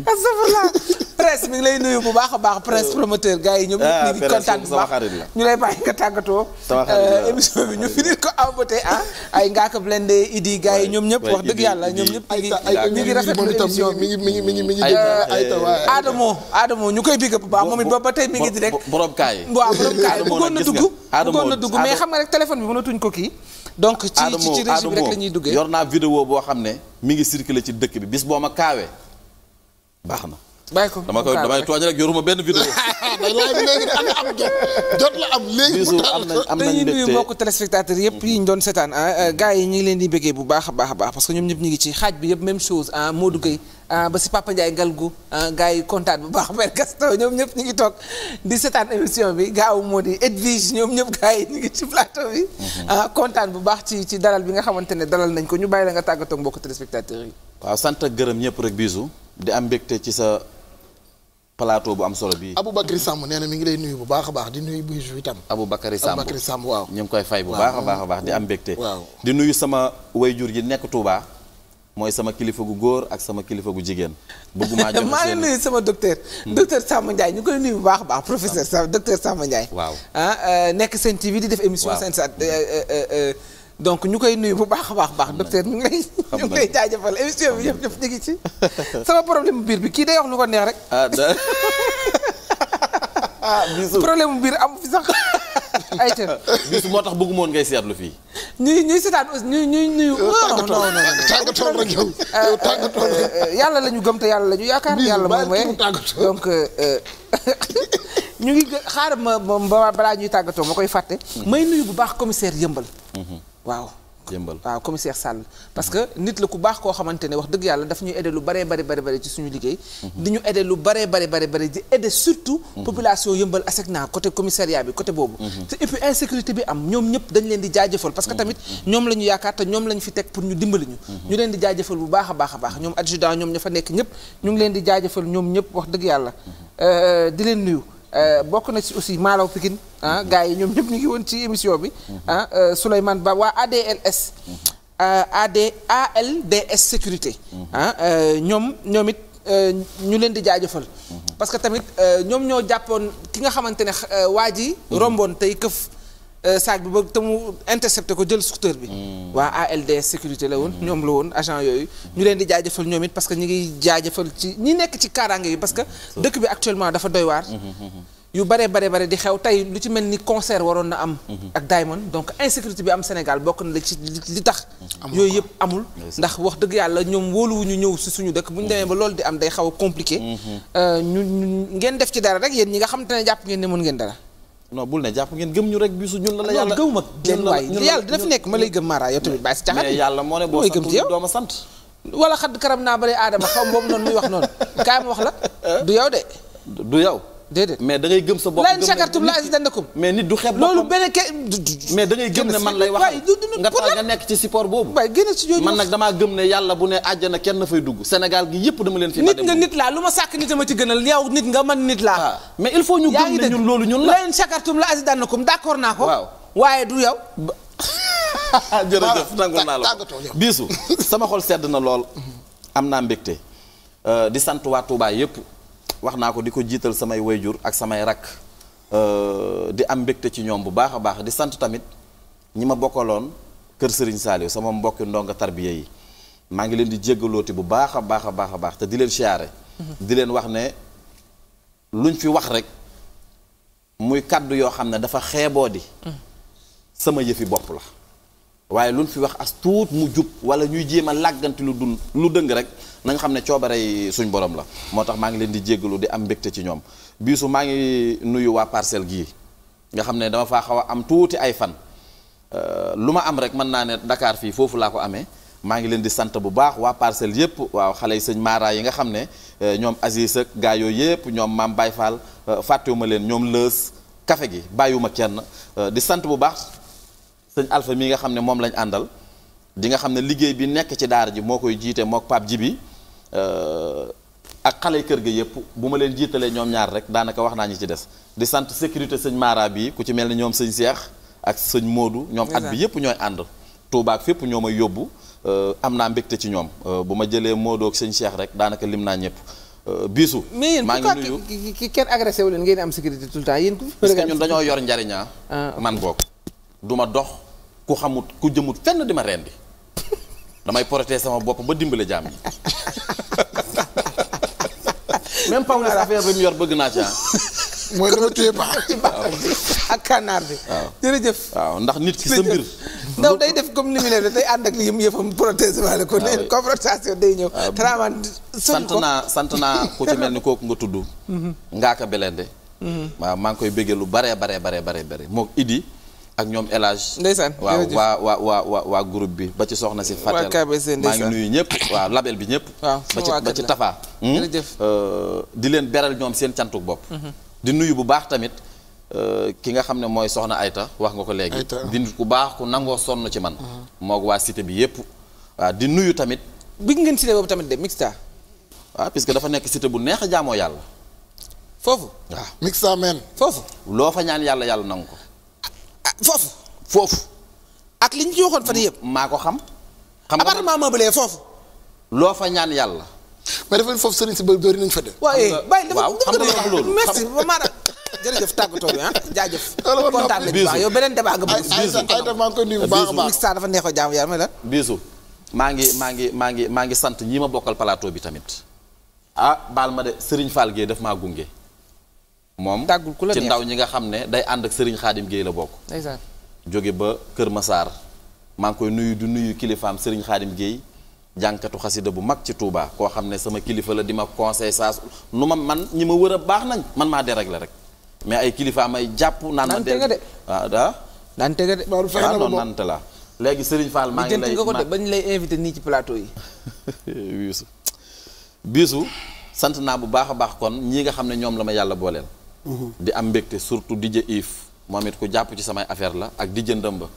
astafurlah presse mi lay nuyu bu baax a baax presse euh, promoteur gars yi ñoom ñëpp ah, ñu ngi kontaan bu baax ñu lay bàyyi tàggatoo euh, émission ñu finir ko emboté ah ay Ngaaka Blindé Idi gars yi ñoom ñëpp dëgg yàlla ñoom ñëpp ñu ngi rafetlu émission bi mi ngi mi ngi mi ngi Adamo Adamo ñu koy big bu baax moom it boobu ba tey mi ngi di rek borom kaay waaw borom kaay bëggoon na dugg na dugg mais xam nga rek téléphone bi mënatuñ ko kii donc ci ci ci régie bi rek la ñuy duggee yor naa vidéo boo xam ne mi ngi circulé ci dëkk bi bis boo ma kaawee baax na. bàyyi ko dama koy damay tooñ rek benn vidéo. day laaj na am jot la am léegi. bisu am nañ am nañ mbégte nuyu mbokku téléspectateurs yëpp yi ñu doon seetaan ah, ah gars yi ñu ngi leen di béggee bu baax a baax a baax parce ñoom ñëpp ñu ngi ci xaaj bi yëpp même chose ah Modou Gueye ah, ba si Papa Ndiaye Ngalgu ah, kontaan bu baax Père Gaston ñoom ñëpp ñu ngi toog di seetaan émission bi gaaw moo di Edwige ñoom ñëpp gars yi ñu ngi ci plateau bi. Mhm. kontaan bu baax ci ci dalal bi nga xamante ne dalal nañ ko ñu bàyyi la nga tàggatoo mbokk téléspectateurs yi. waaw sant ak gërëm ñëpp rek bisu di am mbégte ci sa palaato bu am solo bi Aboubacry Samb nee na mi ngi lay nuyu bu baax a baax di nuyu bu ju itam Aboubacry Samb Aboubacry Samb waaw ñu ngi koy fay bu baax a baax a baax di am mbégte di nuyu sama wayjur yi nekk Touba mooy sama kilifa gu góor ak sama kilifa gu jigéen bëgguma jox maa ngi nuyu sama docteur hmm. docteur Samba Ndiaye ñu koy nuyu bu baax a baax professeur docteur Samba Ndiaye waaw ah, euh, nekk seen TV di def émission seen sa euh, euh, donc ñu koy nuyu bu baax a baax baax docteur ñu ngi lay ñu ngi lay jaajëfal émission bi yëpp ñu ngi ci sama problème biir bi kii day wax lu ko neex rek ah, ah bisu problème biir am fi sax ayca. bisu moo tax bëgguma woon ngay seetlu fii. ñuy ñuy seetaan ñuy ñuy yàlla la ñu te yàlla la ñu yaakaar. yàlla moom mooy donc. Euh, euh, ñu ngi xaaral ma ma balaa ñuy tàggatoo ma koy fàtte. Hmm. may nuyu bu baax commissaire yëmbal. Hmm, hmm. waaw jëmbal waaw commissaire Sall parce que nit la ku baax koo xamante ne wax dëgg yàlla daf ñu aider lu baree bari bari bari ci suñu liggéey mhm. di ñu aider lu baree bari bari bari di aider surtout mhm. population yëmbal ASECNA côté commissariat bi côté boobu mhm. te et puis insécurité bi am ñoom ñëpp dañ leen di jaajëfal parce que tamit ñoom lañu yaakaar te ñoom la ñu fi teg pour ñu dimbali ñu ñu leen di jaajëfal bu baax a baax a baax ñoom adjudant ñoom ña fa nekk ñëpp ñu ngi leen di jaajëfal ñoom ñëpp wax dëgg yàlla euh, di leen nuyu Euh, bokk na ci aussi Malaw Pikine ah gars yi ñoom ñëpp ñu ngi woon ci émission bi ah euh, Souleymane Ba waa ADLS euh, AD ALDS sécurité ah, ñoom ñoom it ñu leen di jaajëfal mhm. parce que tamit ñoom ñoo jàppoon ki nga xamante ne waa ji romboon tey këf Euh, saag bi ba te mu intercepté ko jël scooter bi. Hmm. waa ALD sécurité la woon. ñoom la woon agent yooyu. ñu leen di jaajëfal ñoom it parce que ñi ngi jaajëfal ci ñi nekk ci kaaraange yi parce que. Hmm. dëkk bi actuellement dafa doy waar. Hmm, yu bare bare bare di xew tey lu ci mel ni concert waroon na am. ak Diamond donc insécurité bi am Sénégal bokk na la ci li tax. yooyu yëpp amul. ndax wax dëgg yàlla ñoom wóoluwuñu ñëw si suñu dëkk. bu ñu demee ba loolu am day xaw a compliqué. Euh, ñu ngeen def ci dara rek yéen ñi nga xamante ne jàpp ngeen ne mën ngeen dara. no bul ne jàpp ngeen gëm ñu rek bisu ñun la la yàlla gëw ma leen waay yàlla dina fi nekk ma lay gëm Mara yow tamit bàyyi si caxat mais yàlla moo ne boo gëm ci yow doo ma sant wala xadd karam naa bari aadama xaw moom boobu noonu muy wax noonu kaay ma wax la euh? du yow de du yow déedéet mais da ngay gëm sa bopp. lan shakartum la azidannakum mais nit du xeeb loolu benn mais da gëm ne man lay wax nga tax nga nekk ci support boobu waay man nag damaa gëm ne yàlla bu ne àjjana kenn na fay dugg Sénégal gi yëpp dama leen fi nit nga nit laa lu ma sàkk nit ma ci gënal yow nit nga man nit laa ah, mais il faut ñu gëm ne ñun loolu ñun la lan shakartum la azidannakum d'accord naa ko waaw waaye du yow jërëjëf nangul naa la biisu sama xol sedd na lool am naa mbégte euh, di sant baay Touba yëpp wax naa ko di ko jiital samay wayjur ak samay rakk euh, di am mbégte ci ñoom bu baax a baax di sant tamit ñi ma bokkaloon kër Serigne Saliou sama mbokki ndonga tarbiya yi maa ngi leen di jéggalooti bu baax a baax a baax a baax te di leen siyaare mhm. di leen wax ne luñ fi wax rek muy kàddu yoo xam ne dafa xeeboo di mhm. sama yëfi bopp la waaye luñ fi wax as tuut mu jub wala ñuy jéem a làgganti lu dun lu dëng rek na nga xam ne coobarey suñ borom la moo tax maa ngi leen di jéggalu di am mbégte ci ñoom biisu maa ngi nuyu waa parcelle gii nga xam ne dama fa xaw a am tuuti ay fan euh, lu ma am rek mën naa ne ndakaar fii foofu laa ko amee maa ngi leen di sant bu baax waa parcelle yëpp waaw xale yi sëñ Mara yi nga xam ne euh, ñoom asi ak gaa yooyu yëpp ñoom Maam Baye Fall euh, fàttewuma leen ñoom lës kafe gi bàyyiwuma kenn di sant bu baax sëñ Alpha mii nga xam ne moom lañu àndal di nga xam ne liggéey bi nekk ci daara ji moo koy jiite mook Pape Jibi euh, ak xale kër ga yëpp bu ma leen jiitalee ñoom ñaar rek daanaka wax naa ñu ci des di sant sécurité sëñ Mara bi ku ci mel ni ñoom sëñ Seex ak sëñ Moodu ñoom at bi yëpp ñooy ànd Tuubaa ak fépp ñoo may yóbbu euh, am naa mbégte ci ñoom euh, bu ma jëlee Moodu sëñ Seex rek daanaka lim naa ñëpp biisu maa ngi nuyu mais yéen kenn agressé wu leen ngeen am sécurité tout le temps que ñun dañoo yor njariñaa ah. ah, man du ma dox ku xamut ku jëmut fenn di ma rendi damay protéger sama bopp ba dimbale jaam yi même Paw Ndas affaire bi mu yor bëgg naa ci ah. mooy dama téye baax ak ni mu ne day ànd ak yëm yëfam protégé wala ko ah neen confrontation day ñëw ah, traman sant naa sant naa ku ci mel ni kooku nga tudd mhm. ngaaka belende mhm. waaw maa ngi koy béggee lu baree baree baree baree bare mook idi ak ñoom élage ndeysaan waaw waa waa waa waa groupe bi ba ci soxna si Fatel maa ngi nuyu ñëpp waaw label bi ñëpp ba ci ba ci Tafa hmm? euh, di leen beral ñoom seen cantuk bopp mhm. di nuyu bu baax tamit euh, ki nga xam ne mooy soxna Ayta wax nga ko léegi di ku baax ku nangoo sonn ci man mhm. moo waa cité bi yëpp waaw di nuyu tamit bi ngeen cité boobu tamit de mixta waaw puisque dafa nekk cité bu neex a jaamoo yàlla foofu waaw mixta men foofu loo fa ñaan yàlla yàlla nangu ko ah foofu. foofu ak li ñu ci waxoon fan yëpp. maa ko xam. xam nga appartement meublé foofu. loo fa ñaan yàlla. mais dafa foofu sëriñ si bëri doori nañ fa dem. waaye bàyyi dafa xam nga wax loolu merci ba maanaam jërëjëf tàggatoo bi ah jaajëf. kontaan nañu baax yow beneen débat nga bëgg. bisu ay maa ngi koy nuyu bu a baax. mixta maa ngi maa ngi maa ngi maa ngi sant ñii ma bokkal palaatoo bi tamit. ah baal ma de Serigne Fall Gueye daf maa gunge. moom tàggul ku la ci ndaw ñi nga xam ne day ànd ak Serigne Khadim Gueye la bokk. exact jóge ba Kër Massar maa ngi koy nuyu du nuyu kilifaam Serigne Khadim Gueye jànkatu xasida bu mag ci Touba koo xam ne sama kilifa la di ma conseil saa nu ma man ñi ma wër a baax nañ man maa dérégle rek mais ay kilifaam ay jàpp. naan ma dégg de ah ah. naan tega de loolu fexe na ah, non nante la léegi Serigne Fall maa ngi lay nga ko lay invité nii ci plateau yi. biisu biisu sant naa bu baax a baax kon ñii nga xam ne ñoom la ma yàlla booleel. di am mbégte surtout DJ If moom it ku jàpp ci samay affaire la ak DJ Ndëmba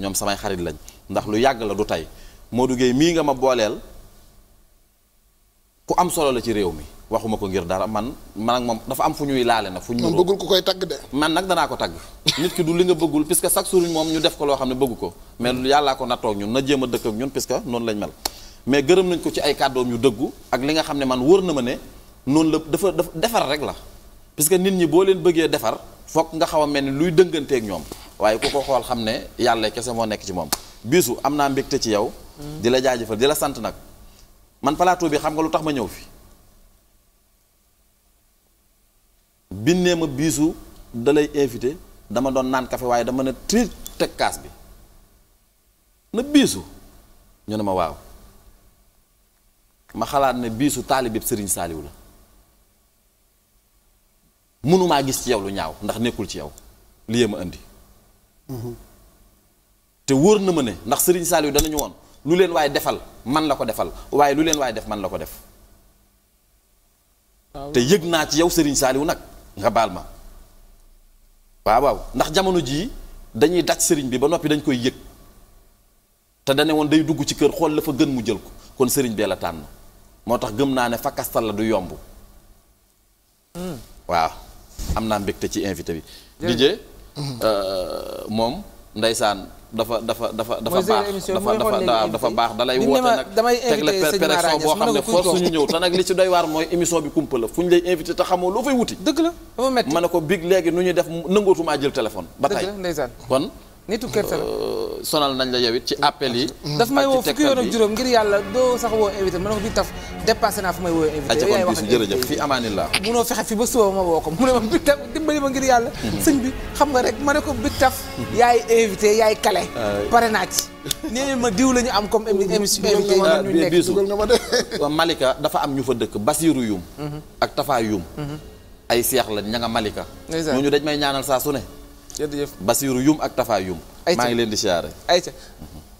ñoom samay xarit lañ ndax lu yàgg la du tey moo duggee mii nga ma booleel ku am solo la ci réew mi waxuma ko ngir dara man man ak moom dafa am fu ñuy laale na fu ñu bëggul ku koy tagg de man nag danaa ko tagg nit ki du li nga bëggul puisque chaque jour moom ñu def ko loo xam ne bëggu ko mais yàllaa ko nattoog ñun na jéem a dëkk ak ñun puisque noonu lañ mel mais gërëm nañ ko ci ay kàddoom yu dëggu ak li nga xam ne man wóor na ma ne noonu la dafa dafa defar rek la parce que nit ñi boo leen bëggee defar foog nga xaw a mel ni luy dënganteeg ñoom waaye ku ko xool xam ne yàlla kese moo nekk ci moom biisu am naa mbégte ci yow. Hmm. di la jaajëfal di la sant nag man plateau bi xam nga lu tax ma ñëw fi. binnee ma biisu da lay invité dama doon naan café waaye dama ne tri teg kaas bi na biisu ñu ne ma waaw ma xalaat ne biisu taalibeb sëriñ saaliw la mënumaa gis ci yow lu ñaaw ndax nekkul ci yow li yéem a indi mhm. te wóor na ma ne ndax Serigne Saliou danañu woon lu leen waaye defal man la ko defal waaye lu leen waaye def man la ko def te yëg naa ci yow sëriñ Saliou nag nga baal ma waaw waaw ndax jamono jii dañuy daj sëriñ bi ba noppi dañ koy yëg te dane woon day dugg ci kër xool la gën mu jël ko kon sëriñ bee la tànn moo tax gëm naa ne fa kastal la du yomb mm. waaw am naa mbégte ci invité bi. DJ euh, moom ndeysaan dafa dafa dafa dafa baax dafa dafa baax dalay woote nag teg la perfection boo xam ne force suñu ñëw te nag li ci doy waar mooy émission bi kumpa la fu ñu lay invité te xamoo loo fay wuti. dëgg la dafa métti ma ne ko big léegi nu ñu def nangootuma jël téléphone. ba tey kon. nitu kër euh, sonal nañ la yow it ci appel yi. Mm. daf may woo fukki yoon ak juróom ngir yàlla doo sax woo invité ma ne ko bii taf dépassé naa fu may woo invité. yow yaay wax ak jërëjëf munoo fexe fi ba suba ma woo ko mu a ma bi taf dimbali ma ngir yàlla. Mm-hmm. sëñ bi xam nga rek ma ne ko bi taf. Mm-hmm. yaay invité yaay kale. pare ma diw la ñu am comme émission invité ñu nekk biisu Malika dafa am ñu fa dëkk Basiru Yum. Mm-hmm. ak Tafa Yum. ay seex la ña nga Malika. ñooñu dañ may ñaanal saa su ne jërëjëf Basiirou Youm ak Tafa Youm. maa ngi leen di siyaare. ayca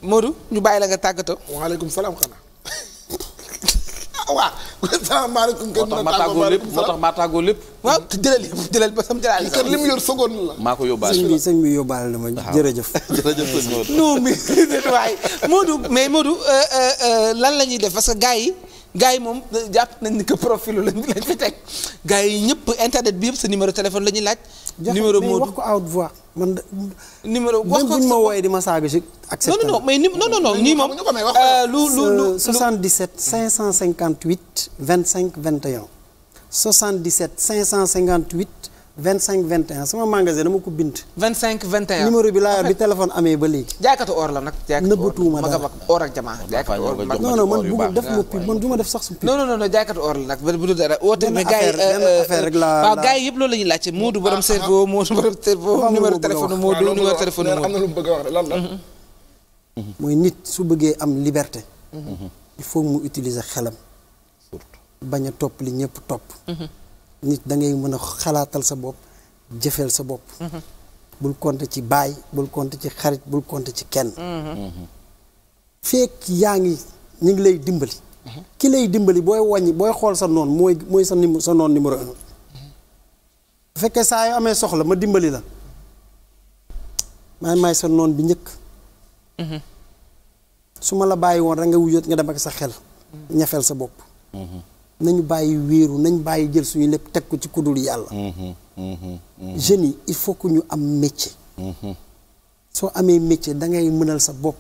Modou ñu bàyyi la nga tàggatoo. waaleykum salaam xanaa. waaw. salaamaaleykum kenn mën a tàggoo lépp moo tax maa tàggoo lépp. waaw jëlal yëpp jëlal ba sam jëlaat. kër li mu yor seconde la. maa ko yóbbaale sëñ bi sëñ bi yóbbaale na ma jërëjëf. jërëjëf sëñ Modou. non mais waaye Modou mais Modou euh, euh, euh, lan la ñuy def parce que gars yi. gaa yi moom jàpp nañ ni que profil lañ teg gars yi ñëpp internet bi yëpp sa numéro téléphone la ñuy laaj numéro Modou wax ko à haute man de. numéro wax ko même ma wooyee di ma saaga si. accepté non non mais ni non non non nii moom. Euh, lu lu lu 77 558 25 21. 77 558. 25 21 sama magasin dama ko bind. 25 21 numéro bi laa yor bi téléphone amee ba léegi. jaaykatu or la nag. jaaykatu or nëbbatuwuma dara mag ak or ak jamaa. jaaykatu or man bu def ma pub man du def sax su pub. non non non euh, laa euh, waaw gars yi yëpp loolu la ñuy laajte Moodu borom ah, ah. cerveau Moodu borom cerveau mu bëgg wax mm-hmm. mooy nit su bëggee am liberté. Mm-hmm. il faut mu utilise xelam. surtout bañ topp li ñëpp topp. Mm-hmm. nit da ngay mën a xalaatal sa bopp jëfeel sa bopp mhm. bul compter ci baay bul compter ci xarit bul compter ci kenn mhm. Mhm. feek yaa ngi ñu ngi lay dimbali ki lay dimbali booy wàññi booy xool sa noon mooy mooy sa nim sa noon numéro un bu fekkee saa yoo amee soxla ma dimbali la maay maay sa noon bi njëkk su ma la bàyyi woon rek nga wuyot nga dem ak sa xel ñafeel sa bopp nañu bàyyi wéeru nañ bàyyi jël suñu lépp teg ko ci kudul yàlla. Mm-hmm, mm-hmm, mm-hmm. jeunes yi il faut que ñu am métier. soo amee métier da ngay mënal sa bopp.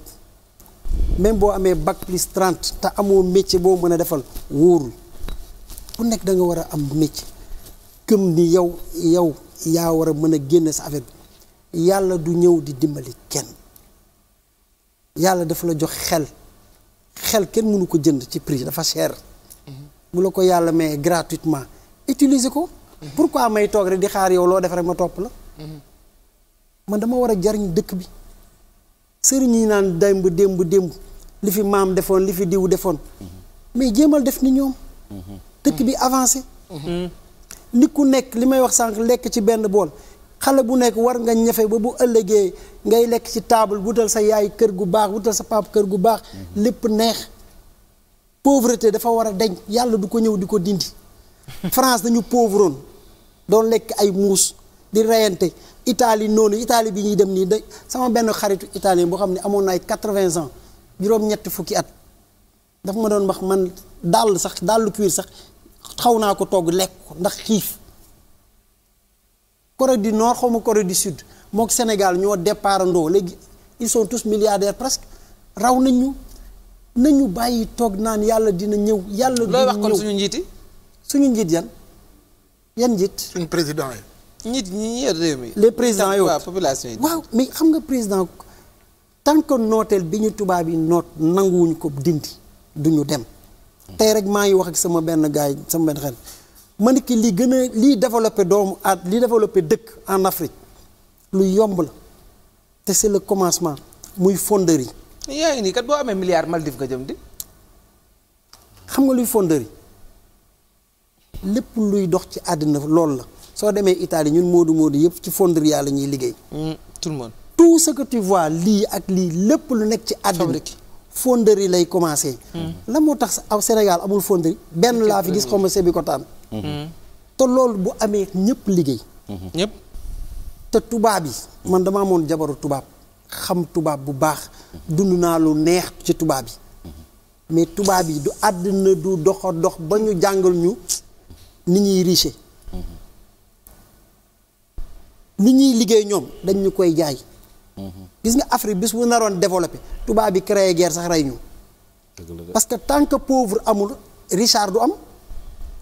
même boo amee bac plus trente te amoo métier boo mën a defal wóorul ku nekk da nga war a am métier këm ni yow yow yaa war a mën a génne sa affaire bi yàlla du ñëw di dimbali kenn yàlla dafa la jox xel xel kenn mënu ko jënd ci prix dafa cher. bu la ko yàlla mais gratuitement utiliser ko. Mhm. pourquoi may toog rek di xaar yow loo def rek ma topp la. Mhm. man dama war a jariñ dëkk bi. sëriñ yi naan démb démb démb li fi maam defoon li fi diw defoon. Mhm. mais jéemal def ni ñoom. dëkk bi avancé. nit ku nekk li may wax sànq lekk ci benn bool. xale bu nekk war nga ñafe ba bu ëllëgee ngay lekk ci taabal wutal sa yaay kër gu baax wutal sa paap kër gu baax. lépp neex. pauvreté dafa war a deñ yàlla du ko ñëw di ko dindi France dañu pauvroon doon lekk ay muus di reyante Italie noonu Italie bi ñuy dem nii da sama benn xaritu italien boo xam ne amoon na ay quatre-vingts ans juróom-ñetti fukki at dafa ma doon wax man dàll sax dàll cuir sax xaw naa ko togg lekk ko ndax xiif Corée du Nord xaw ma Corée du Sud mook Sénégal ñoo départandoo léegi ils sont tous milliardaires presque raw nañ nañu bàyyi toog naan yàlla dina ñëw yàlla dina ñëw wax kon suñu njiiti suñu njiit yan yan njiit suñu président yi njiit ñi yor réew mi les présidents yow population yi waaw mais xam nga président tant que nooteel bi ñu tubaab yi noot nanguwuñu ko dindi du ñu dem tey rek maa ngi wax ak sama benn gaay sama benn xel ma ki li gën a liy développé doomu at li développé dëkk en Afrique lu yomb la te c'est le commencement muy fonderie yaa ngi nii kat boo amee milliard Maldives nga jëm di. xam nga luy fonderie lépp luy dox ci àddina loolu la soo demee Italie ñun moodu moodu yëpp ci fonderie yàlla ñuy liggéey. Hmm, tout le monde tout lii ak lii lépp lu nekk ci àddina. fonderie lay commencé. Hmm. la moo tax aw senegal amul fonderie benn laa fi gis hmm. xaw ma Sébikotane te loolu bu amee ñëpp liggéey. te tubaab yi man dama amoon jabaru tubaab xam tubaab bu baax dund naa lu neex ci tubaab yi mais tubaab yi du àddina du doxa dox ba ñu jàngal ñu ni ñuy riche ni ñuy liggéey ñoom dañ koy jaay gis nga Afrique bis mu naroon développé tubaab yi créé guerre sax rey ñu parce que tant que pauvre amul Richard du am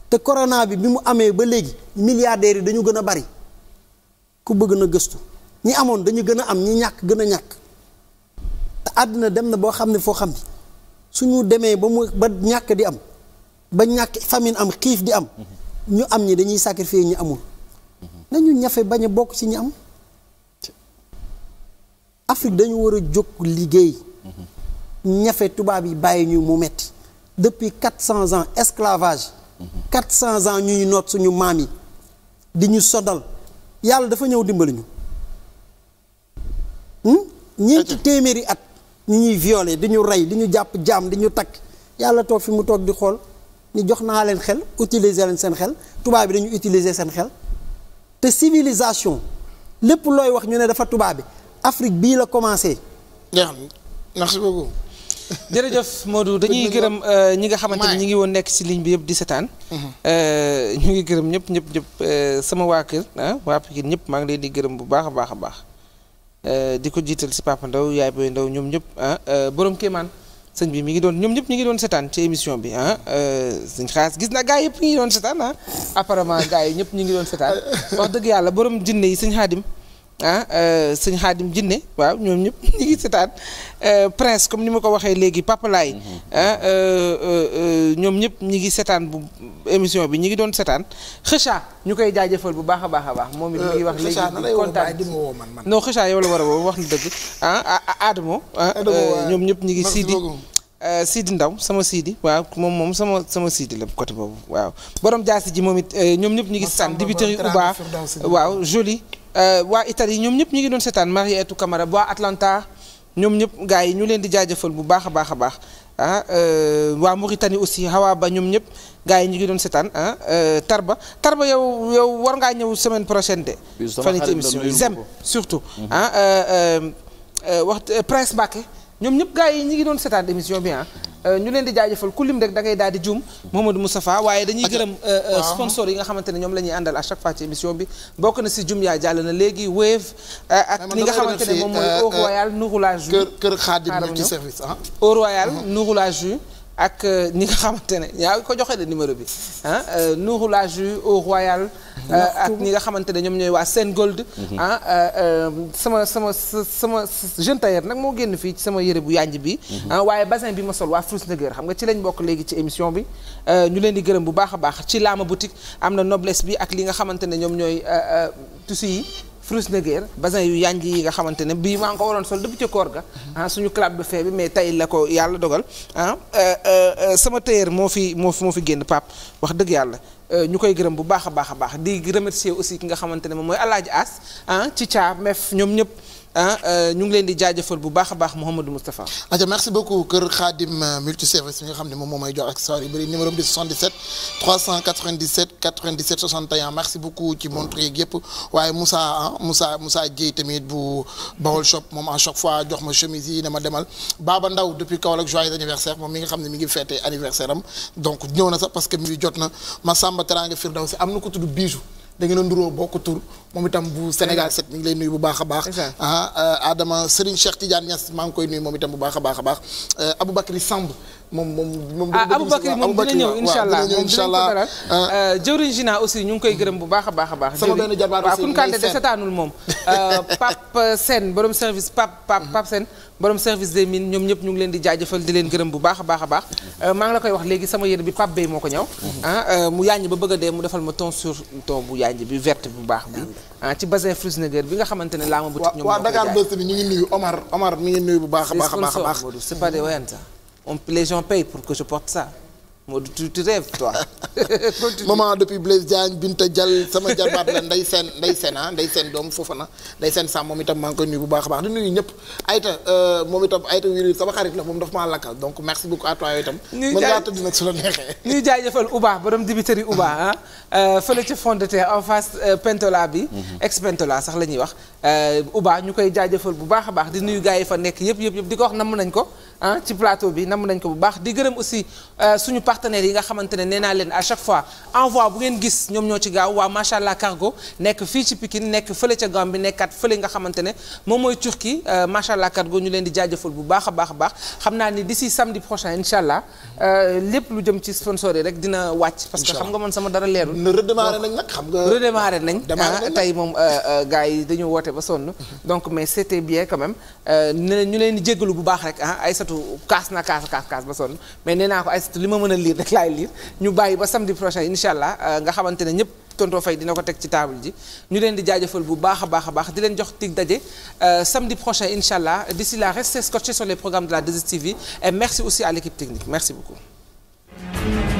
te corona bi bi mu amee ba léegi milliardaires yi dañu gën a bari ku bëgg na gëstu ñi amoon dañu gën a am ñi ñàkk gën a ñàkk te àdduna dem na boo xam ne foo xam ne suñu demee ba mu ba ñàkk di am ba ñàkk famine am xiif di am ñu am ñi dañuy sacrifier ñu amul nañu ñafe bañ bokk ci ñi am Afrique dañu war a jóg liggéey ñafe tubaab yi bàyyi ñu mu metti depuis quatre cent ans esclavage quatre cent ans ñuy noot suñu maam yi di ñu sodal yàlla dafa ñëw dimbali ñu hmm? ñeenti téeméeri at ñi ñuy violé di ñu rey di ñu jàpp jaam di ñu takk yàlla toog fi mu toog di xool ni jox naa leen xel utiliser leen seen xel tubaab bi dañu utiliser seen xel te civilisation lépp looy wax ñu ne dafa tubaab bi Afrique bii la commencé. jaa merci beaucoup. jërëjëf Modou dañuy gërëm euh, ñi nga xamante ni ñu ngi woon nekk si ligne bi yëpp di setaan. Mhm. Euh, ñu ngi gërëm ñëpp ñëpp ñëpp euh, sama waa kër ah waa Pikine ñëpp maa ngi leen di gërëm bu baax a baax a baax. Eh, di ko jiital si Papa Ndaw yaay Boy Ndaw ñoom ñëpp ah eh, borom Kéemaan sëñ bi mi ngi doon ñoom ñëpp ñu ngi doon setaan ci émission bi ah eh, sëñ xaas gis na gars yëpp ñi ngi doon setaan ah apparemment gars yi ñëpp ñu ngi doon setaan wax dëgg yàlla borom jinne yi sëñ Xaadim ah euh, sëñ xaadim jinne waaw ñoom ñëpp ñu ngi seetaan euh, prince comme ni ma ko waxee léegi papalaay mhm. ah euh, ñoom ñëpp ñu ngi seetaan bu émission bi ñu ngi doon seetaan xëcha ñu koy jaajëfal bu baax a baax a baax moom it mi ngi wax léegi kontaan non xëcha yow la war a woo wax na dëgg ah aadamo ah, ñoom ñëpp ñu ngi siidi Sidi Ndaw sama Sidi waaw moom moom sama sama Sidi la côté boobu waaw borom jaasi ji moom it ñoom ñëpp ñu ngi seetaan dibiteri ubaa waaw joli Euh, waa Italie ñoom ñëpp ñu ngi doon seetaan Mariétou Camara waa Atlanta ñoom ñëpp gaa yi ñu leen di jaajëfal bu baax a baax a baax ah euh, waa Mauritanie aussi Hawa Ba ñoom ñëpp gars yi ñu ngi doon seetaan ah euh, Tarba Tarba yow yow war ngaa ñëw semaine prochaine de. fan émission Zem surtout. ah wax Prince Mbacké ñoom ñëpp gars yi ñi ngi doon seetaan émission bi ah euh, ñu leen di jaajëfal ku lim rek dangay ngay daal di juum Mouhamadou Moustapha waaye dañuy gërëm euh, euh, sponsor yi nga xamante ne ñoom la ñuy àndal à chaque fois ci émission bi bokk na si jum yaa jàll na léegi wave ak li nga xamante ne moom mooy au royal nouroulage kër kër xaadim ci service ah au royal uh-huh. nouroulage ak ñi euh, nga xamante ne yaa ko joxee de numéro bi ah Nourou la Jus au Royal. Euh, ak ñi nga xamante ne ñoom ñooy waa Sen Gold. ah sama sama sama jeune tailleur nag moo génn fii ci sama yére bu yànj bi. Mhm. waaye basin bi ma sol waa Frus Ndëgër xam nga ci lañ bokk léegi ci émission bi ñu leen di gërëm bu baax a baax ci laama boutique am na noblesse bi ak li nga xamante ne ñoom ñooy tissu yi. fruits de guerre basin yu yanj yi nga xamante ne bii maa ngi ko waroon sol depuis ci koor ga mhm. ah, suñu club de fin bi mais tey la ko yàlla dogal ah euh, euh, euh, sama tailleur moo fi moo moo fi génn pap wax dëgg yàlla ñu koy gërëm bu baax a baax a baax di remercier aussi ki nga xamante ne moom mooy alaaji as ah ci caa meef ñoom ñëpp ah euh, ñu ngi leen di jaajëfal bu baax a baax Mouhamadou Moustapha. aja merci beaucoup Kër Khadim euh, multiservice bi nga xam ne moom moom may jox accessoires yu bëri numéro bi 77 397 97 61 merci beaucoup ci montre yeeg yëpp waaye Moussa ah Moussa Moussa tamit bu Bawol shop moom à chaque fois jox ma chemise yi na ma demal Baba Ndaw depuis Kaolack joyeux anniversaire moom mi nga xam ne mi ngi fêté anniversaire am donc ñëw na sax parce que mi ngi jot na Massamba Teranga Firdaw si am na ko tudd Bijou da ngeen a moom itam bu Sénégal set ñu ngi lay nuyu bu baax a baax ah euh, Adama Serigne Cheikh Tidiane maa ngi koy nuyu moom itam bu baax a baax a baax euh, Aboubacry Samb moom moom moom ah Aboubacry moom dina ñëw incha allah moom dina ñëw ah. euh, jëwriñ Gina aussi ñu ngi koy gërëm bu baax a baax a baax sama benn jabaar aussi waaw setaanul moom euh, Pape Sène borom service Pape Pape Pape Sène borom service des mines ñoom ñëpp ñu ngi leen di jëfal di leen gërëm bu baax a baax a baax euh, maa ngi la koy wax léegi sama yére bi Pape Bey moo ko ñëw ah, mu yaañ ba bëgg dee mu defal ma ton sur ton bu yaañ bi verte bu baax bi ah ci basin Frusnager bi nga xamante ne laa ma boutique ñoom waaw Omar mi ngi nuyu bu baax a baax a baax a baax c'est pas des on, les gens pour que je porte ça. Modou tu tu rêves toi. maman depuis Blaise Diagne Binta Dial sama jarbaat la nday seen nday seen ah seen doom foofa na nday seen sàmm moom itam maa koy nuyu bu baax baax di nuyu ñëpp ayta euh, moom itam ayta wiiri sama xarit la moom daf maa lakkal donc merci beaucoup à toi yow itam. ñuy jaay laa tëdd nag su la neexee. ñuy jaajëfal Uba borom dibiteri Uba ah euh, fële ca fond de terre en face euh, pentola bi. Mhm. ex pentola sax la ñuy wax. Euh, Uba ñu koy jaajëfal bu baax a baax di nuyu gars yi fa nekk yëpp yëpp yëpp di ko wax nam nañ ko ah ci plateau bi namm nañ ko bu baax di gërëm aussi euh, suñu partenaires yi nga xamante ne nee naa leen à chaque fois envoi bu ngeen gis ñoom ñoo ci gaaw waa macha allah cargo nekk fii ci Pikine nekk fële ca Gambie nekkaat fële nga xamante ne moom mooy Turquie euh, macha allah cargo ñu leen di jaajëfal bu baax a baax a baax xam naa ni d'ici samedi prochain incha allah lépp lu jëm ci sponsor yi rek dina wàcc. parce que xam nga man sama dara leerul. redémarré nañ nag xam nga redémarré ba sonn donc mais c'était bien quand même euh, ne leen di jéggalu bu baax rek ah Aïssatou kaas na kaas kaas kaas ba sonn mais nee naa li ma mën a lire rek laay lire ñu bàyyi ba samedi prochain incha allah euh, nga xamante ne ñëpp tontoo fay dina ko teg ci table ji ñu leen di jaajafal bu baax a baax a baax di leen jox tig daje euh, samedi prochain incha allah d'ici là restez scotchés sur les programmes de la 2STV et merci aussi à l'équipe technique merci beaucoup